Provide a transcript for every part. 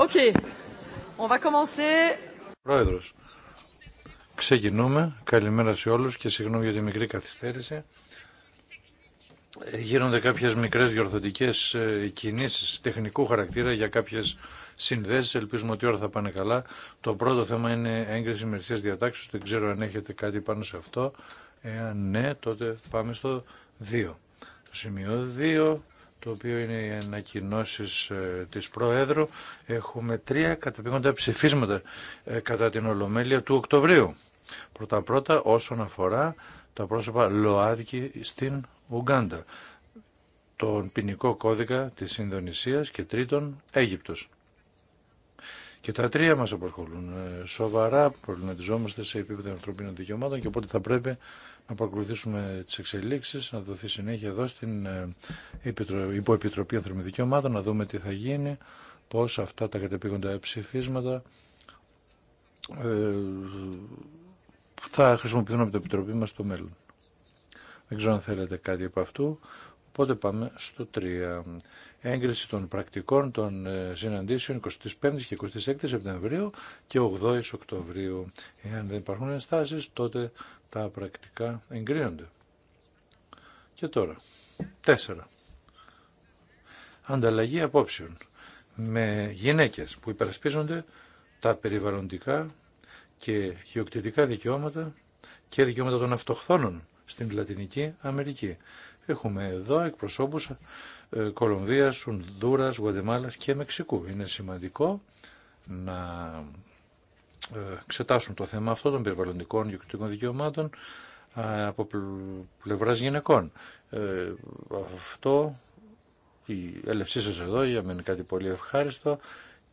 Okay. On va commencer. Πρόεδρος, ξεκινούμε. Καλημέρα σε όλους και συγγνώμη για τη μικρή καθυστέρηση. Γίνονται κάποιες μικρές διορθωτικές ε, κινήσεις τεχνικού χαρακτήρα για κάποιες συνδέσεις. Ελπίζουμε ότι όλα θα πάνε καλά. Το πρώτο θέμα είναι έγκριση μερικές διατάξεις. Δεν ξέρω αν έχετε κάτι πάνω σε αυτό. Εάν ναι, τότε πάμε στο 2. σημείο 2 το οποίο είναι οι ανακοινώσει ε, της Προέδρου. Έχουμε τρία κατεπήγοντα ψηφίσματα ε, κατά την Ολομέλεια του Οκτωβρίου. Πρώτα-πρώτα όσον αφορά τα πρόσωπα ΛΟΑΔΚΙ στην Ουγκάντα, τον ποινικό κώδικα της Ινδονησίας και τρίτον Αίγυπτος. Και τα τρία μας απασχολούν. Ε, σοβαρά προβληματιζόμαστε σε επίπεδο ανθρωπίνων δικαιωμάτων και οπότε θα πρέπει να παρακολουθήσουμε τις εξελίξεις, να δοθεί συνέχεια εδώ στην ε, Υποεπιτροπή Ανθρωπινών Δικαιωμάτων, να δούμε τι θα γίνει, πώς αυτά τα κατεπήγοντα ψηφίσματα ε, θα χρησιμοποιηθούν από την Επιτροπή μας στο μέλλον. Δεν ξέρω αν θέλετε κάτι από αυτού. Οπότε πάμε στο 3. Έγκριση των πρακτικών των ε, συναντήσεων 25 και 26 Σεπτεμβρίου και 8 Οκτωβρίου. Εάν δεν υπάρχουν ενστάσεις, τότε τα πρακτικά εγκρίνονται. Και τώρα, τέσσερα. Ανταλλαγή απόψεων με γυναίκες που υπερασπίζονται τα περιβαλλοντικά και γεωκτητικά δικαιώματα και δικαιώματα των αυτοχθόνων στην Λατινική Αμερική. Έχουμε εδώ εκπροσώπους ε, Κολομβίας, Ουνδούρας, Γουατεμάλας και Μεξικού. Είναι σημαντικό να ε, εξετάσουν το θέμα αυτό των περιβαλλοντικών και δικαιωμάτων ε, από πλευράς γυναικών. Ε, αυτό η έλευσή σας εδώ για μένα κάτι πολύ ευχάριστο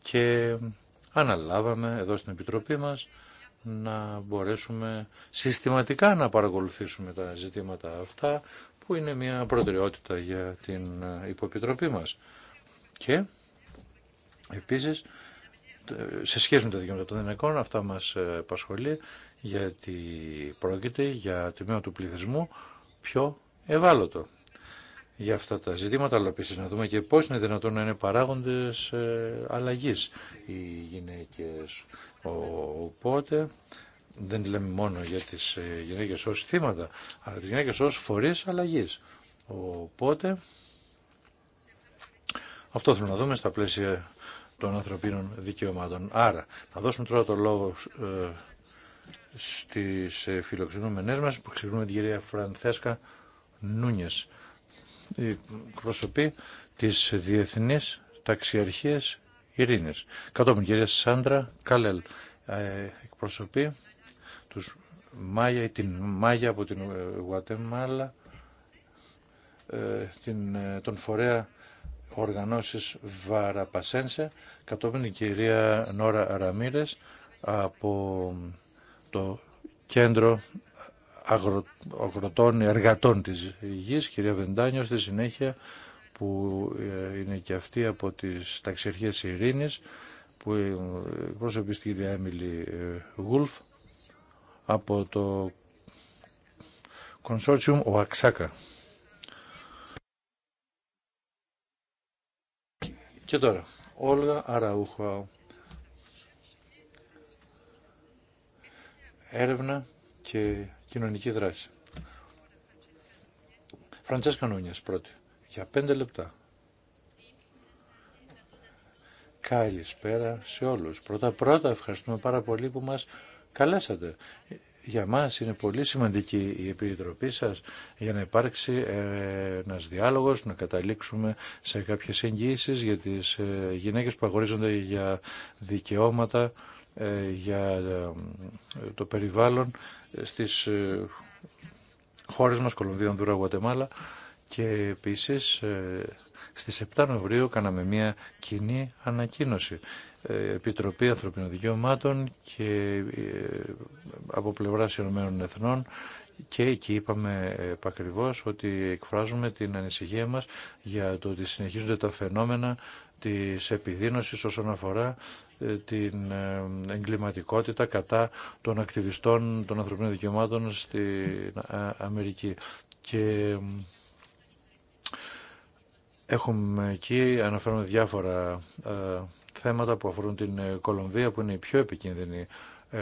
και αναλάβαμε εδώ στην Επιτροπή μας να μπορέσουμε συστηματικά να παρακολουθήσουμε τα ζητήματα αυτά που είναι μια προτεραιότητα για την ε, Υποπιτροπή μας. Και επίσης σε σχέση με τα δικαιώματα των γυναικών, αυτά μας ε, απασχολεί γιατί πρόκειται για τμήμα του πληθυσμού πιο ευάλωτο για αυτά τα ζητήματα, αλλά επίση να δούμε και πώς είναι δυνατόν να είναι παράγοντες ε, αλλαγής οι γυναίκες. Οπότε δεν λέμε μόνο για τις ε, γυναίκες ως θύματα, αλλά τις γυναίκες ως φορείς αλλαγής. Οπότε αυτό θέλουμε να δούμε στα πλαίσια των ανθρωπίνων δικαιωμάτων. Άρα, θα δώσουμε τώρα το λόγο ε, στις ε, φιλοξενούμενές μας, που ξεκινούμε την κυρία Φρανθέσκα Νούνιες. Η προσωπή της Διεθνής Ταξιαρχίας Ειρήνης. Κατόπιν κυρία Σάντρα Καλέλ, ε, εκπροσωπή, τους Μάγια ή την Μάγια από την Γουατεμάλα, ε, την, τον φορέα οργανώσεις Βαραπασένσε, κατόπιν η κυρία Νόρα Ραμύρες από το Κέντρο Αγροτών Εργατών της Γης, κυρία Βεντάνιο, στη συνέχεια που ε, είναι και αυτή από τις ταξιαρχίες Ειρήνης, που ε, εκπρόσωπη στη κυρία Έμιλη ε, Γούλφ, από το Consortium αξάκα. Και τώρα, Όλγα Αραούχα, Έρευνα και κοινωνική δράση. Φραντσέσκα Νούνιας πρώτη, για πέντε λεπτά. Καλησπέρα σε όλους. Πρώτα-πρώτα ευχαριστούμε πάρα πολύ που μας καλέσατε για μας είναι πολύ σημαντική η επιτροπή σας για να υπάρξει ε, ένας διάλογος, να καταλήξουμε σε κάποιες εγγύησει για τις ε, γυναίκες που αγορίζονται για δικαιώματα, ε, για το περιβάλλον στις χώρες μας, Κολομβία, Ανδούρα, Γουατεμάλα και επίσης στις 7 Νοεμβρίου κάναμε μια κοινή ανακοίνωση ε, Επιτροπή Ανθρωπίνων Δικαιωμάτων και ε, από πλευρά Ηνωμένων Εθνών και εκεί είπαμε επακριβώς ότι εκφράζουμε την ανησυχία μας για το ότι συνεχίζονται τα φαινόμενα της επιδείνωσης όσον αφορά ε, την εγκληματικότητα κατά των ακτιβιστών των ανθρωπίνων δικαιωμάτων στην Αμερική. Και έχουμε εκεί, αναφέρουμε διάφορα θέματα που αφορούν την ε, Κολομβία που είναι η πιο επικίνδυνη ε,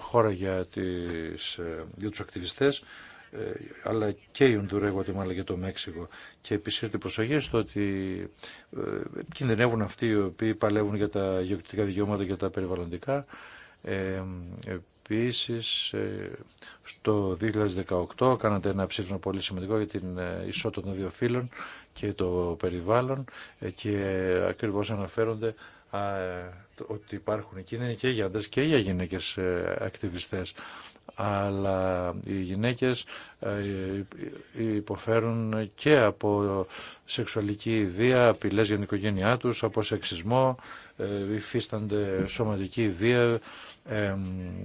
χώρα για, τις, ε, για τους ακτιβιστές αλλά και η Ονδουρέ, αλλά και το Μέξικο. Και επισύρτη προσοχή στο ότι κινδυνεύουν αυτοί οι οποίοι παλεύουν για τα γεωκτικά δικαιώματα και τα περιβαλλοντικά. Ε, Επίσης, στο 2018 κάνατε ένα ψήφισμα πολύ σημαντικό για την ισότητα των δύο φύλων και το περιβάλλον και ακριβώς αναφέρονται ότι υπάρχουν κίνδυνοι και για άντρες και για γυναίκες ε, ακτιβιστές αλλά οι γυναίκες ε, υποφέρουν και από σεξουαλική βία, απειλές για την οικογένειά τους, από σεξισμό, ε, υφίστανται σωματική βία,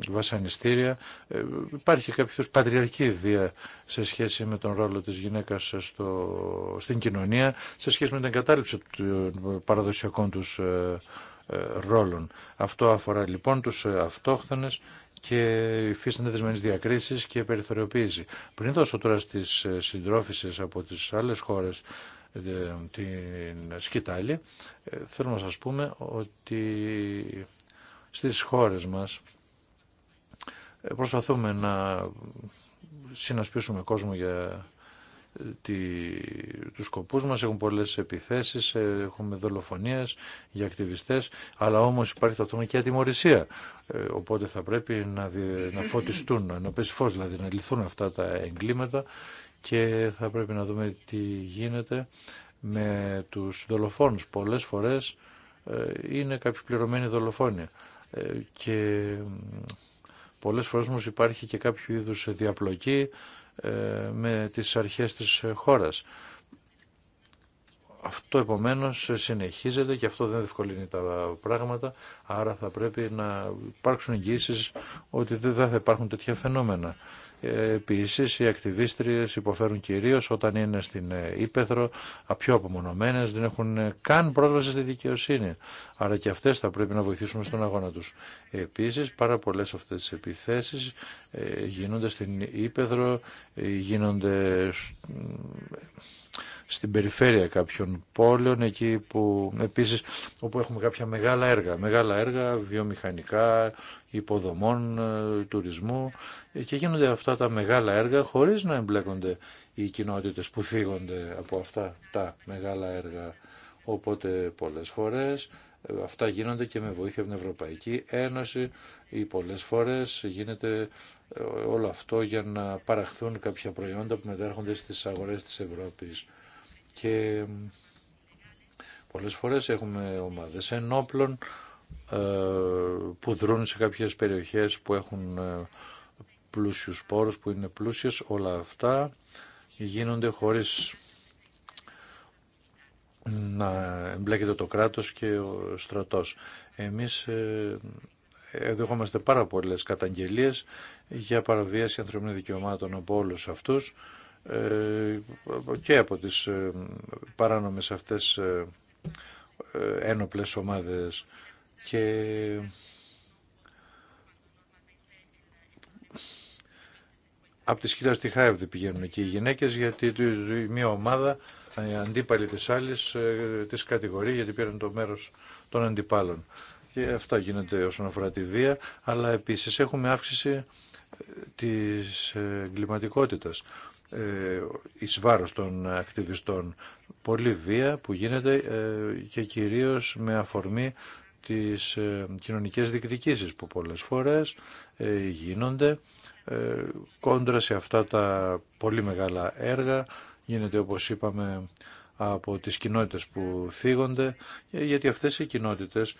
βασανιστήρια. Ε, υπάρχει κάποιος πατριαρχή βία σε σχέση με τον ρόλο της γυναίκας στο, στην κοινωνία, σε σχέση με την κατάληψη των παραδοσιακών τους ε, ε, ρόλων. Αυτό αφορά λοιπόν τους αυτόχθονες και υφίστανται δεσμενής διακρίσεις και περιθωριοποίηση. Πριν δώσω τώρα στις συντρόφισσες από τις άλλες χώρες την σκητάλη, θέλουμε να σας πούμε ότι στις χώρες μας. Ε, προσπαθούμε να συνασπίσουμε κόσμο για ε, τη, τους σκοπούς μας, έχουν πολλές επιθέσεις, ε, έχουμε δολοφονίες για ακτιβιστές, αλλά όμως υπάρχει ταυτόχρονα και ατιμορρησία. οπότε θα πρέπει να, να φωτιστούν, να πέσει φως, δηλαδή να λυθούν αυτά τα εγκλήματα και θα πρέπει να δούμε τι γίνεται με τους δολοφόνους. Πολλές φορές είναι κάποιοι πληρωμένοι δολοφόνοι. Ε, και πολλές φορές όμως υπάρχει και κάποιο είδους διαπλοκή ε, με τις αρχές της χώρας. Αυτό επομένως συνεχίζεται και αυτό δεν διευκολύνει τα πράγματα, άρα θα πρέπει να υπάρξουν εγγύησεις ότι δεν θα υπάρχουν τέτοια φαινόμενα. Επίση, οι ακτιβίστριε υποφέρουν κυρίω όταν είναι στην ε, Ήπεθρο, πιο απομονωμένε, δεν έχουν ε, καν πρόσβαση στη δικαιοσύνη. Άρα και αυτέ θα πρέπει να βοηθήσουμε στον αγώνα του. Επίση, πάρα πολλέ αυτέ τι επιθέσει ε, γίνονται στην Ήπεθρο, γίνονται στην περιφέρεια κάποιων πόλεων, εκεί που επίσης όπου έχουμε κάποια μεγάλα έργα, μεγάλα έργα βιομηχανικά, υποδομών, ε, τουρισμού και γίνονται αυτά τα μεγάλα έργα χωρίς να εμπλέκονται οι κοινότητες που φύγονται από αυτά τα μεγάλα έργα. Οπότε πολλές φορές ε, αυτά γίνονται και με βοήθεια από την Ευρωπαϊκή Ένωση ή πολλές φορές γίνεται ε, όλο αυτό για να παραχθούν κάποια προϊόντα που μετέρχονται στις αγορές της Ευρώπης. Και πολλές φορές έχουμε ομάδες ενόπλων ε, που δρούν σε κάποιες περιοχές που έχουν ε, πλούσιους πόρους, που είναι πλούσιες, όλα αυτά γίνονται χωρίς να εμπλέκεται το κράτος και ο στρατός. Εμείς δεχόμαστε πάρα πολλές καταγγελίες για παραβίαση ανθρωπίνων δικαιωμάτων από όλους αυτούς ε, και από τις παράνομες αυτές ένοπλες ομάδες και από τη σκήτα στη Χάιβδη πηγαίνουν εκεί οι γυναίκες γιατί μια ομάδα αντίπαλη της άλλης ε, της κατηγορεί γιατί πήραν το μέρος των αντιπάλων. Και αυτά γίνεται όσον αφορά τη βία, αλλά επίσης έχουμε αύξηση ε, της εγκληματικότητα, ε, εις βάρος των ακτιβιστών. Πολύ βία που γίνεται και κυρίως με αφορμή τις ε, κοινωνικές διεκδικήσεις που πολλές φορές ε, γίνονται ε, κόντρα σε αυτά τα πολύ μεγάλα έργα. Γίνεται όπως είπαμε από τις κοινότητες που θίγονται, γιατί αυτές οι κοινότητες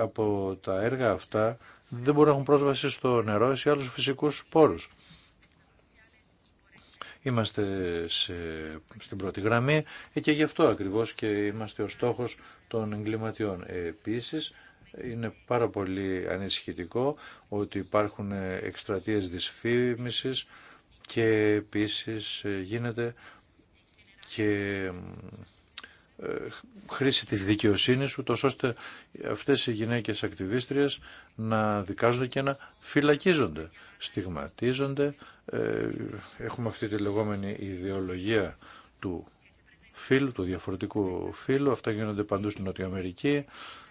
από τα έργα αυτά δεν μπορούν να έχουν πρόσβαση στο νερό ή σε άλλους φυσικούς πόρους. Είμαστε σε, στην πρώτη γραμμή ε, και γι' αυτό ακριβώς και είμαστε ο στόχος των εγκληματιών. Ε, επίσης, είναι πάρα πολύ ανησυχητικό ότι υπάρχουν εκστρατείες δυσφήμισης και επίσης ε, γίνεται και χρήση της δικαιοσύνης ούτως ώστε αυτές οι γυναίκες ακτιβίστριες να δικάζονται και να φυλακίζονται, στιγματίζονται. Ε, έχουμε αυτή τη λεγόμενη ιδεολογία του φίλου, του διαφορετικού φίλου. Αυτά γίνονται παντού στην Νότια Αμερική.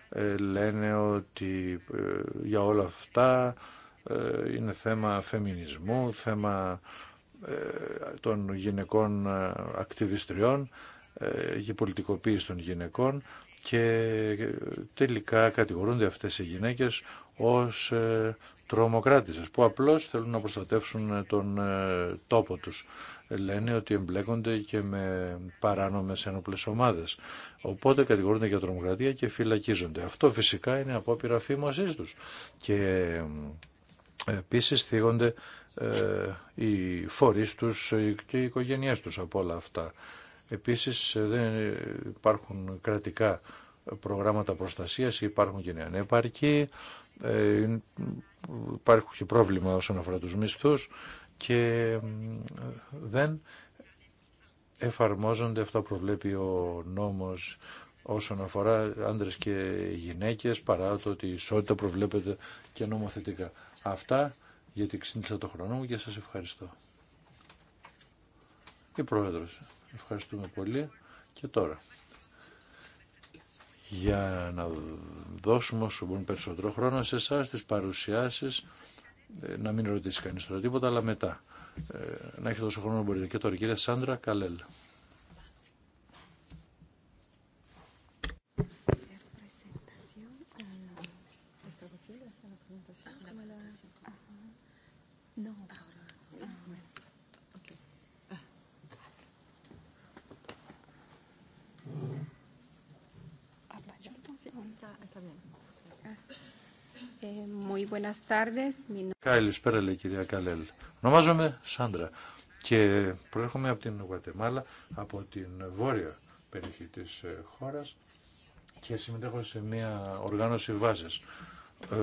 Ε, λένε ότι ε, για όλα αυτά είναι θέμα φεμινισμού, θέμα των γυναικών ακτιβιστριών ε, για πολιτικοποίηση των γυναικών και ε, τελικά κατηγορούνται αυτές οι γυναίκες ως ε, τρομοκράτησες που απλώς θέλουν να προστατεύσουν τον τόπο τους. Λένε ότι εμπλέκονται και με παράνομες ενόπλες ομάδες. Οπότε κατηγορούνται για τρομοκρατία και φυλακίζονται. Αυτό φυσικά είναι απόπειρα θύμασής τους. Και επίσης θίγονται οι φορείς τους και οι οικογένειές τους από όλα αυτά. Επίσης δεν υπάρχουν κρατικά προγράμματα προστασίας, υπάρχουν και νεανέπαρκοι, ε, υπάρχουν και πρόβλημα όσον αφορά τους μισθούς και δεν εφαρμόζονται αυτά που προβλέπει ο νόμος όσον αφορά άντρες και γυναίκες παρά το ότι η ισότητα προβλέπεται και νομοθετικά. Αυτά γιατί ξύνησα το χρόνο μου και σας ευχαριστώ. και Πρόεδρος. Ευχαριστούμε πολύ. Και τώρα, για να δώσουμε όσο μπορούμε περισσότερο χρόνο σε εσά τις παρουσιάσεις, ε, να μην ρωτήσει κανείς τώρα τίποτα, αλλά μετά. Ε, να έχετε τόσο χρόνο μπορείτε. Και τώρα, κυρία Σάντρα Καλέλα. Eh, Καλησπέρα λέει κυρία Καλέλ. Ονομάζομαι Σάντρα και προέρχομαι από την Γουατεμάλα, από την βόρεια περιοχή της ε, χώρας και συμμετέχω σε μια οργάνωση βάσης. Ε,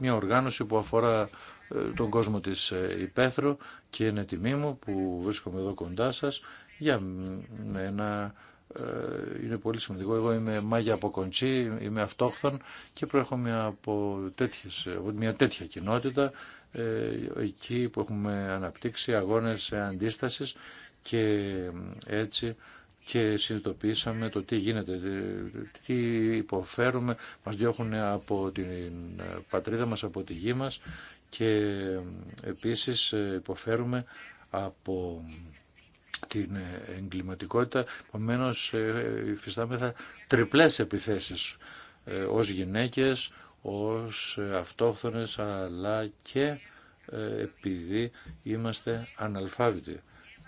μια οργάνωση που αφορά ε, τον κόσμο της υπαίθρου και είναι τιμή μου που βρίσκομαι εδώ κοντά σας για ένα... Ε, είναι πολύ σημαντικό. Εγώ είμαι μάγια από Κοντσί, είμαι αυτόχθον και προέρχομαι από, τέτοιες, μια τέτοια κοινότητα ε, εκεί που έχουμε αναπτύξει αγώνες αντίστασης και έτσι και συνειδητοποιήσαμε το τι γίνεται, ε, τι υποφέρουμε, μας διώχνουν από την πατρίδα μας, από τη γη μας και επίσης υποφέρουμε από την ε, εγκληματικότητα. Επομένω, ε, υφιστάμεθα τριπλές επιθέσεις ε, ως γυναίκες, ως αυτόχθονες, αλλά και επειδή είμαστε αναλφάβητοι.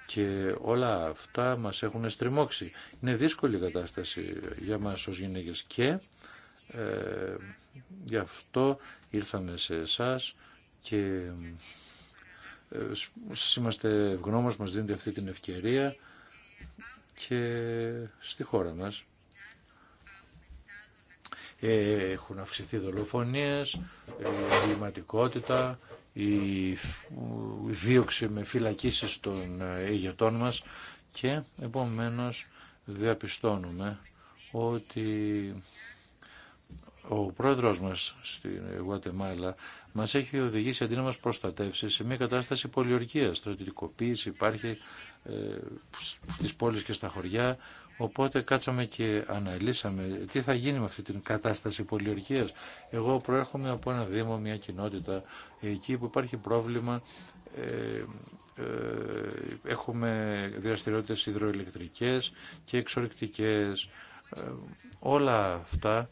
Και όλα αυτά μας έχουν στριμώξει. Είναι δύσκολη η κατάσταση για μας ως γυναίκες και ε, γι' αυτό ήρθαμε σε εσάς και σας είμαστε ευγνώμες, μας δίνετε αυτή την ευκαιρία και στη χώρα μας. Έχουν αυξηθεί δολοφονίες, η εγκληματικότητα, η δίωξη με φυλακίσεις των ηγετών μας και επομένως διαπιστώνουμε ότι ο πρόεδρος μας στην Γουατεμάλα Μα έχει οδηγήσει αντί να μα προστατεύσει σε μια κατάσταση πολιορκία. στρατιωτικοποίηση υπάρχει ε, στις πόλεις και στα χωριά, οπότε κάτσαμε και αναλύσαμε τι θα γίνει με αυτή την κατάσταση πολιορκία. Εγώ προέρχομαι από ένα δήμο, μια κοινότητα, εκεί που υπάρχει πρόβλημα ε, ε, έχουμε δραστηριότητες υδροελεκτρικές και εξορρυκτικέ. Ε, όλα αυτά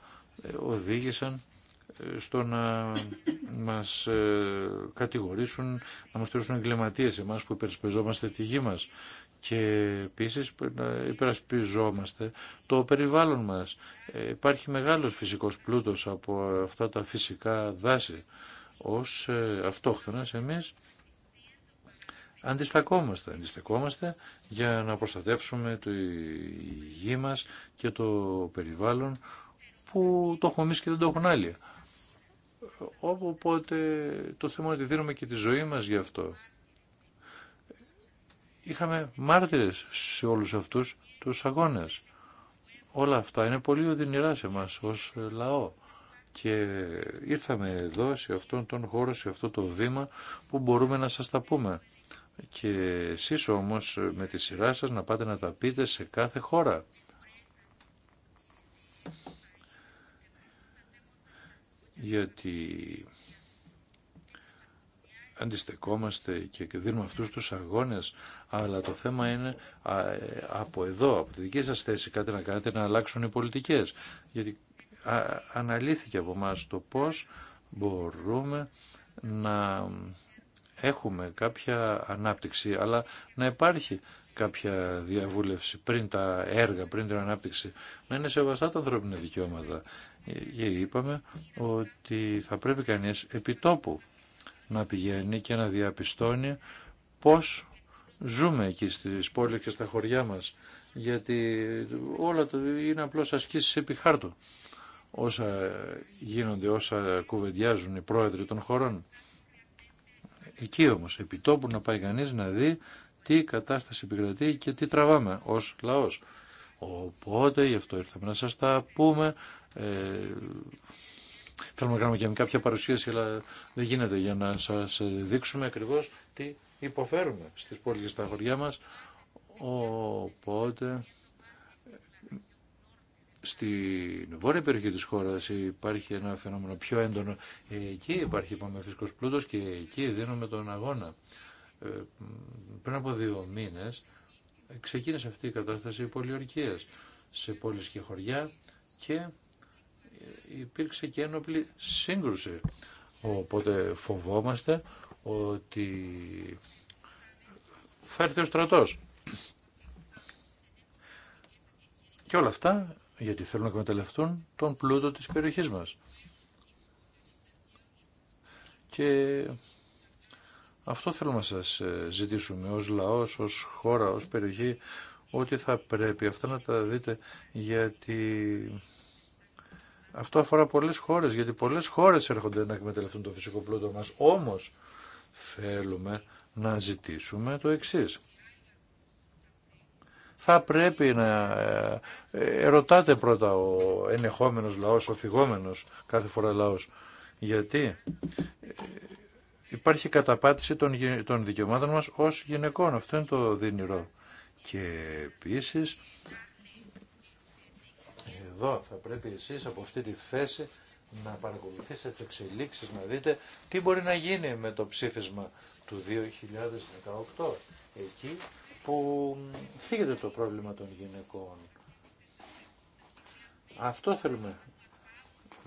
οδήγησαν στο να μας ε, κατηγορήσουν, να μας θεωρήσουν εγκληματίες εμάς που υπερασπιζόμαστε τη γη μας και επίσης υπερασπιζόμαστε το περιβάλλον μας. Ε, υπάρχει μεγάλος φυσικός πλούτος από αυτά τα φυσικά δάση. Ως ε, αυτόχθονας εμείς αντιστακόμαστε. Αντιστακόμαστε για να προστατεύσουμε τη γη μας και το περιβάλλον που το έχουμε εμείς και δεν το έχουν άλλοι οπότε το θέμα είναι ότι δίνουμε και τη ζωή μας γι' αυτό. Είχαμε μάρτυρες σε όλους αυτούς τους αγώνες. Όλα αυτά είναι πολύ οδυνηρά σε μας ως λαό. Και ήρθαμε εδώ, σε αυτόν τον χώρο, σε αυτό το βήμα που μπορούμε να σας τα πούμε. Και εσείς όμως με τη σειρά σας να πάτε να τα πείτε σε κάθε χώρα. γιατί αντιστεκόμαστε και δίνουμε αυτούς τους αγώνες, αλλά το θέμα είναι ε, από εδώ, από τη δική σας θέση κάτι να κάνετε να αλλάξουν οι πολιτικές. Γιατί αναλύθηκε από εμά το πώς μπορούμε να έχουμε κάποια ανάπτυξη, αλλά να υπάρχει κάποια διαβούλευση πριν τα έργα, πριν την ανάπτυξη, να είναι σεβαστά τα ανθρώπινα δικαιώματα και είπαμε ότι θα πρέπει κανείς επιτόπου να πηγαίνει και να διαπιστώνει πώς ζούμε εκεί στις πόλεις και στα χωριά μας γιατί όλα το είναι απλώς ασκήσεις επί χάρτου όσα γίνονται, όσα κουβεντιάζουν οι πρόεδροι των χωρών. Εκεί όμως, επιτόπου να πάει κανείς να δει τι κατάσταση επικρατεί και τι τραβάμε ως λαός. Οπότε γι' αυτό ήρθαμε να σας τα πούμε, ε, θέλουμε να κάνουμε και κάποια παρουσίαση, αλλά δεν γίνεται για να σας δείξουμε ακριβώς τι υποφέρουμε στις πόλεις και στα χωριά μας. Οπότε, στην βόρεια περιοχή της χώρας υπάρχει ένα φαινόμενο πιο έντονο. Εκεί υπάρχει, είπαμε, φυσικός πλούτος και εκεί δίνουμε τον αγώνα. Ε, πριν από δύο μήνες ξεκίνησε αυτή η κατάσταση πολιορκίας σε πόλεις και χωριά και υπήρξε και ένοπλη σύγκρουση. Οπότε φοβόμαστε ότι θα έρθει ο στρατός. Και όλα αυτά γιατί θέλουν να εκμεταλλευτούν τον πλούτο της περιοχής μας. Και αυτό θέλουμε να σας ε, ζητήσουμε ως λαός, ως χώρα, ως περιοχή, ότι θα πρέπει αυτά να τα δείτε γιατί αυτό αφορά πολλές χώρες, γιατί πολλές χώρες έρχονται να εκμεταλλευτούν το φυσικό πλούτο μας. Όμως θέλουμε να ζητήσουμε το εξή. Θα πρέπει να ερωτάτε ε, πρώτα ο ενεχόμενος λαός, ο φυγόμενος κάθε φορά λαός. Γιατί ε, υπάρχει καταπάτηση των, δικαιωμάτων μας ως γυναικών. Αυτό είναι το δίνηρο. Και επίσης εδώ θα πρέπει εσείς από αυτή τη θέση να παρακολουθήσετε τις εξελίξεις, να δείτε τι μπορεί να γίνει με το ψήφισμα του 2018, εκεί που θίγεται το πρόβλημα των γυναικών. Αυτό θέλουμε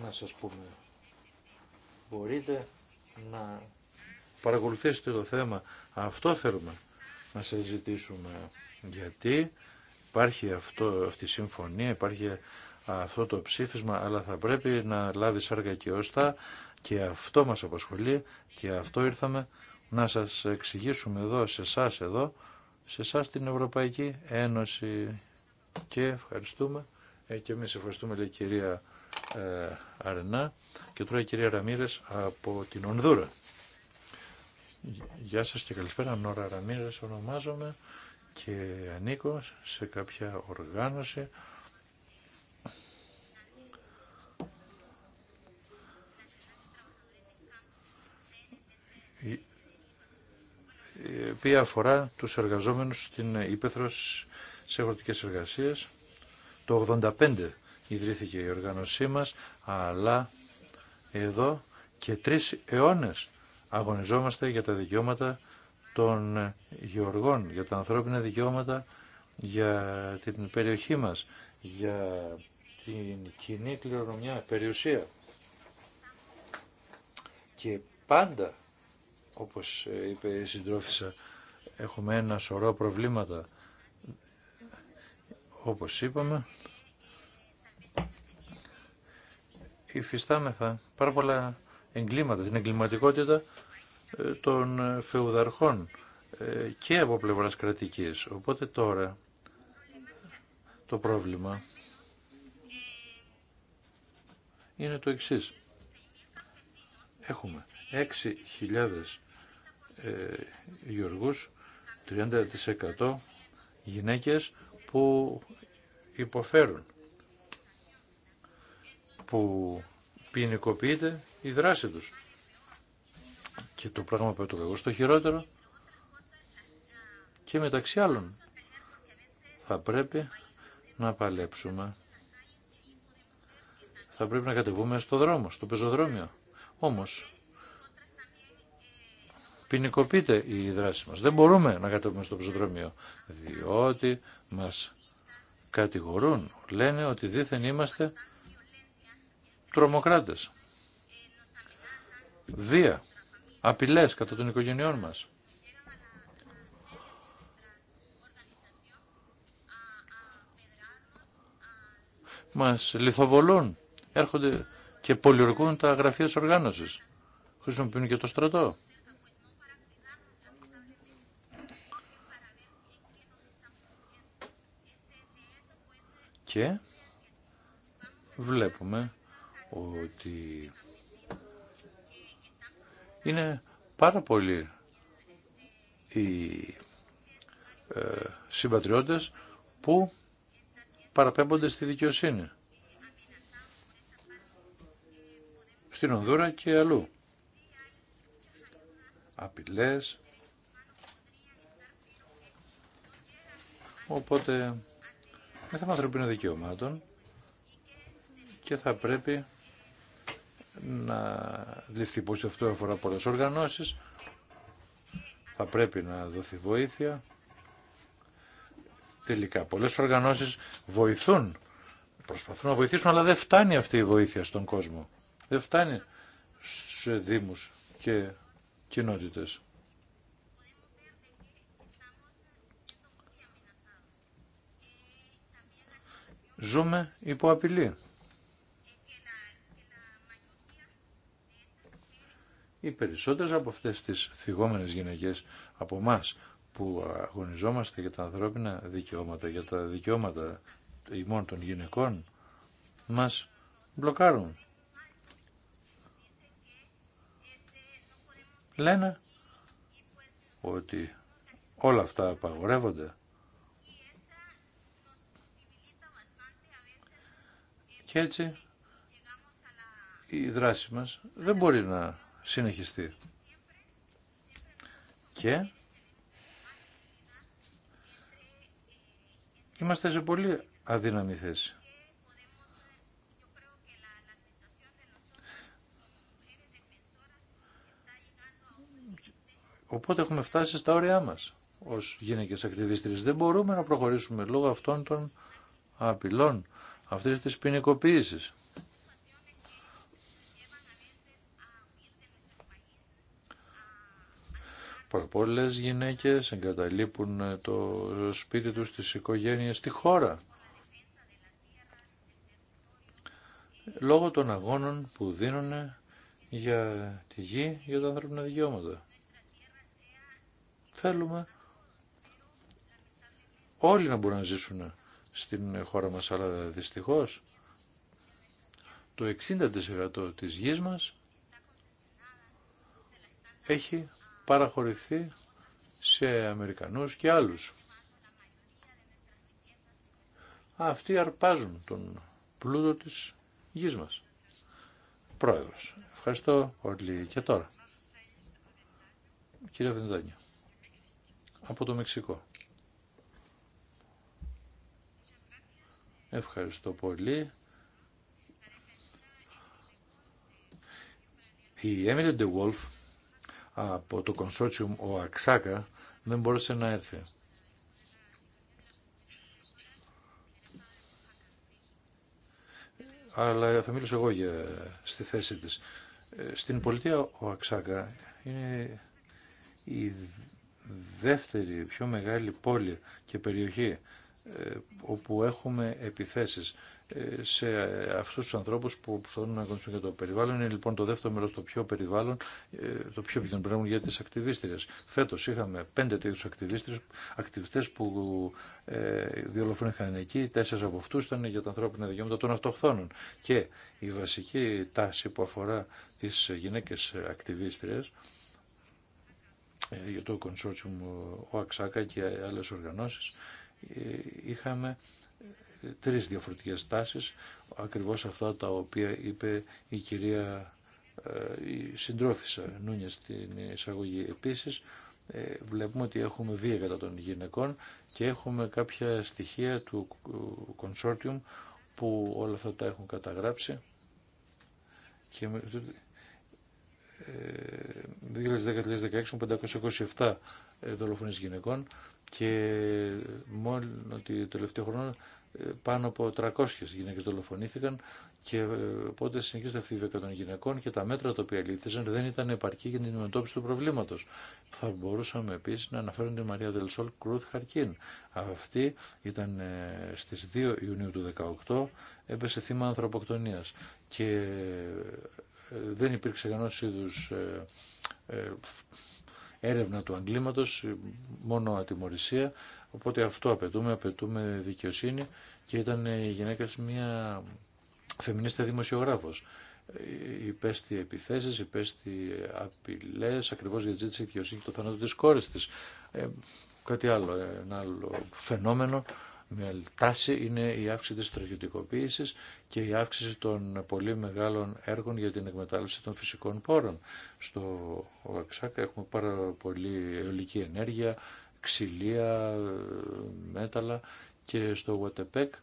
να σας πούμε. Μπορείτε να παρακολουθήσετε το θέμα. Αυτό θέλουμε να σας ζητήσουμε. Γιατί υπάρχει αυτό, αυτή η συμφωνία, υπάρχει αυτό το ψήφισμα, αλλά θα πρέπει να λάβει σάρκα και ώστα και αυτό μας απασχολεί και αυτό ήρθαμε να σας εξηγήσουμε εδώ, σε εσά εδώ, σε εσά την Ευρωπαϊκή Ένωση. Και ευχαριστούμε. Ε, και εμείς ευχαριστούμε, λέει κυρία ε, Αρενά. Και τώρα η κυρία Ραμύρες από την Ονδούρα. Γεια σας και καλησπέρα. Νόρα Ραμύρες ονομάζομαι και ανήκω σε κάποια οργάνωση οποία αφορά τους εργαζόμενους στην Ήπεθρο σε αγροτικές εργασίες. Το 85 ιδρύθηκε η οργάνωσή μας, αλλά εδώ και τρεις αιώνες αγωνιζόμαστε για τα δικαιώματα των γεωργών, για τα ανθρώπινα δικαιώματα, για την περιοχή μας, για την κοινή κληρονομιά, περιουσία. Και πάντα όπως ε, είπε η συντρόφισσα, έχουμε ένα σωρό προβλήματα. Όπως είπαμε, υφιστάμεθα πάρα πολλά εγκλήματα, την εγκληματικότητα ε, των ε, φεουδαρχών και από πλευράς κρατικής. Οπότε τώρα το πρόβλημα είναι το εξής. Έχουμε 6.000 ε, γεωργούς, 30% γυναίκες που υποφέρουν, που ποινικοποιείται η δράση τους. Και το πράγμα που το κακό στο χειρότερο και μεταξύ άλλων θα πρέπει να παλέψουμε. Θα πρέπει να κατεβούμε στο δρόμο, στο πεζοδρόμιο. Όμως ποινικοποιείται η δράση μας. Δεν μπορούμε να κατέβουμε στο πεζοδρομείο, διότι μας κατηγορούν. Λένε ότι δήθεν είμαστε τρομοκράτες. Βία, απειλές κατά των οικογενειών μας. Μας λιθοβολούν, έρχονται και πολιορκούν τα γραφεία της οργάνωσης. Χρησιμοποιούν και το στρατό. και βλέπουμε ότι είναι πάρα πολλοί οι ε, συμπατριώτες που παραπέμπονται στη δικαιοσύνη. Στην Ονδούρα και αλλού. Απειλές. Οπότε με θέμα ανθρωπίνων δικαιωμάτων και θα πρέπει να ληφθεί πως αυτό αφορά πολλές οργανώσεις θα πρέπει να δοθεί βοήθεια τελικά πολλές οργανώσεις βοηθούν προσπαθούν να βοηθήσουν αλλά δεν φτάνει αυτή η βοήθεια στον κόσμο δεν φτάνει σε δήμους και κοινότητες ζούμε υπό απειλή. Οι περισσότερες από αυτές τις φυγόμενες γυναίκες από εμά που αγωνιζόμαστε για τα ανθρώπινα δικαιώματα, για τα δικαιώματα ημών των γυναικών, μας μπλοκάρουν. Λένε ότι όλα αυτά απαγορεύονται Και έτσι η δράση μας δεν μπορεί να συνεχιστεί. Και είμαστε σε πολύ αδύναμη θέση. Οπότε έχουμε φτάσει στα όρια μας ως γυναίκες ακτιβίστρες. Δεν μπορούμε να προχωρήσουμε λόγω αυτών των απειλών αυτής της ποινικοποίηση. Πολλέ γυναίκες εγκαταλείπουν το σπίτι τους, τι οικογένειε, τη χώρα. Λόγω των αγώνων που δίνουν για τη γη, για τα ανθρώπινα δικαιώματα. Θέλουμε όλοι να μπορούν να ζήσουν στην χώρα μας, αλλά δυστυχώς το 60% της γης μας έχει παραχωρηθεί σε Αμερικανούς και άλλους. Αυτοί αρπάζουν τον πλούτο της γης μας. Πρόεδρος. Ευχαριστώ όλοι Και τώρα. Κύριε Από το Μεξικό. Ευχαριστώ πολύ. Η Emily De Wolf από το consortium ο Αξάκα δεν μπόρεσε να έρθει. Αλλά θα μιλήσω εγώ για, στη θέση της. Ε, στην πολιτεία ο Αξάκα είναι η δεύτερη πιο μεγάλη πόλη και περιοχή ε, όπου έχουμε επιθέσεις ε, σε αυτούς τους ανθρώπους που προσπαθούν να αγωνιστούν για το περιβάλλον. Είναι λοιπόν το δεύτερο μέρος το πιο περιβάλλον, ε, το πιο πιθανό για τις ακτιβίστριες. Φέτος είχαμε πέντε τέτοιους ακτιβίστριες, ακτιβιστές που ε, ειχαν εκεί, τέσσερις από αυτούς ήταν για τα ανθρώπινα δικαιώματα των αυτοχθόνων. Και η βασική τάση που αφορά τις γυναίκες ακτιβίστριες, για το Consortium Αξάκα και άλλες οργανώσεις είχαμε τρεις διαφορετικές τάσεις, ακριβώς αυτά τα οποία είπε η κυρία ε, η συντρόφισσα Νούνια στην εισαγωγή. Επίσης, ε, βλέπουμε ότι έχουμε δύο κατά των γυναικών και έχουμε κάποια στοιχεία του consortium που όλα αυτά τα έχουν καταγράψει και 2010-2016 527 ε, δολοφονίες γυναικών και μόνο το τελευταίο χρόνο ε, πάνω από 300 γυναίκες δολοφονήθηκαν και ε, οπότε συνεχίζεται αυτή η των γυναικών και τα μέτρα τα οποία λήφθησαν δεν ήταν επαρκή για την αντιμετώπιση του προβλήματος. Θα μπορούσαμε επίσης να αναφέρουμε τη Μαρία Δελσόλ Κρούθ Χαρκίν. Αυτή ήταν ε, στις 2 Ιουνίου του 2018, έπεσε θύμα ανθρωποκτονίας και δεν υπήρξε κανένα είδου έρευνα του αγκλήματος, μόνο ατιμορρησία, οπότε αυτό απαιτούμε, απαιτούμε δικαιοσύνη και ήταν η γυναίκα μια φεμινίστα δημοσιογράφος. Υπέστη επιθέσεις, υπέστη απειλές, ακριβώς γιατί ζήτησε δικαιοσύνη και το θάνατο τη κόρη τη, Ε, κάτι άλλο, ένα άλλο φαινόμενο με τάση είναι η αύξηση της στρατιωτικοποίησης και η αύξηση των πολύ μεγάλων έργων για την εκμετάλλευση των φυσικών πόρων. Στο ΟΑΞΑΚ έχουμε πάρα πολύ αιωλική ενέργεια, ξυλία, μέταλλα και στο ΟΑΤΕΠΕΚ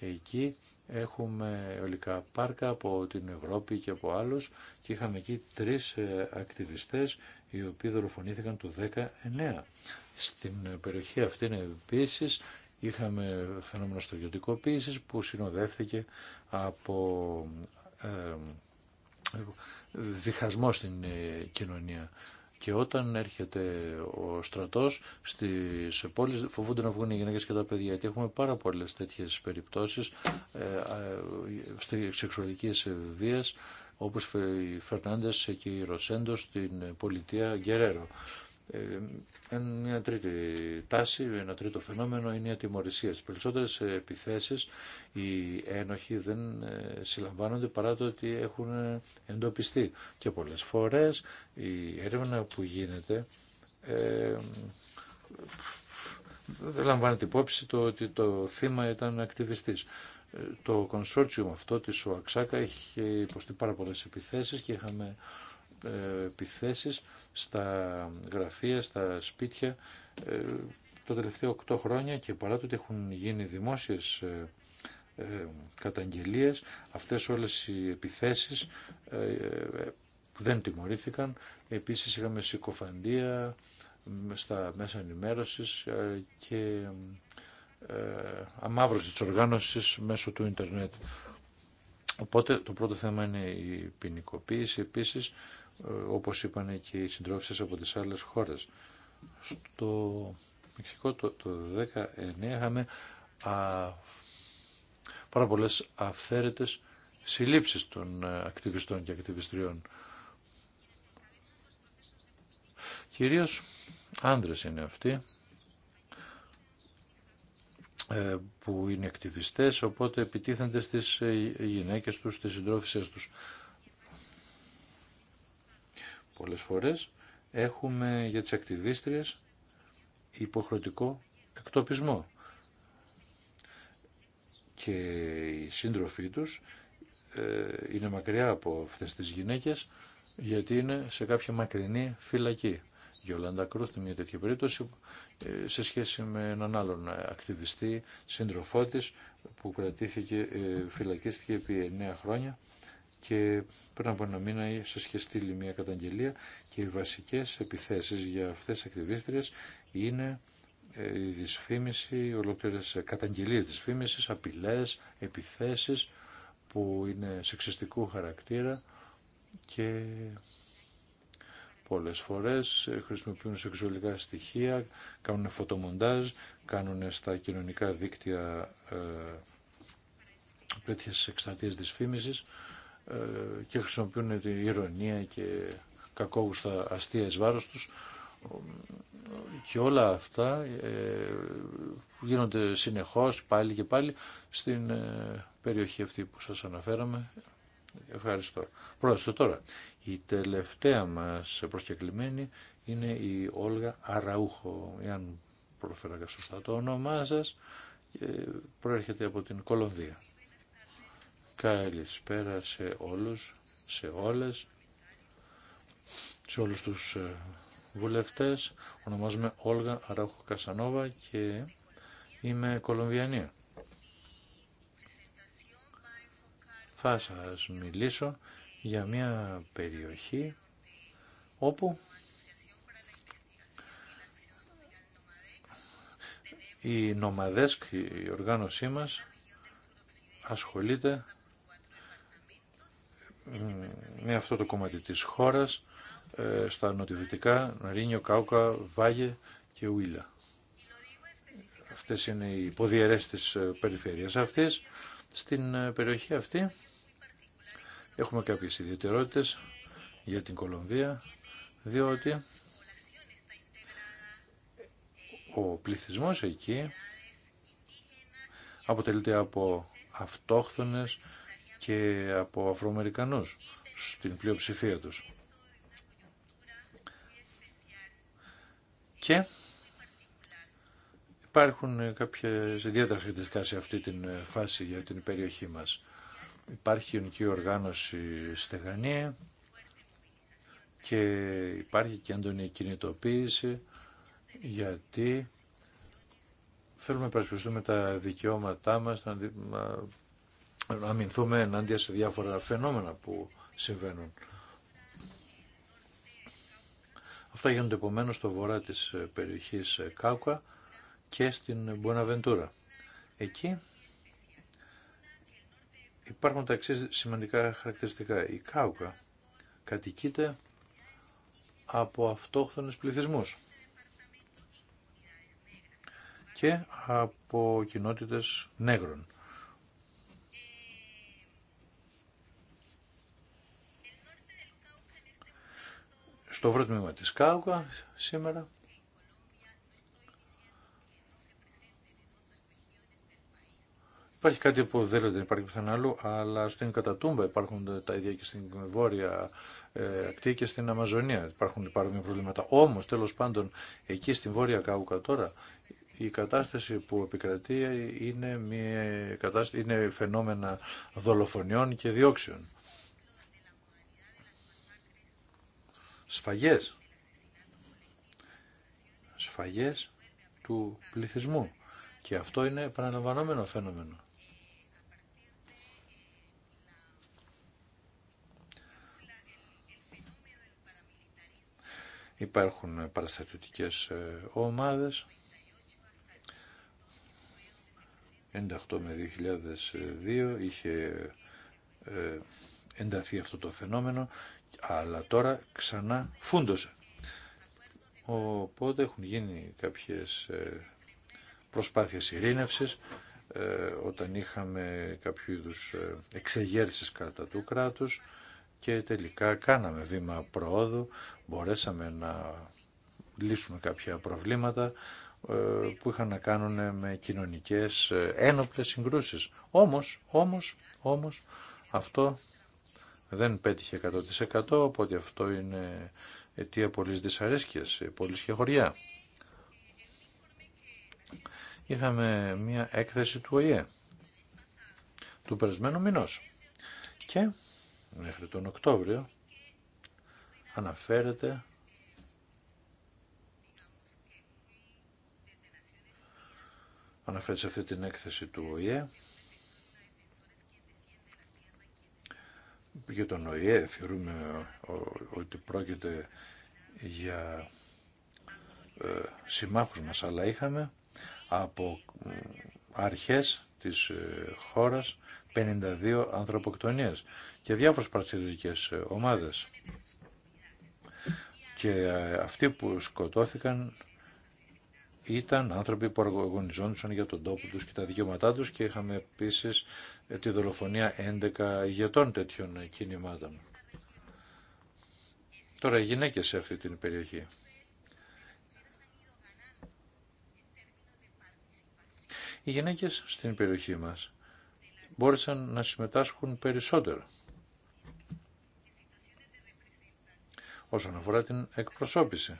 εκεί έχουμε αιωλικά πάρκα από την Ευρώπη και από άλλους και είχαμε εκεί τρεις ε, ακτιβιστές οι οποίοι δολοφονήθηκαν το 19. Στην περιοχή αυτή είναι επίσης είχαμε φαινόμενο στρατιωτικοποίησης που συνοδεύθηκε από ε, διχασμό στην ε, κοινωνία. Και όταν έρχεται ο στρατός στις πόλεις φοβούνται να βγουν οι γυναίκες και τα παιδιά γιατί έχουμε πάρα πολλές τέτοιες περιπτώσεις ε, ε, σεξουαλικής βίας όπως οι Φερνάντες και η Ροσέντο στην πολιτεία Γκερέρο. Ε, μια τρίτη τάση, ένα τρίτο φαινόμενο είναι η ατιμορρησία. Στις περισσότερες επιθέσεις οι ένοχοι δεν ε, συλλαμβάνονται παρά το ότι έχουν ε, εντοπιστεί. Και πολλές φορές η έρευνα που γίνεται ε, δεν λαμβάνεται υπόψη το ότι το θύμα ήταν ακτιβιστής. Το κονσόρτσιουμ αυτό της ΟΑΞΑΚΑ έχει υποστεί πάρα πολλές επιθέσεις και είχαμε επιθέσεις στα γραφεία, στα σπίτια ε, τα τελευταία 8 χρόνια και παρά το ότι έχουν γίνει δημόσιες ε, ε, καταγγελίες, αυτές όλες οι επιθέσεις δεν τιμωρήθηκαν. Επίσης είχαμε συκοφαντία στα μέσα ενημέρωσης και αμάυρωση της οργάνωσης μέσω του ίντερνετ. Οπότε το πρώτο θέμα είναι η ποινικοποίηση. Επίσης ε, όπως είπαν και οι συντρόφισσες από τις άλλες χώρες. Στο Μεξικό το, το 19 είχαμε α, πάρα πολλές αυθαίρετες συλλήψεις των ε, ακτιβιστών και ακτιβιστριών. Κυρίως άνδρες είναι αυτοί ε, που είναι ακτιβιστές, οπότε επιτίθενται στις γυναίκες τους, στις συντρόφισσες τους πολλές φορές έχουμε για τις ακτιβίστριες υποχρεωτικό εκτοπισμό και οι σύντροφοί τους ε, είναι μακριά από αυτές τις γυναίκες γιατί είναι σε κάποια μακρινή φυλακή. Η Ολάντα Κρούθ μια τέτοια περίπτωση ε, σε σχέση με έναν άλλον ακτιβιστή, σύντροφό που κρατήθηκε, ε, φυλακίστηκε επί 9 χρόνια και πριν από ένα μήνα σε είχε στείλει μια καταγγελία και οι βασικές επιθέσεις για αυτές τις ακτιβίστριε είναι ε, η δυσφήμιση, ολόκληρες ε, καταγγελίες δυσφήμισης, απειλές, επιθέσεις που είναι σεξιστικού χαρακτήρα και πολλές φορές ε, χρησιμοποιούν σεξουαλικά στοιχεία, κάνουν φωτομοντάζ, κάνουν στα κοινωνικά δίκτυα ε, τέτοιες τη δυσφήμισης ε, και χρησιμοποιούν την ηρωνία και κακόγουστα αστεία εις βάρος τους και όλα αυτά ε, γίνονται συνεχώς πάλι και πάλι στην ε, περιοχή αυτή που σας αναφέραμε. Ευχαριστώ. Πρόεδρε, τώρα η τελευταία μας προσκεκλημένη είναι η Όλγα Αραούχο, εάν προφέρα σωστά το όνομά σας, προέρχεται από την Κολομβία. Καλησπέρα σε όλους, σε όλες, σε όλους τους ε, βουλευτές. Ονομάζομαι Όλγα Αράχο Κασανόβα και είμαι Κολομβιανή. Θα σας μιλήσω για μια περιοχή όπου η Νομαδέσκ, η οργάνωσή μας, ασχολείται με αυτό το κομμάτι της χώρας ε, στα νοτιοδυτικά, ρίνιο Κάουκα, Βάγε και Ουίλα. Αυτές είναι οι υποδιαιρές της ε, περιφέρειας αυτής. Στην ε, περιοχή αυτή έχουμε κάποιες ιδιαιτερότητες για την Κολομβία, διότι ο πληθυσμός εκεί αποτελείται από αυτόχθονες και από Αφροαμερικανούς στην πλειοψηφία τους. Και υπάρχουν κάποιες ιδιαίτερα χαρακτηριστικά σε αυτή την φάση για την περιοχή μας. Υπάρχει η οργάνωση στεγανή και υπάρχει και έντονη κινητοποίηση γιατί θέλουμε να υπερασπιστούμε τα δικαιώματά μας, να να αμυνθούμε ενάντια σε διάφορα φαινόμενα που συμβαίνουν. Αυτά γίνονται επομένως στο βορρά της περιοχής Κάουκα και στην Μποναβεντούρα. Εκεί υπάρχουν τα εξής σημαντικά χαρακτηριστικά. Η Κάουκα κατοικείται από αυτόχθονες πληθυσμούς και από κοινότητες νέγρων. στο πρώτο τμήμα της σήμερα. Υπάρχει κάτι που δεν δεν υπάρχει πουθενά άλλο, αλλά στην Κατατούμπα υπάρχουν τα ίδια και στην Βόρεια ε, Ακτή και στην Αμαζονία. Υπάρχουν υπάρχουν προβλήματα. Όμως, τέλος πάντων, εκεί στην Βόρεια Κάουκα τώρα, η κατάσταση που επικρατεί είναι, μια, είναι φαινόμενα δολοφονιών και διώξεων. σφαγές σφαγές του πληθυσμού και αυτό είναι επαναλαμβανόμενο φαινόμενο. Υπάρχουν παραστατιωτικές ε, ομάδες 98 με 2002 είχε ε, ενταθεί αυτό το φαινόμενο αλλά τώρα ξανά φούντωσε. Οπότε έχουν γίνει κάποιες ε, προσπάθειες ειρήνευσης ε, όταν είχαμε κάποιο είδους ε, εξεγέρσεις κατά του κράτους και τελικά κάναμε βήμα προόδου, μπορέσαμε να λύσουμε κάποια προβλήματα που είχαν να κάνουν με κοινωνικές ένοπλες συγκρούσεις. Όμως, όμως, όμως αυτό δεν πέτυχε 100% οπότε αυτό είναι αιτία πολλής δυσαρέσκειας, σε και χωριά. Είχαμε μια έκθεση του ΟΗΕ του περασμένου μηνό και μέχρι τον Οκτώβριο αναφέρεται αναφέρεται σε αυτή την έκθεση του ΟΗΕ για τον ΟΗΕ θεωρούμε ότι πρόκειται για ε, συμμάχους μας, αλλά είχαμε από αρχές της ε, χώρας 52 ανθρωποκτονίες και διάφορες παρασυλλογικές ε, ομάδες. Και αυτοί που σκοτώθηκαν ήταν άνθρωποι που αγωνιζόντουσαν για τον τόπο τους και τα δικαιώματά τους και είχαμε επίσης ε, τη δολοφονία 11 ηγετών τέτοιων κινημάτων. Τώρα οι γυναίκες σε αυτή την περιοχή. Οι γυναίκες στην περιοχή μας μπόρεσαν να συμμετάσχουν περισσότερο. Όσον αφορά την εκπροσώπηση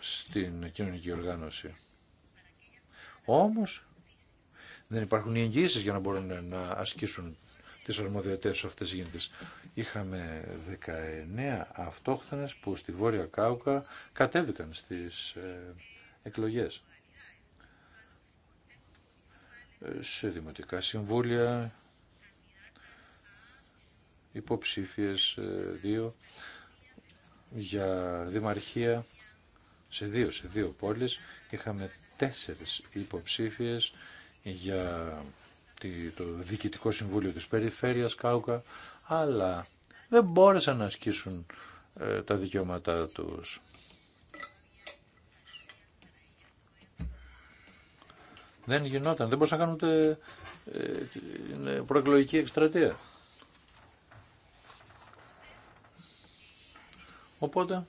στην κοινωνική οργάνωση. Όμως δεν υπάρχουν οι για να μπορούν να ασκήσουν τις αυτέ αυτές γίνεται. Είχαμε 19 αυτόχθονε που στη Βόρεια Κάουκα κατέβηκαν στις ε, εκλογές. Ε, σε δημοτικά συμβούλια, υποψήφιες ε, δύο, για δημαρχία, σε δύο, σε δύο πόλεις είχαμε τέσσερις υποψήφιες για το Διοικητικό Συμβούλιο της Περιφέρειας Κάουκα, αλλά δεν μπόρεσαν να ασκήσουν ε, τα δικαιώματά τους. Δεν γινόταν, δεν μπορούσαν να κάνουν ούτε ε, ε, προεκλογική εκστρατεία. Οπότε,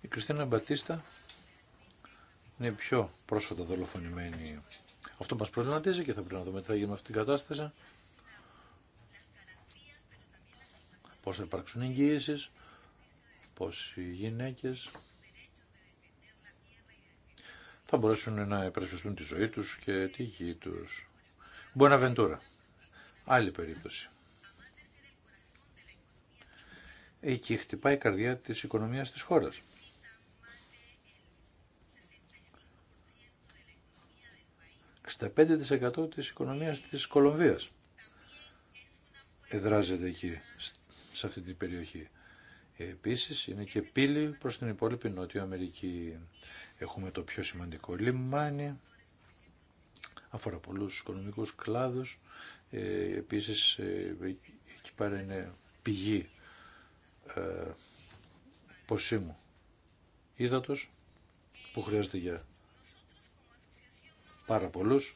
η Κριστίνα Μπατίστα είναι πιο πρόσφατα δολοφονημένοι. Αυτό μας προβληματίζει και θα πρέπει να δούμε τι θα γίνει με αυτή την κατάσταση. Πώς θα υπάρξουν εγγύησεις, πώς οι γυναίκες θα μπορέσουν να υπερασπιστούν τη ζωή τους και τη γη τους. να Βεντούρα. Άλλη περίπτωση. Εκεί χτυπάει η καρδιά της οικονομίας της χώρας. 65% της οικονομίας της Κολομβίας εδράζεται εκεί, σε αυτή την περιοχή. Επίσης είναι και πύλη προς την υπόλοιπη Νότια Αμερική. Έχουμε το πιο σημαντικό λιμάνι, αφορά πολλούς οικονομικούς κλάδους. Ε, επίσης ε, εκεί πέρα είναι πηγή ε, ποσίμου ύδατος που χρειάζεται για πάρα πολλούς.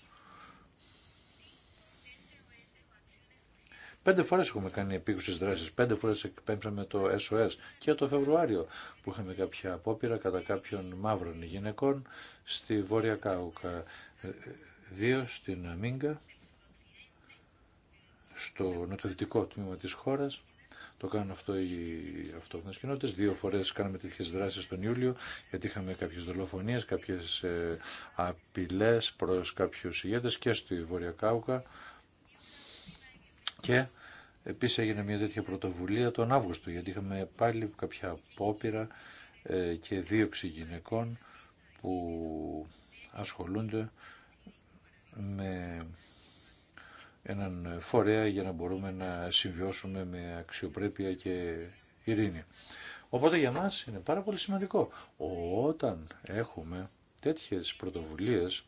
Πέντε φορέ έχουμε κάνει επίκουσε δράσει. Πέντε φορέ εκπέμψαμε το SOS και το Φεβρουάριο που είχαμε κάποια απόπειρα κατά κάποιων μαύρων γυναικών στη Βόρεια Κάουκα. Δύο στην Αμίγκα, στο νοτιοδυτικό τμήμα της χώρας το κάνουν αυτό οι αυτόχθονε κοινότητε. Δύο φορέ κάναμε τέτοιε δράσει τον Ιούλιο, γιατί είχαμε κάποιε δολοφονίε, κάποιε απειλέ προ κάποιου ηγέτε και στη Βόρεια Κάουκα. Και επίση έγινε μια τέτοια πρωτοβουλία τον Αύγουστο, γιατί είχαμε πάλι κάποια απόπειρα ε, και δίωξη γυναικών που ασχολούνται με έναν φορέα για να μπορούμε να συμβιώσουμε με αξιοπρέπεια και ειρήνη. Οπότε για μας είναι πάρα πολύ σημαντικό. Όταν έχουμε τέτοιες πρωτοβουλίες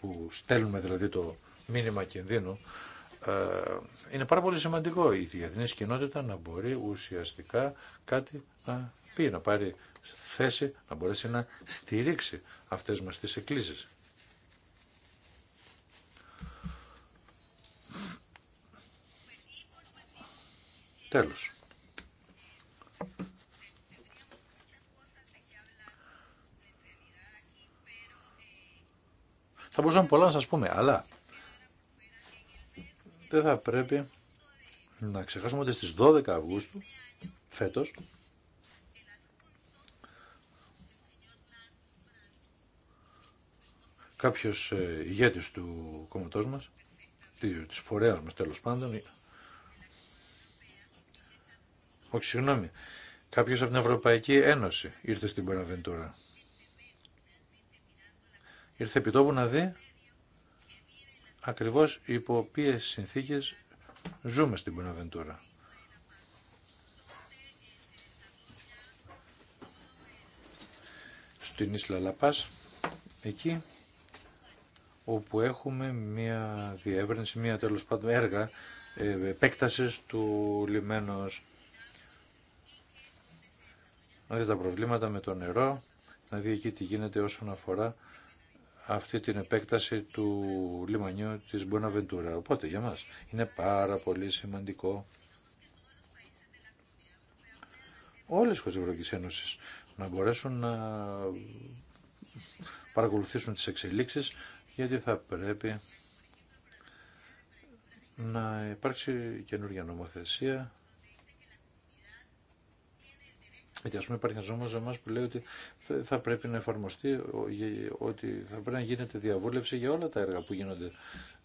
που στέλνουμε δηλαδή το μήνυμα κινδύνου, ε, είναι πάρα πολύ σημαντικό η διεθνή κοινότητα να μπορεί ουσιαστικά κάτι να πει, να πάρει θέση, να μπορέσει να στηρίξει αυτές μας τις εκκλήσεις. Τέλος. Θα μπορούσαμε πολλά να σας πούμε, αλλά δεν θα πρέπει να ξεχάσουμε ότι στις 12 Αυγούστου φέτος κάποιος ε, ηγέτης του κομματός μας, της φορέας μας τέλος πάντων, όχι, συγγνώμη. Κάποιος από την Ευρωπαϊκή Ένωση ήρθε στην Ποναβεντούρα. Ήρθε τόπου να δει ακριβώς υπό ποιες συνθήκες ζούμε στην Ποναβεντούρα. Στην Ίσλα Λαπάς, εκεί όπου έχουμε μία διεύρυνση, μία τέλος πάντων έργα ε, επέκτασης του λιμένος να δει τα προβλήματα με το νερό, να δει εκεί τι γίνεται όσον αφορά αυτή την επέκταση του λιμανιού της Μποναβεντούρα. Οπότε για μας είναι πάρα πολύ σημαντικό όλες οι χώρες να μπορέσουν να παρακολουθήσουν τις εξελίξεις γιατί θα πρέπει να υπάρξει καινούργια νομοθεσία γιατί α πούμε υπάρχει ένα νόμος που λέει ότι θα πρέπει να εφαρμοστεί, ότι θα πρέπει να γίνεται διαβούλευση για όλα τα έργα που γίνονται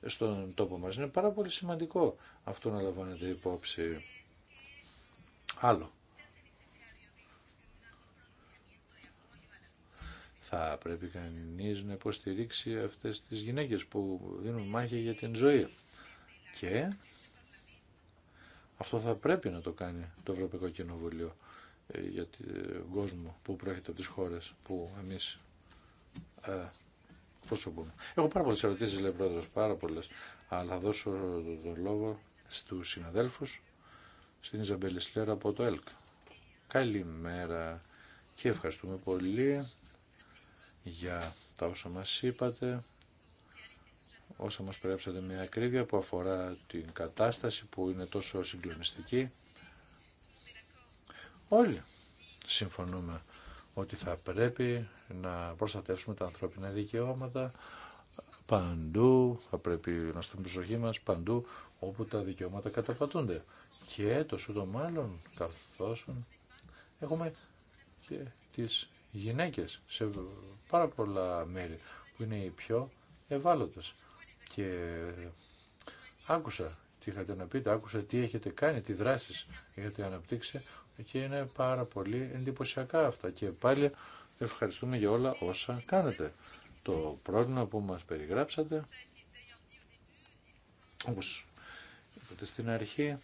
στον τόπο μας. Είναι πάρα πολύ σημαντικό αυτό να λαμβάνεται υπόψη. Άλλο. Θα πρέπει κανείς να υποστηρίξει αυτές τις γυναίκες που δίνουν μάχη για την ζωή. Και αυτό θα πρέπει να το κάνει το Ευρωπαϊκό Κοινοβουλίο. Ε, για τον ε, κόσμο που προέρχεται από τις χώρες που εμείς ε, προσωπούμε. Έχω πάρα πολλές ερωτήσεις, λέει πρόεδρος, πάρα πολλές, αλλά θα δώσω τον λόγο στους συναδέλφους, στην Ιζαμπέλη Σλέρα από το ΕΛΚ. Καλημέρα και ευχαριστούμε πολύ για τα όσα μας είπατε, όσα μας περάψατε με ακρίβεια που αφορά την κατάσταση που είναι τόσο συγκλονιστική. Όλοι συμφωνούμε ότι θα πρέπει να προστατεύσουμε τα ανθρώπινα δικαιώματα παντού, θα πρέπει να στον προσοχή μας παντού όπου τα δικαιώματα καταπατούνται. Και το σούτο μάλλον καθώς έχουμε και τις γυναίκες σε πάρα πολλά μέρη που είναι οι πιο ευάλωτες. Και άκουσα τι είχατε να πείτε, άκουσα τι έχετε κάνει, τι δράσεις έχετε αναπτύξει και είναι πάρα πολύ εντυπωσιακά αυτά και πάλι ευχαριστούμε για όλα όσα κάνετε. Το πρόβλημα που μας περιγράψατε, όπως είπατε στην αρχή,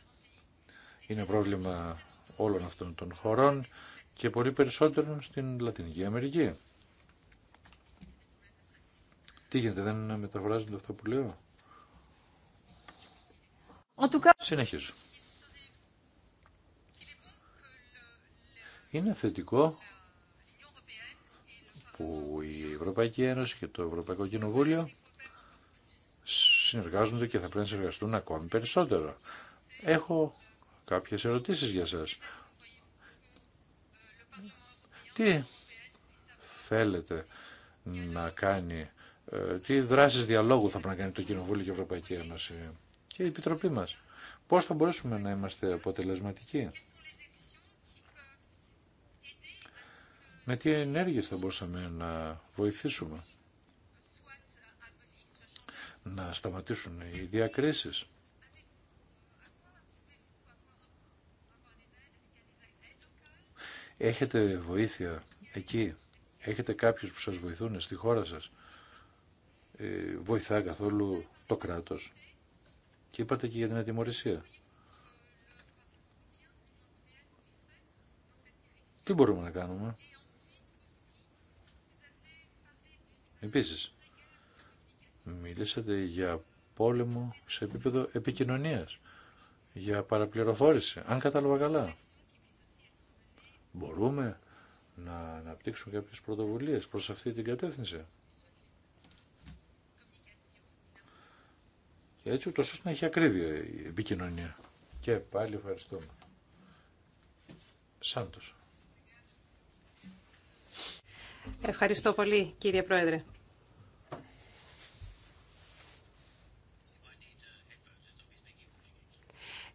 είναι πρόβλημα όλων αυτών των χωρών και πολύ περισσότερων στην Λατινική Αμερική. Τι γίνεται, δεν μεταφράζονται αυτό που λέω. Συνεχίζω. Είναι θετικό που η Ευρωπαϊκή Ένωση και το Ευρωπαϊκό Κοινοβούλιο συνεργάζονται και θα πρέπει να συνεργαστούν ακόμη περισσότερο. Έχω κάποιες ερωτήσεις για σας. Τι θέλετε να κάνει, ε, τι δράσεις διαλόγου θα πρέπει να κάνει το Κοινοβούλιο και η Ευρωπαϊκή Ένωση και η Επιτροπή μας. Πώς θα μπορέσουμε να είμαστε αποτελεσματικοί. με τι ενέργειες θα μπορούσαμε να βοηθήσουμε να σταματήσουν οι διακρίσεις. Έχετε βοήθεια εκεί, έχετε κάποιους που σας βοηθούν στη χώρα σας. Ε, βοηθά καθόλου το κράτος. Και είπατε και για την ατιμορρυσία. Τι μπορούμε να κάνουμε. Επίσης, μιλήσατε για πόλεμο σε επίπεδο επικοινωνίας, για παραπληροφόρηση, αν κατάλαβα καλά. Μπορούμε να αναπτύξουμε κάποιες πρωτοβουλίες προς αυτή την κατεύθυνση. Και έτσι ούτως ώστε να έχει ακρίβεια η επικοινωνία. Και πάλι ευχαριστούμε. Σάντος. Ευχαριστώ πολύ, κύριε Πρόεδρε.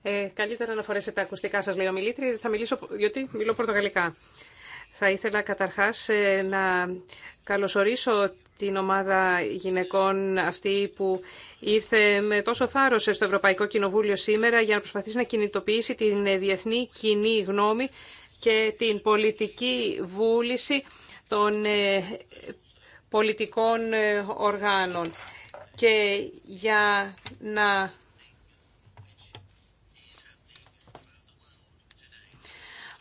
Ε, καλύτερα να φορέσετε τα ακουστικά σας, λέει ο Μιλήτρη, θα μιλήσω, γιατί μιλώ πορτογαλικά. Θα ήθελα καταρχάς ε, να καλωσορίσω την ομάδα γυναικών αυτή που ήρθε με τόσο θάρρος στο Ευρωπαϊκό Κοινοβούλιο σήμερα για να προσπαθήσει να κινητοποιήσει την διεθνή κοινή γνώμη και την πολιτική βούληση των ε, πολιτικών ε, οργάνων. Και για να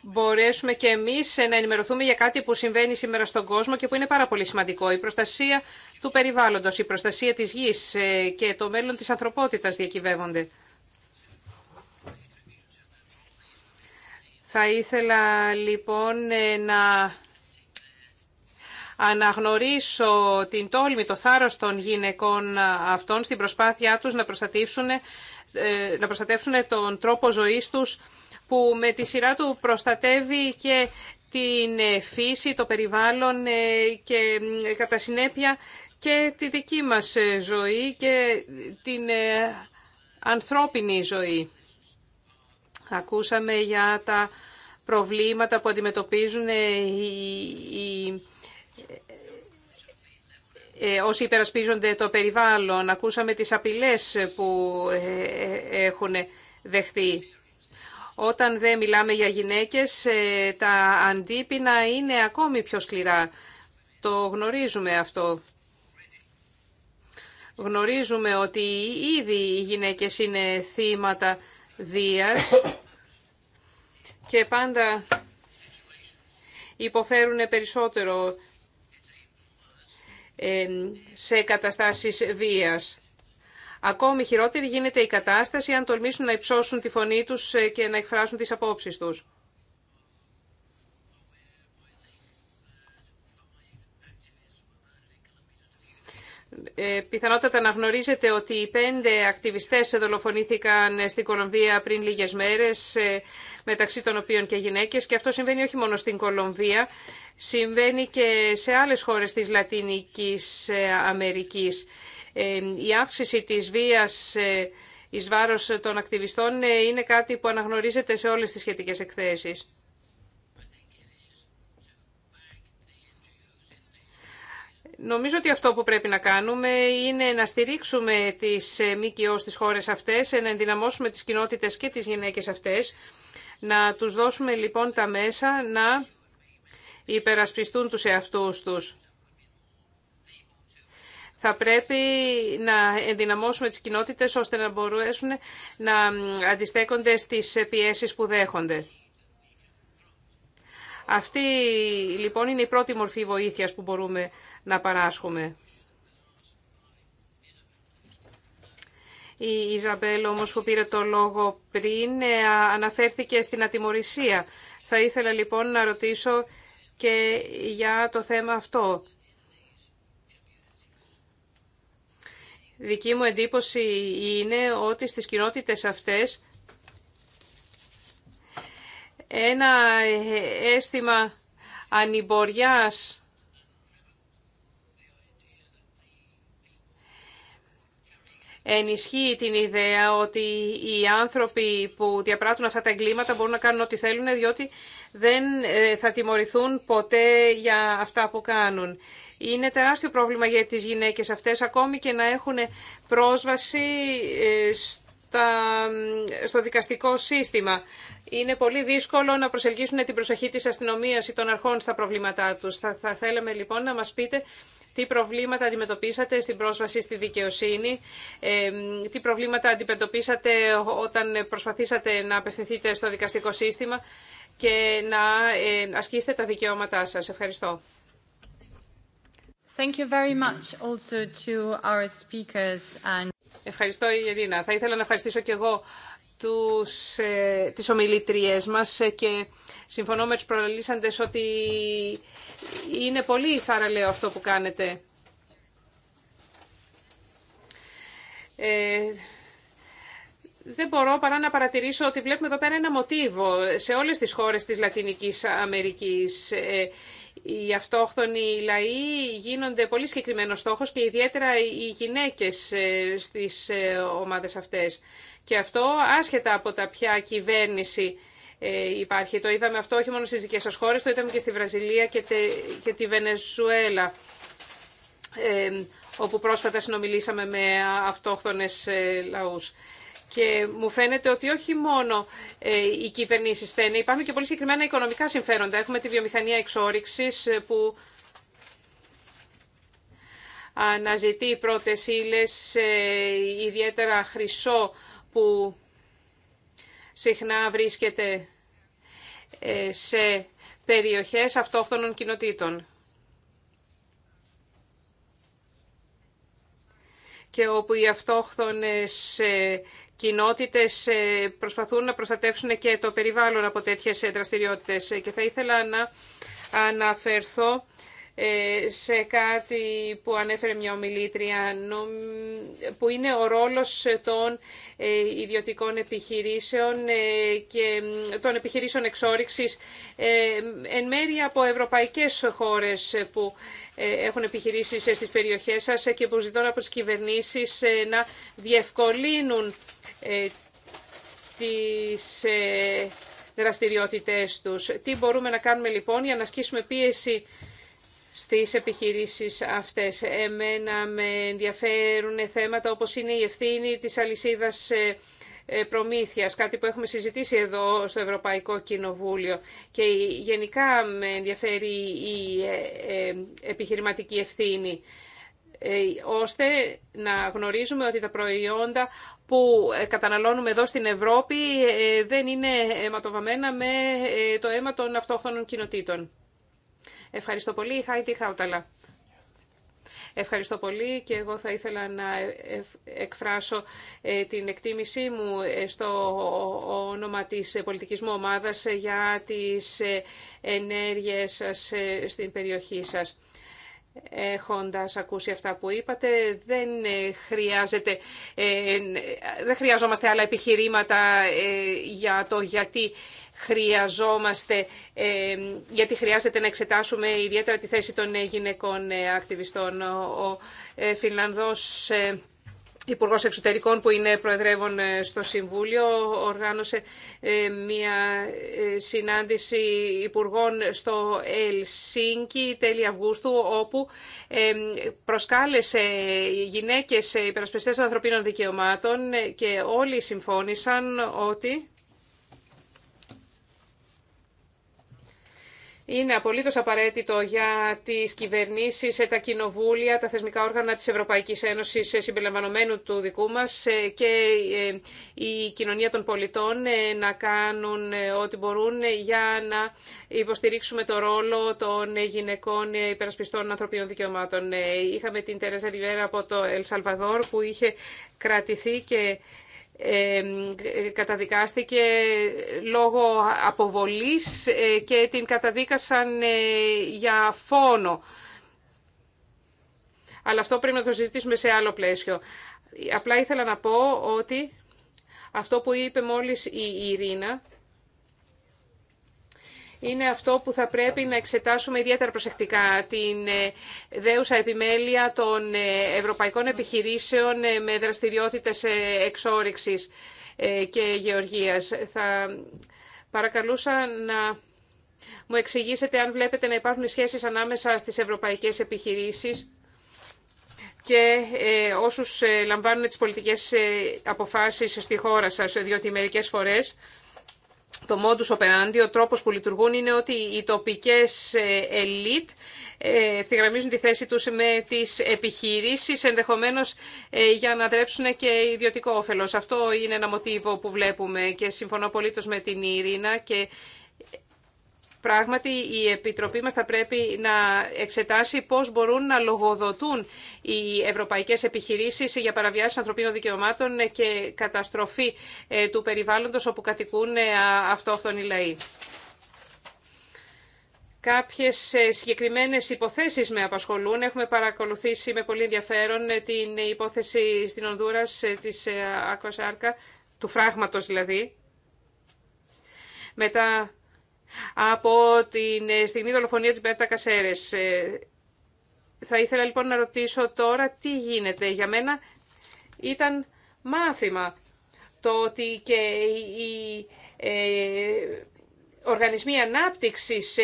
μπορέσουμε και εμείς να ενημερωθούμε για κάτι που συμβαίνει σήμερα στον κόσμο και που είναι πάρα πολύ σημαντικό. Η προστασία του περιβάλλοντος, η προστασία της γης ε, και το μέλλον της ανθρωπότητας διακυβεύονται. Θα ήθελα λοιπόν να αναγνωρίσω την τόλμη, το θάρρος των γυναικών αυτών στην προσπάθειά τους να προστατεύσουν, ε, να προστατεύσουν τον τρόπο ζωής τους που με τη σειρά του προστατεύει και την ε, φύση, το περιβάλλον ε, και κατά συνέπεια και τη δική μας ζωή και την ανθρώπινη ζωή. Ακούσαμε για τα προβλήματα που αντιμετωπίζουν οι ε, όσοι υπερασπίζονται το περιβάλλον. Ακούσαμε τις απειλές που ε, ε, έχουν δεχθεί. Όταν δεν μιλάμε για γυναίκες, τα αντίπεινα είναι ακόμη πιο σκληρά. Το γνωρίζουμε αυτό. Γνωρίζουμε ότι ήδη οι γυναίκες είναι θύματα δίας και πάντα υποφέρουν περισσότερο σε καταστάσεις βίας. Ακόμη χειρότερη γίνεται η κατάσταση αν τολμήσουν να υψώσουν τη φωνή τους ε, και να εκφράσουν τις απόψεις τους. Ε, πιθανότατα να γνωρίζετε ότι οι πέντε ακτιβιστές δολοφονήθηκαν στην Κολομβία πριν λίγες μέρες, ε, μεταξύ των οποίων και γυναίκες. Και αυτό συμβαίνει όχι μόνο στην Κολομβία, συμβαίνει και σε άλλες χώρες της Λατινικής ε, Αμερικής. Η αύξηση της βίας εις βάρος των ακτιβιστών είναι κάτι που αναγνωρίζεται σε όλες τις σχετικές εκθέσεις. Νομίζω ότι αυτό που πρέπει να κάνουμε είναι να στηρίξουμε τις ε, ΜΚΟ στις χώρες αυτές, ε, να ενδυναμώσουμε τις κοινότητες και τις γυναίκες αυτές, να τους δώσουμε λοιπόν τα μέσα να υπερασπιστούν τους εαυτούς τους. Θα πρέπει να ενδυναμώσουμε τις κοινότητες ώστε να μπορέσουν να αντιστέκονται στις ε, πιέσεις που δέχονται. Αυτή λοιπόν είναι η πρώτη μορφή βοήθειας που μπορούμε να παράσχουμε. Η Ιζαμπέλ όμως που πήρε το λόγο πριν ε, αναφέρθηκε στην ατιμορρησία. Θα ήθελα λοιπόν να ρωτήσω και για το θέμα αυτό. Δική μου εντύπωση είναι ότι στις κοινότητες αυτές ένα ε, αίσθημα ανυμποριάς ενισχύει την ιδέα ότι οι άνθρωποι που διαπράττουν αυτά τα εγκλήματα μπορούν να κάνουν ό,τι θέλουν διότι δεν ε, θα τιμωρηθούν ποτέ για αυτά που κάνουν. Είναι τεράστιο πρόβλημα για τις γυναίκες αυτές ακόμη και να έχουν πρόσβαση ε, στο δικαστικό σύστημα. Είναι πολύ δύσκολο να προσελκύσουν την προσοχή της αστυνομίας ή των αρχών στα προβλήματά τους. Θα, θα θέλαμε λοιπόν να μας πείτε τι προβλήματα αντιμετωπίσατε στην πρόσβαση στη δικαιοσύνη, ε, τι προβλήματα αντιμετωπίσατε όταν προσπαθήσατε να απευθυνθείτε στο δικαστικό σύστημα και να ε, ασκήσετε τα δικαιώματά σας. Ευχαριστώ. Ευχαριστώ η Θα ήθελα να ευχαριστήσω και εγώ τους, ε, τις ομιλητριές μας ε, και συμφωνώ με τους ότι είναι πολύ θαραλέο αυτό που κάνετε. Ε, δεν μπορώ παρά να παρατηρήσω ότι βλέπουμε εδώ πέρα ένα μοτίβο σε όλες τις χώρες της Λατινικής Αμερικής. Ε, οι αυτόχθονοι λαοί γίνονται πολύ συγκεκριμένο στόχος και ιδιαίτερα οι γυναίκες ε, στις ε, ομάδες αυτές. Και αυτό άσχετα από τα ποια κυβέρνηση ε, υπάρχει. Το είδαμε αυτό όχι μόνο στις δικές σας χώρες, το είδαμε και στη Βραζιλία και, και τη Βενεζουέλα, όπου πρόσφατα συνομιλήσαμε με αυτόχθονες λαούς. Και μου φαίνεται ότι όχι μόνο ε, οι κυβερνήσει θένε, υπάρχουν και πολύ συγκεκριμένα οικονομικά συμφέροντα. Έχουμε τη βιομηχανία εξόριξη ε, που αναζητεί πρώτες ύλες, ε, ιδιαίτερα χρυσό που συχνά βρίσκεται σε περιοχές αυτόχθονων κοινοτήτων. και όπου οι αυτόχθονες ε, κοινότητες ε, προσπαθούν να προστατεύσουν και το περιβάλλον από τέτοιες ε, δραστηριότητες. Και θα ήθελα να αναφερθώ σε κάτι που ανέφερε μια ομιλήτρια, που είναι ο ρόλος των ιδιωτικών επιχειρήσεων και των επιχειρήσεων εξόριξης εν μέρει από ευρωπαϊκές χώρες που ε, έχουν επιχειρήσεις ε, στις περιοχές σας ε, και που από τις κυβερνήσεις να διευκολύνουν τις δραστηριότητές τους. Τι μπορούμε να κάνουμε λοιπόν για να ασκήσουμε πίεση στις επιχειρήσεις αυτές. Εμένα με ενδιαφέρουν θέματα όπως είναι η ευθύνη της αλυσίδας ε, προμήθειας, κάτι που έχουμε συζητήσει εδώ στο Ευρωπαϊκό Κοινοβούλιο. Και γενικά με ενδιαφέρει η ε, ε, επιχειρηματική ευθύνη, ώστε να γνωρίζουμε ότι τα προϊόντα που καταναλώνουμε εδώ στην Ευρώπη δεν είναι αιματοβαμμένα με το αίμα των αυτόχθονων κοινοτήτων. Ευχαριστώ πολύ, Χάιτι Χάουταλα. Ευχαριστώ πολύ και εγώ θα ήθελα να εκφράσω ε, την εκτίμησή μου ε, στο όνομα της πολιτικής μου ομάδας ε, για τις ενέργειες σας στην περιοχή σας. Έχοντας ακούσει αυτά που είπατε, δεν, χρειάζεται, δεν χρειαζόμαστε άλλα επιχειρήματα για το γιατί χρειαζόμαστε, ε, γιατί χρειάζεται να εξετάσουμε ιδιαίτερα τη θέση των ε, γυναικών ε, ακτιβιστών. Ο Φινλανδός Υπουργός Εξωτερικών που είναι προεδρεύων στο Συμβούλιο οργάνωσε μια συνάντηση υπουργών στο Ελσίνκι τέλη Αυγούστου όπου προσκάλεσε γυναίκες υπερασπιστές των ανθρωπίνων δικαιωμάτων και όλοι συμφώνησαν ότι είναι απολύτως απαραίτητο για τις κυβερνήσεις, τα κοινοβούλια, τα θεσμικά όργανα της Ευρωπαϊκής Ένωσης ε, συμπεριλαμβανομένου του δικού μας ε, και ε, η κοινωνία των πολιτών να κάνουν ό,τι μπορούν για να υποστηρίξουμε το ρόλο των γυναικών υπερασπιστών ανθρωπίνων δικαιωμάτων. Είχαμε την Τερέζα Ριβέρα από το Ελσαλβαδόρ που είχε κρατηθεί και καταδικάστηκε λόγω αποβολής ε, και την καταδίκασαν ε, για φόνο. Αλλά αυτό πρέπει να το συζητήσουμε σε άλλο πλαίσιο. Απλά ήθελα να πω ότι αυτό που είπε μόλις η Ειρήνα είναι αυτό που θα πρέπει να εξετάσουμε ιδιαίτερα προσεκτικά. Την ε, δέουσα επιμέλεια των ε, ευρωπαϊκών επιχειρήσεων ε, με δραστηριότητες εξόρυξης και γεωργίας. Θα παρακαλούσα να μου εξηγήσετε αν βλέπετε να υπάρχουν σχέσεις ανάμεσα στις ευρωπαϊκές επιχειρήσεις και όσους λαμβάνουν τις πολιτικές αποφάσεις στη χώρα σας, διότι μερικές φορές το modus operandi, ο τρόπος που λειτουργούν είναι ότι οι τοπικές ελίτ ε, ευθυγραμμίζουν τη θέση τους με τις επιχειρήσεις, ενδεχομένως ε, για να δρέψουν και ιδιωτικό όφελος. Αυτό είναι ένα μοτίβο που βλέπουμε και συμφωνώ απολύτως με την Ειρήνα και πράγματι η Επιτροπή μας θα πρέπει να εξετάσει πώς μπορούν να λογοδοτούν οι ευρωπαϊκές επιχειρήσεις για παραβιάσεις ανθρωπίνων δικαιωμάτων και καταστροφή ε, του περιβάλλοντος όπου κατοικούν ε, αυτόχθονοι λαοί. Κάποιες ε, συγκεκριμένες υποθέσεις με απασχολούν. Έχουμε παρακολουθήσει με πολύ ενδιαφέρον την υπόθεση στην Ονδούρα της Ακοσάρκα, του φράγματος δηλαδή. Μετά από την ε, στιγμή δολοφονία της Μπέρτα Κασέρες. Ε, θα ήθελα λοιπόν να ρωτήσω τώρα τι γίνεται. Για μένα ήταν μάθημα το ότι και οι ε, οργανισμοί ανάπτυξης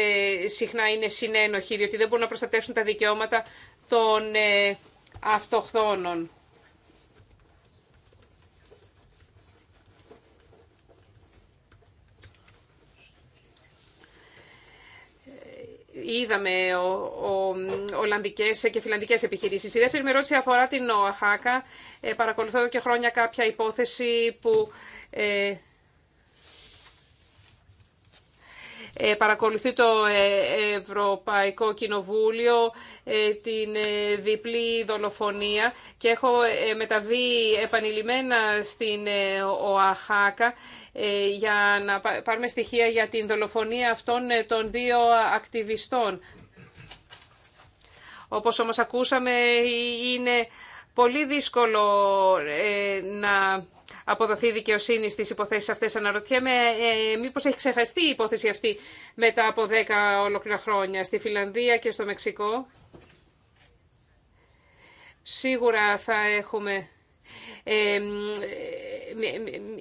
συχνά είναι συνένοχοι, διότι δεν μπορούν να προστατεύσουν τα δικαιώματα των αυτοχθόνων. είδαμε Ολλανδικές και φιλανδικές επιχειρήσεις. Η δεύτερη με ερώτηση αφορά την ΟΑΧΑΚΑ. Ε, παρακολουθώ εδώ και χρόνια κάποια υπόθεση που... Ε, Ε, παρακολουθεί το ε, Ευρωπαϊκό Κοινοβούλιο ε, την διπλή δολοφονία και έχω μεταβεί επανειλημμένα στην ΟΑΧΑΚΑ για να πάρουμε στοιχεία για την δολοφονία αυτών των δύο ακτιβιστών. Όπως όμως ακούσαμε είναι πολύ δύσκολο να αποδοθεί δικαιοσύνη στι υποθέσει αυτέ Αναρωτιέμαι ε, μήπως έχει ξεχαστεί η υπόθεση αυτή μετά από δέκα ολόκληρα χρόνια στη Φιλανδία και στο Μεξικό. Σίγουρα θα έχουμε ε, ε,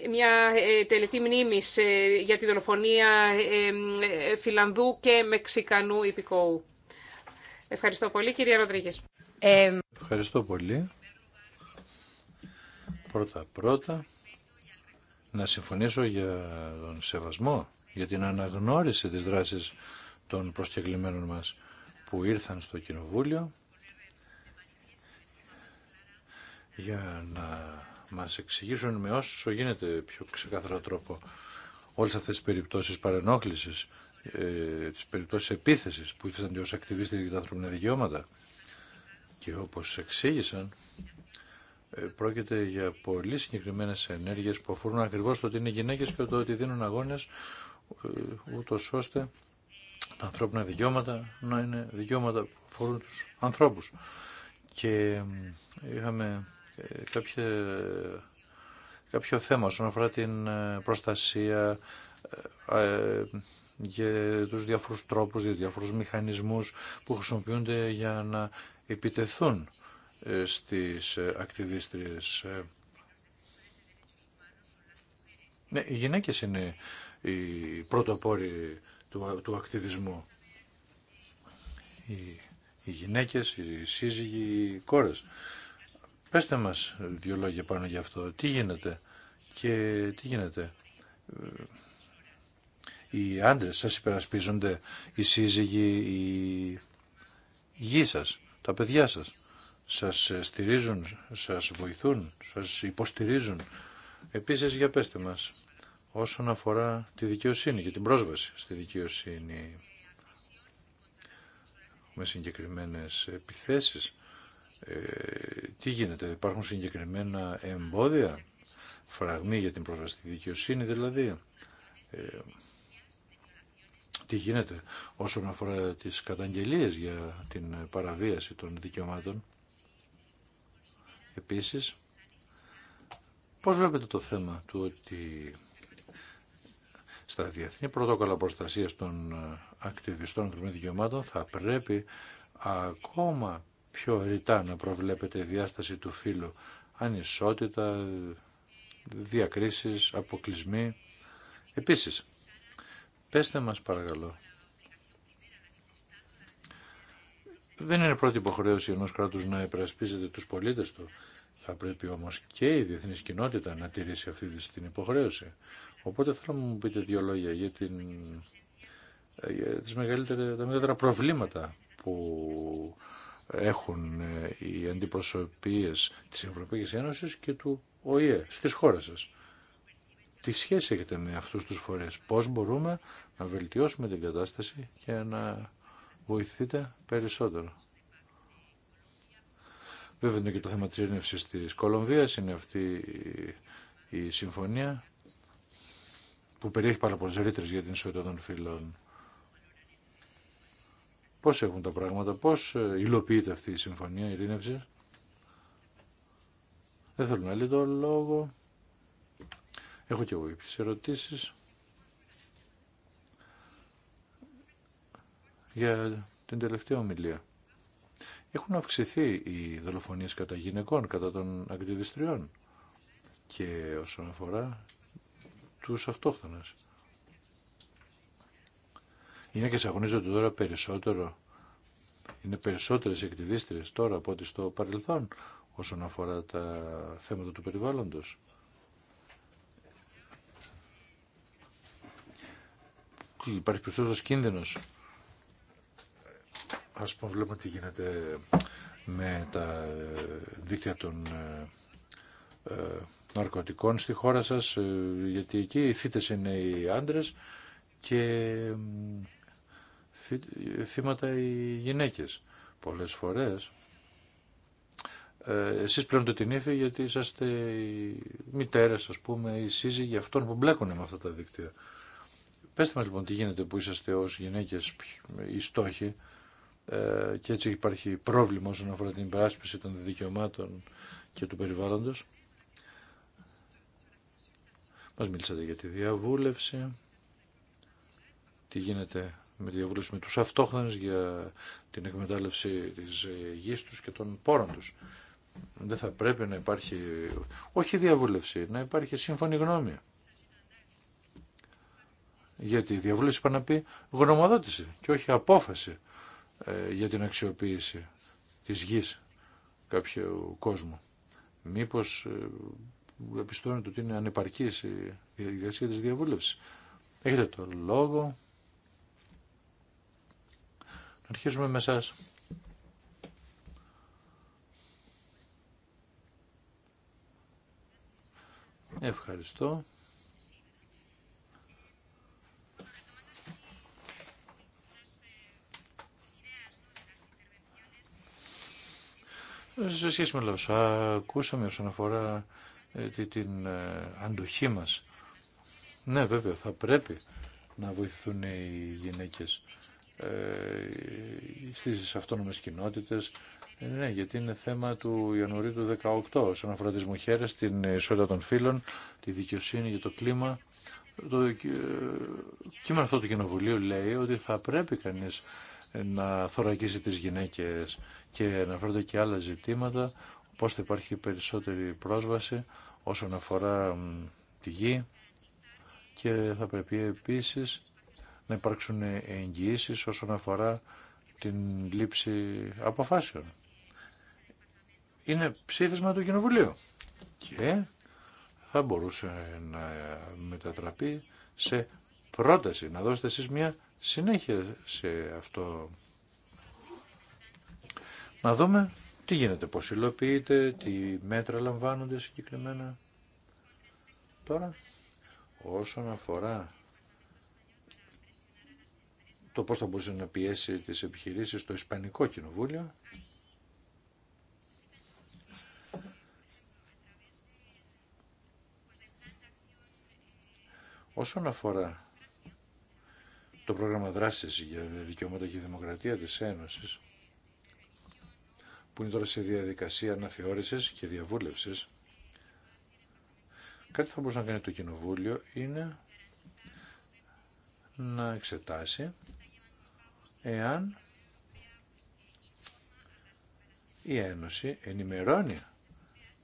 μια ε, τελετή μνήμης για την δολοφονία Φιλανδού και Μεξικανού υπηκόου. Ευχαριστώ πολύ, κυρία Ροντρίγκες. Ευχαριστώ πολύ. Πρώτα-πρώτα να συμφωνήσω για τον σεβασμό, για την αναγνώριση της δράσης των προσκεκλημένων μας που ήρθαν στο Κοινοβούλιο για να μας εξηγήσουν με όσο γίνεται πιο ξεκάθαρο τρόπο όλες αυτές τις περιπτώσεις παρενόχλησης, ε, τις περιπτώσεις επίθεσης που ήρθαν και ως ακτιβίστες για τα ανθρώπινα δικαιώματα. Και όπως εξήγησαν, ε, πρόκειται για πολύ συγκεκριμένε ενέργειε που αφορούν ακριβώς το ότι είναι γυναίκες και το ότι δίνουν αγώνες ε, ούτω ώστε τα ανθρώπινα δικαιώματα να είναι δικαιώματα που αφορούν τους ανθρώπους. Και ε, είχαμε κάποια, κάποιο θέμα όσον αφορά την προστασία για τους διάφορους τρόπους, για τους διάφορους μηχανισμούς που χρησιμοποιούνται για να επιτεθούν στις ε, ακτιβίστριες. Ε. Ναι, οι γυναίκες είναι οι πρωτοπόροι του, του ακτιβισμού. Οι, οι γυναίκες, οι σύζυγοι, οι κόρες. Πεςτε μας δύο λόγια πάνω γι' αυτό. Τι γίνεται και τι γίνεται. Ε, οι άντρες σας υπερασπίζονται, οι σύζυγοι, οι γη σας, τα παιδιά σας σας στηρίζουν, σας βοηθούν, σας υποστηρίζουν. Επίσης, για πέστε μας, όσον αφορά τη δικαιοσύνη και την πρόσβαση στη δικαιοσύνη με συγκεκριμένες επιθέσεις, ε, τι γίνεται, υπάρχουν συγκεκριμένα εμπόδια, φραγμοί για την πρόσβαση στη δικαιοσύνη δηλαδή, ε, τι γίνεται όσον αφορά τις καταγγελίες για την παραβίαση των δικαιωμάτων. Επίσης, πώς βλέπετε το θέμα του ότι στα διεθνή πρωτόκολλα προστασία των ε, ακτιβιστών των δικαιωμάτων θα πρέπει ακόμα πιο ρητά να προβλέπεται η διάσταση του φύλου, ανισότητα, διακρίσεις, αποκλεισμοί. Επίσης, πέστε μας παρακαλώ δεν είναι πρώτη υποχρέωση ενό κράτου να υπερασπίζεται του πολίτε του. Θα πρέπει όμω και η διεθνή κοινότητα να τηρήσει αυτή την υποχρέωση. Οπότε θέλω να μου πείτε δύο λόγια για, την, για τις μεγαλύτερα, τα μεγαλύτερα προβλήματα που έχουν ε, οι αντιπροσωπείες της Ευρωπαϊκής Ένωσης και του ΟΗΕ στις χώρες σας. Τι σχέση έχετε με αυτούς τους φορές, πώς μπορούμε να βελτιώσουμε την κατάσταση και να βοηθείτε περισσότερο. Βέβαια είναι και το θέμα της ειρήνευσης της Κολομβίας, είναι αυτή η συμφωνία που περιέχει πάρα πολλές ρήτρες για την ισότητα των φύλων. Πώς έχουν τα πράγματα, πώς ε, υλοποιείται αυτή η συμφωνία, η ειρήνευση. Δεν θέλω να λύτω λόγο. Έχω και εγώ κάποιες ερωτήσεις. για την τελευταία ομιλία. Έχουν αυξηθεί οι δολοφονίες κατά γυναικών, κατά των ακτιβιστριών και όσον αφορά τους αυτόχθονες. Είναι και αγωνίζονται τώρα περισσότερο, είναι περισσότερες ακτιβίστρες τώρα από ό,τι στο παρελθόν όσον αφορά τα θέματα του περιβάλλοντος. Υπάρχει περισσότερος κίνδυνος Ας πούμε βλέπουμε τι γίνεται με τα δίκτυα των ε, ε, ναρκωτικών στη χώρα σας, ε, γιατί εκεί οι θύτες είναι οι άντρες και θύματα οι γυναίκες. Πολλές φορές εσείς πλέον την ύφη γιατί είσαστε οι μητέρες ας πούμε, οι σύζυγοι αυτών που μπλέκουν με αυτά τα δίκτυα. Πέστε μας λοιπόν τι γίνεται που είσαστε ως γυναίκες οι στόχοι ε, και έτσι υπάρχει πρόβλημα όσον αφορά την υπεράσπιση των δικαιωμάτων και του περιβάλλοντος. Μας μίλησατε για τη διαβούλευση, τι γίνεται με τη διαβούλευση με τους αυτόχθανες για την εκμετάλλευση της γης τους και των πόρων τους. Δεν θα πρέπει να υπάρχει, όχι διαβούλευση, να υπάρχει σύμφωνη γνώμη. Γιατί η διαβούλευση πάνε να πει γνωμοδότηση και όχι απόφαση ε, για την αξιοποίηση της γης κάποιου κόσμου. Μήπως επιστώνεται ότι είναι ανεπαρκής η διαδικασία της διαβούλευσης. Έχετε το λόγο. Να αρχίσουμε με εσάς. Ευχαριστώ. Σε σχέση με λαοσά, ακούσαμε όσον αφορά ε, την ε, αντοχή μας. Ναι, βέβαια, θα πρέπει να βοηθηθούν οι γυναίκες ε, στις αυτόνομες κοινότητες. Ναι, γιατί είναι θέμα του Ιανουαρίου του 2018. όσον αφορά τις μοχέρες, την ισότητα των φίλων, τη δικαιοσύνη για το κλίμα. Το κείμενο αυτό του Κοινοβουλίου λέει ότι θα πρέπει κανείς να θωρακίζει τις γυναίκες και να φροντίζει και άλλα ζητήματα, πώς θα υπάρχει περισσότερη πρόσβαση όσον αφορά τη γη και θα πρέπει επίσης να υπάρξουν εγγυήσει όσον αφορά την λήψη αποφάσεων. Είναι ψήφισμα του Κοινοβουλίου και θα μπορούσε να μετατραπεί σε πρόταση, να δώσετε εσείς μια συνέχεια σε αυτό. Να δούμε τι γίνεται, πώς υλοποιείται, τι μέτρα λαμβάνονται συγκεκριμένα. Τώρα, όσον αφορά το πώς θα μπορούσε να πιέσει τις επιχειρήσεις στο Ισπανικό Κοινοβούλιο, όσον αφορά το πρόγραμμα δράσης για δικαιώματα και δημοκρατία της Ένωσης που είναι τώρα σε διαδικασία αναθεώρησης και διαβούλευσης κάτι θα μπορούσε να κάνει το Κοινοβούλιο είναι να εξετάσει εάν η Ένωση ενημερώνει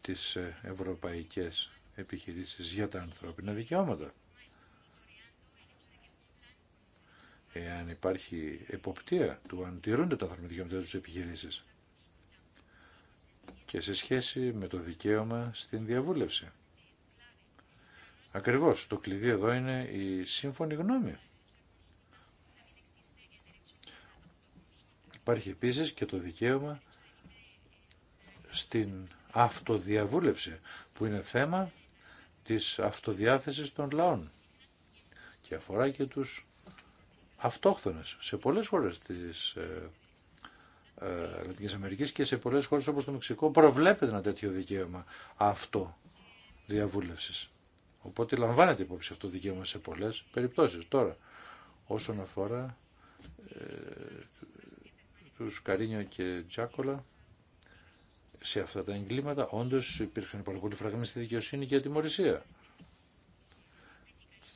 τις ευρωπαϊκές επιχειρήσεις για τα ανθρώπινα δικαιώματα. εάν υπάρχει εποπτεία του αν τηρούνται τα ανθρώπινα δικαιώματα τους επιχειρήσεις και σε σχέση με το δικαίωμα στην διαβούλευση. Ακριβώς, το κλειδί εδώ είναι η σύμφωνη γνώμη. Υπάρχει επίσης και το δικαίωμα στην αυτοδιαβούλευση, που είναι θέμα της αυτοδιάθεσης των λαών και αφορά και τους αυτόχθονες σε πολλές χώρες της ε, ε, Αμερικής και σε πολλές χώρες όπως το Μεξικό προβλέπεται ένα τέτοιο δικαίωμα αυτό διαβούλευσης. Οπότε λαμβάνεται υπόψη αυτό το δικαίωμα σε πολλές περιπτώσεις. Τώρα, όσον αφορά ε, τους Καρίνιο και Τζάκολα, σε αυτά τα εγκλήματα όντως υπήρχαν πάρα πολλοί στη δικαιοσύνη και ατιμορρησία.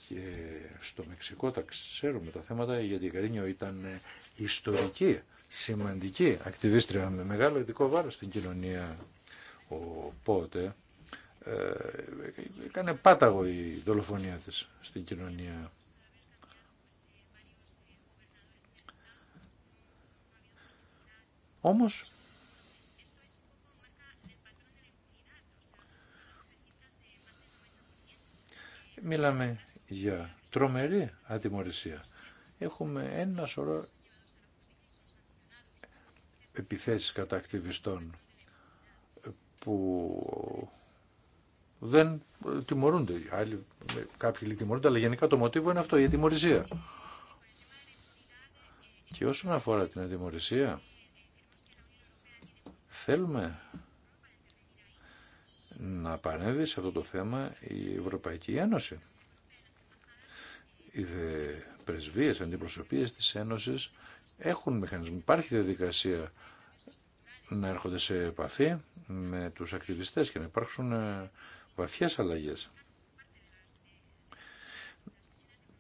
Και στο Μεξικό τα ξέρουμε τα θέματα γιατί η Καρίνιο ήταν ε, ιστορική, σημαντική ακτιβίστρια με μεγάλο ειδικό βάρος στην κοινωνία. Οπότε ε, έκανε πάταγο η δολοφονία της στην κοινωνία. Όμως μιλάμε για τρομερή ατιμορρησία. Έχουμε ένα σωρό επιθέσεις κατά ακτιβιστών που δεν τιμωρούνται. Άλλοι, κάποιοι τιμωρούνται, αλλά γενικά το μοτίβο είναι αυτό, η ατιμορρησία. Και όσον αφορά την ατιμορρησία, θέλουμε να παρέμβει σε αυτό το θέμα η Ευρωπαϊκή Ένωση οι πρεσβείες, αντιπροσωπείες της Ένωσης έχουν μηχανισμό. Υπάρχει διαδικασία να έρχονται σε επαφή με τους ακτιβιστές και να υπάρξουν ε, βαθιές αλλαγές.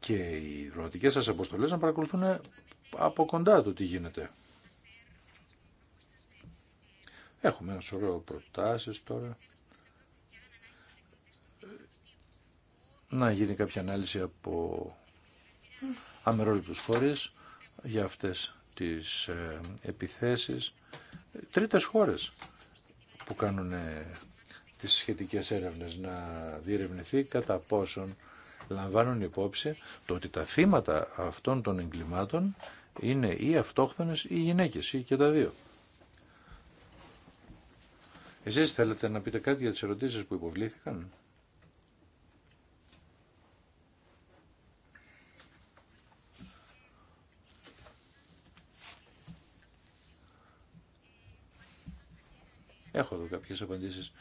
Και οι δροματικές σας αποστολές να παρακολουθούν ε, από κοντά το τι γίνεται. Έχουμε ένα σωρό προτάσεις τώρα. Να γίνει κάποια ανάλυση από αμερόληπτους φορείς για αυτές τις ε, επιθέσεις. Τρίτες χώρες που κάνουν ε, τις σχετικές έρευνες να διερευνηθεί κατά πόσον λαμβάνουν υπόψη το ότι τα θύματα αυτών των εγκλημάτων είναι ή αυτόχθονες ή γυναίκες ή και τα δύο. Εσείς θέλετε να πείτε κάτι για τις ερωτήσεις που υποβλήθηκαν. Έχω εδώ κάποιες απαντήσεις.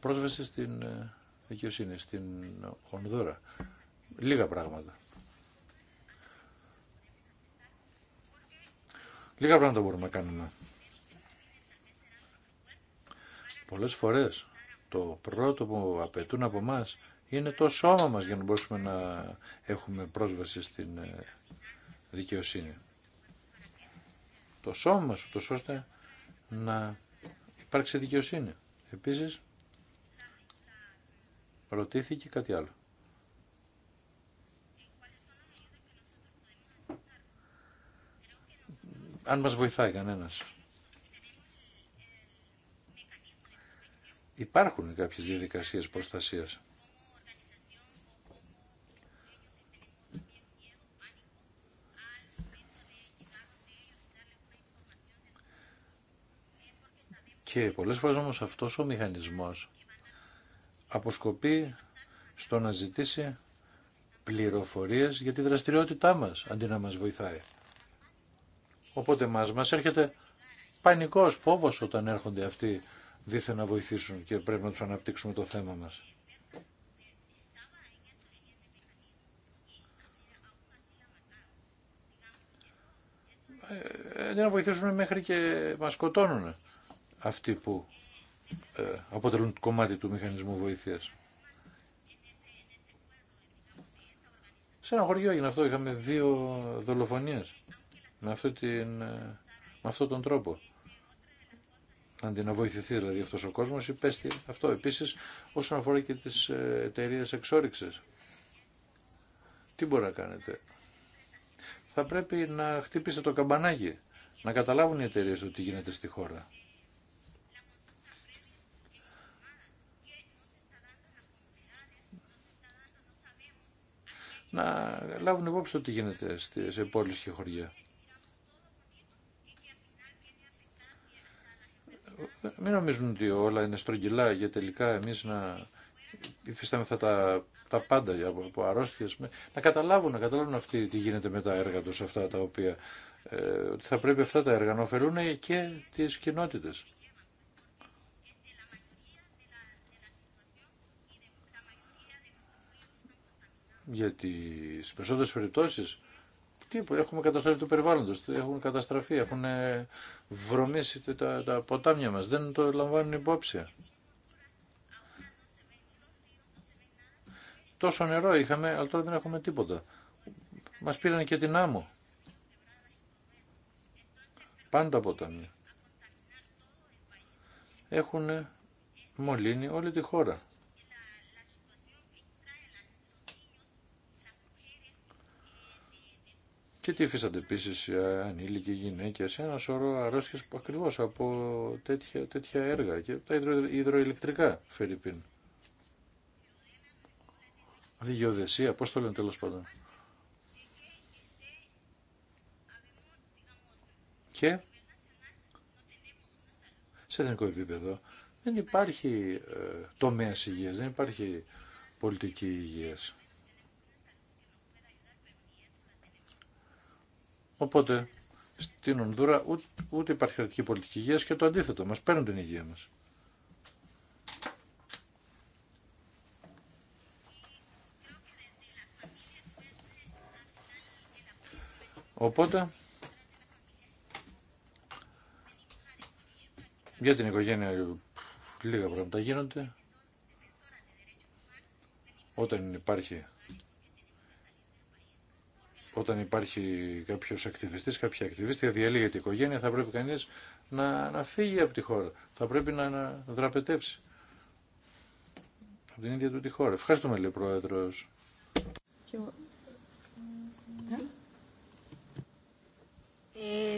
Πρόσβαση στην ε, δικαιοσύνη, στην Ονδόρα. Λίγα πράγματα. Λίγα πράγματα μπορούμε να κάνουμε. Πολλές φορές το πρώτο που απαιτούν από εμά είναι το σώμα μας για να μπορούμε να έχουμε πρόσβαση στην ε, δικαιοσύνη. Το σώμα μας, ούτως ώστε να υπάρξει δικαιοσύνη. Επίσης, ρωτήθηκε κάτι άλλο. Αν μας βοηθάει κανένας. Υπάρχουν κάποιες διαδικασίες προστασίας. Και πολλές φορές όμως αυτός ο μηχανισμός αποσκοπεί στο να ζητήσει πληροφορίες για τη δραστηριότητά μας, αντί να μας βοηθάει. Οπότε μας, μας έρχεται πανικός φόβος όταν έρχονται αυτοί δίθεν να βοηθήσουν και πρέπει να τους αναπτύξουμε το θέμα μας. Ε, αντί να βοηθήσουν μέχρι και μας σκοτώνουν αυτοί που ε, αποτελούν κομμάτι του μηχανισμού βοήθειας. Σε ένα χωριό έγινε αυτό, είχαμε δύο δολοφονίες με, αυτό την, ε, με αυτόν τον τρόπο. Αντί να βοηθηθεί δηλαδή αυτός ο κόσμος, υπέστη αυτό. Επίσης, όσον αφορά και τις ε, εταιρείε εξόριξης. Τι μπορεί να κάνετε. Θα πρέπει να χτυπήσετε το καμπανάκι, να καταλάβουν οι εταιρείε ότι γίνεται στη χώρα. να λάβουν υπόψη τι γίνεται σε πόλεις και χωριά. Μην νομίζουν ότι όλα είναι στρογγυλά για τελικά εμείς να υφιστάμεθα τα, τα πάντα από, από αρρώστιες. Να καταλάβουν, να καταλάβουν αυτοί τι γίνεται με τα έργα τους αυτά τα οποία ε, ότι θα πρέπει αυτά τα έργα να ωφελούν και τις κοινότητες. Γιατί στι περισσότερε περιπτώσει έχουμε καταστρέψει του περιβάλλον, έχουν καταστραφεί, έχουν ε, βρωμίσει τα, τα ποτάμια μα. Δεν το λαμβάνουν υπόψη. Τόσο νερό είχαμε, αλλά τώρα δεν έχουμε τίποτα. Μα πήραν και την άμμο. Πάντα ποτάμια. Έχουν μολύνει όλη τη χώρα. και τι υφίστανται επίση ε, ανήλικοι γυναίκε, ένα σωρό αρρώστιε ακριβώ από τέτοια, έργα και τα υδρο, υδροηλεκτρικά φέρει Αυτή η πώ το λένε τέλο πάντων. Και σε εθνικό επίπεδο δεν υπάρχει ε, τομέα υγεία, δεν υπάρχει πολιτική υγεία. Οπότε στην Ονδούρα ούτε, ούτε υπάρχει κρατική πολιτική υγείας και το αντίθετο, μας παίρνουν την υγεία μας. Οπότε, για την οικογένεια λίγα πράγματα γίνονται. Όταν υπάρχει όταν υπάρχει κάποιος ακτιβιστής, κάποια ακτιβίστρια, διαλύεται η οικογένεια, θα πρέπει κανείς να, φύγει από τη χώρα. Θα πρέπει να, δραπετεύσει από την ίδια του τη χώρα. Ευχαριστούμε, λέει ο Πρόεδρος. Ναι.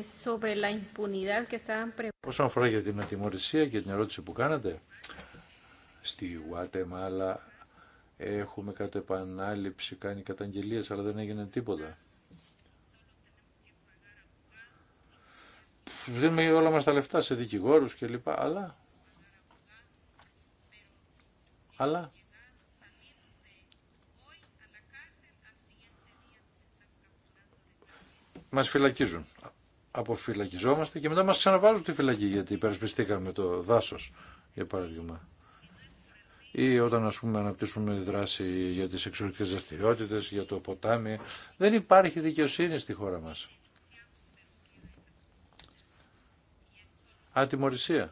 Ε, Όσον αφορά για την ατιμορρησία και την ερώτηση που κάνατε, στη Γουατεμάλα έχουμε κατά επανάληψη κάνει καταγγελίες, αλλά δεν έγινε τίποτα. δίνουμε όλα μας τα λεφτά σε δικηγόρους και λοιπά, αλλά... Αλλά... Μας φυλακίζουν. Αποφυλακιζόμαστε και μετά μας ξαναβάζουν τη φυλακή γιατί υπερασπιστήκαμε το δάσος, για παράδειγμα. Ή όταν ας πούμε αναπτύσσουμε δράση για τις εξωτερικές δραστηριότητε, για το ποτάμι. Δεν υπάρχει δικαιοσύνη στη χώρα μας. ατιμορρησία,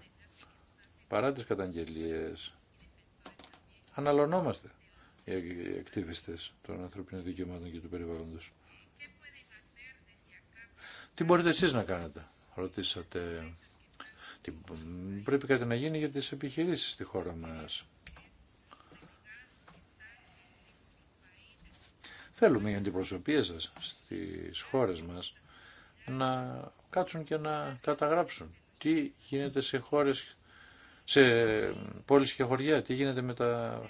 παρά τις καταγγελίες. Αναλωνόμαστε οι ακτιβιστές των ανθρωπίνων δικαιωμάτων και του περιβάλλοντος. Τι μπορείτε εσείς να κάνετε, ρωτήσατε. Τι πρέπει κάτι να γίνει για τις επιχειρήσεις στη χώρα μας. Θέλουμε οι αντιπροσωπείες σας στις χώρες μας να κάτσουν και να καταγράψουν τι γίνεται σε χώρες, σε πόλεις και χωριά, τι γίνεται με τα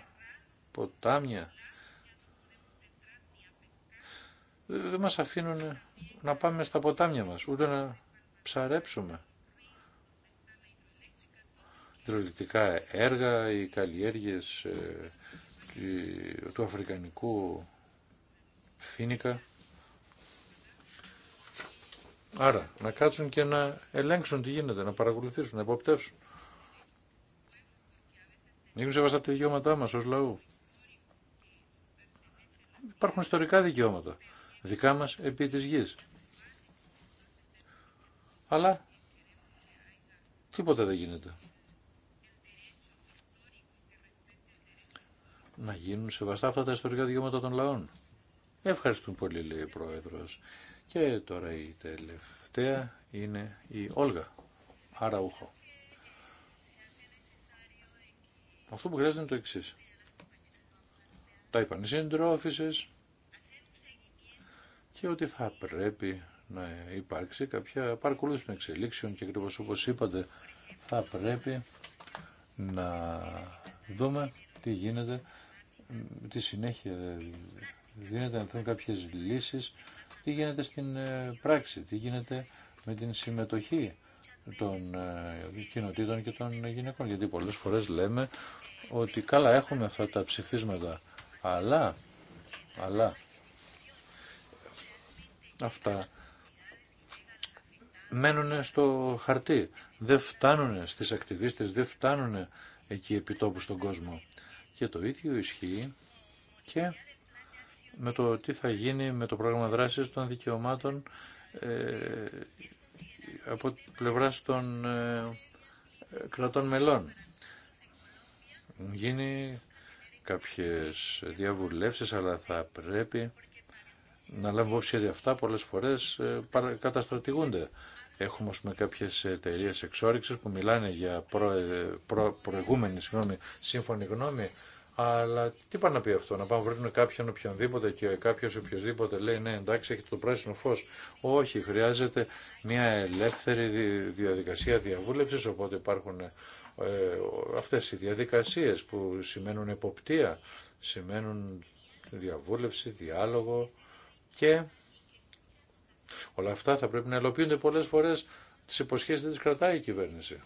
ποτάμια. Δεν μας αφήνουν να πάμε στα ποτάμια μας, ούτε να ψαρέψουμε. δρολητικά έργα, οι καλλιέργειες ε, του αφρικανικού φίνικα. Άρα, να κάτσουν και να ελέγξουν τι γίνεται, να παρακολουθήσουν, να υποπτεύσουν. Γίνουν σεβαστά τα δικαιώματά μας ως λαού. Υπάρχουν ιστορικά δικαιώματα, δικά μας επί της γης. Αλλά τίποτα δεν γίνεται. Να γίνουν σεβαστά αυτά τα ιστορικά δικαιώματα των λαών. Ευχαριστούμε πολύ, λέει ο Πρόεδρος. Και τώρα η τελευταία είναι η Όλγα Αραούχο. Αυτό που χρειάζεται είναι το εξή. Τα είπαν και ότι θα πρέπει να υπάρξει κάποια παρακολούθηση των εξελίξεων και ακριβώ όπω είπατε θα πρέπει να δούμε τι γίνεται, τι συνέχεια δίνεται, αν θέλουν κάποιες λύσεις τι γίνεται στην ε, πράξη, τι γίνεται με την συμμετοχή των ε, κοινοτήτων και των γυναικών. Γιατί πολλές φορές λέμε ότι καλά έχουμε αυτά τα ψηφίσματα, αλλά, αλλά αυτά μένουν στο χαρτί, δεν φτάνουν στις ακτιβίστες, δεν φτάνουν εκεί επιτόπου στον κόσμο. Και το ίδιο ισχύει και με το τι θα γίνει με το πρόγραμμα δράσης των δικαιωμάτων ε, από πλευράς των ε, κρατών μελών. Γίνει κάποιες διαβουλεύσεις, αλλά θα πρέπει να λάβουμε υπόψη ότι αυτά πολλές φορές ε, καταστρατηγούνται. Έχουμε όσο με κάποιες εταιρείε εξόριξης που μιλάνε για προ, προ, προηγούμενη σύμφωνη γνώμη αλλά τι πάνε να πει αυτό, να πάμε να βρουν κάποιον οποιονδήποτε και κάποιο οποιοδήποτε λέει ναι εντάξει έχετε το πράσινο φω. Όχι, χρειάζεται μια ελεύθερη διαδικασία διαβούλευση. Οπότε υπάρχουν ε, αυτέ οι διαδικασίε που σημαίνουν εποπτεία, σημαίνουν διαβούλευση, διάλογο και όλα αυτά θα πρέπει να ελοποιούνται πολλέ φορέ τι υποσχέσει δεν τι κρατάει η κυβέρνηση.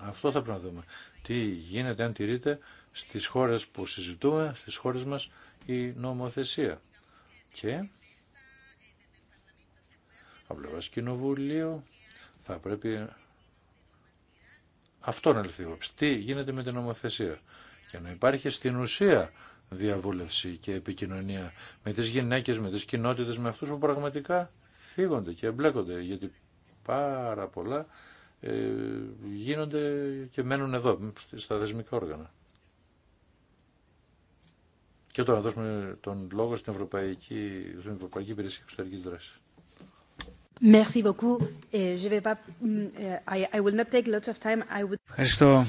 Αυτό θα πρέπει να δούμε. Τι γίνεται, αν τηρείται στις χώρες που συζητούμε, στις χώρες μας η νομοθεσία. Και από πλευρά κοινοβουλίου θα πρέπει αυτό να λυθεί Τι γίνεται με την νομοθεσία. Και να υπάρχει στην ουσία διαβούλευση και επικοινωνία με τις γυναίκες, με τις κοινότητες, με αυτούς που πραγματικά θίγονται και εμπλέκονται. Γιατί πάρα πολλά ε, γίνονται και μένουν εδώ, στα δεσμικά όργανα. Και να δώσουμε τον λόγο στην Ευρωπαϊκή, στην Ευρωπαϊκή Υπηρεσία Εξωτερική Δράση. Merci beaucoup. Ε, je vais pas. Ε, ε, I will not take lots of time. I would. Christo,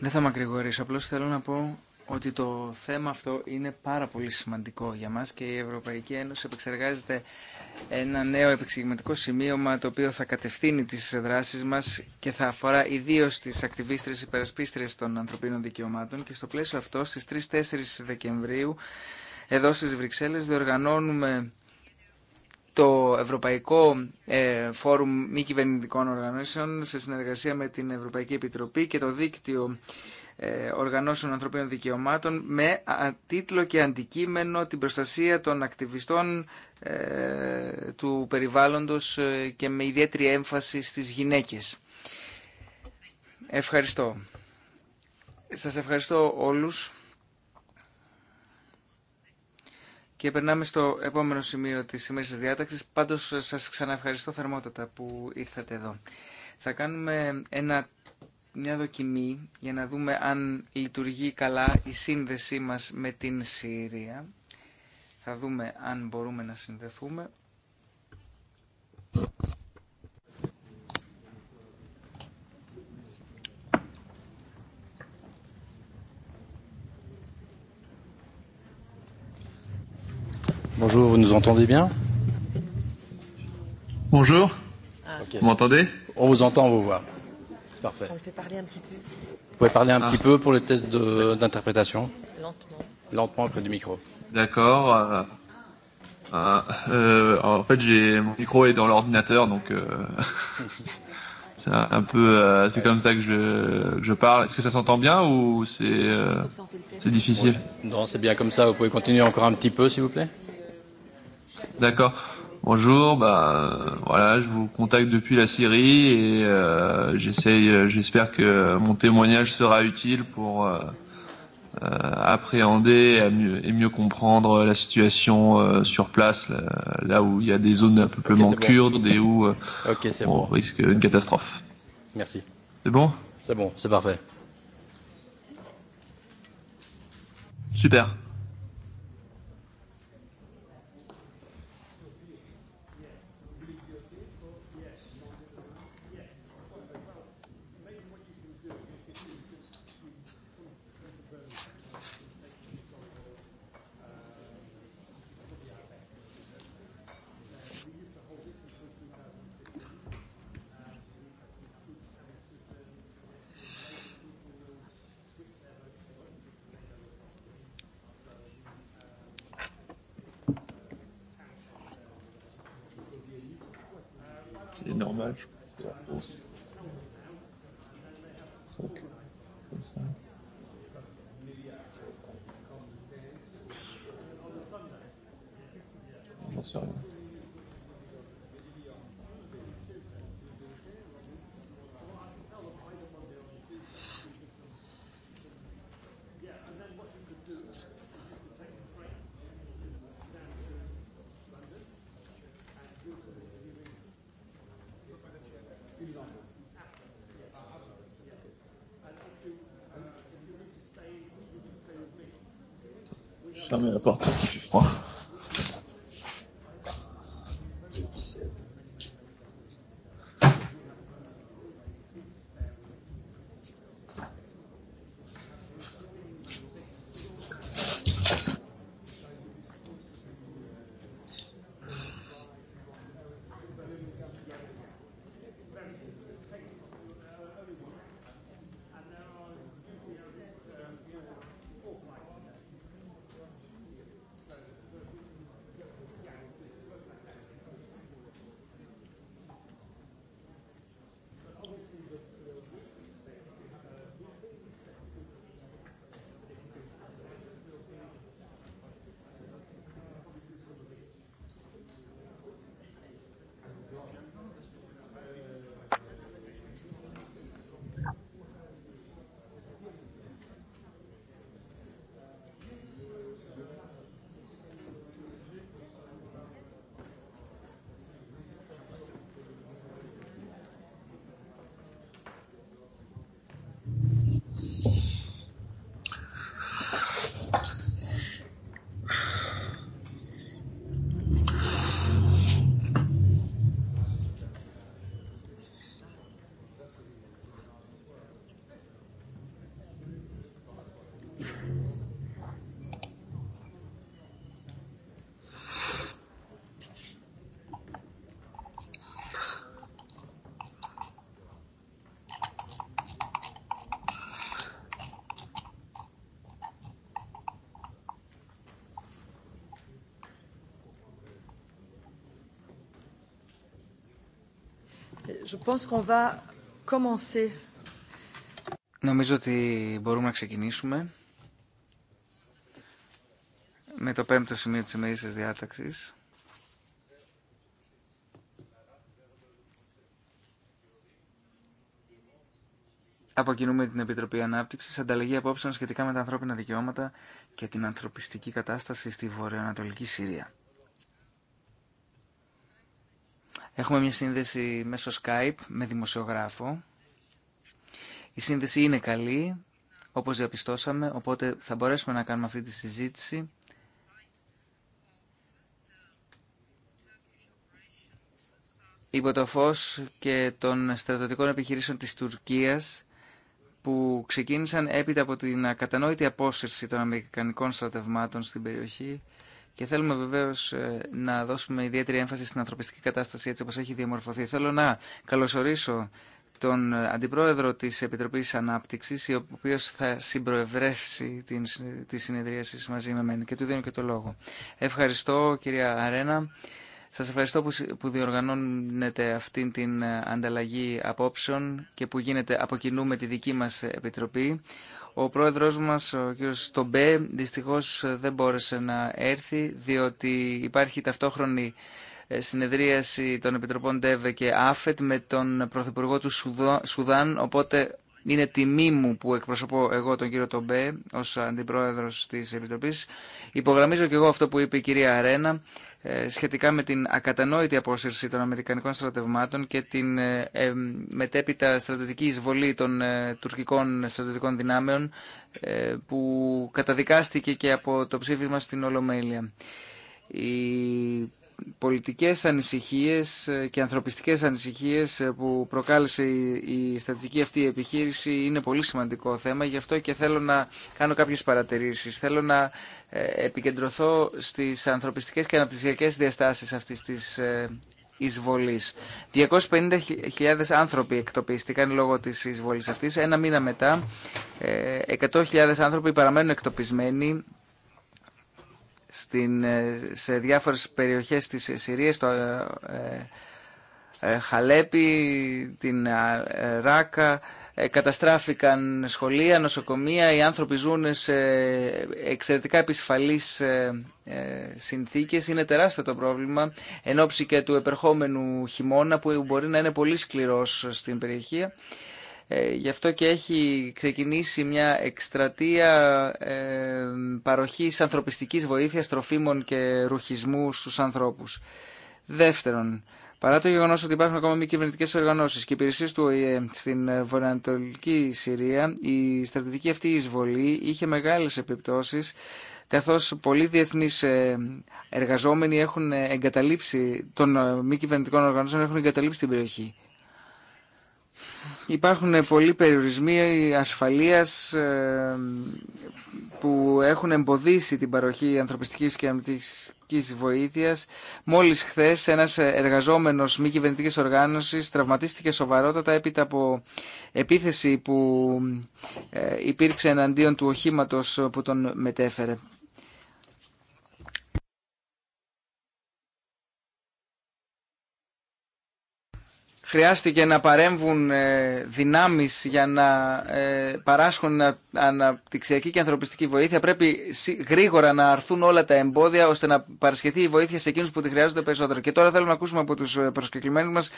δεν θα μακρηγορήσω. Απλώς θέλω να πω ότι το θέμα αυτό είναι πάρα πολύ σημαντικό για μας και η Ευρωπαϊκή Ένωση επεξεργάζεται ένα νέο επεξηγηματικό σημείωμα το οποίο θα κατευθύνει τις δράσεις μας και θα αφορά ιδίως τις ακτιβίστρες υπερασπίστρες των ανθρωπίνων δικαιωμάτων και στο πλαίσιο αυτό στις 3-4 Δεκεμβρίου εδώ στις Βρυξέλλες διοργανώνουμε το Ευρωπαϊκό ε, Φόρουμ Μη Κυβερνητικών Οργανώσεων σε συνεργασία με την Ευρωπαϊκή Επιτροπή και το δίκτυο ε, οργανώσεων ανθρωπίνων δικαιωμάτων με τίτλο και αντικείμενο την προστασία των ακτιβιστών ε, του περιβάλλοντος ε, και με ιδιαίτερη έμφαση στις γυναίκες. Ευχαριστώ. Σας ευχαριστώ όλους. Και περνάμε στο επόμενο σημείο της σημερινής διάταξης. Πάντως σας ξαναευχαριστώ θερμότατα που ήρθατε εδώ. Θα κάνουμε ένα μια δοκιμή για να δούμε αν λειτουργεί καλά η σύνδεσή μας με την Συρία. Θα δούμε αν μπορούμε να συνδεθούμε. Bonjour, vous nous entendez bien Bonjour. Vous m'entendez On vous entend, on vous voit parfait. On le fait parler un petit peu. Vous pouvez parler un petit peu pour le test d'interprétation Lentement. Lentement près du micro. D'accord. Euh, en fait, j'ai mon micro est dans l'ordinateur, donc euh, c'est un peu, c'est comme ça que je, je parle. Est-ce que ça s'entend bien ou c'est c'est difficile Non, c'est bien comme ça. Vous pouvez continuer encore un petit peu, s'il vous plaît. D'accord. Bonjour, bah voilà, je vous contacte depuis la Syrie et euh, j'essaye, j'espère que mon témoignage sera utile pour appréhender et mieux, comprendre la situation sur place, là, où il y a des zones d'un peuplement okay, kurde bon. et où okay, on bon. risque une catastrophe. Merci. C'est bon C'est bon, c'est parfait. Super. να το Νομίζω ότι μπορούμε να ξεκινήσουμε με το πέμπτο σημείο της ημερήσιας διάταξης. Αποκινούμε την Επιτροπή Ανάπτυξη, ανταλλαγή απόψεων σχετικά με τα ανθρώπινα δικαιώματα και την ανθρωπιστική κατάσταση στη βορειοανατολική Συρία. Έχουμε μια σύνδεση μέσω Skype με δημοσιογράφο. Η σύνδεση είναι καλή, όπως διαπιστώσαμε, οπότε θα μπορέσουμε να κάνουμε αυτή τη συζήτηση. Υπό το φως και των στρατιωτικών επιχειρήσεων της Τουρκίας, που ξεκίνησαν έπειτα από την ακατανόητη απόσυρση των Αμερικανικών στρατευμάτων στην περιοχή, και θέλουμε βεβαίω ε, να δώσουμε ιδιαίτερη έμφαση στην ανθρωπιστική κατάσταση έτσι όπω έχει διαμορφωθεί. Θέλω να καλωσορίσω τον Αντιπρόεδρο της Επιτροπής Ανάπτυξης, ο οποίος θα συμπροευρεύσει την, τη συνεδρίαση μαζί με εμένα. και του δίνω και το λόγο. Ευχαριστώ κυρία Αρένα. Σας ευχαριστώ που διοργανώνετε αυτή την ε, ανταλλαγή απόψεων και που γίνεται από κοινού με τη δική μας Επιτροπή. Ο πρόεδρος μας, ο κ. Στομπέ, δυστυχώς ε, δεν μπόρεσε να έρθει, διότι υπάρχει ταυτόχρονη ε, συνεδρίαση των Επιτροπών ΤΕΒΕ και ΑΦΕΤ με τον Πρωθυπουργό του Σουδάν, οπότε είναι τιμή μου που εκπροσωπώ εγώ τον κύριο Τομπέ ως αντιπρόεδρος της Επιτροπής. Υπογραμμίζω και εγώ αυτό που είπε η κυρία Αρένα ε, σχετικά με την ακατανόητη απόσυρση των Αμερικανικών στρατευμάτων και την ε, ε, μετέπειτα στρατιωτική εισβολή των τουρκικών στρατιωτικών δυνάμεων που καταδικάστηκε και από το ψήφισμα στην Ολομέλεια πολιτικές ανησυχίες ε, και ανθρωπιστικές ανησυχίες ε, που προκάλεσε η στατική αυτή επιχείρηση είναι πολύ σημαντικό θέμα, γι' αυτό και θέλω να κάνω κάποιες παρατηρήσεις. Θέλω να ε, επικεντρωθώ στις ανθρωπιστικές και αναπτυξιακές διαστάσεις αυτής της εισβολής. 250.000 άνθρωποι εκτοπίστηκαν λόγω της εισβολής αυτής. Ένα μήνα μετά, 100.000 άνθρωποι παραμένουν εκτοπισμένοι στην, ε, σε διάφορες περιοχές της Συρίας, το ε, ε, Χαλέπι, την Ράκα, καταστράφηκαν σχολεία, νοσοκομεία, οι άνθρωποι ζουν σε εξαιρετικά επισφαλείς συνθήκες. Είναι τεράστιο το πρόβλημα εν ώψη και του επερχόμενου χειμώνα που μπορεί να είναι πολύ σκληρός στην περιοχή. Ε, γι' αυτό και έχει ξεκινήσει μια εκστρατεία ε, παροχής ανθρωπιστικής βοήθειας, τροφίμων και ρουχισμού στους ανθρώπους. Δεύτερον, Παρά το γεγονός ότι υπάρχουν ακόμα μη κυβερνητικέ οργανώσει και υπηρεσίε του ΟΗΕ στην ε, βορειοανατολική Συρία, η στρατηγική αυτή εισβολή είχε μεγάλες επιπτώσεις, καθώς πολλοί διεθνείς εργαζόμενοι έχουν εγκαταλείψει, των μη κυβερνητικών οργανώσεων έχουν εγκαταλείψει την περιοχή. Υπάρχουν πολλοί περιορισμοί ασφαλείας ε, που έχουν εμποδίσει την παροχή ανθρωπιστικής και αμυντικής βοήθειας. Μόλις χθες ένας εργαζόμενος μη κυβερνητικής οργάνωσης τραυματίστηκε σοβαρότατα έπειτα από επίθεση που ε, υπήρξε εναντίον του οχήματος που τον μετέφερε. χρειάστηκε να παρέμβουν ε, δυνάμεις για να ε, παράσχουν αναπτυξιακή και ανθρωπιστική βοήθεια. Πρέπει γρήγορα να αρθούν όλα τα εμπόδια ώστε να παρασχεθεί η βοήθεια σε εκείνους που τη χρειάζονται περισσότερο. Και τώρα θέλω να ακούσουμε από τους ε, προσκεκλημένους μας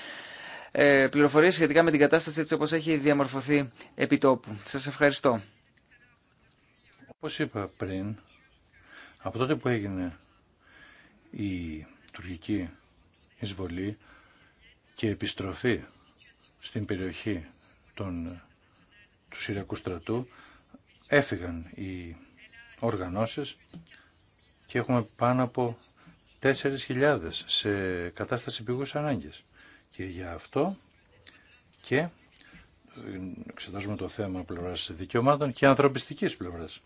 πληροφορίες σχετικά με την κατάσταση έτσι όπως έχει διαμορφωθεί επί τόπου. Σας ευχαριστώ. Όπως είπα πριν, από τότε που έγινε η τουρκική εισβολή και επιστροφή στην περιοχή των, του Συριακού στρατού έφυγαν οι οργανώσεις και έχουμε πάνω από 4.000 σε κατάσταση πηγούς ανάγκης. Και για αυτό και ε, εξετάζουμε το θέμα πλευράς δικαιωμάτων και ανθρωπιστικής πλευράς.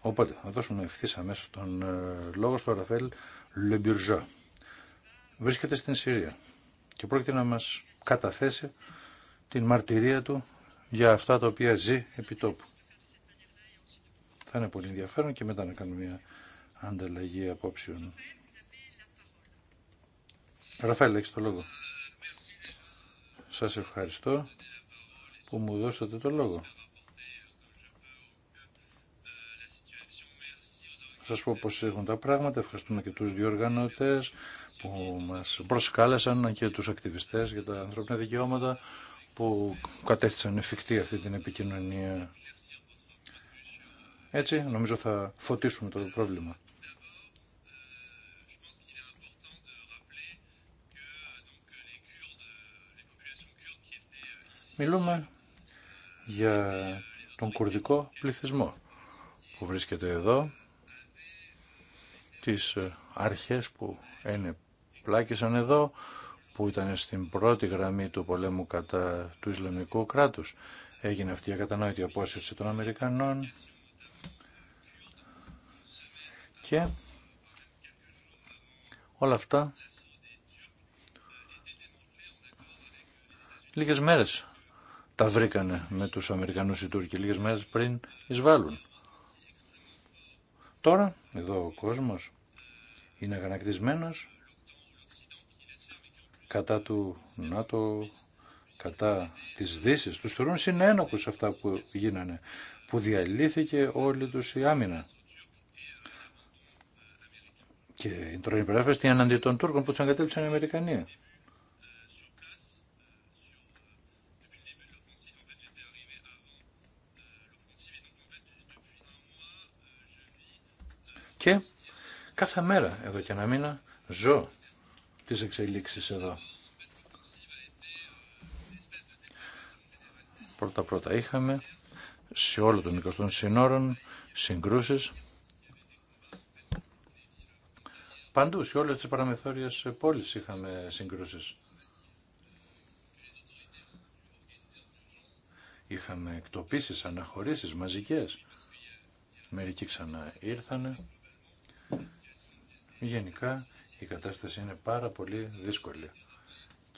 Οπότε, θα δώσουμε ευθύ αμέσω τον ε, λόγο στο Ραφέλ Λεμπιουρζά. Βρίσκεται στην Συρία και πρόκειται να μας καταθέσει την μαρτυρία του για αυτά τα οποία ζει επί τόπου. Θα είναι πολύ ενδιαφέρον και μετά να κάνουμε μια ανταλλαγή απόψεων. Ραφαέλ, έχεις το λόγο. Σας ευχαριστώ που μου δώσατε το λόγο. Σας πω πώς έχουν τα πράγματα. Ευχαριστούμε και τους διοργανωτές που μας προσκάλεσαν και τους ακτιβιστές για τα ανθρώπινα δικαιώματα που κατέστησαν εφικτή αυτή την επικοινωνία. Έτσι, νομίζω θα φωτίσουμε το πρόβλημα. Μιλούμε για τον κουρδικό πληθυσμό που βρίσκεται εδώ, τις αρχές που είναι πλάκησαν εδώ, που ήταν στην πρώτη γραμμή του πολέμου κατά του Ισλαμικού κράτους. Έγινε αυτή η ακατανόητη απόσυρση των Αμερικανών και όλα αυτά λίγες μέρες τα βρήκανε με τους Αμερικανούς οι Τούρκοι λίγες μέρες πριν εισβάλλουν. Τώρα εδώ ο κόσμος είναι αγανακτισμένος κατά του ΝΑΤΟ, κατά της δύση. Τους θεωρούν συνένοχους αυτά που γίνανε, που διαλύθηκε όλη τους η άμυνα. Και η τρώνε υπεράσπιση εναντί των Τούρκων που τους αγκατέλειψαν οι Αμερικανοί. Και κάθε μέρα εδώ και ένα μήνα ζω τις εξελίξει εδώ. Πρώτα πρώτα είχαμε σε όλο το μήκος των συνόρων συγκρούσεις παντού σε όλες τις παραμεθόριες πόλεις είχαμε συγκρούσεις. Είχαμε εκτοπίσεις, αναχωρήσεις μαζικές. Μερικοί ξανά ήρθανε. Γενικά η κατάσταση είναι πάρα πολύ δύσκολη.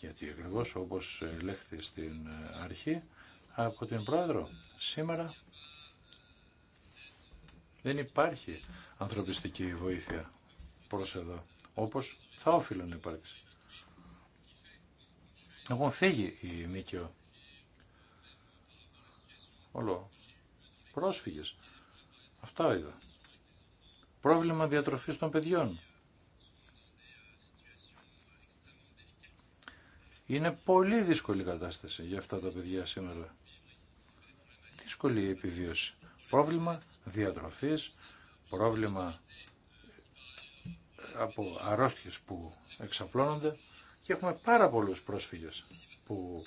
Γιατί ακριβώ όπως λέχθη στην αρχή από την Πρόεδρο, σήμερα δεν υπάρχει ανθρωπιστική βοήθεια προς εδώ, όπως θα όφελουν να υπάρξει. Έχουν φύγει η ΜΚΟ. Όλο. Πρόσφυγες. Αυτά είδα. Πρόβλημα διατροφής των παιδιών. Είναι πολύ δύσκολη κατάσταση για αυτά τα παιδιά σήμερα. Δύσκολη η επιβίωση. Πρόβλημα διατροφής, πρόβλημα ε, από αρρώστιες που εξαπλώνονται και έχουμε πάρα πολλούς πρόσφυγες που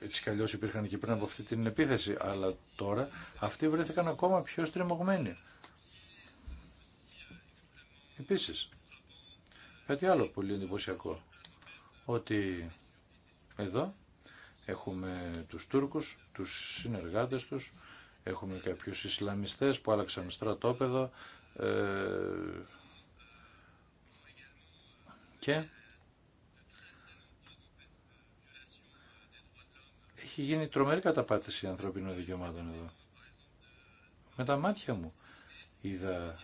έτσι κι αλλιώς υπήρχαν και πριν από αυτή την επίθεση, αλλά τώρα αυτοί βρέθηκαν ακόμα πιο στριμωγμένοι. Επίσης, κάτι άλλο πολύ εντυπωσιακό, ότι εδώ έχουμε τους Τούρκους, τους συνεργάτες τους, έχουμε κάποιους Ισλαμιστές που άλλαξαν στρατόπεδο ε, και έχει γίνει τρομερή καταπάτηση ανθρωπίνων δικαιωμάτων εδώ. Με τα μάτια μου είδα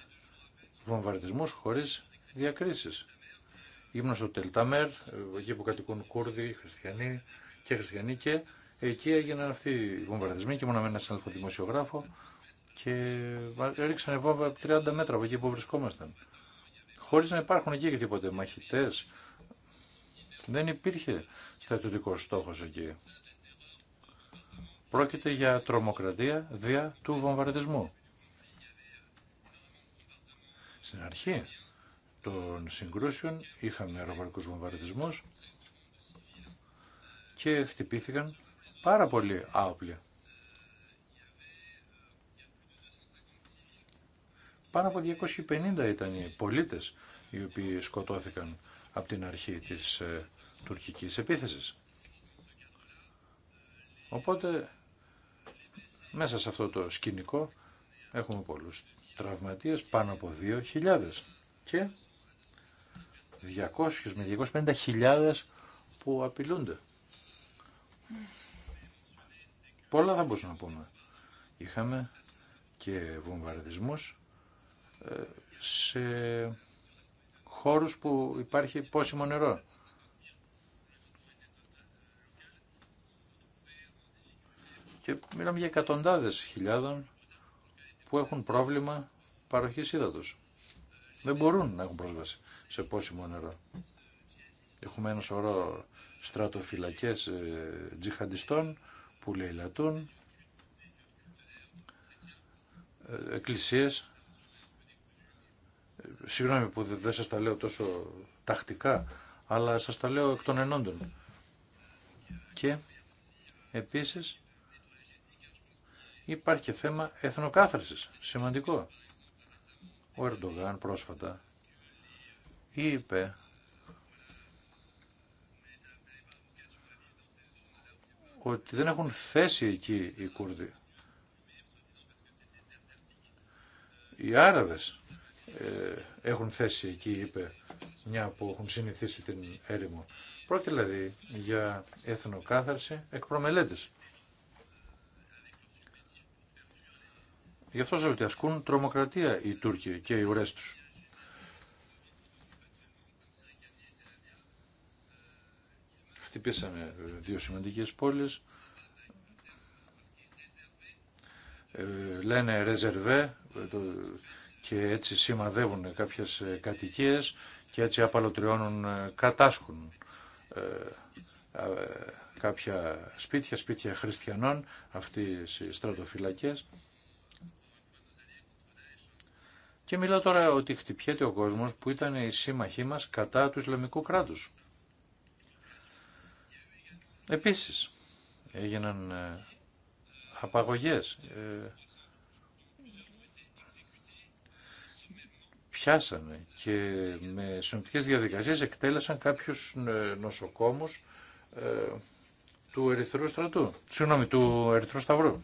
βομβαρδισμούς χωρίς διακρίσεις. Ήμουν στο Τελτάμερ, εκεί που κατοικούν Κούρδοι, Χριστιανοί και Χριστιανοί και εκεί έγιναν αυτοί οι βομβαρδισμοί και ήμουν με έναν συνάδελφο δημοσιογράφο και έριξαν βόμβα 30 μέτρα από εκεί που βρισκόμασταν. Χωρίς να υπάρχουν εκεί και τίποτε μαχητές. Δεν υπήρχε στρατιωτικό στόχος εκεί. Πρόκειται για τρομοκρατία δια του βομβαρδισμού. Στην αρχή των συγκρούσεων, είχαμε αεροπορικούς βομβαρδισμούς και χτυπήθηκαν πάρα πολλοί άοπλοι. Πάνω από 250 ήταν οι πολίτες οι οποίοι σκοτώθηκαν από την αρχή της ε, τουρκικής επίθεσης. Οπότε μέσα σε αυτό το σκηνικό έχουμε πολλούς τραυματίες, πάνω από 2.000 και 200 με 250 χιλιάδες που απειλούνται. Πολλά θα μπορούσαμε να πούμε. Είχαμε και βομβαρδισμούς ε, σε χώρους που υπάρχει πόσιμο νερό. Και μιλάμε για εκατοντάδες χιλιάδων που έχουν πρόβλημα παροχής ύδατος. Δεν μπορούν να έχουν πρόσβαση σε πόσιμο νερό. Έχουμε ένα σωρό στρατοφυλακές ε, τζιχαντιστών που λαιλατούν, ε, εκκλησίες. Ε, συγγνώμη που δεν σας τα λέω τόσο τακτικά, αλλά σας τα λέω εκ των ενόντων. Και επίσης υπάρχει και θέμα εθνοκάθαρσης, σημαντικό ο Ερντογάν πρόσφατα είπε ότι δεν έχουν θέση εκεί οι Κούρδοι. Οι Άραβες ε, έχουν θέση εκεί, είπε, μια που έχουν συνηθίσει την έρημο. Πρόκειται δηλαδή για εθνοκάθαρση εκ Γι' αυτό ότι ασκούν τρομοκρατία οι Τούρκοι και οι ουρές τους. Χτυπήσαμε δύο σημαντικές πόλεις. Ε, λένε ρεζερβέ και έτσι σημαδεύουν κάποιες ε, κατοικίες και έτσι απαλωτριώνουν, ε, κατάσχουν κάποια σπίτια, σπίτια χριστιανών, αυτοί οι στρατοφυλακές. Και μιλάω τώρα ότι χτυπιέται ο κόσμος που ήταν οι σύμμαχοί μας κατά του Ισλαμικού κράτους. Επίσης, έγιναν ε, απαγωγές. Ε, πιάσανε και με συνοπτικές διαδικασίες εκτέλεσαν κάποιους ε, νοσοκόμους του Ερυθρού Στρατού, συγγνώμη, του Ερυθρού Σταυρού.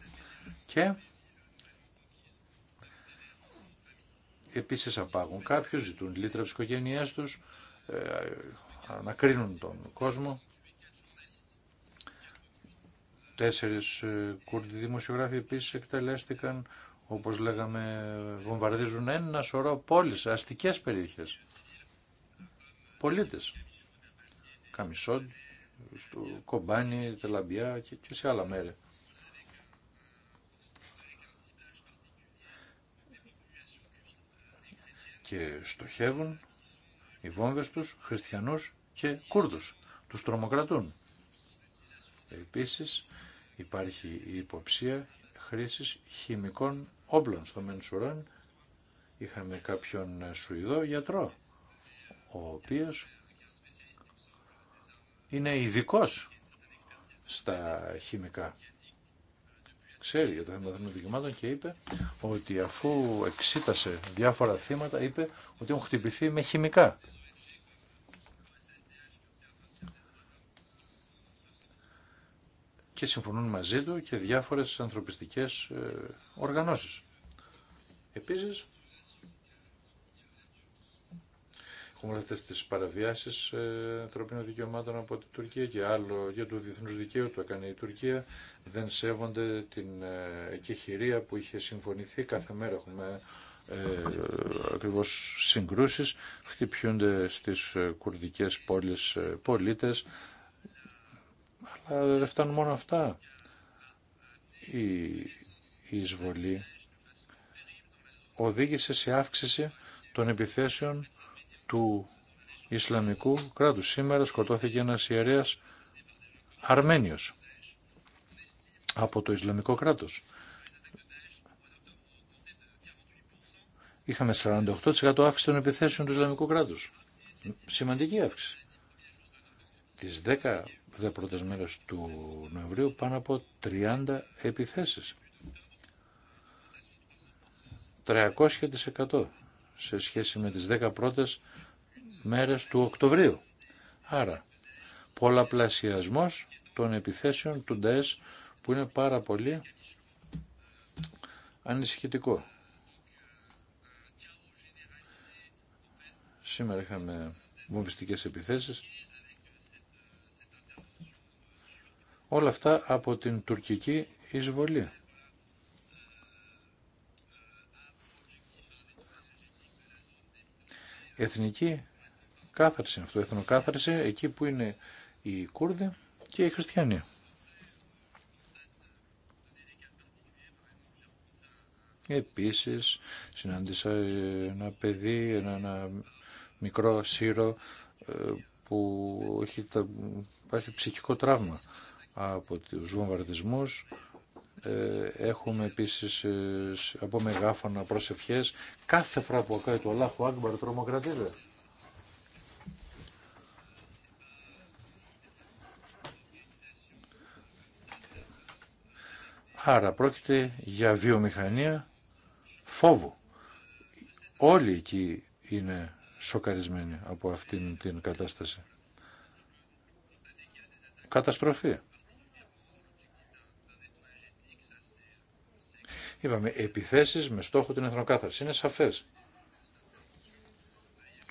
Και Επίση απάγουν κάποιους, ζητούν λίτρα της οικογένειάς τους, ε, ανακρίνουν τον κόσμο. Τέσσερι ε, Κούρδοι δημοσιογράφοι επίσης εκτελέστηκαν, όπως λέγαμε, βομβαρδίζουν ένα σωρό πόλεις, αστικές περιοχέ. Πολίτες. Καμισόντ, Κομπάνι, Τελαμπιά και, και σε άλλα μέρη. και στοχεύουν οι βόμβες τους χριστιανούς και Κούρδους, τους τρομοκρατούν. Επίσης υπάρχει η υποψία χρήσης χημικών όπλων στο Μενσουράν. Είχαμε κάποιον Σουηδό γιατρό, ο οποίος είναι ειδικό στα χημικά ξέρει για τα θέματα των δικαιωμάτων και είπε ότι αφού εξήτασε διάφορα θύματα, είπε ότι έχουν χτυπηθεί με χημικά. Και συμφωνούν μαζί του και διάφορες ανθρωπιστικές ε, οργανώσεις. Επίσης, έχουμε αυτέ τι παραβιάσει ε, ανθρωπίνων δικαιωμάτων από την Τουρκία και άλλο για το διεθνού δικαίου το έκανε η Τουρκία. Δεν σέβονται την ε, εκεχηρία που είχε συμφωνηθεί. Κάθε μέρα έχουμε ε, ακριβώ συγκρούσει. Χτυπιούνται στι ε, κουρδικέ πόλει πολίτε. Αλλά δεν φτάνουν μόνο αυτά. Η, η εισβολή οδήγησε σε αύξηση των επιθέσεων του Ισλαμικού κράτους. Σήμερα σκοτώθηκε ένας ιερέας Αρμένιος από το Ισλαμικό κράτος. Είχαμε 48% αύξηση των επιθέσεων του Ισλαμικού κράτους. Σημαντική αύξηση. Τις 10 δε πρώτες μέρες του Νοεμβρίου πάνω από 30 επιθέσεις. 300% σε σχέση με τις 10 πρώτες μέρες του Οκτωβρίου. Άρα, πολλαπλασιασμός των επιθέσεων του ΝΤΕΣ που είναι πάρα πολύ ανησυχητικό. Σήμερα είχαμε βομβιστικές επιθέσεις. Όλα αυτά από την τουρκική εισβολή. εθνική κάθαρση αυτό, εθνοκάθαρση εκεί που είναι οι Κούρδοι και οι Χριστιανοί. Επίσης συνάντησα ένα παιδί, ένα, ένα μικρό σύρο ε, που έχει τα, πάθει ψυχικό τραύμα από τους βομβαρδισμούς ε, έχουμε επίσης ε, από μεγάφωνα προσευχές κάθε φορά που ακάει το Αλάχου Άγμπαρ τρομοκρατείται. Άρα πρόκειται για βιομηχανία φόβου. Όλοι εκεί είναι σοκαρισμένοι από αυτήν την κατάσταση. Καταστροφή. Είπαμε επιθέσεις με στόχο την εθνοκάθαρση. Είναι σαφές.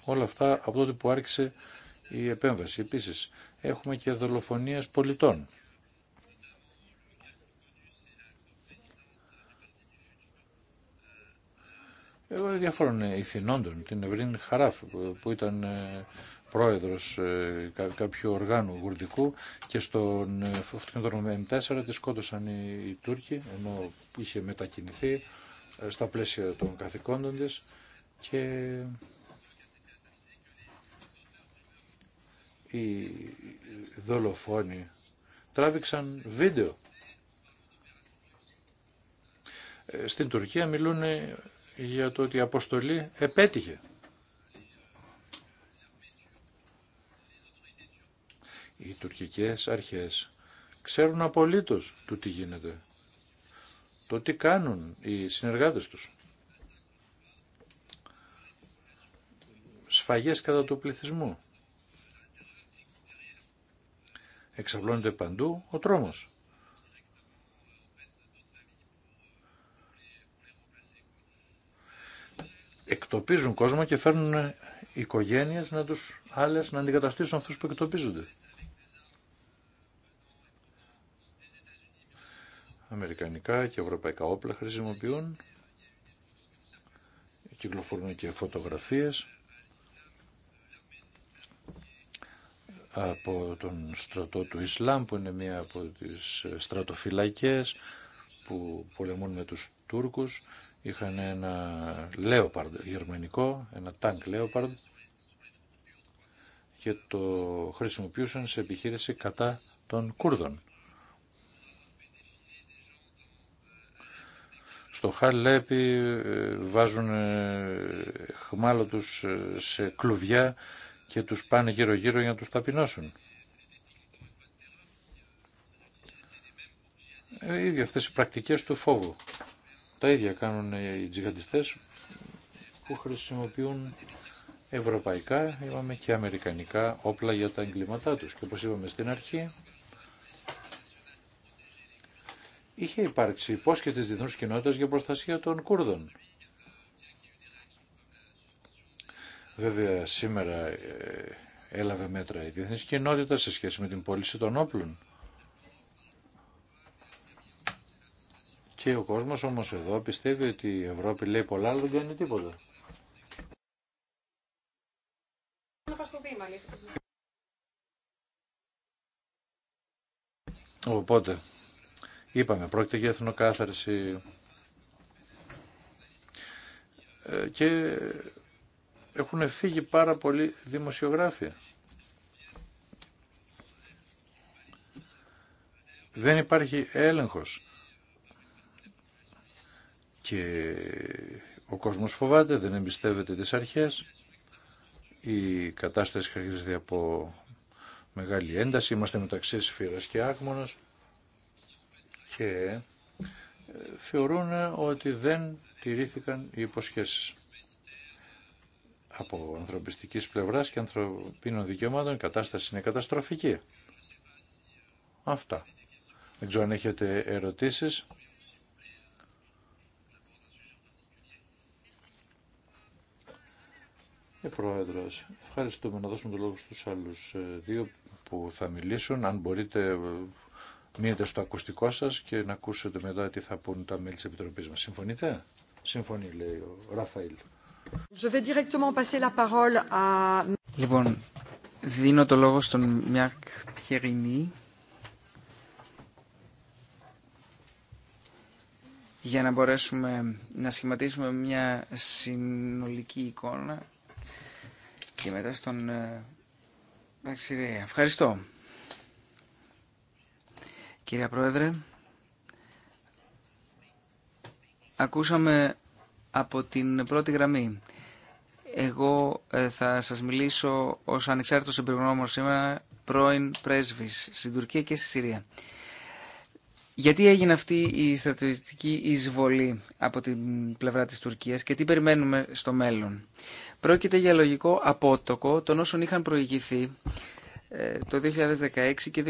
Όλα αυτά από τότε που άρχισε η επέμβαση. Επίσης, έχουμε και δολοφονίες πολιτών. Εγώ διαφόρων ηθινόντων, την Ευρύν Χαράφ, που ήταν ε, πρόεδρος ε, κάποιου οργάνου γουρδικού και στον ε, αυτοκίνητο M4 τη σκότωσαν οι Τούρκοι ενώ είχε μετακινηθεί ε, στα πλαίσια των καθηκόντων της και οι δολοφόνοι τράβηξαν βίντεο. Στην Τουρκία μιλούν για το ότι η αποστολή επέτυχε. οι τουρκικές αρχές ξέρουν απολύτως του τι γίνεται, το τι κάνουν οι συνεργάτες τους. Σφαγές κατά του πληθυσμού. Εξαπλώνεται παντού ο τρόμος. εκτοπίζουν κόσμο και φέρνουν οικογένειες να τους άλλες να αντικαταστήσουν αυτούς που εκτοπίζονται. αμερικανικά και ευρωπαϊκά όπλα χρησιμοποιούν. Κυκλοφορούν και φωτογραφίες από τον στρατό του Ισλάμ που είναι μία από τις στρατοφυλακές που πολεμούν με τους Τούρκους. Είχαν ένα Λέοπαρντ γερμανικό, ένα τάγκ Λέοπαρντ και το χρησιμοποιούσαν σε επιχείρηση κατά των Κούρδων. στο Χαλέπι, βάζουν ε, χμάλο τους ε, σε κλουβιά και τους πάνε γύρω γύρω για να τους ταπεινώσουν. Ε, αυτές οι πρακτικές του φόβου. Τα ίδια κάνουν οι τζιγαντιστές που χρησιμοποιούν ευρωπαϊκά, είπαμε και αμερικανικά όπλα για τα εγκλήματά τους. Και όπως είπαμε στην αρχή, είχε υπάρξει υπόσχεση της διεθνούς κοινότητας για προστασία των Κούρδων. Βέβαια σήμερα ε, έλαβε μέτρα η διεθνής κοινότητα σε σχέση με την πώληση των όπλων. Και ο κόσμος όμως εδώ πιστεύει ότι η Ευρώπη λέει πολλά αλλά δεν κάνει τίποτα. Οπότε, Είπαμε, πρόκειται για εθνοκάθαρση ε, και έχουν φύγει πάρα πολλοί δημοσιογράφοι. Δεν υπάρχει έλεγχος και ο κόσμος φοβάται, δεν εμπιστεύεται τις αρχές. Η κατάσταση χαρακτηρίζεται από μεγάλη ένταση, είμαστε μεταξύ σφύρας και άκμονας και ε, θεωρούν ε, ότι δεν τηρήθηκαν οι υποσχέσεις. Από ανθρωπιστικής πλευράς και ανθρωπίνων δικαιωμάτων η κατάσταση είναι καταστροφική. Αυτά. Δεν ξέρω αν έχετε ερωτήσεις. Ε, Πρόεδρος, ευχαριστούμε να δώσουμε το λόγο στους άλλους ε, δύο που θα μιλήσουν. Αν μπορείτε μείνετε στο ακουστικό σας και να ακούσετε μετά τι θα πούν τα μέλη της Επιτροπής μας. Συμφωνείτε? Συμφωνεί, λέει ο Ραφαήλ. Λοιπόν, δίνω το λόγο στον Μιάκ Πιερινή για να μπορέσουμε να σχηματίσουμε μια συνολική εικόνα και μετά στον ε, Ευχαριστώ. Κυρία Πρόεδρε, ακούσαμε από την πρώτη γραμμή. Εγώ ε, θα σας μιλήσω ως ανεξάρτητος εμπειρογνώμος σήμερα, πρώην πρέσβης στην Τουρκία και στη Συρία. Γιατί έγινε αυτή η στρατιωτική εισβολή από την πλευρά της Τουρκίας και τι περιμένουμε στο μέλλον. Πρόκειται για λογικό απότοκο των όσων είχαν προηγηθεί ε, το 2016 και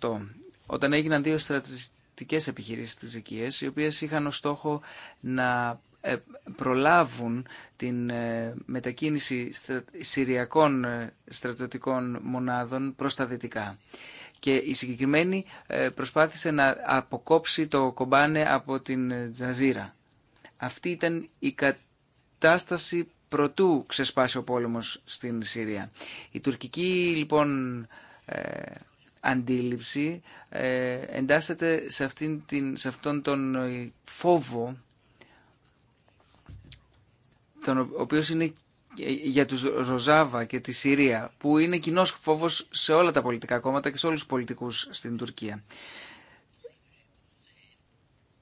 2018 όταν έγιναν δύο στρατιωτικές επιχειρήσεις της Τουρκίας, οι οποίες είχαν ως στόχο να ε, προλάβουν την ε, μετακίνηση συριακών ε, στρατιωτικών μονάδων προς τα δυτικά. Και η συγκεκριμένη προσπάθησε να αποκόψει το κομπάνε από την Τζαζίρα. Αυτή ήταν η κατάσταση προτού ξεσπάσει ο πόλεμος στην Συρία. Η τουρκική λοιπόν αντίληψη ε, εντάσσεται σε, αυτήν την, σε αυτόν τον ε, φόβο τον οποίος είναι ε, για τους Ροζάβα και τη Συρία που είναι κοινό φόβος σε όλα τα πολιτικά κόμματα και σε όλους τους πολιτικούς στην Τουρκία.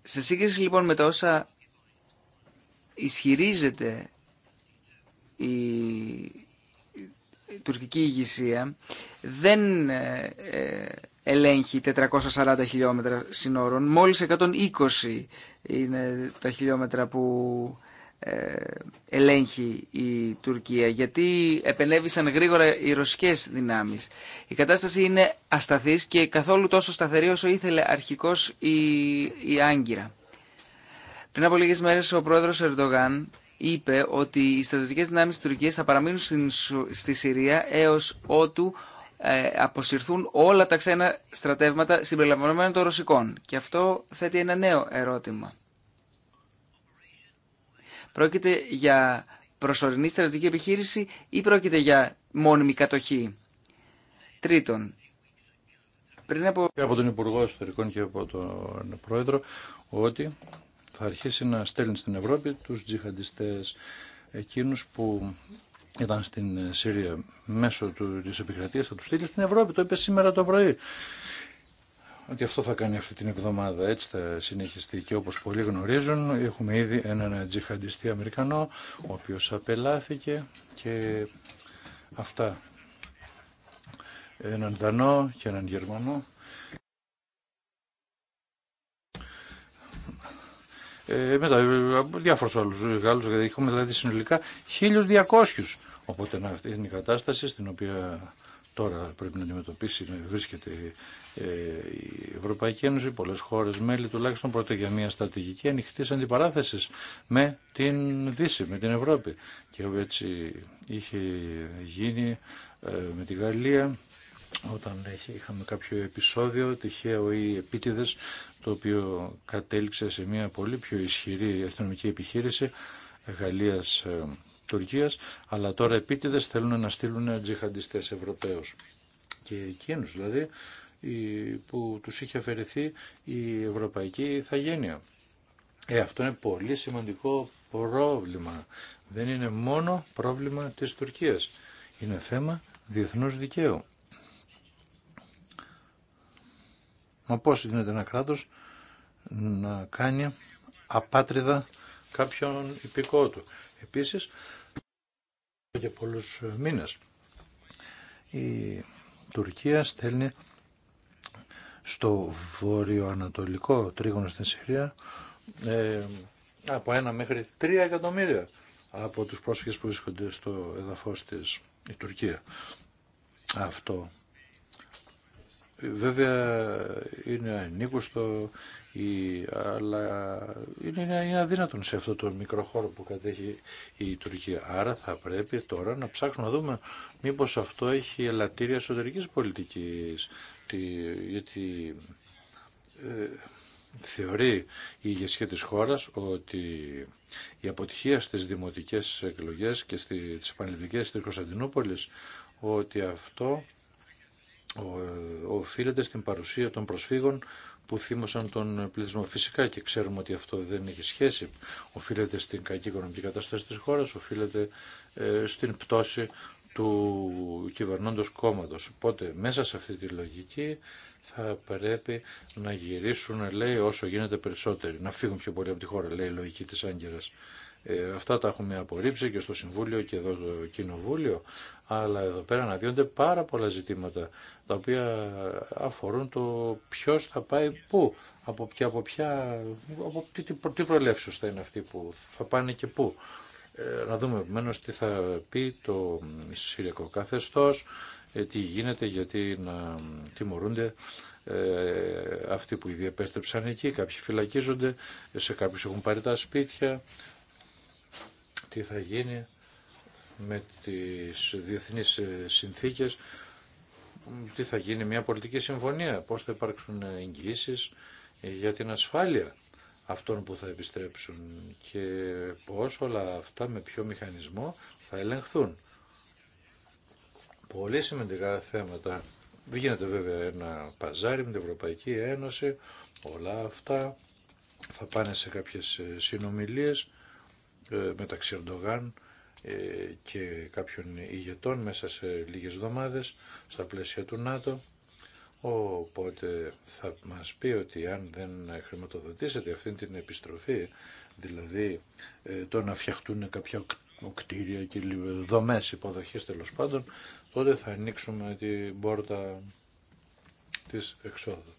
Σε σύγκριση λοιπόν με τα όσα ισχυρίζεται η τουρκική ηγεσία δεν ε, ε, ελέγχει 440 χιλιόμετρα συνόρων. Μόλις 120 είναι τα χιλιόμετρα που ε, ελέγχει η Τουρκία γιατί επενέβησαν γρήγορα οι ρωσικές δυνάμεις. Η κατάσταση είναι ασταθής και καθόλου τόσο σταθερή όσο ήθελε αρχικώς η, η Άγκυρα. Πριν από λίγες μέρες ο πρόεδρος Ερντογάν είπε ότι οι στρατιωτικές δυνάμεις της Τουρκίας θα παραμείνουν στη Συρία έως ότου ε, αποσυρθούν όλα τα ξένα στρατεύματα συμπεριλαμβανομένων των ρωσικών. Και αυτό θέτει ένα νέο ερώτημα. Πρόκειται για προσωρινή στρατιωτική επιχείρηση ή πρόκειται για μόνιμη κατοχή. Τρίτον, πριν από... από τον Υπουργό Εσωτερικών και από τον Πρόεδρο ότι θα αρχίσει να στέλνει στην Ευρώπη τους τζιχαντιστές εκείνους που ήταν στην Συρία μέσω του, της επικρατείας θα τους στείλει στην Ευρώπη, το είπε σήμερα το πρωί ότι αυτό θα κάνει αυτή την εβδομάδα έτσι θα συνεχιστεί και όπως πολλοί γνωρίζουν έχουμε ήδη έναν τζιχαντιστή Αμερικανό ο οποίος απελάθηκε και αυτά έναν Δανό και έναν Γερμανό ε, μετά ε, από άλλου Γάλλου, Γάλλους, δηλαδή, έχουμε δηλαδή συνολικά 1200. Οπότε αυτή είναι η κατάσταση στην οποία τώρα πρέπει να αντιμετωπίσει, να βρίσκεται ε, η Ευρωπαϊκή Ένωση, Πολλέ χώρε μέλη τουλάχιστον πρώτα για μια στρατηγική ανοιχτή αντιπαράθεση με την Δύση, με την Ευρώπη. Και έτσι είχε γίνει ε, με τη Γαλλία όταν είχαμε κάποιο επεισόδιο, τυχαίο ή επίτηδες, το οποίο κατέληξε σε μια πολύ πιο ισχυρή αστυνομική επιχείρηση Γαλλίας ε, Τουρκίας, αλλά τώρα επίτηδες θέλουν να στείλουν τζιχαντιστές Ευρωπαίους. Και εκείνους δηλαδή που τους είχε αφαιρεθεί η Ευρωπαϊκή Ιθαγένεια. Ε, αυτό είναι πολύ σημαντικό πρόβλημα. Δεν είναι μόνο πρόβλημα της Τουρκίας. Είναι θέμα διεθνούς δικαίου. Μα πώς γίνεται ένα κράτος να κάνει απάτριδα κάποιον υπηκό του. Επίσης, για πολλούς μήνες, η Τουρκία στέλνει στο βόρειο-ανατολικό τρίγωνο στην Συρία ε, από ένα μέχρι τρία εκατομμύρια από τους πρόσφυγες που βρίσκονται στο εδαφός της η Τουρκία. Αυτό Βέβαια είναι ανήκουστο, η, αλλά είναι, είναι αδύνατον σε αυτό το μικρό χώρο που κατέχει η Τουρκία. Άρα θα πρέπει τώρα να ψάξουμε να δούμε μήπως αυτό έχει ελαττήρια εσωτερικής πολιτικής. Τη, γιατί ε, θεωρεί η ηγεσία της χώρας ότι η αποτυχία στις δημοτικές εκλογές και στις πανελληνικές της Κωνσταντινούπολης ότι αυτό οφείλεται στην παρουσία των προσφύγων που θύμωσαν τον πληθυσμό. Φυσικά και ξέρουμε ότι αυτό δεν έχει σχέση. Οφείλεται στην κακή οικονομική κατάσταση της χώρας, οφείλεται ε, στην πτώση του κυβερνώντος κόμματος. Οπότε μέσα σε αυτή τη λογική θα πρέπει να γυρίσουν, λέει, όσο γίνεται περισσότεροι, να φύγουν πιο πολύ από τη χώρα, λέει η λογική της Άγκυρας. Ε, αυτά τα έχουμε απορρίψει και στο Συμβούλιο και εδώ το Κοινοβούλιο, αλλά εδώ πέρα αναδύονται πάρα πολλά ζητήματα τα οποία αφορούν το ποιο θα πάει πού, από ποια, από ποια, από τι, τι, θα είναι αυτοί που θα πάνε και πού. Ε, να δούμε επομένω τι θα πει το Συριακό καθεστώς, ε, τι γίνεται, γιατί να τιμωρούνται ε, αυτοί που ήδη επέστρεψαν εκεί, κάποιοι φυλακίζονται, σε κάποιους έχουν πάρει τα σπίτια, τι θα γίνει με τις διεθνείς ε, συνθήκες, τι θα γίνει μια πολιτική συμφωνία, πώς θα υπάρξουν εγγύσει για την ασφάλεια αυτών που θα επιστρέψουν και πώς όλα αυτά με ποιο μηχανισμό θα ελεγχθούν. Πολύ σημαντικά θέματα. Γίνεται βέβαια ένα παζάρι με την Ευρωπαϊκή Ένωση, όλα αυτά θα πάνε σε κάποιες ε, συνομιλίες ε, μεταξύ Ερντογάν ε, και κάποιων ηγετών μέσα σε λίγες εβδομάδες στα πλαίσια του ΝΑΤΟ. Οπότε θα μας πει ότι αν δεν χρηματοδοτήσετε αυτή την επιστροφή, δηλαδή ε, το να φτιαχτούν κάποια κτίρια και δομές υποδοχής τέλος πάντων, τότε θα ανοίξουμε την πόρτα της εξόδου.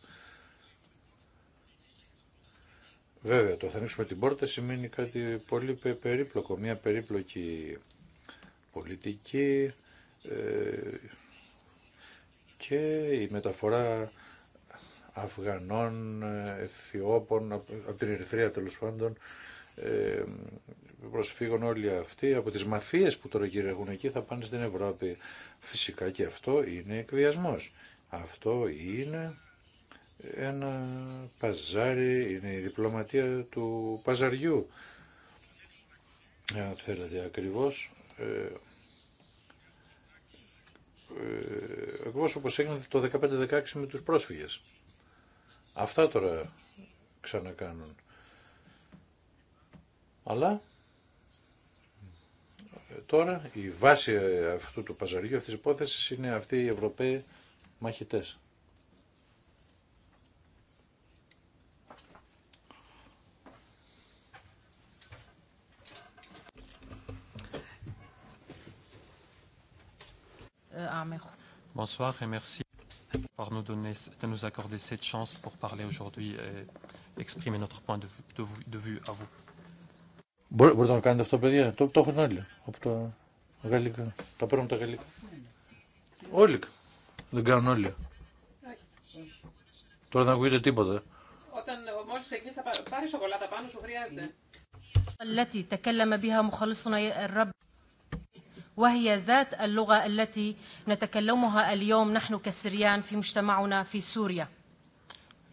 Βέβαια, το θα ανοίξουμε την πόρτα σημαίνει κάτι πολύ περίπλοκο, μια περίπλοκη πολιτική ε, και η μεταφορά Αφγανών, Αιθιώπων, από την Ερυθρία τέλο πάντων, ε, προσφύγων όλοι αυτοί, από τις μαφίες που τώρα κυριαρχούν εκεί θα πάνε στην Ευρώπη. Φυσικά και αυτό είναι εκβιασμός. Αυτό είναι ένα παζάρι, είναι η διπλωματία του παζαριού. Αν θέλετε ακριβώς, ε, ε, ακριβώς όπως έγινε το 15-16 με τους πρόσφυγες. Αυτά τώρα ξανακάνουν. Αλλά ε, τώρα η βάση αυτού του παζαριού, αυτής της υπόθεσης, είναι αυτοί οι Ευρωπαίοι μαχητές. Bonsoir et merci pour nous donner, de nous accorder cette chance pour parler aujourd'hui et exprimer notre point de, vue, de, vue, de vue à vous. Μπορείτε να κάνετε αυτό, παιδιά. Το, το έχουν όλοι. Από τα γαλλικά. Τα παίρνουν τα γαλλικά. Όλοι. Δεν κάνουν όλοι. Τώρα δεν ακούγεται τίποτα. Όταν μόλις εγγύσεις πάρει σοκολάτα πάνω σου χρειάζεται. التي تكلم بها مخلصنا الرب وهي ذات اللغة التي نتكلمها اليوم نحن كسريان في مجتمعنا في سوريا.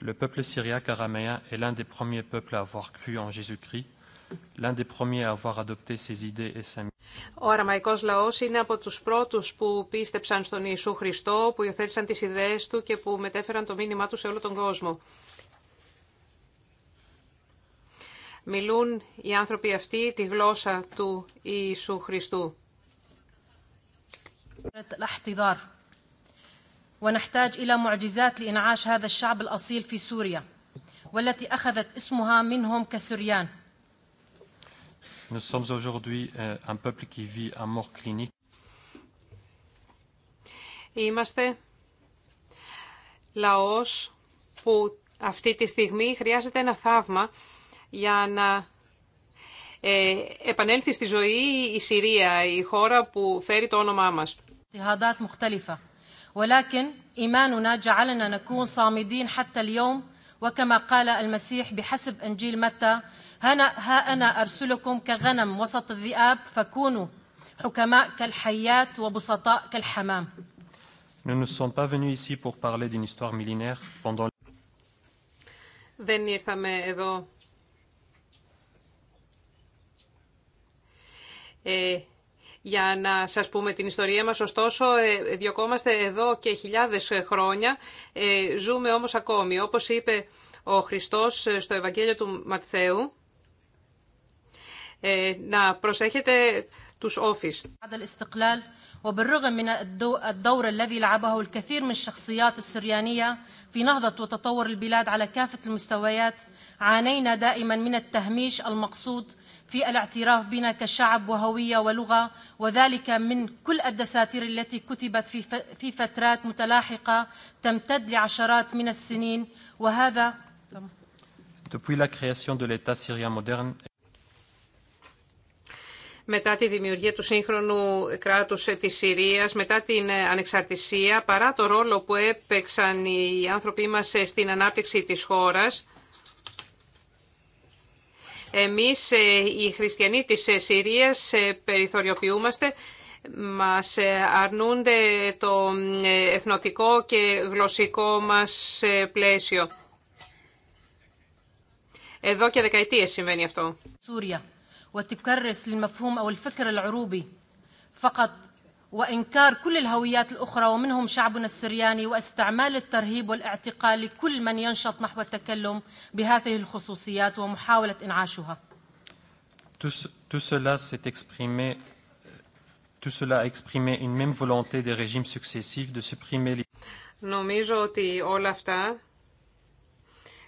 Le peuple syriaque araméen est l'un des premiers peuples à avoir cru en Jésus-Christ, l'un des premiers à avoir adopté ses idées et sa Ο αραμαϊκός λαός είναι από τους πρώτους που πίστεψαν στον Ιησού Χριστό, που υιοθέτησαν τις ιδέες του και που μετέφεραν το μήνυμά του σε όλο τον κόσμο. Μιλούν οι άνθρωποι αυτοί τη γλώσσα του Ιησού Χριστού. الاحتضار ونحتاج إلى معجزات لإنعاش هذا الشعب الأصيل في سوريا والتي أخذت اسمها منهم كسريان Nous sommes aujourd'hui un peuple qui vit à mort clinique. Είμαστε λαός που αυτή τη στιγμή χρειάζεται ένα θαύμα για να ε, επανέλθει στη ζωή η Συρία, η χώρα που φέρει το όνομά μας. اضطهادات مختلفة ولكن إيماننا جعلنا نكون صامدين حتى اليوم وكما قال المسيح بحسب إنجيل متى ها أنا أرسلكم كغنم وسط الذئاب فكونوا حكماء كالحيات وبسطاء كالحمام Nous ne για να σας πούμε την ιστορία μας. Ωστόσο, ε, διωκόμαστε εδώ και χιλιάδες χρόνια, ε, ζούμε όμως ακόμη. Όπως είπε ο Χριστός ε, στο Ευαγγέλιο του Ματθαίου, να προσέχετε τους όφης. وبالرغم من الدور الذي لعبه الكثير من الشخصيات السريانية في نهضة وتطور البلاد على كافة المستويات عانينا دائما من التهميش المقصود في الاعتراف بنا كشعب وهوية ولغة وذلك من كل الدساتير التي كتبت في فترات متلاحقة تمتد لعشرات من السنين وهذا Depuis la création de l'État syrien moderne, μετά τη δημιουργία του σύγχρονου κράτους της Συρίας, μετά την ανεξαρτησία, παρά το ρόλο που έπαιξαν οι άνθρωποι μας στην ανάπτυξη της χώρας, εμείς ε, οι χριστιανοί της ε, Συρίας ε, περιθωριοποιούμαστε, μας αρνούνται το εθνοτικό και γλωσσικό μας πλαίσιο. Εδώ και δεκαετίες συμβαίνει αυτό. وإنكار كل الهويات الأخرى ومنهم شعبنا السرياني واستعمال الترهيب والاعتقال لكل من ينشط نحو التكلم بهذه الخصوصيات ومحاولة إنعاشها. Tout cela s'est Tout cela a exprimé une même volonté des régimes successifs de supprimer les... Νομίζω ότι όλα αυτά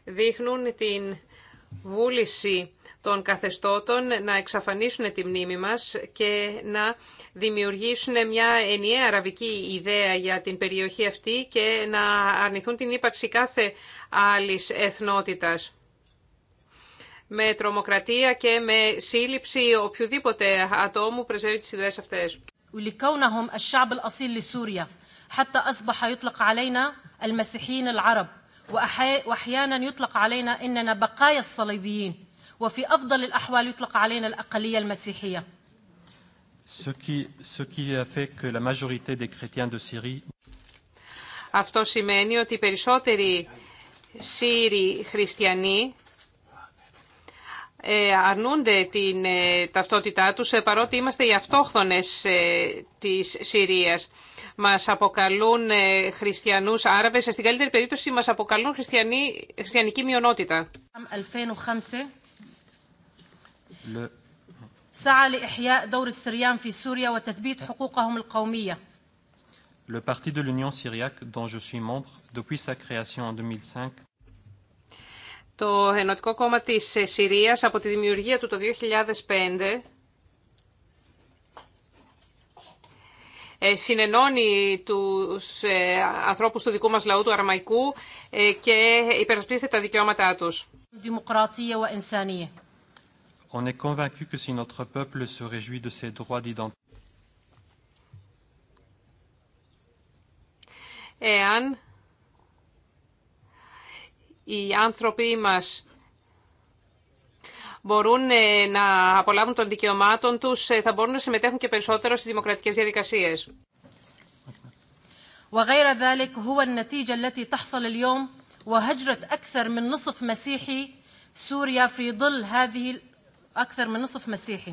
δείχνουν την βούληση των καθεστώτων να εξαφανίσουν τη μνήμη μας και να δημιουργήσουν μια ενιαία αραβική ιδέα για την περιοχή αυτή και να αρνηθούν την ύπαρξη κάθε άλλης εθνότητας με τρομοκρατία και με σύλληψη οποιοδήποτε ατόμου πρεσβεύει τις ιδέες αυτές. وأحيانا يطلق علينا أننا بقايا الصليبيين وفي أفضل الأحوال يطلق علينا الأقلية المسيحية Ce qui, ce qui a fait que la majorité des chrétiens de Syrie... Αυτό σημαίνει ότι περισσότεροι Σύριοι χριστιανοί ε, αρνούνται την ε, ταυτότητά τους ε, παρότι είμαστε οι αυτόχθονες ε, της Συρίας. Μας αποκαλούν ε, χριστιανούς Άραβες, ε, στην καλύτερη περίπτωση μας αποκαλούν χριστιανή, χριστιανική μειονότητα. Ναι. Le Parti de l'Union syriaque, dont je suis membre depuis sa création en 2005, το Ενωτικό Κόμμα της Συρίας από τη δημιουργία του το 2005 ε, συνενώνει τους ε, ανθρώπους του δικού μας λαού, του Αραμαϊκού, ε, και υπερασπίζεται τα δικαιώματά τους. εάν οι άνθρωποι μας μπορούν ε, να απολάβουν των δικαιωμάτων τους, ε, θα μπορούν να συμμετέχουν και περισσότερο στις δημοκρατικές διαδικασίες. وغير ذلك هو النتيجة التي تحصل اليوم وهجرة أكثر من نصف مسيحي سوريا في ظل هذه أكثر من نصف مسيحي.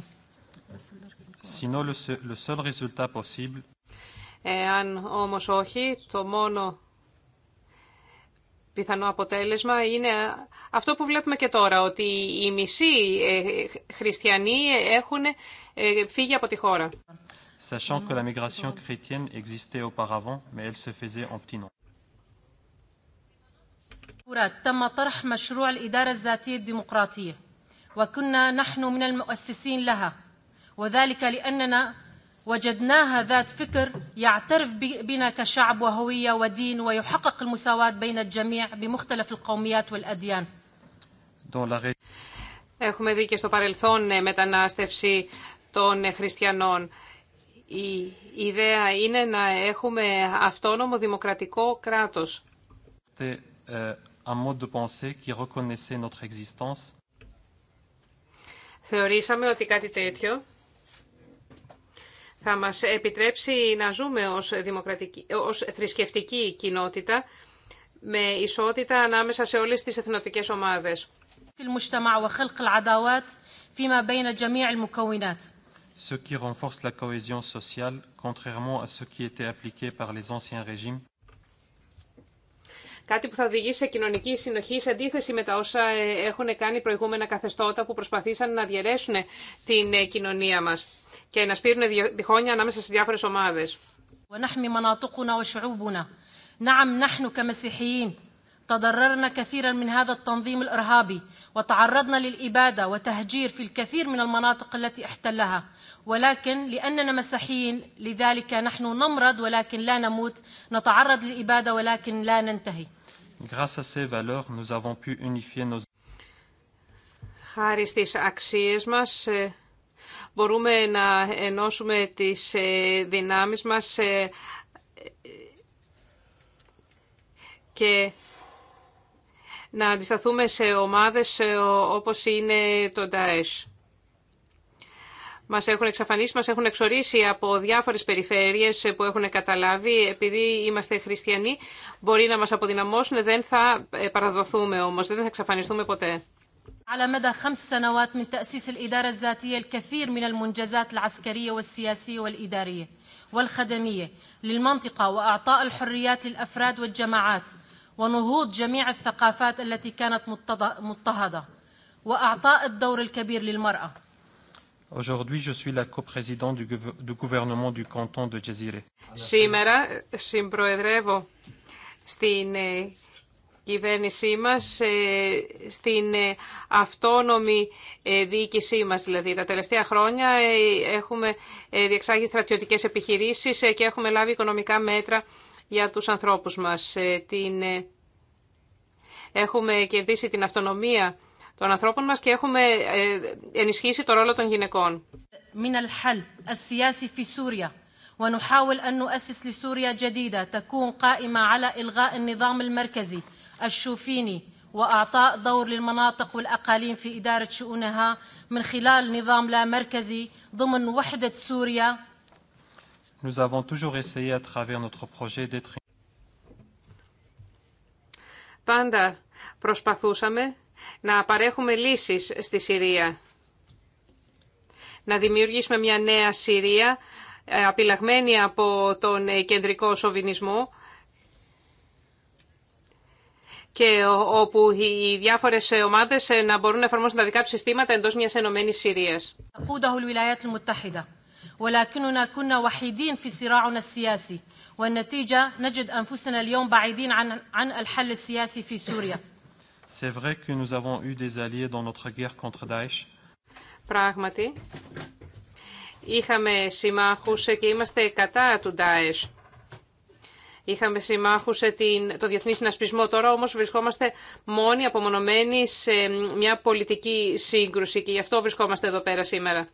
Sinon, le seul résultat possible. Εάν όμως όχι, το μόνο πιθανό αποτέλεσμα είναι αυτό που βλέπουμε και τώρα, ότι οι μισοί χριστιανοί έχουν φύγει από τη χώρα. Sachant que la migration chrétienne existait auparavant, mais elle se faisait en petit nombre. تم طرح مشروع الإدارة الذاتية الديمقراطية وكنا نحن من المؤسسين لها وذلك لأننا وجدناها ذات فكر يعترف بنا كشعب ودين ويحقق بين الجميع بمختلف القوميات والأديان. Έχουμε δει και στο παρελθόν ε, μετανάστευση των ε, χριστιανών. Η ιδέα είναι να έχουμε αυτόνομο δημοκρατικό κράτος. Euh, Θεωρήσαμε ότι κάτι τέτοιο θα μας επιτρέψει να ζούμε ως, δημοκρατική, ως θρησκευτική κοινότητα με ισότητα ανάμεσα σε όλες τις εθνοτικές ομάδες. Ce qui renforce la cohésion sociale, contrairement à ce qui était appliqué par les anciens régimes. Κάτι που θα οδηγήσει σε κοινωνική συνοχή σε αντίθεση με τα όσα ε, έχουν κάνει προηγούμενα καθεστώτα που προσπαθήσαν να διαιρέσουν ε, την ε, κοινωνία μας και να σπείρουν διχόνια ανάμεσα στι διάφορε ομάδε. ونحمي مناطقنا وشعوبنا نعم نحن كمسيحيين تضررنا كثيرا من هذا التنظيم الارهابي وتعرضنا للاباده وتهجير في الكثير من المناطق التي احتلها ولكن لاننا مسيحيين لذلك نحن نمرض ولكن لا نموت نتعرض للاباده ولكن لا ننتهي Grâce à ces valeurs, nous avons pu unifier nos... αξίες μας, μπορούμε να ενώσουμε τις ε, δυνάμεις μας ε, και να αντισταθούμε σε ομάδες ε, όπως είναι το ΝΤΑΕΣ. Μας έχουν εξαφανίσει, μας έχουν εξορίσει από διάφορες περιφέρειες που έχουν καταλάβει. Επειδή είμαστε χριστιανοί, μπορεί να μας αποδυναμώσουν, δεν θα παραδοθούμε όμως, δεν θα εξαφανιστούμε ποτέ. على مدى خمس سنوات من تأسيس الإدارة الذاتية الكثير من المنجزات العسكرية والسياسية والإدارية والخدمية للمنطقة وأعطاء الحريات للأفراد والجماعات ونهوض جميع الثقافات التي كانت مضطهدة وأعطاء الدور الكبير للمرأة Aujourd'hui, je suis la coprésidente du, du gouvernement du canton de Jazire. Σήμερα συμπροεδρεύω στην κυβέρνησή μας ε, στην ε, αυτόνομη ε, διοίκησή μας. Δηλαδή τα τελευταία χρόνια έχουμε διεξάγει στρατιωτικές επιχειρήσεις και έχουμε λάβει οικονομικά μέτρα για τους ανθρώπους μας. Την... Έχουμε κερδίσει την αυτονομία των ανθρώπων μας και έχουμε ενισχύσει το ρόλο των γυναικών. ونحاول أن نؤسس لسوريا جديدة تكون قائمة على إلغاء النظام المركزي الشوفيني وأعطاء دور للمناطق والأقاليم في إدارة شؤونها من خلال نظام لا مركزي ضمن وحدة سوريا Nous avons toujours essayé à travers notre projet d'être Πάντα προσπαθούσαμε να παρέχουμε λύσεις στη Συρία. Να δημιουργήσουμε μια νέα Συρία απειλαγμένη από τον κεντρικό σοβινισμό και όπου οι διάφορε ομάδε ε, να μπορούν να εφαρμόσουν τα δικά του συστήματα εντό μια ενωμένη Συρία. C'est vrai que nous avons eu des alliés dans notre guerre contre Daesh. Πράγματι, είχαμε συμμάχους ε, και είμαστε κατά του Daesh. Είχαμε συμμάχου σε την, το διεθνή συνασπισμό. Τώρα όμω βρισκόμαστε μόνοι, απομονωμένοι σε μια πολιτική σύγκρουση και γι' αυτό βρισκόμαστε εδώ πέρα σήμερα.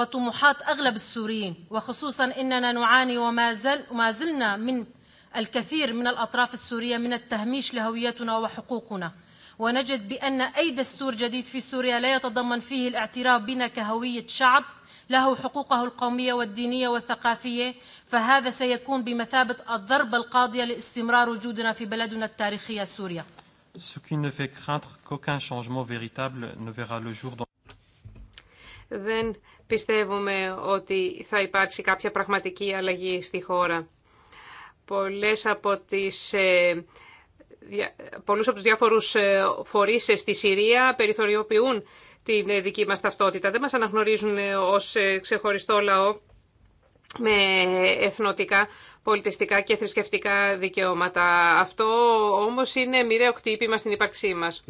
وطموحات أغلب السوريين وخصوصا إننا نعاني وما, زل وما زلنا من الكثير من الأطراف السورية من التهميش لهويتنا وحقوقنا ونجد بأن أي دستور جديد في سوريا لا يتضمن فيه الاعتراف بنا كهوية شعب له حقوقه القومية والدينية والثقافية فهذا سيكون بمثابة الضربة القاضية لاستمرار وجودنا في بلدنا التاريخية سوريا Ce qui ne fait craindre qu'aucun changement véritable ne verra le jour dans... Δεν πιστεύουμε ότι θα υπάρξει κάποια πραγματική αλλαγή στη χώρα. Πολλές από τις πολλούς από τους διάφορους φορείς στη Συρία περιθωριοποιούν την ε, δική μας ταυτότητα. Δεν μας αναγνωρίζουν ε, ως ε, ξεχωριστό λαό με εθνοτικά, πολιτιστικά και θρησκευτικά δικαιώματα. Αυτό όμως είναι μοιραίο χτύπημα στην ύπαρξή μας.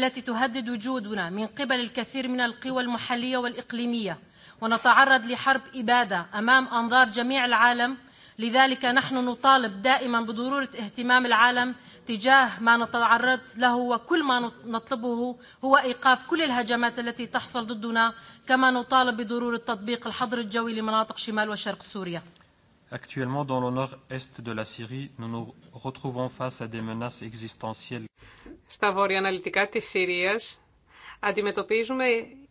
التي تهدد وجودنا من قبل الكثير من القوى المحلية والإقليمية ونتعرض لحرب إبادة أمام أنظار جميع العالم لذلك نحن نطالب دائما بضرورة اهتمام العالم تجاه ما نتعرض له وكل ما نطلبه هو إيقاف كل الهجمات التي تحصل ضدنا كما نطالب بضرورة تطبيق الحظر الجوي لمناطق شمال وشرق سوريا Actuellement, dans le nord-est de la Syrie, nous nous retrouvons face à des menaces existentielles. Στα βορειοανατολικά της Συρίας αντιμετωπίζουμε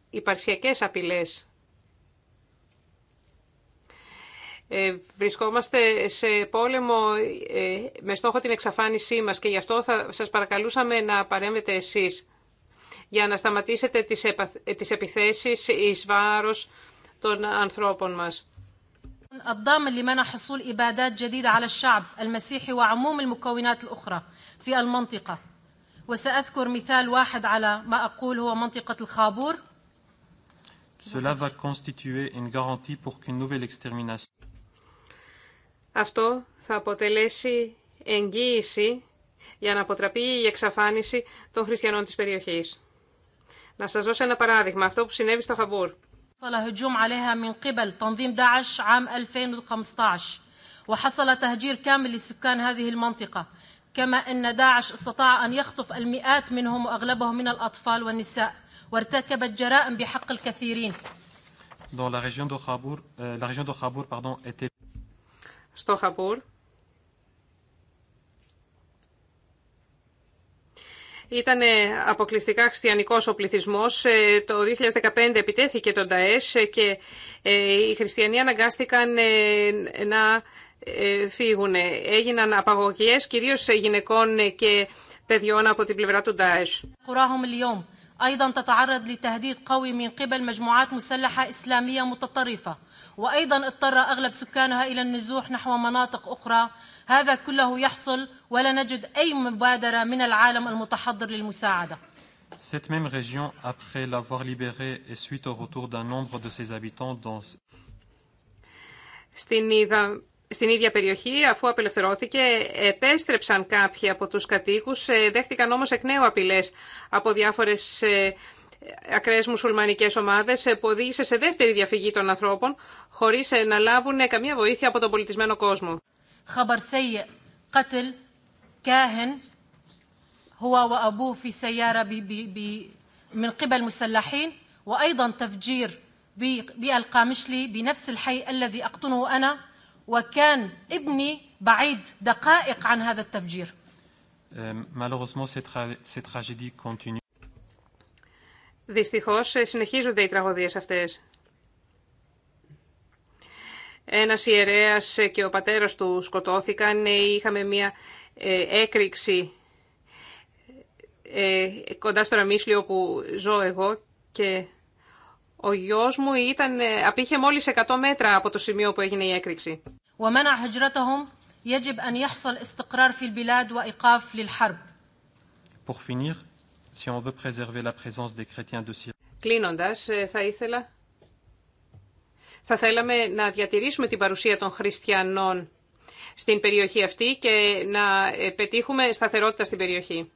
υπαρξιακές απειλές ε, βρισκόμαστε σε πόλεμο με στόχο την εξαφάνισή μας και γι' αυτό θα σας παρακαλούσαμε να παρέμβετε εσείς για να σταματήσετε τις επιθέσεις εις βάρος των ανθρώπων μας. الضامن لمنع حصول إبادات جديدة على الشعب المسيحي وعموم المكونات الأخرى في المنطقة وسأذكر مثال واحد على ما أقول هو منطقة الخابور Cela va constituer une garantie pour qu'une nouvelle extermination αυτό θα αποτελέσει εγγύηση για να αποτραπεί η εξαφάνιση των χριστιανών της περιοχής. Να σας δώσω ένα παράδειγμα, αυτό που συνέβη στο Χαμπούρ. هجوم عليها من قبل تنظيم داعش عام 2015 وحصل تهجير كامل لسكان هذه المنطقة كما أن داعش استطاع أن يخطف المئات منهم وأغلبهم من الأطفال والنساء وارتكبت جرائم بحق الكثيرين Dans la région de Khabour, euh, la région de Khabour pardon, était στο Χαπούρ. Ήταν ε, αποκλειστικά χριστιανικός ο πληθυσμός. Ε, το 2015 επιτέθηκε τον ΤΑΕΣ και ε, οι χριστιανοί αναγκάστηκαν να φύγουν. Έγιναν απαγωγές κυρίως γυναικών και παιδιών από την πλευρά του ΤΑΕΣ. أيضا تتعرض لتهديد قوي من قبل مجموعات مسلحة إسلامية متطرفة وأيضا اضطر أغلب سكانها إلى النزوح نحو مناطق أخرى هذا كله يحصل ولا نجد أي مبادرة من العالم المتحضر للمساعدة Cette même région, après l'avoir libérée et suite au retour d'un nombre de ses habitants dans... Στην στην ίδια περιοχή, αφού απελευθερώθηκε, επέστρεψαν κάποιοι από τους κατοίκους, ε, δέχτηκαν όμως εκ νέου απειλές από διάφορες ε, ακραίες μουσουλμανικές ομάδες, ε, που οδήγησε σε δεύτερη διαφυγή των ανθρώπων, χωρίς να λάβουν καμία βοήθεια από τον πολιτισμένο κόσμο. وكان Δυστυχώς ε, συνεχίζονται οι τραγωδίες αυτές. Ένας ιερέας και ο πατέρας του σκοτώθηκαν. Ε, είχαμε μία ε, έκρηξη κοντά στο Ραμίσλιο που ζω εγώ και ο γιο μου ήταν, ε, απήχε μόλι 100 μέτρα από το σημείο που έγινε η έκρηξη. Κλείνοντα ε, θα ήθελα... Θα θέλαμε να διατηρήσουμε την παρουσία των χριστιανών στην περιοχή αυτή και να ε, πετύχουμε σταθερότητα στην περιοχή.